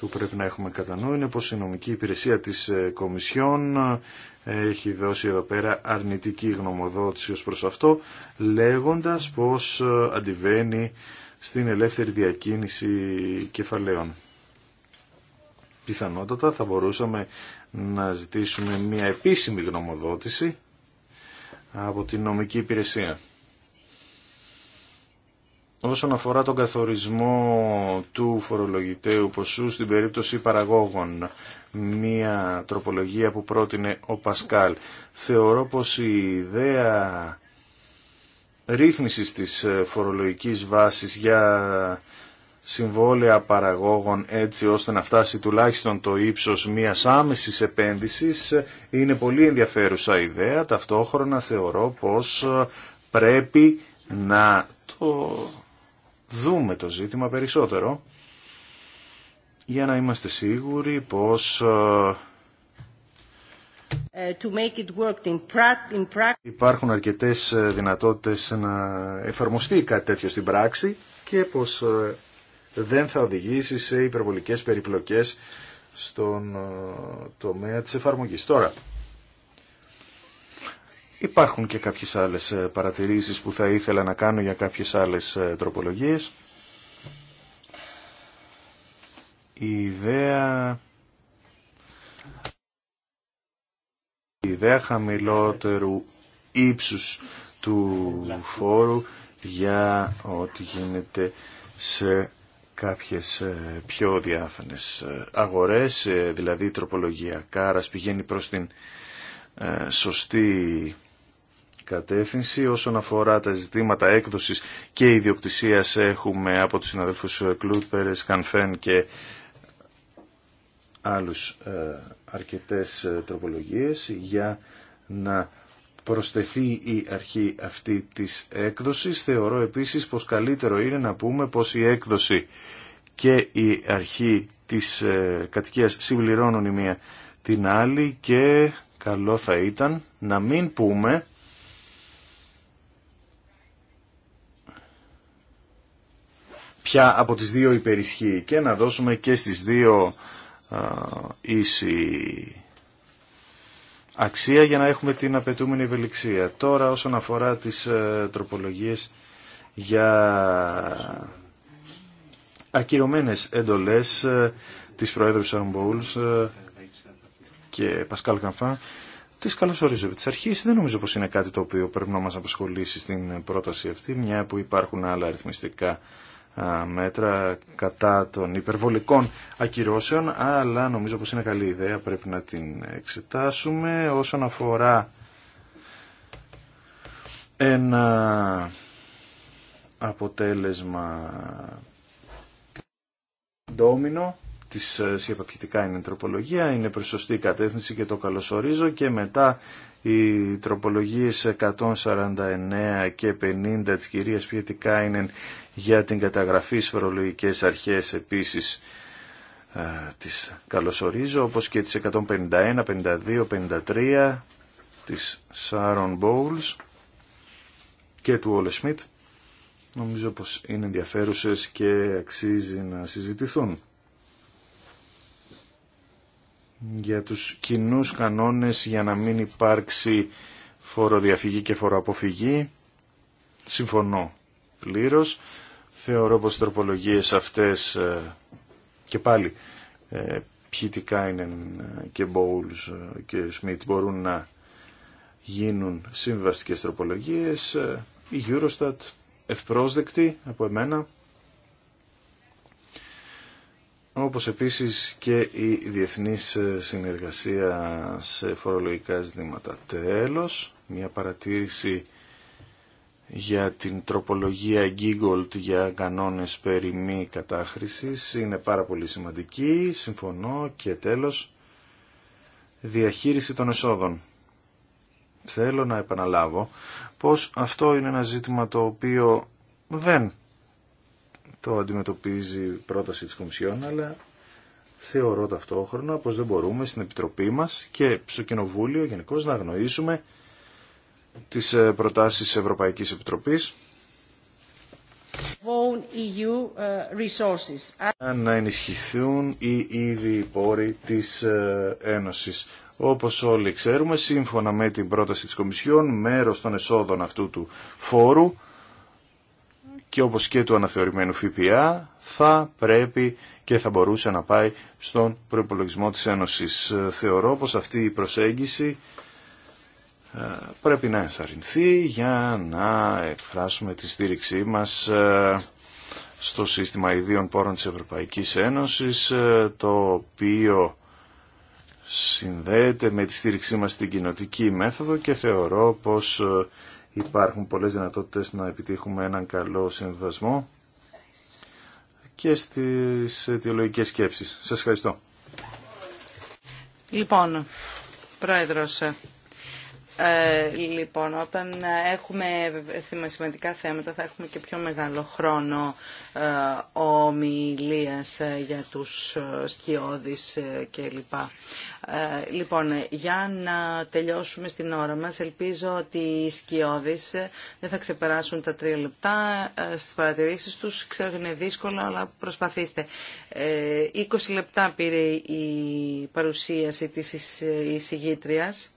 που πρέπει να έχουμε κατά είναι πως η νομική υπηρεσία της ε, Κομισιόν ε, έχει δώσει εδώ πέρα αρνητική γνωμοδότηση ως προς αυτό, λέγοντας πως ε, αντιβαίνει στην ελεύθερη διακίνηση κεφαλαίων. Πιθανότατα θα μπορούσαμε να ζητήσουμε μια επίσημη γνωμοδότηση από την νομική υπηρεσία. Όσον αφορά τον καθορισμό του φορολογητέου ποσού στην περίπτωση παραγόγων, μία τροπολογία που πρότεινε ο Πασκάλ. Θεωρώ πως η ιδέα ρύθμισης της ε, φορολογικής βάσης για συμβόλαια παραγόγων έτσι ώστε να φτάσει τουλάχιστον το ύψος μιας άμεσης επένδυσης ε, είναι πολύ ενδιαφέρουσα ιδέα. Ταυτόχρονα θεωρώ πως ε, πρέπει να το δούμε το ζήτημα περισσότερο για να είμαστε σίγουροι πως ε, υπάρχουν αρκετές ε, δυνατότητες να εφαρμοστεί κάτι τέτοιο στην πράξη και πως ε, δεν θα οδηγήσει σε υπερβολικές περιπλοκές στον τομέα της εφαρμογής. Τώρα, υπάρχουν και κάποιες άλλες παρατηρήσεις που θα ήθελα να κάνω για κάποιες άλλες τροπολογίες. Η ιδέα ιδέα χαμηλότερου ύψους του φόρου για ό,τι γίνεται σε κάποιες ε, πιο διάφανες ε, αγορές, ε, δηλαδή τροπολογία κάρας πηγαίνει προς την σωστή κατεύθυνση. Όσον αφορά τα ζητήματα έκδοσης και ιδιοκτησίας έχουμε από τους συναδελφούς Κλούπερ, Πέρες, Κανφέν και άλλους αρκετές ε, τροπολογίες για να προσθεθεί η αρχή αυτή της έκδοσης. Θεωρώ επίσης πως καλύτερο είναι να πούμε πως η έκδοση και η αρχή της ε, κατοικίας συμπληρώνουν η μία την άλλη και καλό θα ήταν να μην πούμε ποια από τις δύο υπερισχύει και να δώσουμε και στις δύο ίση αξία για να έχουμε την απαιτούμενη ευελιξία. Τώρα όσον αφορά τις ε, τροπολογίες για ακυρωμένες εντολές ε, της Προέδρου ε, και Πασκάλ Καμφά, τη καλωσορίζω επί της αρχής. Δεν νομίζω πως είναι κάτι το οποίο πρέπει να μα απασχολήσει στην πρόταση αυτή, μια που υπάρχουν άλλα αριθμιστικά μέτρα κατά των υπερβολικών ακυρώσεων, αλλά νομίζω πως είναι καλή ιδέα, πρέπει να την εξετάσουμε. Όσον αφορά ένα αποτέλεσμα ντόμινο, της ε, σχεπαπιετικά είναι η τροπολογία, είναι προσωστή κατεύθυνση και το καλωσορίζω και μετά οι τροπολογίες 149 και 50 της κυρίας Πιετικά είναι για την καταγραφή σφαιρολογικές αρχές επίσης ε, της καλωσορίζω, όπως και τις 151, 52, 53 της Sharon Bowles και του Όλε Σμιτ. Νομίζω πως είναι ενδιαφέρουσες και αξίζει να συζητηθούν. Για τους κοινού κανόνες για να μην υπάρξει φοροδιαφυγή και φοροαποφυγή, συμφωνώ πλήρως. Θεωρώ πως οι τροπολογίες αυτές ε, και πάλι είναι ε, και Μπόουλς ε, και Σμιτ μπορούν να γίνουν συμβαστικές τροπολογίες. Η Eurostat ευπρόσδεκτη από εμένα. Όπως επίσης και η διεθνής συνεργασία σε φορολογικά ζητήματα. Τέλος, μια παρατήρηση για την τροπολογία Giggold για κανόνες περί μη κατάχρησης είναι πάρα πολύ σημαντική, συμφωνώ και τέλος διαχείριση των εσόδων. Θέλω να επαναλάβω πως αυτό είναι ένα ζήτημα το οποίο δεν το αντιμετωπίζει η πρόταση της Κομισιόν, αλλά θεωρώ ταυτόχρονα πως δεν μπορούμε στην Επιτροπή μας και στο Κοινοβούλιο γενικώ να αγνοήσουμε τις ε, προτάσεις της Ευρωπαϊκής Επιτροπής e ε, να ενισχυθούν οι ήδη πόροι της ε, Ένωσης. Όπως όλοι ξέρουμε, σύμφωνα με την πρόταση της Κομισιόν, μέρος των εσόδων αυτού του φόρου και όπως και του αναθεωρημένου ΦΠΑ θα πρέπει και θα μπορούσε να πάει στον προϋπολογισμό της Ένωσης. Θεωρώ πως αυτή η προσέγγιση ε, πρέπει να ενθαρρυνθεί για να εκφράσουμε τη στήριξή μας ε, στο σύστημα ιδίων πόρων της Ευρωπαϊκής Ένωσης, ε, το οποίο συνδέεται με τη στήριξή μας στην κοινοτική μέθοδο και θεωρώ πως υπάρχουν πολλές δυνατότητες να επιτύχουμε έναν καλό συνδυασμό και στις αιτιολογικές σκέψεις. Σας ευχαριστώ. Λοιπόν, Πρόεδρος, ε, λοιπόν, όταν έχουμε σημαντικά θέματα θα έχουμε και πιο μεγάλο χρόνο ε, ομιλίας ε, για τους σκιώδεις κλπ. Ε, λοιπόν, για να τελειώσουμε στην ώρα μας, ελπίζω ότι οι σκιώδεις δεν θα ξεπεράσουν τα τρία λεπτά στις παρατηρήσεις τους. Ξέρω ότι είναι δύσκολο, αλλά προσπαθήστε. 20 λεπτά πήρε η παρουσίαση της εισηγήτριας.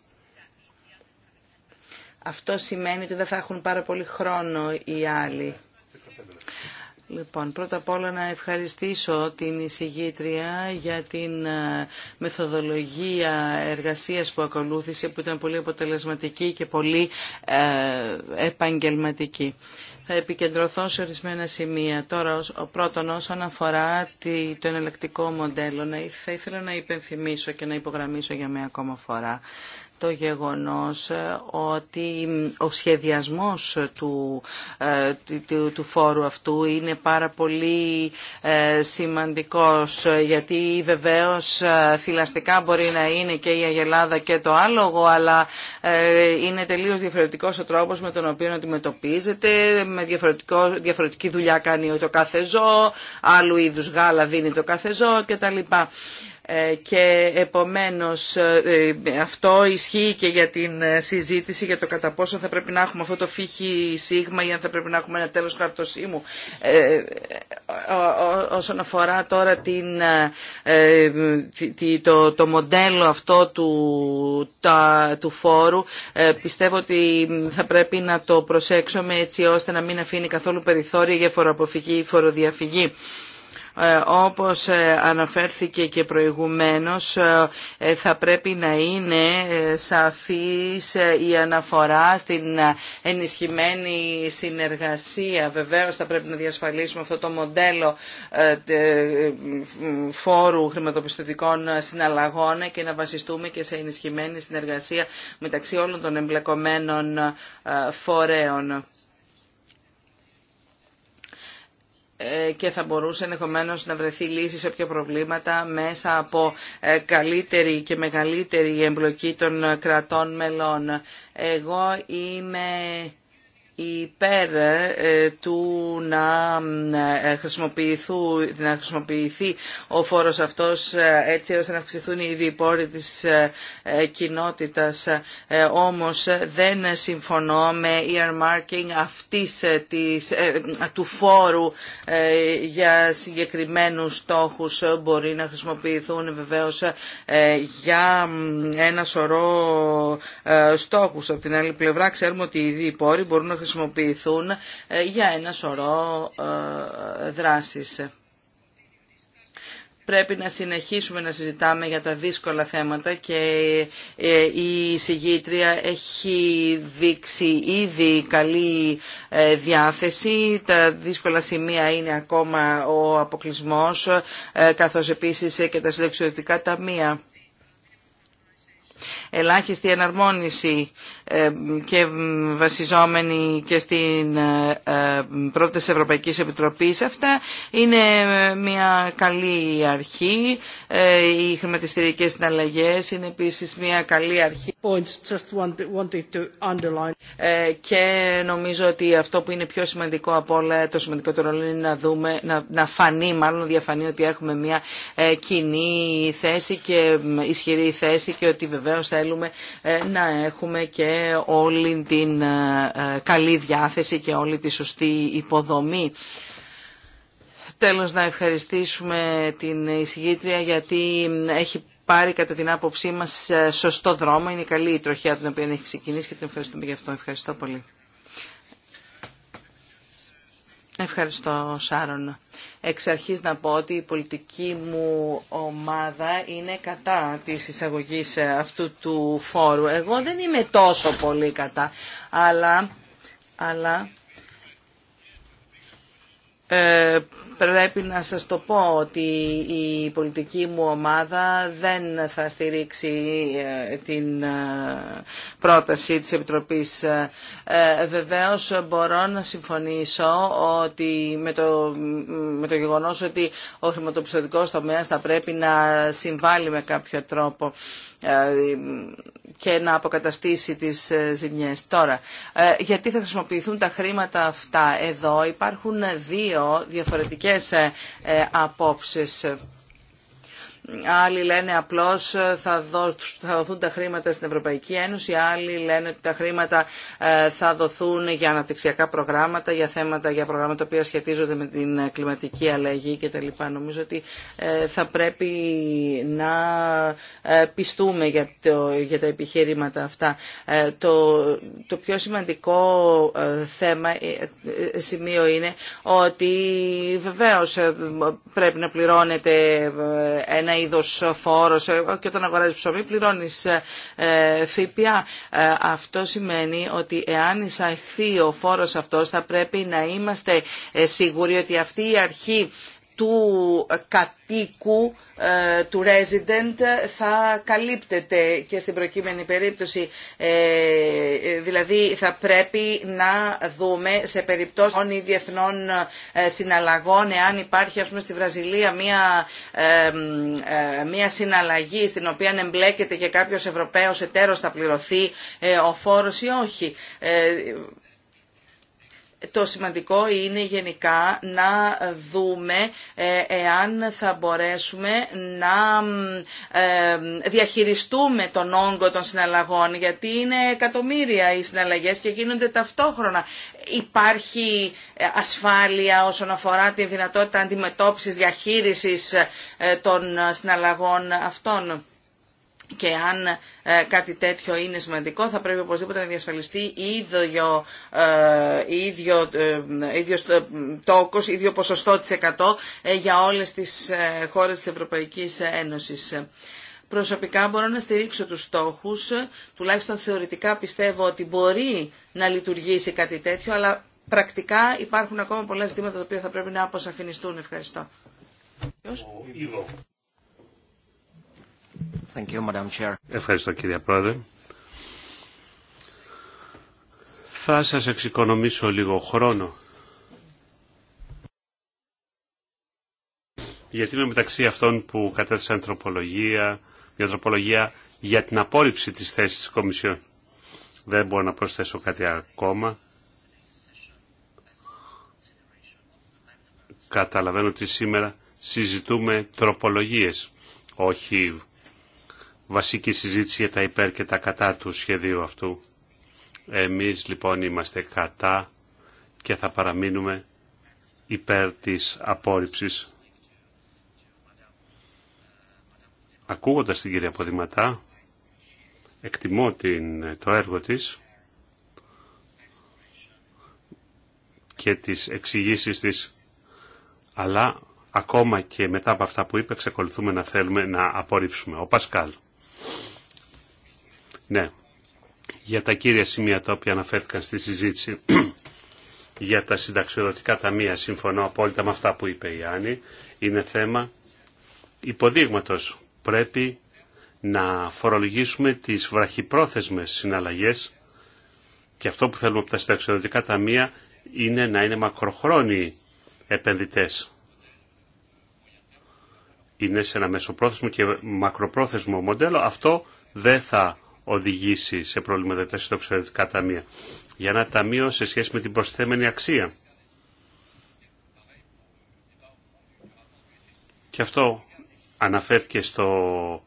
Αυτό σημαίνει ότι δεν θα έχουν πάρα πολύ χρόνο οι άλλοι. Λοιπόν, πρώτα απ' όλα να ευχαριστήσω την εισηγήτρια για την ε, μεθοδολογία εργασίας που ακολούθησε, που ήταν πολύ αποτελεσματική και πολύ ε, επαγγελματική. Θα επικεντρωθώ σε ορισμένα σημεία. Τώρα, ο πρώτον, όσον αφορά το εναλλακτικό μοντέλο, θα ήθελα να υπενθυμίσω και να υπογραμμίσω για μια ακόμα φορά το γεγονός ε, ότι ο σχεδιασμός ε, του, του, του φόρου αυτού είναι πάρα πολύ ε, σημαντικός γιατί βεβαίως θηλαστικά μπορεί να είναι και η Αγελάδα και το άλογο αλλά είναι τελείως διαφορετικός ο τρόπος με τον οποίο αντιμετωπίζεται με διαφορετικό, διαφορετική δουλειά κάνει το κάθε ζώο, άλλου είδους γάλα δίνει το κάθε ζώο κτλ. Ε, και επομένως ε, ε, αυτό ισχύει και για την συζήτηση για το κατά πόσο θα πρέπει να έχουμε αυτό το φύχη σίγμα ή αν θα πρέπει να έχουμε ένα τέλος χαρτοσύμου. Όσον αφορά τώρα την, το, το μοντέλο αυτό του, του φόρου πιστεύω ότι θα πρέπει να το προσέξουμε έτσι ώστε να μην αφήνει καθόλου περιθώρια για φοροαποφυγή ή φοροδιαφυγή. Ε, όπως ε, αναφέρθηκε και προηγουμένως ε, θα πρέπει να είναι σαφής η αναφορά στην ενισχυμένη συνεργασία. Βεβαίως θα πρέπει να διασφαλίσουμε αυτό το μοντέλο φόρου χρηματοπιστωτικών συναλλαγών και να βασιστούμε και σε ενισχυμένη συνεργασία μεταξύ όλων των εμπλεκομένων φορέων. Ε, και θα μπορούσε ενδεχομένως να βρεθεί λύση σε πιο προβλήματα μέσα από ε, καλύτερη και μεγαλύτερη εμπλοκή των κρατών μελών. Εγώ είμαι υπέρ ε, του να ε, χρησιμοποιηθεί, να χρησιμοποιηθεί ο φόρος αυτός ε, έτσι ώστε να αυξηθούν οι πόροι της κοινότητας. Όμως δεν συμφωνώ με earmarking αυτής της, του φόρου για συγκεκριμένους στόχους. Μπορεί να χρησιμοποιηθούν βεβαίως για ένα σωρό στόχους. Από την άλλη πλευρά ξέρουμε ότι οι πόροι μπορούν να χρησιμοποιηθούν χρησιμοποιηθούν ε, για ένα σωρό ε, δράσεις. Πρέπει να συνεχίσουμε να συζητάμε για τα δύσκολα θέματα και ε, η συγγήτρια έχει δείξει ήδη καλή διάθεση. Τα δύσκολα σημεία είναι ακόμα ο αποκλεισμός καθώς επίσης και τα συλλεξιωτικά ταμεία ελάχιστη εναρμόνιση ε, και βασιζόμενη και στην ε, ε, πρώτη Ευρωπαϊκής Επιτροπής. Αυτά είναι μια καλή αρχή. Οι χρηματιστηρικές συναλλαγές είναι επίσης μια καλή αρχή. Και νομίζω ότι αυτό που είναι πιο σημαντικό από όλα, το σημαντικότερο είναι να δούμε, να, να φανεί, μάλλον να διαφανεί ότι έχουμε μια κοινή θέση και ισχυρή θέση και ότι βεβαίως θα θέλουμε ε, να έχουμε και όλη την ε, ε, καλή διάθεση και όλη τη σωστή υποδομή. Τέλος να ευχαριστήσουμε την εισηγήτρια γιατί έχει πάρει κατά την άποψή μας σωστό δρόμο. Είναι καλή η τροχιά την οποία έχει ξεκινήσει και την ευχαριστούμε γι' αυτό. Ευχαριστώ πολύ. Ευχαριστώ Σάρον. Εξ αρχής να πω ότι η πολιτική μου ομάδα είναι κατά της εισαγωγής αυτού του φόρου. Εγώ δεν είμαι τόσο πολύ κατά, αλλά, αλλά ε, Πρέπει να σας το πω ότι η πολιτική μου ομάδα δεν θα στηρίξει ε, την ε, πρόταση της Επιτροπής. Ε, βεβαίως μπορώ να συμφωνήσω ότι με το, με το γεγονός ότι ο χρηματοπιστωτικός τομέας θα πρέπει να συμβάλλει με κάποιο τρόπο. Ε, και να αποκαταστήσει τις ε, ζημιές. Τώρα, ε, γιατί θα χρησιμοποιηθούν τα χρήματα αυτά εδώ. Υπάρχουν δύο διαφορετικές απόψεις. Άλλοι λένε απλώς ε, θα, δοθούν τα χρήματα στην Ευρωπαϊκή Ένωση, άλλοι λένε ότι τα χρήματα ε, θα δοθούν για αναπτυξιακά προγράμματα, για θέματα, για προγράμματα που σχετίζονται με την ε, κλιματική αλλαγή κτλ. Νομίζω ότι θα πρέπει να πιστούμε για, τα επιχειρήματα αυτά. Το, το πιο σημαντικό θέμα, σημείο είναι ότι βεβαίως πρέπει να πληρώνεται ένα ένα είδος φόρος ε, και όταν αγοράζει ψωμί πληρώνει ε, ε, ΦΠΑ. Αυτό σημαίνει ότι εάν εισαχθεί ο φόρος αυτός θα πρέπει να είμαστε σίγουροι ότι αυτή η αρχή του ε, κατοίκου, ε, του resident ε, θα καλύπτεται και στην προκείμενη περίπτωση. Δηλαδή θα πρέπει να δούμε σε περίπτωση των διεθνών συναλλαγών εάν υπάρχει ας πούμε στη Βραζιλία μία, μία συναλλαγή στην οποία εμπλέκεται και κάποιος Ευρωπαίος εταίρος θα πληρωθεί ο φόρος ή όχι το σημαντικό είναι γενικά να δούμε ε, εάν θα μπορέσουμε να ε, διαχειριστούμε τον όγκο των συναλλαγών γιατί είναι εκατομμύρια οι συναλλαγές και γίνονται ταυτόχρονα. Υπάρχει ε, ασφάλεια όσον αφορά τη δυνατότητα αντιμετώπισης διαχείρισης των συναλλαγών αυτών και αν ε, κάτι τέτοιο είναι σημαντικό θα πρέπει οπωσδήποτε να διασφαλιστεί ίδιο, ε, ίδιο, ε, ίδιο τόκος, ίδιο ποσοστό της 100 για όλες τις χώρες της Ευρωπαϊκής Ένωσης. Προσωπικά μπορώ να στηρίξω τους στόχους, τουλάχιστον θεωρητικά πιστεύω ότι μπορεί να λειτουργήσει κάτι τέτοιο, αλλά πρακτικά υπάρχουν ακόμα πολλά ζητήματα τα οποία θα πρέπει να αποσαφινιστούν. Ευχαριστώ. Ευχαριστώ κύριε Πρόεδρε. Θα σας εξοικονομήσω λίγο χρόνο. Γιατί είμαι μεταξύ αυτών που κατέθεσαν τροπολογία, μια τροπολογία για την απόρριψη της θέσης της Κομισιόν. Δεν μπορώ να προσθέσω κάτι ακόμα. Καταλαβαίνω ότι σήμερα συζητούμε τροπολογίες, όχι βασική συζήτηση για τα υπέρ και τα κατά του σχεδίου αυτού. Εμείς λοιπόν είμαστε κατά και θα παραμείνουμε υπέρ της απόρριψης. Ακούγοντας την κυρία Ποδηματά, εκτιμώ την, το έργο της και τις εξηγήσεις της, αλλά ακόμα και μετά από αυτά που είπε, εξακολουθούμε να θέλουμε να απορρίψουμε. Ο Πασκάλ. Ναι, για τα κύρια σημεία τα οποία αναφέρθηκαν στη συζήτηση [CLEARS THROAT] για τα συνταξιοδοτικά ταμεία, συμφωνώ απόλυτα με αυτά που είπε η Άννη, είναι θέμα υποδείγματος. Πρέπει να φορολογήσουμε τις βραχυπρόθεσμες συναλλαγές και αυτό που θέλουμε από τα συνταξιοδοτικά ταμεία είναι να είναι μακροχρόνιοι επενδυτές είναι σε ένα μεσοπρόθεσμο και μακροπρόθεσμο μοντέλο, αυτό δεν θα οδηγήσει σε προβλήματα τα συντοξιδευτικά ταμεία. Για ένα ταμείο σε σχέση με την προσθέμενη αξία. Και αυτό αναφέρθηκε στο,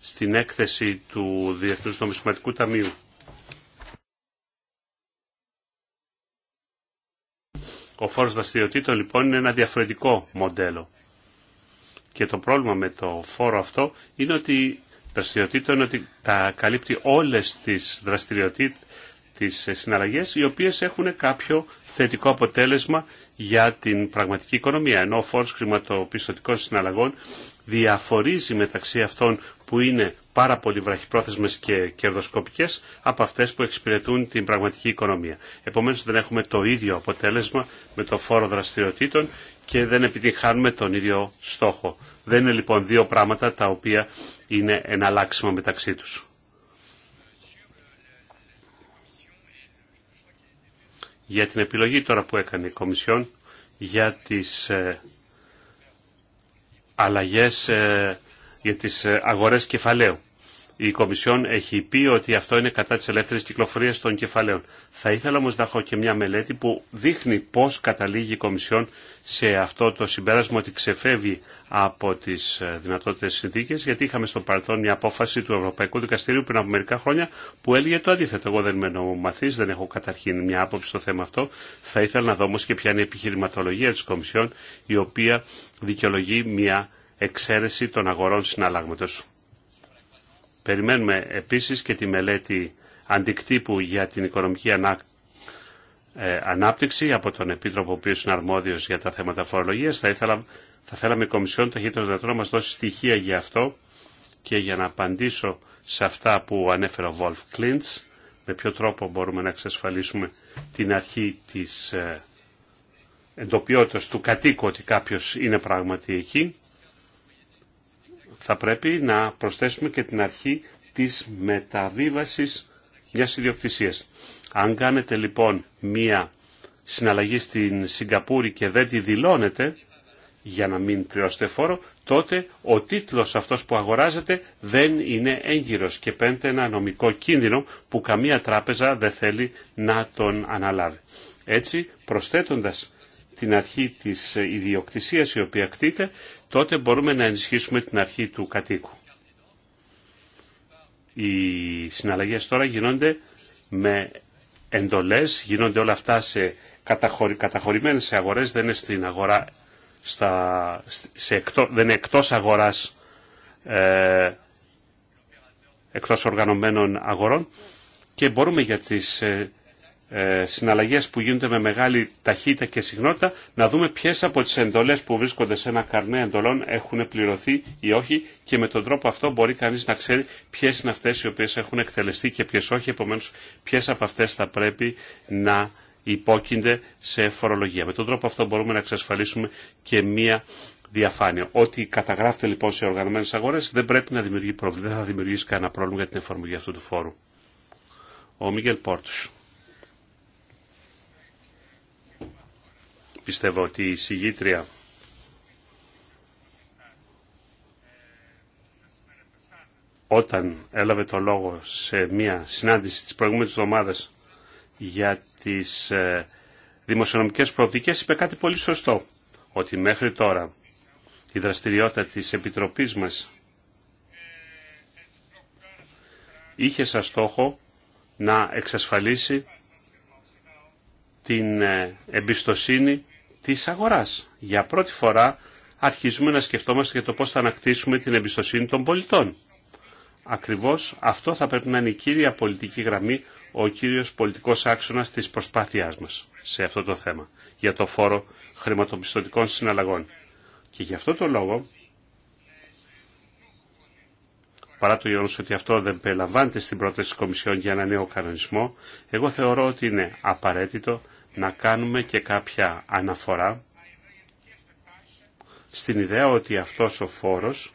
στην έκθεση του Διεθνούς Νομισματικού Ταμείου. Ο φόρος δραστηριοτήτων λοιπόν είναι ένα διαφορετικό μοντέλο. Και το πρόβλημα με το φόρο αυτό είναι ότι, είναι ότι τα καλύπτει όλες τις δραστηριότητες, τις συναλλαγές οι οποίες έχουν κάποιο θετικό αποτέλεσμα για την πραγματική οικονομία. Ενώ ο φόρος χρηματοπιστωτικών συναλλαγών διαφορίζει μεταξύ αυτών που είναι πάρα πολύ βραχυπρόθεσμες και κερδοσκοπικές από αυτές που εξυπηρετούν την πραγματική οικονομία. Επομένως δεν έχουμε το ίδιο αποτέλεσμα με το φόρο δραστηριοτήτων και δεν επιτυχάνουμε τον ίδιο στόχο. Δεν είναι λοιπόν δύο πράγματα τα οποία είναι εναλλάξιμα μεταξύ τους. Για την επιλογή τώρα που έκανε η Κομισιόν για τις ε, αλλαγές, ε, για τις ε, αγορές κεφαλαίου η Κομισιόν έχει πει ότι αυτό είναι κατά της ελεύθερης κυκλοφορίας των κεφαλαίων. Θα ήθελα όμως να έχω και μια μελέτη που δείχνει πώς καταλήγει η Κομισιόν σε αυτό το συμπέρασμα ότι ξεφεύγει από τις ε, δυνατότητες συνθήκες, γιατί είχαμε στο παρελθόν μια απόφαση του Ευρωπαϊκού Δικαστηρίου πριν από μερικά χρόνια που έλεγε το αντίθετο. Εγώ δεν είμαι νομομαθής, δεν έχω καταρχήν μια άποψη στο θέμα αυτό. Θα ήθελα να δω όμως και ποια είναι η επιχειρηματολογία της Κομισιόν, η οποία δικαιολογεί μια εξαίρεση των αγορών συναλλάγματος. Περιμένουμε επίσης και τη μελέτη αντικτύπου για την οικονομική ε, ανάπτυξη από τον Επίτροπο ο οποίο είναι αρμόδιος για τα θέματα φορολογίας. Θα, ήθελα... θα θέλαμε η Κομισιόν το να μα δώσει στοιχεία για αυτό και για να απαντήσω σε αυτά που ανέφερε ο Βολφ Κλίντς με ποιο τρόπο μπορούμε να εξασφαλίσουμε την αρχή της ε, εντοπιότητας του κατοίκου ότι κάποιος είναι πραγματική εκεί θα πρέπει να προσθέσουμε και την αρχή της μεταβίβασης μιας ιδιοκτησίας. Αν κάνετε λοιπόν μία συναλλαγή στην Σιγκαπούρη και δεν τη δηλώνετε, για να μην πληρώσετε φόρο, τότε ο τίτλος αυτός που αγοράζετε δεν είναι έγκυρος και παίρνετε ένα νομικό κίνδυνο που καμία τράπεζα δεν θέλει να τον αναλάβει. Έτσι, προσθέτοντας την αρχή της ιδιοκτησίας η οποία κτείται, τότε μπορούμε να ενισχύσουμε την αρχή του κατοίκου. Οι συναλλαγές τώρα γίνονται με εντολές, γίνονται όλα αυτά σε καταχωρη, καταχωρημένες σε αγορές, δεν είναι στην αγορά, σε εκτό, δεν εκτός αγοράς, ε, εκτός οργανωμένων αγορών και μπορούμε για τις ε, ε, συναλλαγές που γίνονται με μεγάλη ταχύτητα και συχνότητα να δούμε ποιες από τις εντολές που βρίσκονται σε ένα καρνέ εντολών έχουν πληρωθεί ή όχι και με τον τρόπο αυτό μπορεί κανείς να ξέρει ποιες είναι αυτές οι οποίες έχουν εκτελεστεί και ποιες όχι, επομένως ποιες από αυτές θα πρέπει να υπόκεινται σε φορολογία. Με τον τρόπο αυτό μπορούμε να εξασφαλίσουμε και μία διαφάνεια. Ό,τι καταγράφεται λοιπόν σε οργανωμένε αγορέ δεν πρέπει να δημιουργεί πρόβλημα, δεν θα δημιουργήσει κανένα πρόβλημα για την εφαρμογή αυτού του φόρου. Ο Μίγελ Πόρτους. Πιστεύω ότι η συγγήτρια όταν έλαβε το λόγο σε μια συνάντηση της προηγούμενης εβδομάδας για τις ε, δημοσιονομικές προοπτικές είπε κάτι πολύ σωστό, ότι μέχρι τώρα η δραστηριότητα της Επιτροπής μας είχε σαν στόχο να εξασφαλίσει την ε, εμπιστοσύνη της αγοράς. Για πρώτη φορά αρχίζουμε να σκεφτόμαστε για το πώς θα ανακτήσουμε την εμπιστοσύνη των πολιτών. Ακριβώς αυτό θα πρέπει να είναι η κύρια πολιτική γραμμή, ο κύριος πολιτικός άξονας της προσπάθειάς μας σε αυτό το θέμα, για το φόρο χρηματοπιστωτικών συναλλαγών. Και γι' αυτό το λόγο, παρά το γεγονό ότι αυτό δεν περιλαμβάνεται στην πρόταση της Κομισιόν για ένα νέο κανονισμό, εγώ θεωρώ ότι είναι απαραίτητο να κάνουμε και κάποια αναφορά στην ιδέα ότι αυτός ο φόρος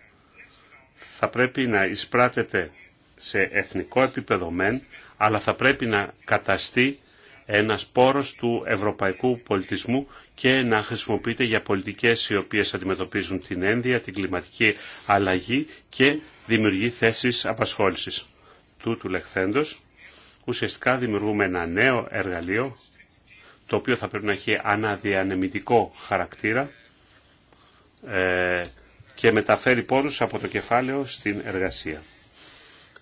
θα πρέπει να εισπράτεται σε εθνικό επίπεδο μεν, αλλά θα πρέπει να καταστεί ένας πόρος του ευρωπαϊκού πολιτισμού και να χρησιμοποιείται για πολιτικές οι οποίες αντιμετωπίζουν την ένδια την κλιματική αλλαγή και δημιουργεί θέσεις απασχόλησης. Τούτου λεχθέντος, ουσιαστικά δημιουργούμε ένα νέο εργαλείο το οποίο θα πρέπει να έχει αναδιανεμητικό χαρακτήρα ε, και μεταφέρει πόρους από το κεφάλαιο στην εργασία.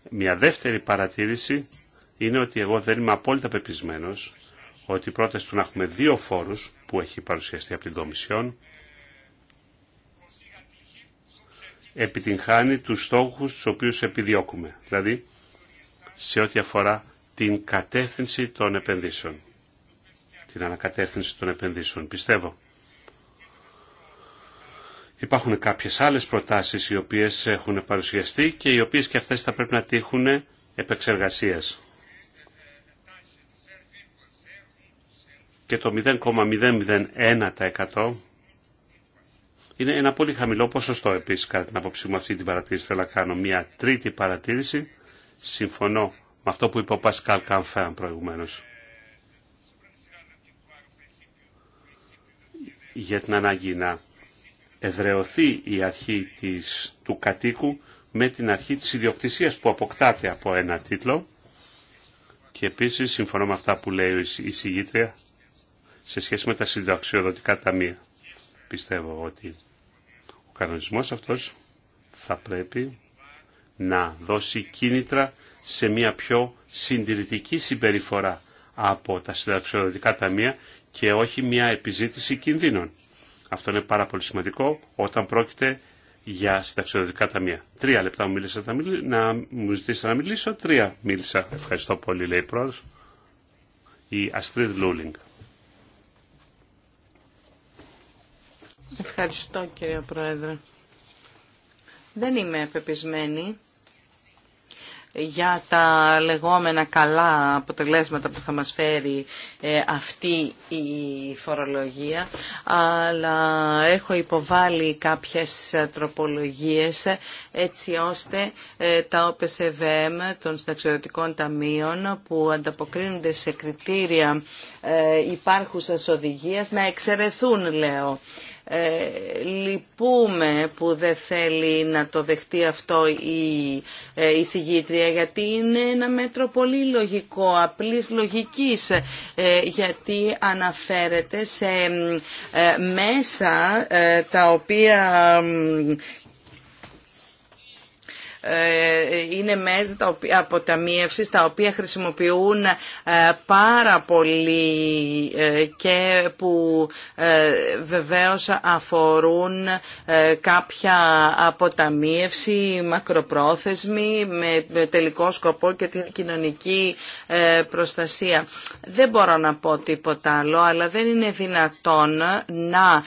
Μια δεύτερη παρατήρηση είναι ότι εγώ δεν είμαι απόλυτα πεπισμένος ότι πρώτα του να έχουμε δύο φόρους που έχει παρουσιαστεί από την Κομισιόν επιτυγχάνει τους στόχους τους οποίους επιδιώκουμε, δηλαδή σε ό,τι αφορά την κατεύθυνση των επενδύσεων την ανακατεύθυνση των επενδύσεων. Πιστεύω. Υπάρχουν κάποιες άλλες προτάσεις οι οποίες έχουν παρουσιαστεί και οι οποίες και αυτές θα πρέπει να τύχουν επεξεργασίας. Και το 0,001% είναι ένα πολύ χαμηλό ποσοστό επίσης κατά την απόψη μου αυτή την παρατήρηση θέλω να κάνω. Μια τρίτη παρατήρηση, συμφωνώ με αυτό που είπε ο Πασκάλ Καμφέαν προηγουμένως. για την ανάγκη να εδρεωθεί η αρχή της, του κατοίκου με την αρχή της ιδιοκτησίας που αποκτάται από ένα τίτλο και επίσης συμφωνώ με αυτά που λέει η συγγήτρια σε σχέση με τα συνταξιοδοτικά ταμεία. Πιστεύω ότι ο κανονισμός αυτός θα πρέπει να δώσει κίνητρα σε μια πιο συντηρητική συμπεριφορά από τα συνταξιοδοτικά ταμεία και όχι μια επιζήτηση κινδύνων. Αυτό είναι πάρα πολύ σημαντικό όταν πρόκειται για συνταξιδοτικά ταμεία. Τρία λεπτά μου μίλησα να, μου ζητήσετε να μιλήσω, τρία μίλησα. Ευχαριστώ πολύ, λέει η Η Αστρίδ Λούλινγκ. Ευχαριστώ κύριε Πρόεδρε. Δεν είμαι πεπισμένη για τα λεγόμενα καλά αποτελέσματα που θα μας φέρει ε, αυτή η φορολογία, αλλά έχω υποβάλει κάποιες τροπολογίες ε, έτσι ώστε ε, τα OPSVM των συνταξιδοτικών ταμείων που ανταποκρίνονται σε κριτήρια υπάρχουσας οδηγίας να εξαιρεθούν, λέω. Ε, λυπούμε που δεν θέλει να το δεχτεί αυτό η, ε, συγγήτρια γιατί είναι ένα μέτρο πολύ λογικό, απλής λογικής ε, γιατί αναφέρεται σε ε, μέσα τα οποία ε, είναι μέσα αποταμίευσης τα οποία χρησιμοποιούν ε, πάρα πολύ ε, και που βεβαίως αφορούν κάποια αποταμίευση μακροπρόθεσμη με τελικό σκοπό και την κοινωνική προστασία. Δεν μπορώ να πω τίποτα άλλο, αλλά δεν είναι δυνατόν να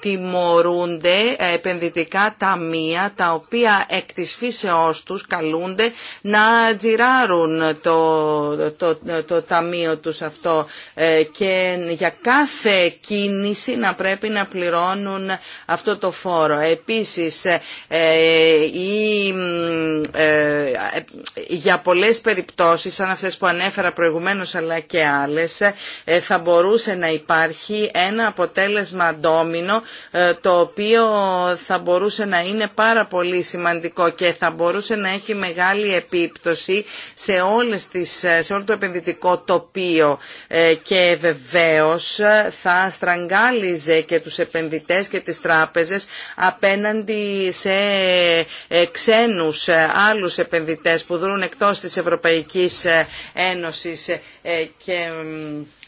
τιμωρούνται επενδυτικά ταμεία τα οποία εκ της τους καλούνται να τζιράρουν το, το, ταμείο τους αυτό ε, και για κάθε κίνηση να πρέπει να πληρώνουν αυτό το φόρο. Επίσης, ε, ε, για πολλές περιπτώσεις, σαν αυτές που ανέφερα προηγουμένως αλλά και άλλες, θα μπορούσε να υπάρχει ένα αποτέλεσμα ντόμινο το οποίο θα μπορούσε να είναι πάρα πολύ σημαντικό και θα μπορούσε να έχει μεγάλη επίπτωση σε, όλες τις, σε όλο το επενδυτικό τοπίο ε, και βεβαίως ε, θα στραγγάλιζε και τους επενδυτές και τις τράπεζες απέναντι σε ε, ξένους άλλους επενδυτές που δρούν εκτός της Ευρωπαϊκής Ένωσης και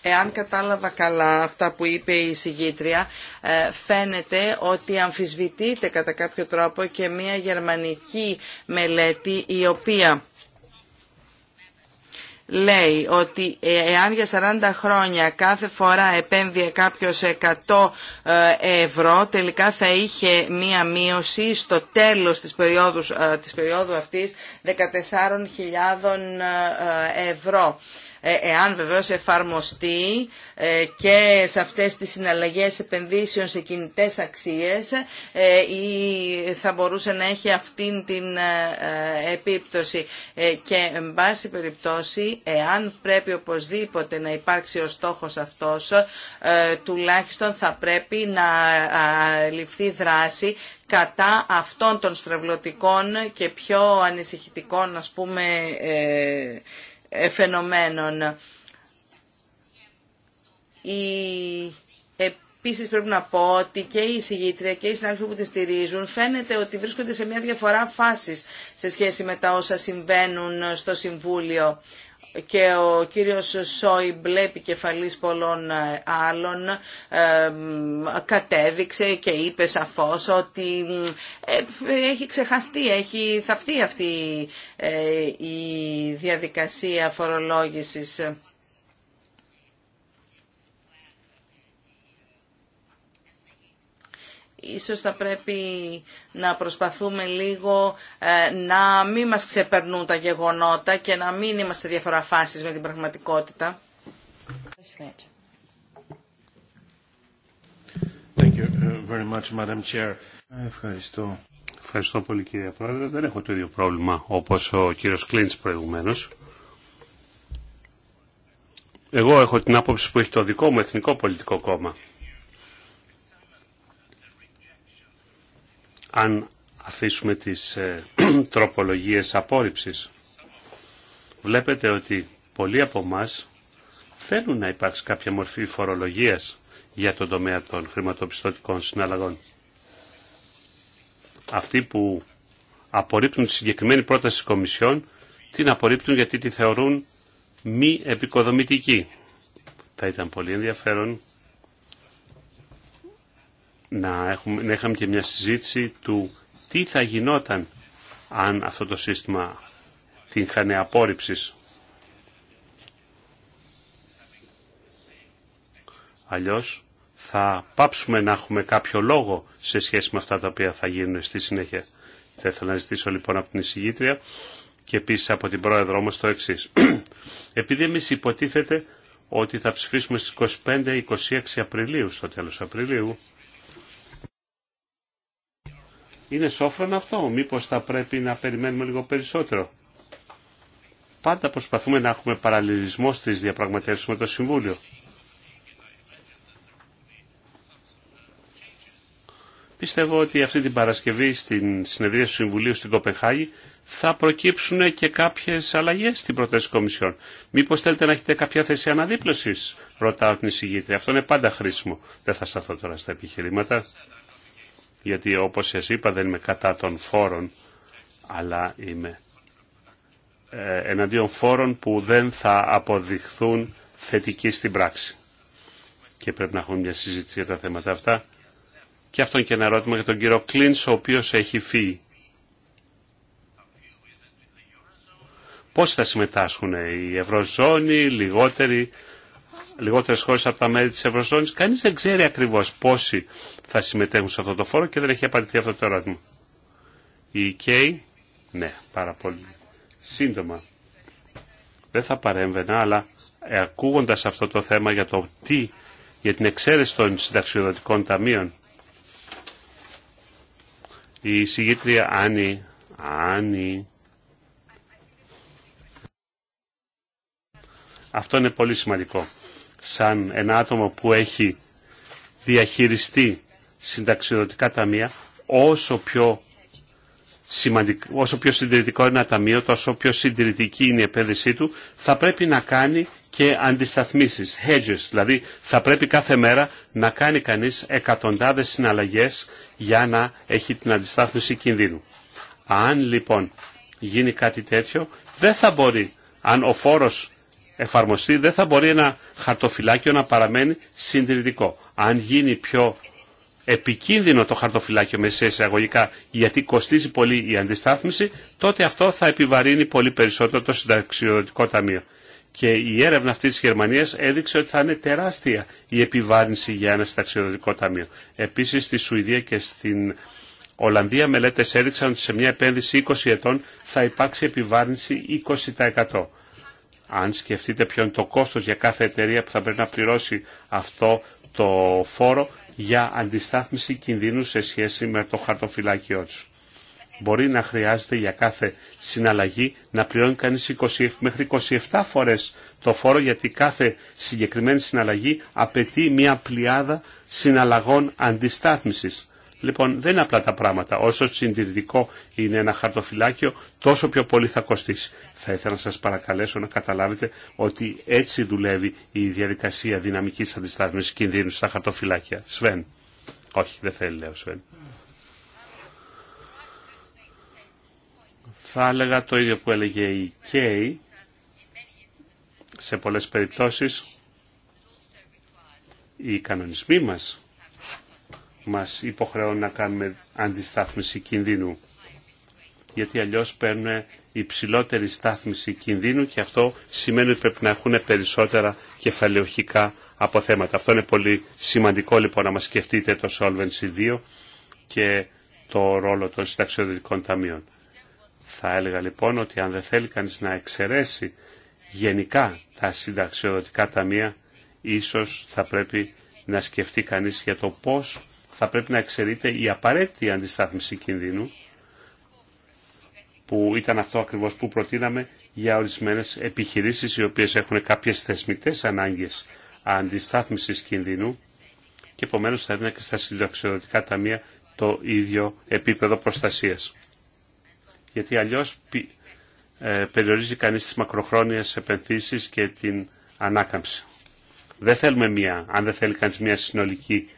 Εάν κατάλαβα καλά αυτά που είπε η συγγήτρια, ε, φαίνεται ότι αμφισβητείται κατά κάποιο τρόπο και μια γερμανική μελέτη η οποία λέει ότι ε, εάν για 40 χρόνια κάθε φορά επένδυε κάποιος 100 ε, ευρώ τελικά θα είχε μία μείωση στο τέλος της περίοδου, της περίοδου αυτής 14.000 ευρώ. Ε, εάν βεβαίως εφαρμοστεί ε, και σε αυτές τις συναλλαγές επενδύσεων σε κινητές αξίες ή ε, θα μπορούσε να έχει αυτήν την επίπτωση και εν πάση περιπτώσει εάν πρέπει οπωσδήποτε να υπάρξει ο στόχος αυτός τουλάχιστον θα πρέπει να ληφθεί δράση κατά αυτών των στρεβλωτικών και πιο ανησυχητικών ας πούμε φαινομένων. Η... επίσης πρέπει να πω ότι και οι συγγήτρια και οι συνάδελφοι που τη στηρίζουν φαίνεται ότι βρίσκονται σε μια διαφορά φάσης σε σχέση με τα όσα συμβαίνουν στο Συμβούλιο και ο κύριος Σόιμπλε, επικεφαλής πολλών ε, άλλων, κατέδειξε και είπε σαφώς ότι ε, έχει ξεχαστεί, έχει θαυτεί αυτή ε, η διαδικασία φορολόγησης. Ίσως θα πρέπει να προσπαθούμε λίγο ε, να μην μας ξεπερνούν τα γεγονότα και να μην είμαστε διαφοραφάσεις με την πραγματικότητα. Uh, Ευχαριστώ. Ευχαριστώ πολύ κύριε Πρόεδρε. Δεν έχω το ίδιο πρόβλημα όπως ο κύριος Κλίντς προηγουμένως. Εγώ έχω την άποψη που έχει το δικό μου Εθνικό Πολιτικό Κόμμα. αν αφήσουμε τις ε, [CLEARS THROAT] τροπολογίες απόρριψης. Βλέπετε ότι πολλοί από εμά θέλουν να υπάρξει κάποια μορφή φορολογίας για τον τομέα των χρηματοπιστωτικών συναλλαγών. Αυτοί που απορρίπτουν τη συγκεκριμένη πρόταση της Κομισιόν την απορρίπτουν γιατί τη θεωρούν μη επικοδομητική. Θα ήταν πολύ ενδιαφέρον να, έχουμε, να είχαμε και μια συζήτηση του τι θα γινόταν αν αυτό το σύστημα την χανε απόρριψης. Αλλιώς θα πάψουμε να έχουμε κάποιο λόγο σε σχέση με αυτά τα οποία θα γίνουν στη συνέχεια. Θα ήθελα να ζητήσω λοιπόν από την εισηγήτρια και επίσης από την πρόεδρό μας το εξής. [CLEARS THROAT] Επειδή εμεί υποτίθεται ότι θα ψηφίσουμε στις 25-26 Απριλίου, στο τέλος Απριλίου, είναι σόφρον αυτό, μήπως θα πρέπει να περιμένουμε λίγο περισσότερο. Πάντα προσπαθούμε να έχουμε παραλληλισμό στις διαπραγματεύσεις με το Συμβούλιο. Πιστεύω ότι αυτή την Παρασκευή στην συνεδρία του Συμβουλίου στην Κοπεχάγη θα προκύψουν και κάποιες αλλαγές στην πρόταση Κομισιόν. Μήπως θέλετε να έχετε κάποια θέση αναδίπλωσης, ρωτάω την εισηγήτρια. Αυτό είναι πάντα χρήσιμο. Δεν θα σταθώ τώρα στα επιχειρήματα γιατί όπως σας είπα δεν είμαι κατά των φόρων, αλλά είμαι ε, εναντίον φόρων που δεν θα αποδειχθούν θετικοί στην πράξη. Και πρέπει να έχουμε μια συζήτηση για τα θέματα αυτά. Και αυτό είναι και ένα ερώτημα για τον κύριο Κλίνς, ο οποίος έχει φύγει. Πώς θα συμμετάσχουν οι Ευρωζώνοι, λιγότεροι, Λιγότερε χώρε από τα μέλη της Ευρωζώνης. Κανείς δεν ξέρει ακριβώς πόσοι θα συμμετέχουν σε αυτό το φόρο και δεν έχει απαντηθεί αυτό το ερώτημα. Η ΚΕΙ, e ναι, πάρα πολύ. Σύντομα. Δεν θα παρέμβαινα, αλλά ε, ακούγοντας αυτό το θέμα για το τι, για την εξαίρεση των συνταξιοδοτικών ταμείων, η συγγήτρια Άννη, Άννη, αυτό είναι πολύ σημαντικό σαν ένα άτομο που έχει διαχειριστεί συνταξιδοτικά ταμεία, όσο πιο, όσο πιο συντηρητικό είναι ένα ταμείο, τόσο πιο συντηρητική είναι η επένδυσή του, θα πρέπει να κάνει και αντισταθμίσεις, hedges, δηλαδή θα πρέπει κάθε μέρα να κάνει κανείς εκατοντάδες συναλλαγές για να έχει την αντιστάθμιση κινδύνου. Αν λοιπόν γίνει κάτι τέτοιο, δεν θα μπορεί, αν ο φόρος εφαρμοστεί δεν θα μπορεί ένα χαρτοφυλάκιο να παραμένει συντηρητικό. Αν γίνει πιο επικίνδυνο το χαρτοφυλάκιο με εισαγωγικά γιατί κοστίζει πολύ η αντιστάθμιση, τότε αυτό θα επιβαρύνει πολύ περισσότερο το συνταξιοδοτικό ταμείο. Και η έρευνα αυτή τη Γερμανία έδειξε ότι θα είναι τεράστια η επιβάρυνση για ένα συνταξιοδοτικό ταμείο. Επίση στη Σουηδία και στην Ολλανδία μελέτε έδειξαν ότι σε μια επένδυση 20 ετών θα υπάρξει επιβάρυνση 20%. Αν σκεφτείτε ποιο είναι το κόστος για κάθε εταιρεία που θα πρέπει να πληρώσει αυτό το φόρο για αντιστάθμιση κινδύνου σε σχέση με το χαρτοφυλάκιό του. Μπορεί να χρειάζεται για κάθε συναλλαγή να πληρώνει κανείς 20, μέχρι 27 φορές το φόρο γιατί κάθε συγκεκριμένη συναλλαγή απαιτεί μια πλειάδα συναλλαγών αντιστάθμισης. Λοιπόν, δεν είναι απλά τα πράγματα. Όσο συντηρητικό είναι ένα χαρτοφυλάκιο, τόσο πιο πολύ θα κοστίσει. Θα ήθελα να σας παρακαλέσω να καταλάβετε ότι έτσι δουλεύει η διαδικασία δυναμική αντιστάθμισης κινδύνου στα χαρτοφυλάκια. Σβέν. Όχι, δεν θέλει, λέω Σβέν. Θα έλεγα το ίδιο που έλεγε η Κέι. Σε πολλές περιπτώσεις οι κανονισμοί μας μας υποχρεώνει να κάνουμε αντιστάθμιση κινδύνου. Γιατί αλλιώς παίρνουν υψηλότερη στάθμιση κινδύνου και αυτό σημαίνει ότι πρέπει να έχουν περισσότερα κεφαλαιοχικά αποθέματα. Αυτό είναι πολύ σημαντικό λοιπόν να μας σκεφτείτε το Solvency 2 και το ρόλο των συνταξιοδοτικών ταμείων. Θα έλεγα λοιπόν ότι αν δεν θέλει κανείς να εξαιρέσει γενικά τα συνταξιοδοτικά ταμεία, ίσως θα πρέπει να σκεφτεί κανείς για το πώς θα πρέπει να εξαιρείται η απαραίτητη αντιστάθμιση κινδύνου που ήταν αυτό ακριβώς που προτείναμε για ορισμένες επιχειρήσεις οι οποίες έχουν κάποιες θεσμικές ανάγκες αντιστάθμισης κινδύνου και επομένως θα έδινα και στα συνταξιδοτικά ταμεία το ίδιο επίπεδο προστασίας. Γιατί αλλιώς ε, περιορίζει κανείς τις μακροχρόνιες επενθύσεις και την ανάκαμψη. Δεν θέλουμε μία, αν δεν θέλει κανείς μία συνολική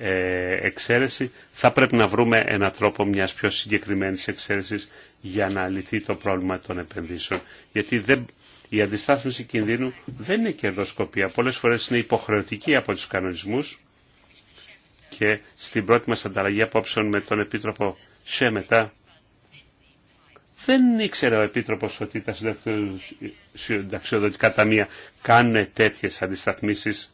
ε, εξαίρεση, θα πρέπει να βρούμε έναν τρόπο μιας πιο συγκεκριμένης εξαίρεσης για να λυθεί το πρόβλημα των επενδύσεων. Γιατί δεν, η αντιστάθμιση κινδύνου δεν είναι κερδοσκοπία. Πολλές φορές είναι υποχρεωτική από τους κανονισμούς και στην πρώτη μας ανταλλαγή απόψεων με τον Επίτροπο Σέμετα δεν ήξερε ο Επίτροπος ότι τα συνταξιοδοτικά ταμεία κάνουν τέτοιες αντισταθμίσεις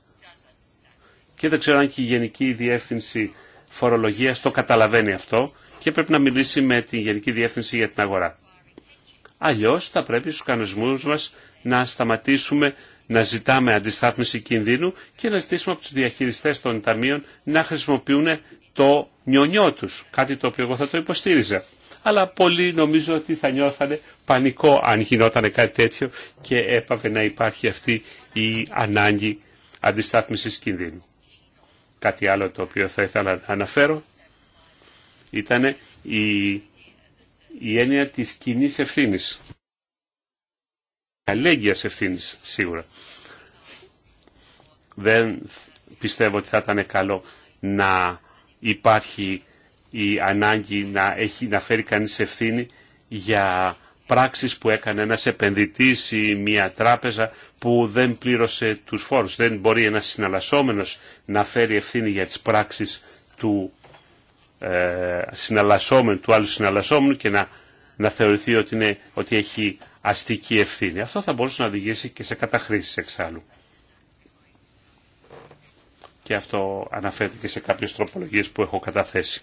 και δεν ξέρω αν και η Γενική Διεύθυνση φορολογία το καταλαβαίνει αυτό και πρέπει να μιλήσει με την Γενική Διεύθυνση για την αγορά. Αλλιώς θα πρέπει στους κανονισμούς μας να σταματήσουμε να ζητάμε αντιστάθμιση κινδύνου και να ζητήσουμε από τους διαχειριστές των ταμείων να χρησιμοποιούν το νιονιό τους, κάτι το οποίο εγώ θα το υποστήριζα. Αλλά πολλοί νομίζω ότι θα νιώθανε πανικό αν γινόταν κάτι τέτοιο και έπαβε να υπάρχει αυτή η ανάγκη αντιστάθμισης κινδύνου. Κάτι άλλο το οποίο θα ήθελα να αναφέρω ήταν η, η έννοια της κοινή ευθύνη. Αλέγγυας ευθύνη σίγουρα. Δεν πιστεύω ότι θα ήταν καλό να υπάρχει η ανάγκη να, έχει, να φέρει κανείς ευθύνη για πράξεις που έκανε ένας επενδυτής ή μια τράπεζα που δεν πλήρωσε τους φόρους. Δεν μπορεί ένας συναλλασσόμενος να φέρει ευθύνη για τις πράξεις του, ε, του άλλου συναλλασσόμενου και να, να θεωρηθεί ότι, είναι, ότι έχει αστική ευθύνη. Αυτό θα μπορούσε να οδηγήσει και σε καταχρήσεις εξάλλου. Και αυτό αναφέρεται και σε κάποιες τροπολογίες που έχω καταθέσει.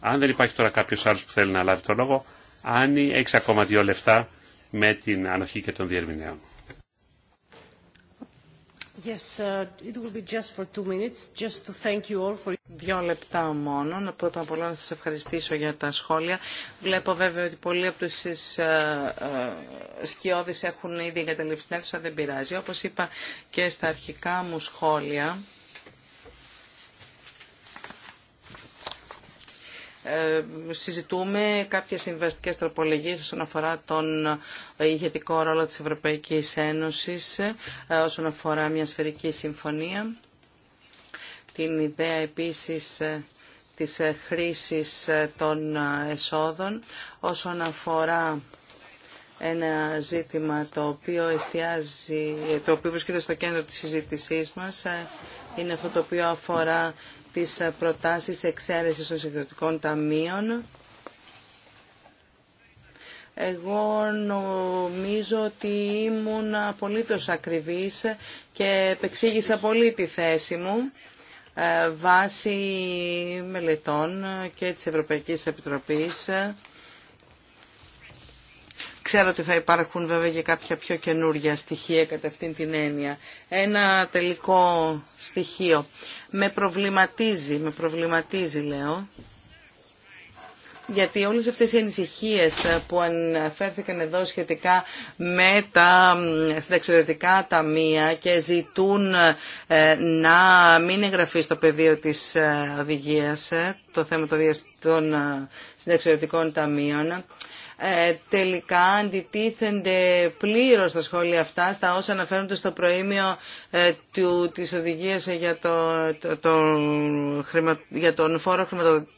Αν δεν υπάρχει τώρα κάποιος άλλος που θέλει να λάβει το λόγο, Άννη, έχεις ακόμα δύο λεφτά με την ανοχή και των διερμηνέων. Yes, uh, it will be just for two minutes, just to thank you all for... Δύο λεπτά μόνο. Πρώτα απ' όλα να σας ευχαριστήσω για τα σχόλια. Βλέπω βέβαια ότι πολλοί από τους ε, ε, σκιώδεις έχουν ήδη εγκαταλείψει την αίθουσα, δεν πειράζει. Όπως είπα και στα αρχικά μου σχόλια, Ε, συζητούμε κάποιες συμβαστικές τροπολογίες όσον αφορά τον ηγετικό ρόλο της Ευρωπαϊκής Ένωσης, ε, όσον αφορά μια σφαιρική συμφωνία. Την ιδέα επίσης ε, της χρήσης των εσόδων, όσον αφορά ένα ζήτημα το οποίο εστιάζει, το οποίο βρίσκεται στο κέντρο της συζήτησής μας, είναι αυτό το οποίο αφορά τις ε, προτάσεις εξαίρεσης των συγκριτικών ταμείων. Εγώ νομίζω ότι ήμουν απολύτως ακριβής και επεξήγησα πολύ τη θέση μου ε, βάσει μελετών και της Ευρωπαϊκής Επιτροπής Ξέρω ότι θα υπάρχουν βέβαια και κάποια πιο καινούργια στοιχεία κατά αυτήν την έννοια. Ένα τελικό στοιχείο. Με προβληματίζει, με προβληματίζει λέω, γιατί όλες αυτές οι ανησυχίες που αναφέρθηκαν εδώ σχετικά με τα συνταξιδετικά ταμεία και ζητούν ε, να μην εγγραφεί στο πεδίο της ε, οδηγίας ε, το θέμα των συνταξιδετικών ταμείων, ε, τελικά αντιτίθενται πλήρως τα σχόλια αυτά στα όσα αναφέρονται στο προήμιο ε, του, της οδηγίας για, το, το, για τον φόρο χρηματοδοτήσεων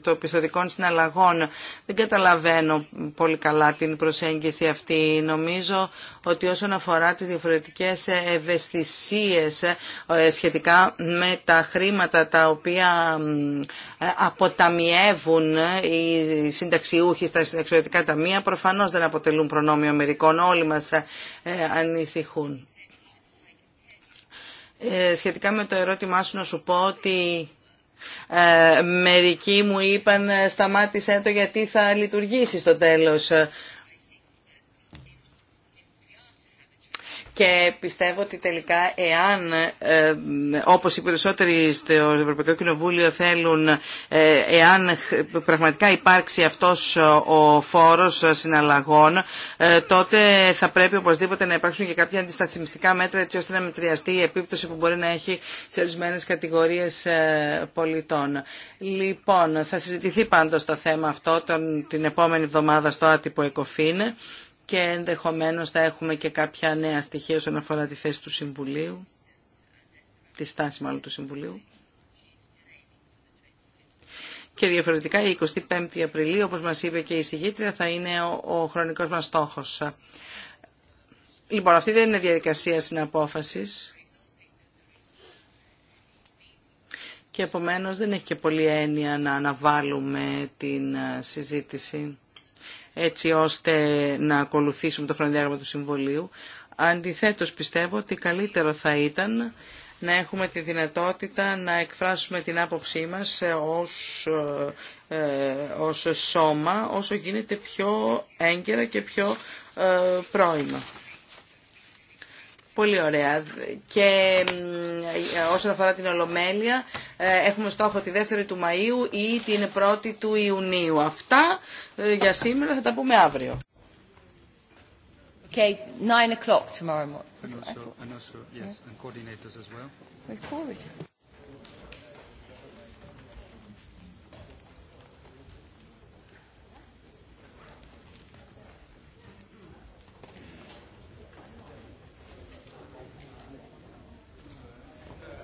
το πιστοτικών συναλλαγών. Δεν καταλαβαίνω πολύ καλά την προσέγγιση αυτή. Νομίζω ότι όσον αφορά τις διαφορετικές ευαισθησίες ε, ε, σχετικά με τα χρήματα τα οποία ε, αποταμιεύουν οι συνταξιούχοι στα συνταξιωτικά ταμεία, προφανώς δεν αποτελούν προνόμιο μερικών. Όλοι μας ανησυχούν. Σχετικά με το ερώτημά σου να σου πω ότι ε, μερικοί μου είπαν σταμάτησέ το γιατί θα λειτουργήσει στο τέλος. και πιστεύω ότι τελικά εάν ε, όπως οι περισσότεροι στο Ευρωπαϊκό Κοινοβούλιο θέλουν ε, εάν πραγματικά υπάρξει αυτός ο φόρος συναλλαγών ε, τότε θα πρέπει οπωσδήποτε να υπάρξουν και κάποια αντισταθμιστικά μέτρα έτσι ώστε να μετριαστεί η επίπτωση που μπορεί να έχει σε ορισμένε κατηγορίες πολιτών. Λοιπόν, θα συζητηθεί πάντως το θέμα αυτό τον, την επόμενη εβδομάδα στο άτυπο ΕΚΟΦΗΝ και ενδεχομένως θα έχουμε και κάποια νέα στοιχεία όσον αφορά τη θέση του Συμβουλίου, τη στάση μάλλον του Συμβουλίου. Και διαφορετικά η 25η Απριλίου, όπως μας είπε και η συγγήτρια, θα είναι ο, ο χρονικός μας στόχος. Λοιπόν, αυτή δεν είναι διαδικασία συναπόφασης. Και επομένως δεν έχει και πολλή έννοια να αναβάλουμε την ε, συζήτηση έτσι ώστε να ακολουθήσουμε το χρονοδιάγραμμα του Συμβολίου. Αντιθέτως πιστεύω ότι καλύτερο θα ήταν να έχουμε τη δυνατότητα να εκφράσουμε την άποψή μας ως, ε, ως σώμα όσο γίνεται πιο έγκαιρα και πιο ε, Πολύ ωραία. Και όσον αφορά την Ολομέλεια, ε, έχουμε στόχο τη 2 του Μαΐου ή την 1 του Ιουνίου. Αυτά ε, για σήμερα θα τα πούμε αύριο. Okay, 9 o'clock tomorrow morning. And also, and also yes, and coordinators as well.